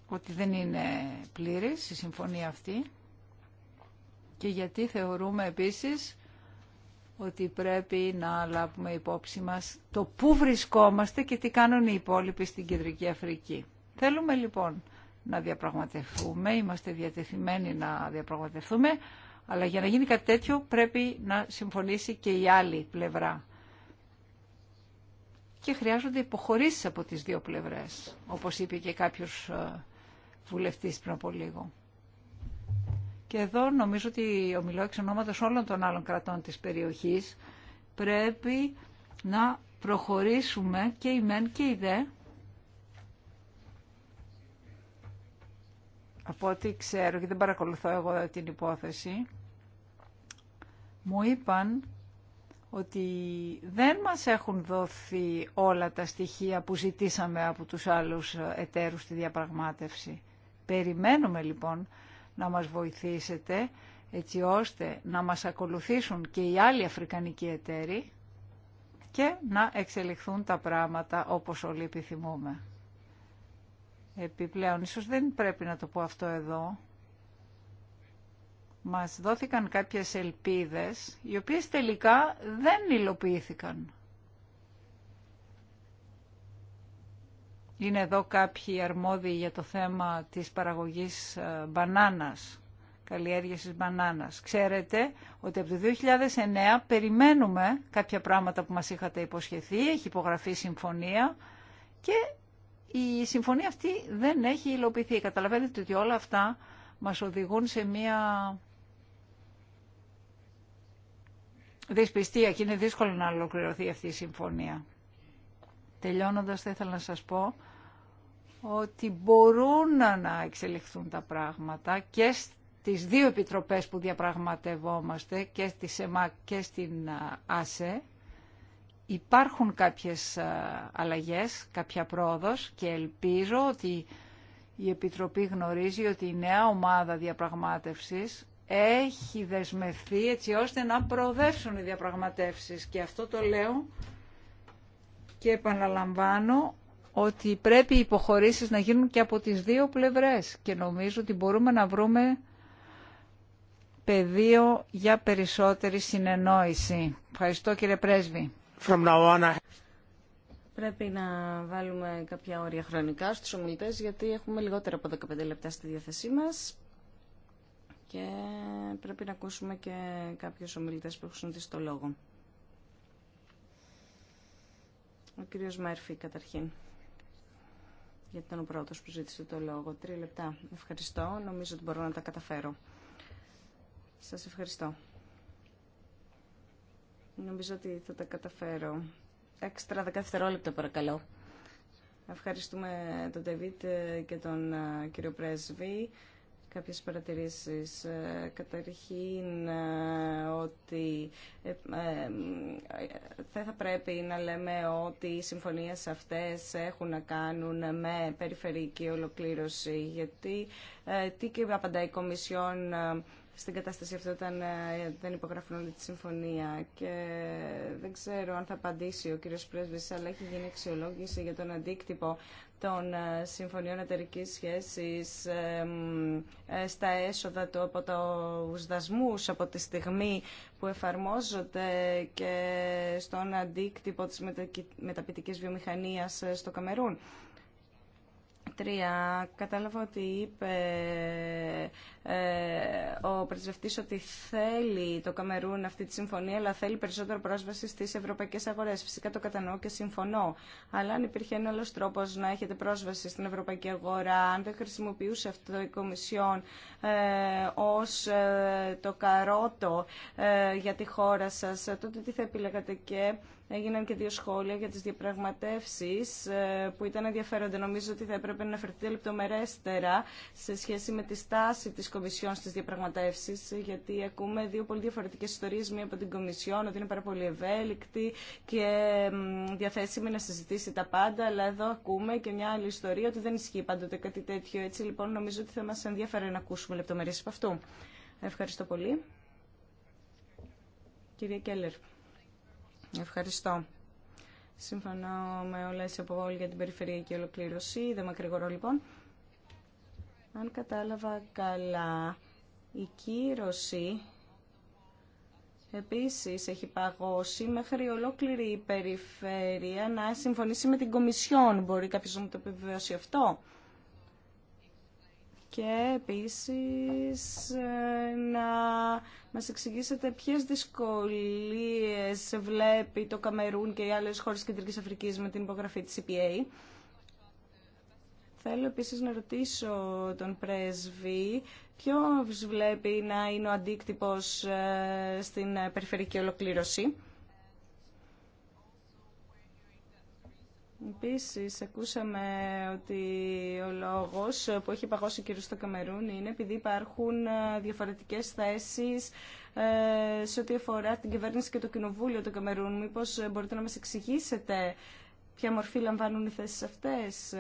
ότι δεν είναι πλήρης η συμφωνία αυτή και γιατί θεωρούμε επίσης ότι πρέπει να λάβουμε υπόψη μας το πού βρισκόμαστε και τι κάνουν οι υπόλοιποι στην Κεντρική Αφρική. Θέλουμε λοιπόν να διαπραγματευτούμε, είμαστε διατεθειμένοι να διαπραγματευτούμε, αλλά για να γίνει κάτι τέτοιο πρέπει να συμφωνήσει και η άλλη πλευρά. Και χρειάζονται υποχωρήσεις από τις δύο πλευρές, όπως είπε και κάποιος ε, βουλευτής πριν από λίγο και εδώ νομίζω ότι ομιλώ εξ ονόματος όλων των άλλων κρατών της περιοχής, πρέπει να προχωρήσουμε και η μεν και η δε. Από ό,τι ξέρω και δεν παρακολουθώ εγώ την υπόθεση, μου είπαν ότι δεν μας έχουν δοθεί όλα τα στοιχεία που ζητήσαμε από τους άλλους εταίρους στη διαπραγμάτευση. Περιμένουμε λοιπόν να μας βοηθήσετε έτσι ώστε να μας ακολουθήσουν και οι άλλοι αφρικανικοί εταίροι και να εξελιχθούν τα πράγματα όπως όλοι επιθυμούμε. Επιπλέον, ίσως δεν πρέπει να το πω αυτό εδώ, μας δόθηκαν κάποιες ελπίδες, οι οποίες τελικά δεν υλοποιήθηκαν. Είναι εδώ κάποιοι αρμόδιοι για το θέμα της παραγωγής ε, μπανάνας, καλλιέργειας μπανάνας. Ξέρετε ότι από το 2009 περιμένουμε κάποια πράγματα που μας είχατε υποσχεθεί, έχει υπογραφεί συμφωνία και η συμφωνία αυτή δεν έχει υλοποιηθεί. Καταλαβαίνετε ότι όλα αυτά μας οδηγούν σε μια δυσπιστία και είναι δύσκολο να ολοκληρωθεί αυτή η συμφωνία. Τελειώνοντας θα ήθελα να σας πω ότι μπορούν να εξελιχθούν τα πράγματα και στις δύο επιτροπές που διαπραγματευόμαστε και στη ΣΕΜΑ και στην ΑΣΕ υπάρχουν κάποιες αλλαγές, κάποια πρόοδος και ελπίζω ότι η Επιτροπή γνωρίζει ότι η νέα ομάδα διαπραγμάτευσης έχει δεσμευθεί έτσι ώστε να προοδεύσουν οι διαπραγματεύσεις και αυτό το λέω και επαναλαμβάνω ότι πρέπει οι υποχωρήσεις να γίνουν και από τις δύο πλευρές και νομίζω ότι μπορούμε να βρούμε πεδίο για περισσότερη συνεννόηση. Ευχαριστώ κύριε Πρέσβη.
Πρέπει να βάλουμε κάποια όρια χρονικά στους ομιλητές γιατί έχουμε λιγότερα από 15 λεπτά στη διάθεσή μας και πρέπει να ακούσουμε και κάποιους ομιλητές που έχουν δει στο λόγο. Ο κύριος Μέρφυ καταρχήν γιατί ήταν ο πρώτος που ζήτησε το λόγο. Τρία λεπτά. Ευχαριστώ. Νομίζω ότι μπορώ να τα καταφέρω. Σας ευχαριστώ. Νομίζω ότι θα τα καταφέρω. Έξτρα 10 παρακαλώ. Ευχαριστούμε τον Ντεβίτ και τον ε, κύριο Πρέσβη κάποιες παρατηρήσεις. Ε, καταρχήν ε, ότι δεν ε, θα πρέπει να λέμε ότι οι συμφωνίες αυτές έχουν να κάνουν με περιφερειακή ολοκλήρωση γιατί τι και απαντάει η Κομισιόν στην κατάσταση αυτή όταν ε, δεν υπογράφουν τη συμφωνία και δεν ξέρω αν θα απαντήσει ο κύριος Πρέσβη, αλλά έχει γίνει αξιολόγηση για τον αντίκτυπο των ε, συμφωνιών εταιρικής σχέση ε, στα έσοδα του από του δασμού, από τη στιγμή που εφαρμόζονται και στον αντίκτυπο της μεταπητική βιομηχανίας στο Καμερούν. Τρία, κατάλαβα ότι είπε ε, ο πρεσβευτή ότι θέλει το Καμερούν αυτή τη συμφωνία, αλλά θέλει περισσότερο πρόσβαση στι ευρωπαϊκέ αγορέ, Φυσικά το κατανοώ και συμφωνώ. Αλλά αν υπήρχε ένα άλλο τρόπο να έχετε πρόσβαση στην ευρωπαϊκή αγορά, αν δεν χρησιμοποιούσε αυτό η Κομισιόν ε, ως ε, το καρότο ε, για τη χώρα σα, τότε τι θα επιλέγατε και έγιναν και δύο σχόλια για τις διαπραγματεύσεις ε, που ήταν ενδιαφέροντα. Νομίζω ότι θα έπρεπε να φερθείτε λεπτομερέστερα σε σχέση με τη στάση της Κομισιόν στι διαπραγματεύσει, γιατί ακούμε δύο πολύ διαφορετικέ ιστορίε. Μία από την Κομισιόν, ότι είναι πάρα πολύ ευέλικτη και διαθέσιμη να συζητήσει τα πάντα, αλλά εδώ ακούμε και μια άλλη ιστορία ότι δεν ισχύει πάντοτε κάτι τέτοιο. Έτσι λοιπόν νομίζω ότι θα μα ενδιαφέρει να ακούσουμε λεπτομέρειε από αυτού. Ευχαριστώ πολύ. Κυρία Κέλλερ. Ευχαριστώ. Συμφωνώ με όλα από όλοι για την περιφερειακή ολοκλήρωση. Δεν μακρηγορώ λοιπόν. Αν κατάλαβα καλά, η κύρωση επίσης έχει παγώσει μέχρι ολόκληρη η περιφέρεια να συμφωνήσει με την Κομισιόν. Μπορεί κάποιος να το επιβεβαιώσει αυτό. Και επίσης ε, να μας εξηγήσετε ποιες δυσκολίες βλέπει το Καμερούν και οι άλλες χώρες Κεντρικής Αφρικής με την υπογραφή της EPA. Θέλω επίσης να ρωτήσω τον πρέσβη ποιος βλέπει να είναι ο αντίκτυπος ε, στην ε, περιφερική ολοκλήρωση. Επίση, ακούσαμε ότι ο λόγος που έχει παγώσει ο κ. στο Καμερούν είναι επειδή υπάρχουν ε, διαφορετικές θέσεις σε ό,τι αφορά την κυβέρνηση και το κοινοβούλιο του Καμερούν. Μήπως μπορείτε να μας εξηγήσετε ποια μορφή λαμβάνουν οι θέσεις αυτές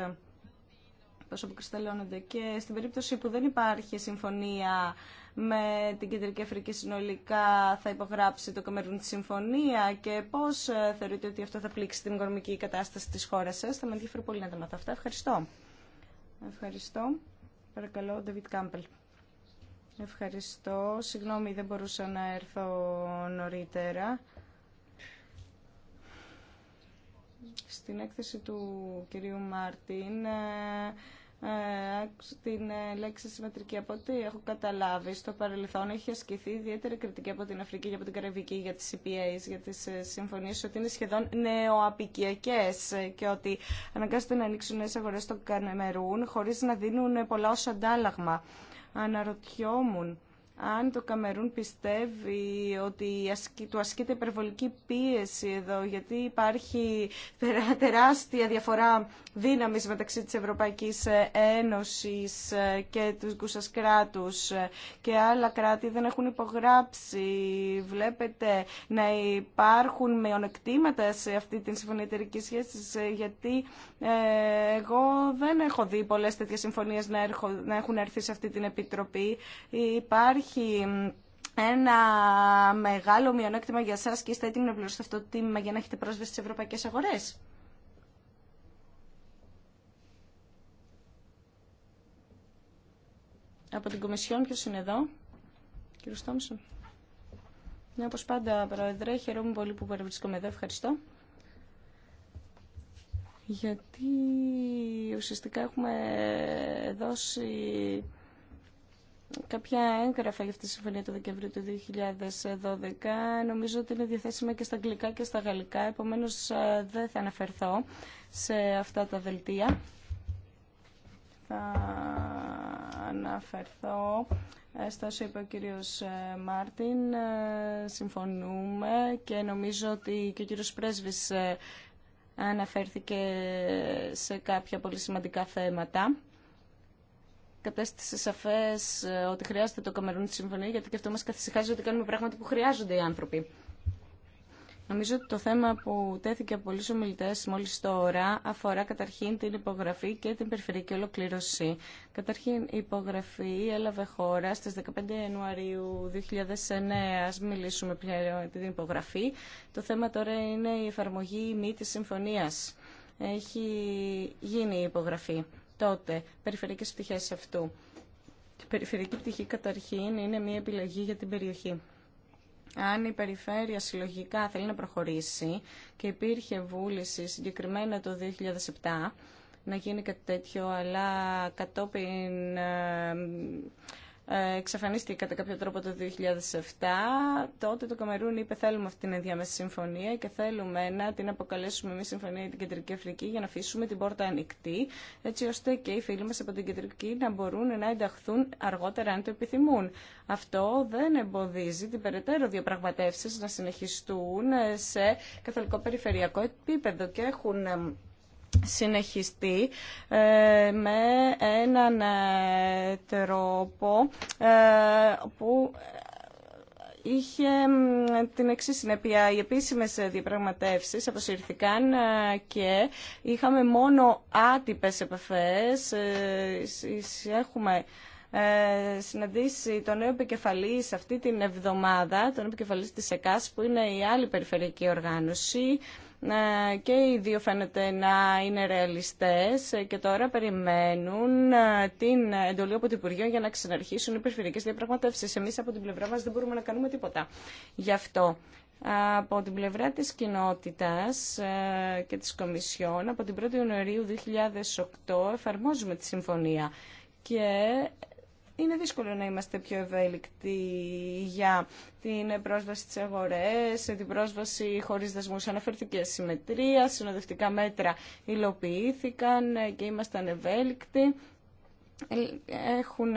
πώς αποκρισταλώνονται. Και στην περίπτωση που δεν υπάρχει συμφωνία με την Κεντρική Αφρική συνολικά θα υπογράψει το Καμερούν τη συμφωνία και πώς ε, θεωρείτε ότι αυτό θα πλήξει την οικονομική κατάσταση της χώρας σας. Θα με ενδιαφέρει πολύ να τα μάθω αυτά. Ευχαριστώ. Ευχαριστώ. Παρακαλώ, Ντεβιτ Κάμπελ. Ευχαριστώ. Συγγνώμη, δεν μπορούσα να έρθω νωρίτερα. Στην έκθεση του κυρίου Μάρτιν ε, την ε, λέξη συμμετρική από ό,τι έχω καταλάβει στο παρελθόν έχει ασκηθεί ιδιαίτερη κριτική από την Αφρική και από την Καραβική για τις CPAs, για τις ε, συμφωνίες ότι είναι σχεδόν νεοαπικιακές και ότι αναγκάζονται να ανοίξουν νέε αγορές στο Κανεμερούν χωρίς να δίνουν πολλά ως αντάλλαγμα. Αναρωτιόμουν αν το Καμερούν πιστεύει ότι του ασκείται υπερβολική πίεση εδώ, γιατί υπάρχει τεράστια διαφορά δύναμης μεταξύ της Ευρωπαϊκής Ένωσης ε, και του Γκούσας κράτους ε, και άλλα κράτη δεν έχουν υπογράψει. Βλέπετε να υπάρχουν μειονεκτήματα σε αυτή την συμφωνία σχέση, ε, γιατί εγώ δεν έχω δει πολλές τέτοιες συμφωνίες να έχουν έρθει σε αυτή την Επιτροπή. Υπάρχει υπάρχει ένα μεγάλο μειονέκτημα για εσά και είστε έτοιμοι να πληρώσετε αυτό το τίμημα για να έχετε πρόσβαση στι ευρωπαϊκέ αγορέ. Από την Κομισιόν, ποιο είναι εδώ, κύριο Τόμσον. Ναι, όπω πάντα, Πρόεδρε, χαίρομαι πολύ που παρευρίσκομαι εδώ. Ευχαριστώ. Γιατί ουσιαστικά έχουμε δώσει κάποια έγγραφα για αυτή τη συμφωνία το Δεκεμβρίου του 2012. Νομίζω ότι είναι διαθέσιμα και στα αγγλικά και στα γαλλικά, επομένως ε, δεν θα αναφερθώ σε αυτά τα δελτία. Θα αναφερθώ ε, στα όσο είπε ο κύριος ε, Μάρτιν. Συμφωνούμε και νομίζω ότι και ο κύριος Πρέσβης αναφέρθηκε σε κάποια πολύ σημαντικά θέματα κατέστησε σαφέ ε, ότι χρειάζεται το Καμερούν τη συμφωνία, γιατί και αυτό μα καθησυχάζει ότι κάνουμε πράγματα που χρειάζονται οι άνθρωποι. Νομίζω ότι το θέμα που τέθηκε από πολλού ομιλητέ μόλι τώρα αφορά καταρχήν την υπογραφή και την περιφερειακή ολοκλήρωση. Καταρχήν, η υπογραφή έλαβε χώρα στι 15 Ιανουαρίου 2009. Α μιλήσουμε πια για την υπογραφή. Το θέμα τώρα είναι η εφαρμογή μη τη συμφωνία. Έχει γίνει η υπογραφή. Τότε, περιφερειακές πτυχές αυτού. Η περιφερειακή πτυχή καταρχήν είναι μια επιλογή για την περιοχή. Αν η περιφέρεια συλλογικά θέλει να προχωρήσει και υπήρχε βούληση συγκεκριμένα το 2007 να γίνει κάτι τέτοιο, αλλά κατόπιν ε, ε, εξαφανίστηκε κατά κάποιο τρόπο το 2007. Τότε το Καμερούν είπε θέλουμε αυτή την ενδιάμεση συμφωνία και θέλουμε να την αποκαλέσουμε μια συμφωνία για την Κεντρική Αφρική για να αφήσουμε την πόρτα ανοιχτή, έτσι ώστε και οι φίλοι μας από την Κεντρική να μπορούν να ενταχθούν αργότερα αν το επιθυμούν. Αυτό δεν εμποδίζει την περαιτέρω διαπραγματεύσεις να συνεχιστούν σε καθολικό περιφερειακό επίπεδο και έχουν συνεχιστεί ε, με έναν ε, τρόπο ε, που είχε την εξή συνέπεια. Οι επίσημε διαπραγματεύσει αποσυρθήκαν και είχαμε μόνο άτυπες επαφέ. Έχουμε συναντήσει τον νέο επικεφαλή αυτή την εβδομάδα, τον επικεφαλή της ΕΚΑΣ που είναι η άλλη περιφερειακή οργάνωση. Ε, και οι δύο φαίνεται να είναι ρεαλιστές και τώρα περιμένουν ε, την εντολή από το Υπουργείο για να ξαναρχίσουν οι περιφερειακές διαπραγματεύσεις. Εμείς από την πλευρά μας δεν μπορούμε να κάνουμε τίποτα. Γι' αυτό από την πλευρά της κοινότητας ε, και της Κομισιόν από την 1η Ιανουαρίου 2008 εφαρμόζουμε τη συμφωνία και είναι δύσκολο να είμαστε πιο ευέλικτοι για την πρόσβαση στις αγορές, την πρόσβαση χωρίς δεσμούς. αναφερθήκε συμμετρία, συνοδευτικά μέτρα υλοποιήθηκαν και ήμασταν ευέλικτοι έχουν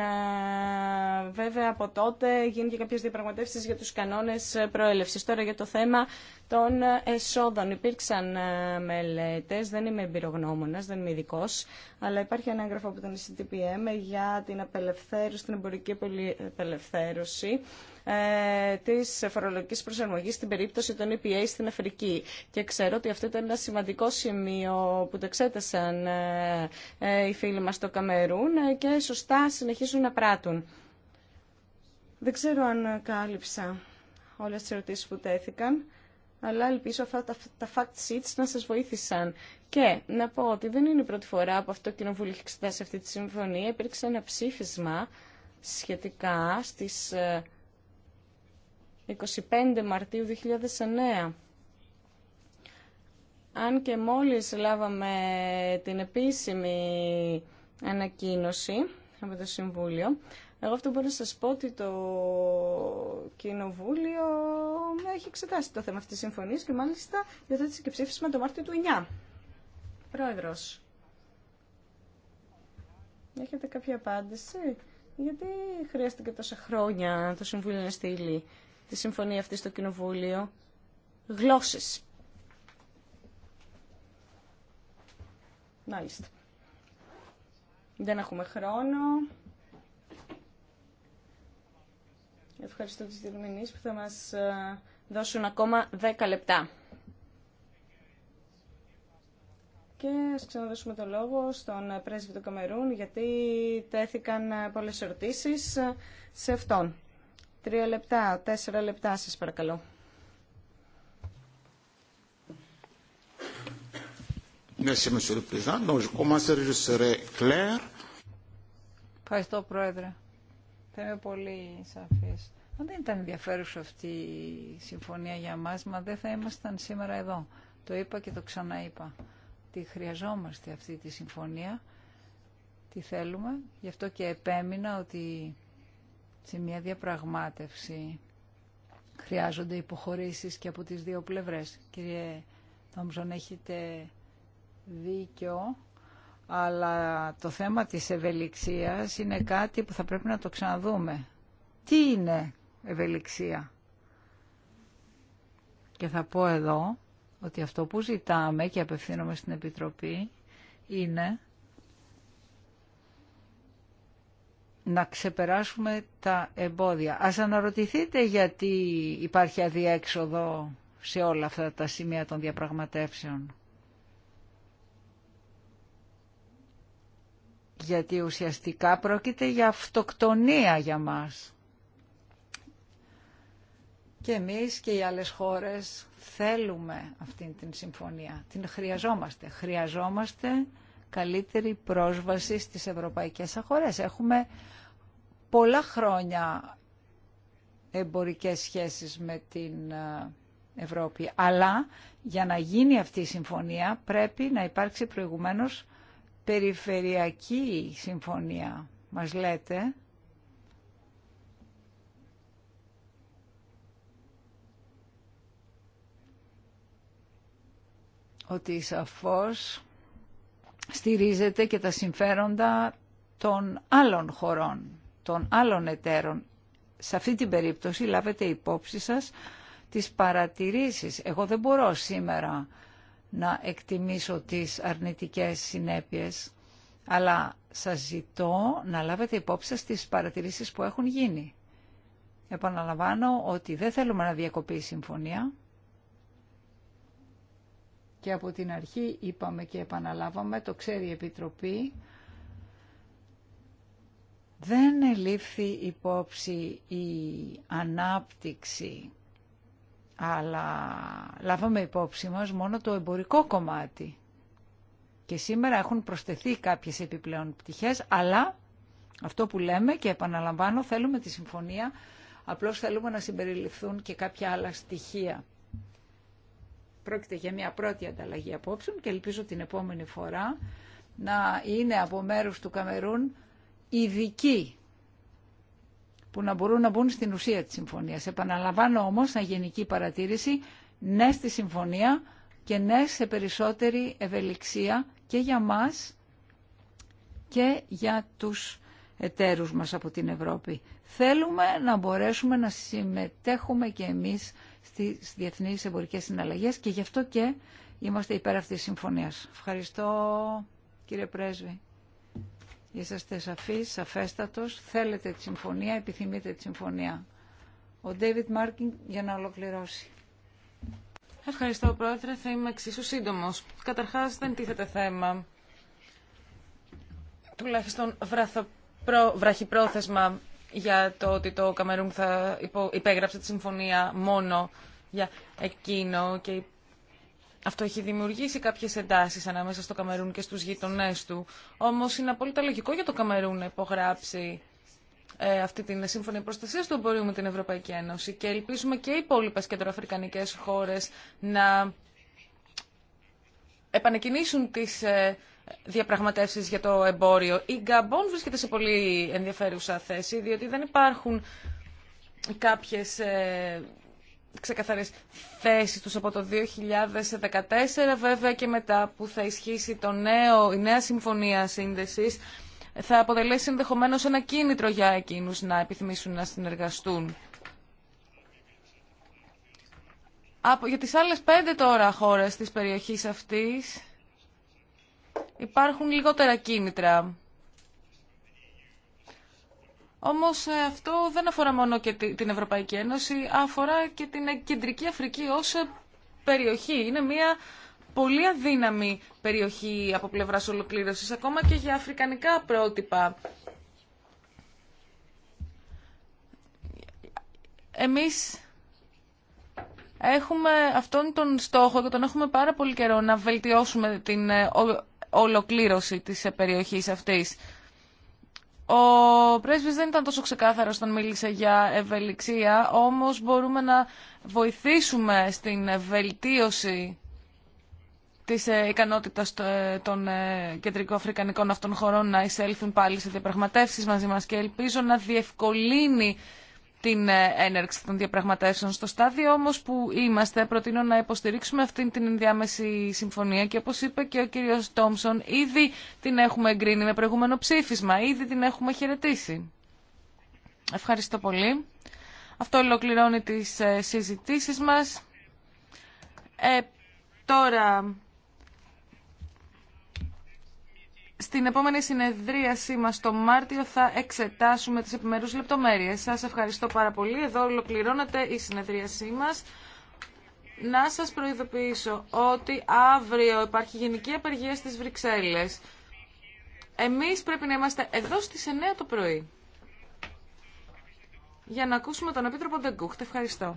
βέβαια από τότε γίνει και κάποιες διαπραγματεύσεις για τους κανόνες προέλευσης. Τώρα για το θέμα των εσόδων. Υπήρξαν μελέτες, δεν είμαι εμπειρογνώμονας, δεν είμαι ειδικό, αλλά υπάρχει ένα έγγραφο από τον ECTPM για την απελευθέρωση, την εμπορική απελευθέρωση ε, της φορολογικής προσαρμογής στην περίπτωση των EPA στην Αφρική. Και ξέρω ότι αυτό ήταν ένα σημαντικό σημείο που το εξέτασαν ε, ε, οι φίλοι μας στο Καμερούν ε, και σωστά συνεχίζουν να πράττουν. Δεν ξέρω αν κάλυψα όλες τις ερωτήσεις που τέθηκαν αλλά ελπίζω αυτά τα, fact sheets να σας βοήθησαν. Και να πω ότι δεν είναι η πρώτη φορά που αυτό το Κοινοβούλιο έχει εξετάσει αυτή τη συμφωνία. Υπήρξε ένα ψήφισμα σχετικά στις 25 Μαρτίου 2009. Αν και μόλις λάβαμε την επίσημη ανακοίνωση από το Συμβούλιο, εγώ αυτό μπορώ να σας πω ότι το Κοινοβούλιο έχει εξετάσει το θέμα αυτής της συμφωνίας και μάλιστα διαθέτησε και ψήφισμα το Μάρτιο του 9. Πρόεδρος, έχετε κάποια απάντηση, γιατί χρειάστηκε τόσα χρόνια το Συμβούλιο να στείλει τη συμφωνία αυτή στο Κοινοβούλιο γλώσσες. Μάλιστα. Δεν έχουμε χρόνο. Ευχαριστώ τις διευμηνείς που θα μας ε, δώσουν ακόμα 10 λεπτά. Και ας ξαναδώσουμε το λόγο στον πρέσβη του Καμερούν, γιατί τέθηκαν ε, πολλές ερωτήσεις ε, σε αυτόν. Τρία λεπτά, τέσσερα λεπτά σας παρακαλώ.
Ευχαριστώ, Πρόεδρε. Θα είμαι πολύ σαφής. Αν δεν ήταν ενδιαφέρουσα αυτή η συμφωνία για μας, μα δεν θα ήμασταν σήμερα εδώ. Το είπα και το ξαναείπα. Τη χρειαζόμαστε αυτή τη συμφωνία, τι θέλουμε. Γι' αυτό και επέμεινα ότι σε μια διαπραγμάτευση χρειάζονται υποχωρήσεις και από τις δύο πλευρές. Κύριε Τόμψον, έχετε δίκιο, αλλά το θέμα της ευελιξίας είναι κάτι που θα πρέπει να το ξαναδούμε. Τι είναι ευελιξία? Και θα πω εδώ ότι αυτό που ζητάμε και απευθύνομαι στην Επιτροπή είναι να ξεπεράσουμε τα εμπόδια. Ας αναρωτηθείτε γιατί υπάρχει αδιέξοδο σε όλα αυτά τα σημεία των διαπραγματεύσεων. Γιατί ουσιαστικά πρόκειται για αυτοκτονία για μας. Και εμείς και οι άλλες χώρες θέλουμε αυτήν την συμφωνία. Την χρειαζόμαστε. Χρειαζόμαστε καλύτερη πρόσβαση στις ευρωπαϊκές αγορές. Έχουμε πολλά χρόνια εμπορικές σχέσεις με την ε, Ευρώπη. Αλλά για να γίνει αυτή η συμφωνία πρέπει να υπάρξει προηγουμένως περιφερειακή συμφωνία. Μας λέτε ότι σαφώς στηρίζεται και τα συμφέροντα των άλλων χωρών, των άλλων εταίρων. Σε αυτή την περίπτωση λάβετε υπόψη σας τις παρατηρήσεις. Εγώ δεν μπορώ σήμερα να εκτιμήσω τις αρνητικές συνέπειες, αλλά σας ζητώ να λάβετε υπόψη σας τις παρατηρήσεις που έχουν γίνει. Επαναλαμβάνω ότι δεν θέλουμε να διακοπεί η συμφωνία. Και από την αρχή είπαμε και επαναλάβαμε, το ξέρει η Επιτροπή, δεν ελήφθη υπόψη η ανάπτυξη, αλλά λάβαμε υπόψη μας μόνο το εμπορικό κομμάτι. Και σήμερα έχουν προσθεθεί κάποιες επιπλέον πτυχές, αλλά αυτό που λέμε και επαναλαμβάνω θέλουμε τη συμφωνία, απλώς θέλουμε να συμπεριληφθούν και κάποια άλλα στοιχεία. Πρόκειται για μια πρώτη ανταλλαγή απόψεων και ελπίζω την επόμενη φορά να είναι από μέρους του Καμερούν ειδικοί που να μπορούν να μπουν στην ουσία της συμφωνίας. Επαναλαμβάνω όμως, σαν γενική παρατήρηση, ναι στη συμφωνία και ναι σε περισσότερη ευελιξία και για μας και για τους εταίρους μας από την Ευρώπη. Θέλουμε να μπορέσουμε να συμμετέχουμε και εμείς στις διεθνείς εμπορικές συναλλαγές και γι' αυτό και είμαστε υπέρ αυτής της συμφωνίας. Ευχαριστώ κύριε Πρέσβη. Είσαστε σαφείς, σαφέστατος, θέλετε τη συμφωνία, επιθυμείτε τη συμφωνία. Ο Ντέιβιτ Μάρκινγκ για
να ολοκληρώσει. Ευχαριστώ πρόεδρε, θα είμαι εξίσου σύντομος. Καταρχάς δεν τίθεται θέμα, τουλάχιστον βραχυπρόθεσμα για το ότι το Καμερούν θα υπέγραψε τη συμφωνία μόνο για εκείνο και αυτό έχει δημιουργήσει κάποιε εντάσεις ανάμεσα στο Καμερούν και στου γείτονέ του. Όμω είναι απόλυτα λογικό για το Καμερούν να υπογράψει ε, αυτή την σύμφωνη προστασία του εμπορίου με την Ευρωπαϊκή Ένωση και ελπίζουμε και οι υπόλοιπε κεντροαφρικανικέ χώρε να επανεκκινήσουν τι ε, διαπραγματεύσεις για το εμπόριο. Η Γκαμπόν βρίσκεται σε πολύ ενδιαφέρουσα θέση, διότι δεν υπάρχουν κάποιες ε, ξεκαθαρές θέσεις τους από το 2014 βέβαια και μετά που θα ισχύσει το νέο, η νέα συμφωνία σύνδεσης θα αποτελέσει ενδεχομένως ένα κίνητρο για εκείνους να επιθυμήσουν να συνεργαστούν. Από, για τις άλλες πέντε τώρα χώρες της περιοχής αυτής υπάρχουν λιγότερα κίνητρα. Όμως ε, αυτό δεν αφορά μόνο και την Ευρωπαϊκή Ένωση, αφορά και την Κεντρική Αφρική ως περιοχή. Είναι μια πολύ αδύναμη περιοχή από πλευράς ολοκλήρωσης, ακόμα και για αφρικανικά πρότυπα. Εμείς έχουμε αυτόν τον στόχο και τον έχουμε πάρα πολύ καιρό να βελτιώσουμε την ε, ολοκλήρωση της περιοχής αυτής. Ο πρέσβης δεν ήταν τόσο ξεκάθαρος όταν μίλησε για ευελιξία, όμως μπορούμε να βοηθήσουμε στην βελτίωση της ε, ικανότητας ε, των ε, κεντρικοαφρικανικών αυτών χωρών να εισέλθουν πάλι σε διαπραγματεύσεις μαζί μας και ελπίζω να διευκολύνει την ε, έναρξη των διαπραγματεύσεων. Στο στάδιο όμω που είμαστε, προτείνω να υποστηρίξουμε αυτήν την ενδιάμεση συμφωνία και όπως είπε και ο κύριος Τόμσον, ήδη την έχουμε εγκρίνει με προηγούμενο ψήφισμα, ήδη την έχουμε χαιρετήσει. Ευχαριστώ πολύ. Αυτό ολοκληρώνει τις ε, συζητήσεις μας. Ε, τώρα Στην επόμενη συνεδρίασή μας το Μάρτιο θα εξετάσουμε τις επιμερούς λεπτομέρειες. Σας ευχαριστώ πάρα πολύ. Εδώ ολοκληρώνεται η συνεδρίασή μας. Να σας προειδοποιήσω ότι αύριο υπάρχει γενική απεργία στις Βρυξέλλες. Εμείς πρέπει να είμαστε εδώ στις 9 το πρωί. Για να ακούσουμε τον Επίτροπο Ντεγκούχτ. Ευχαριστώ.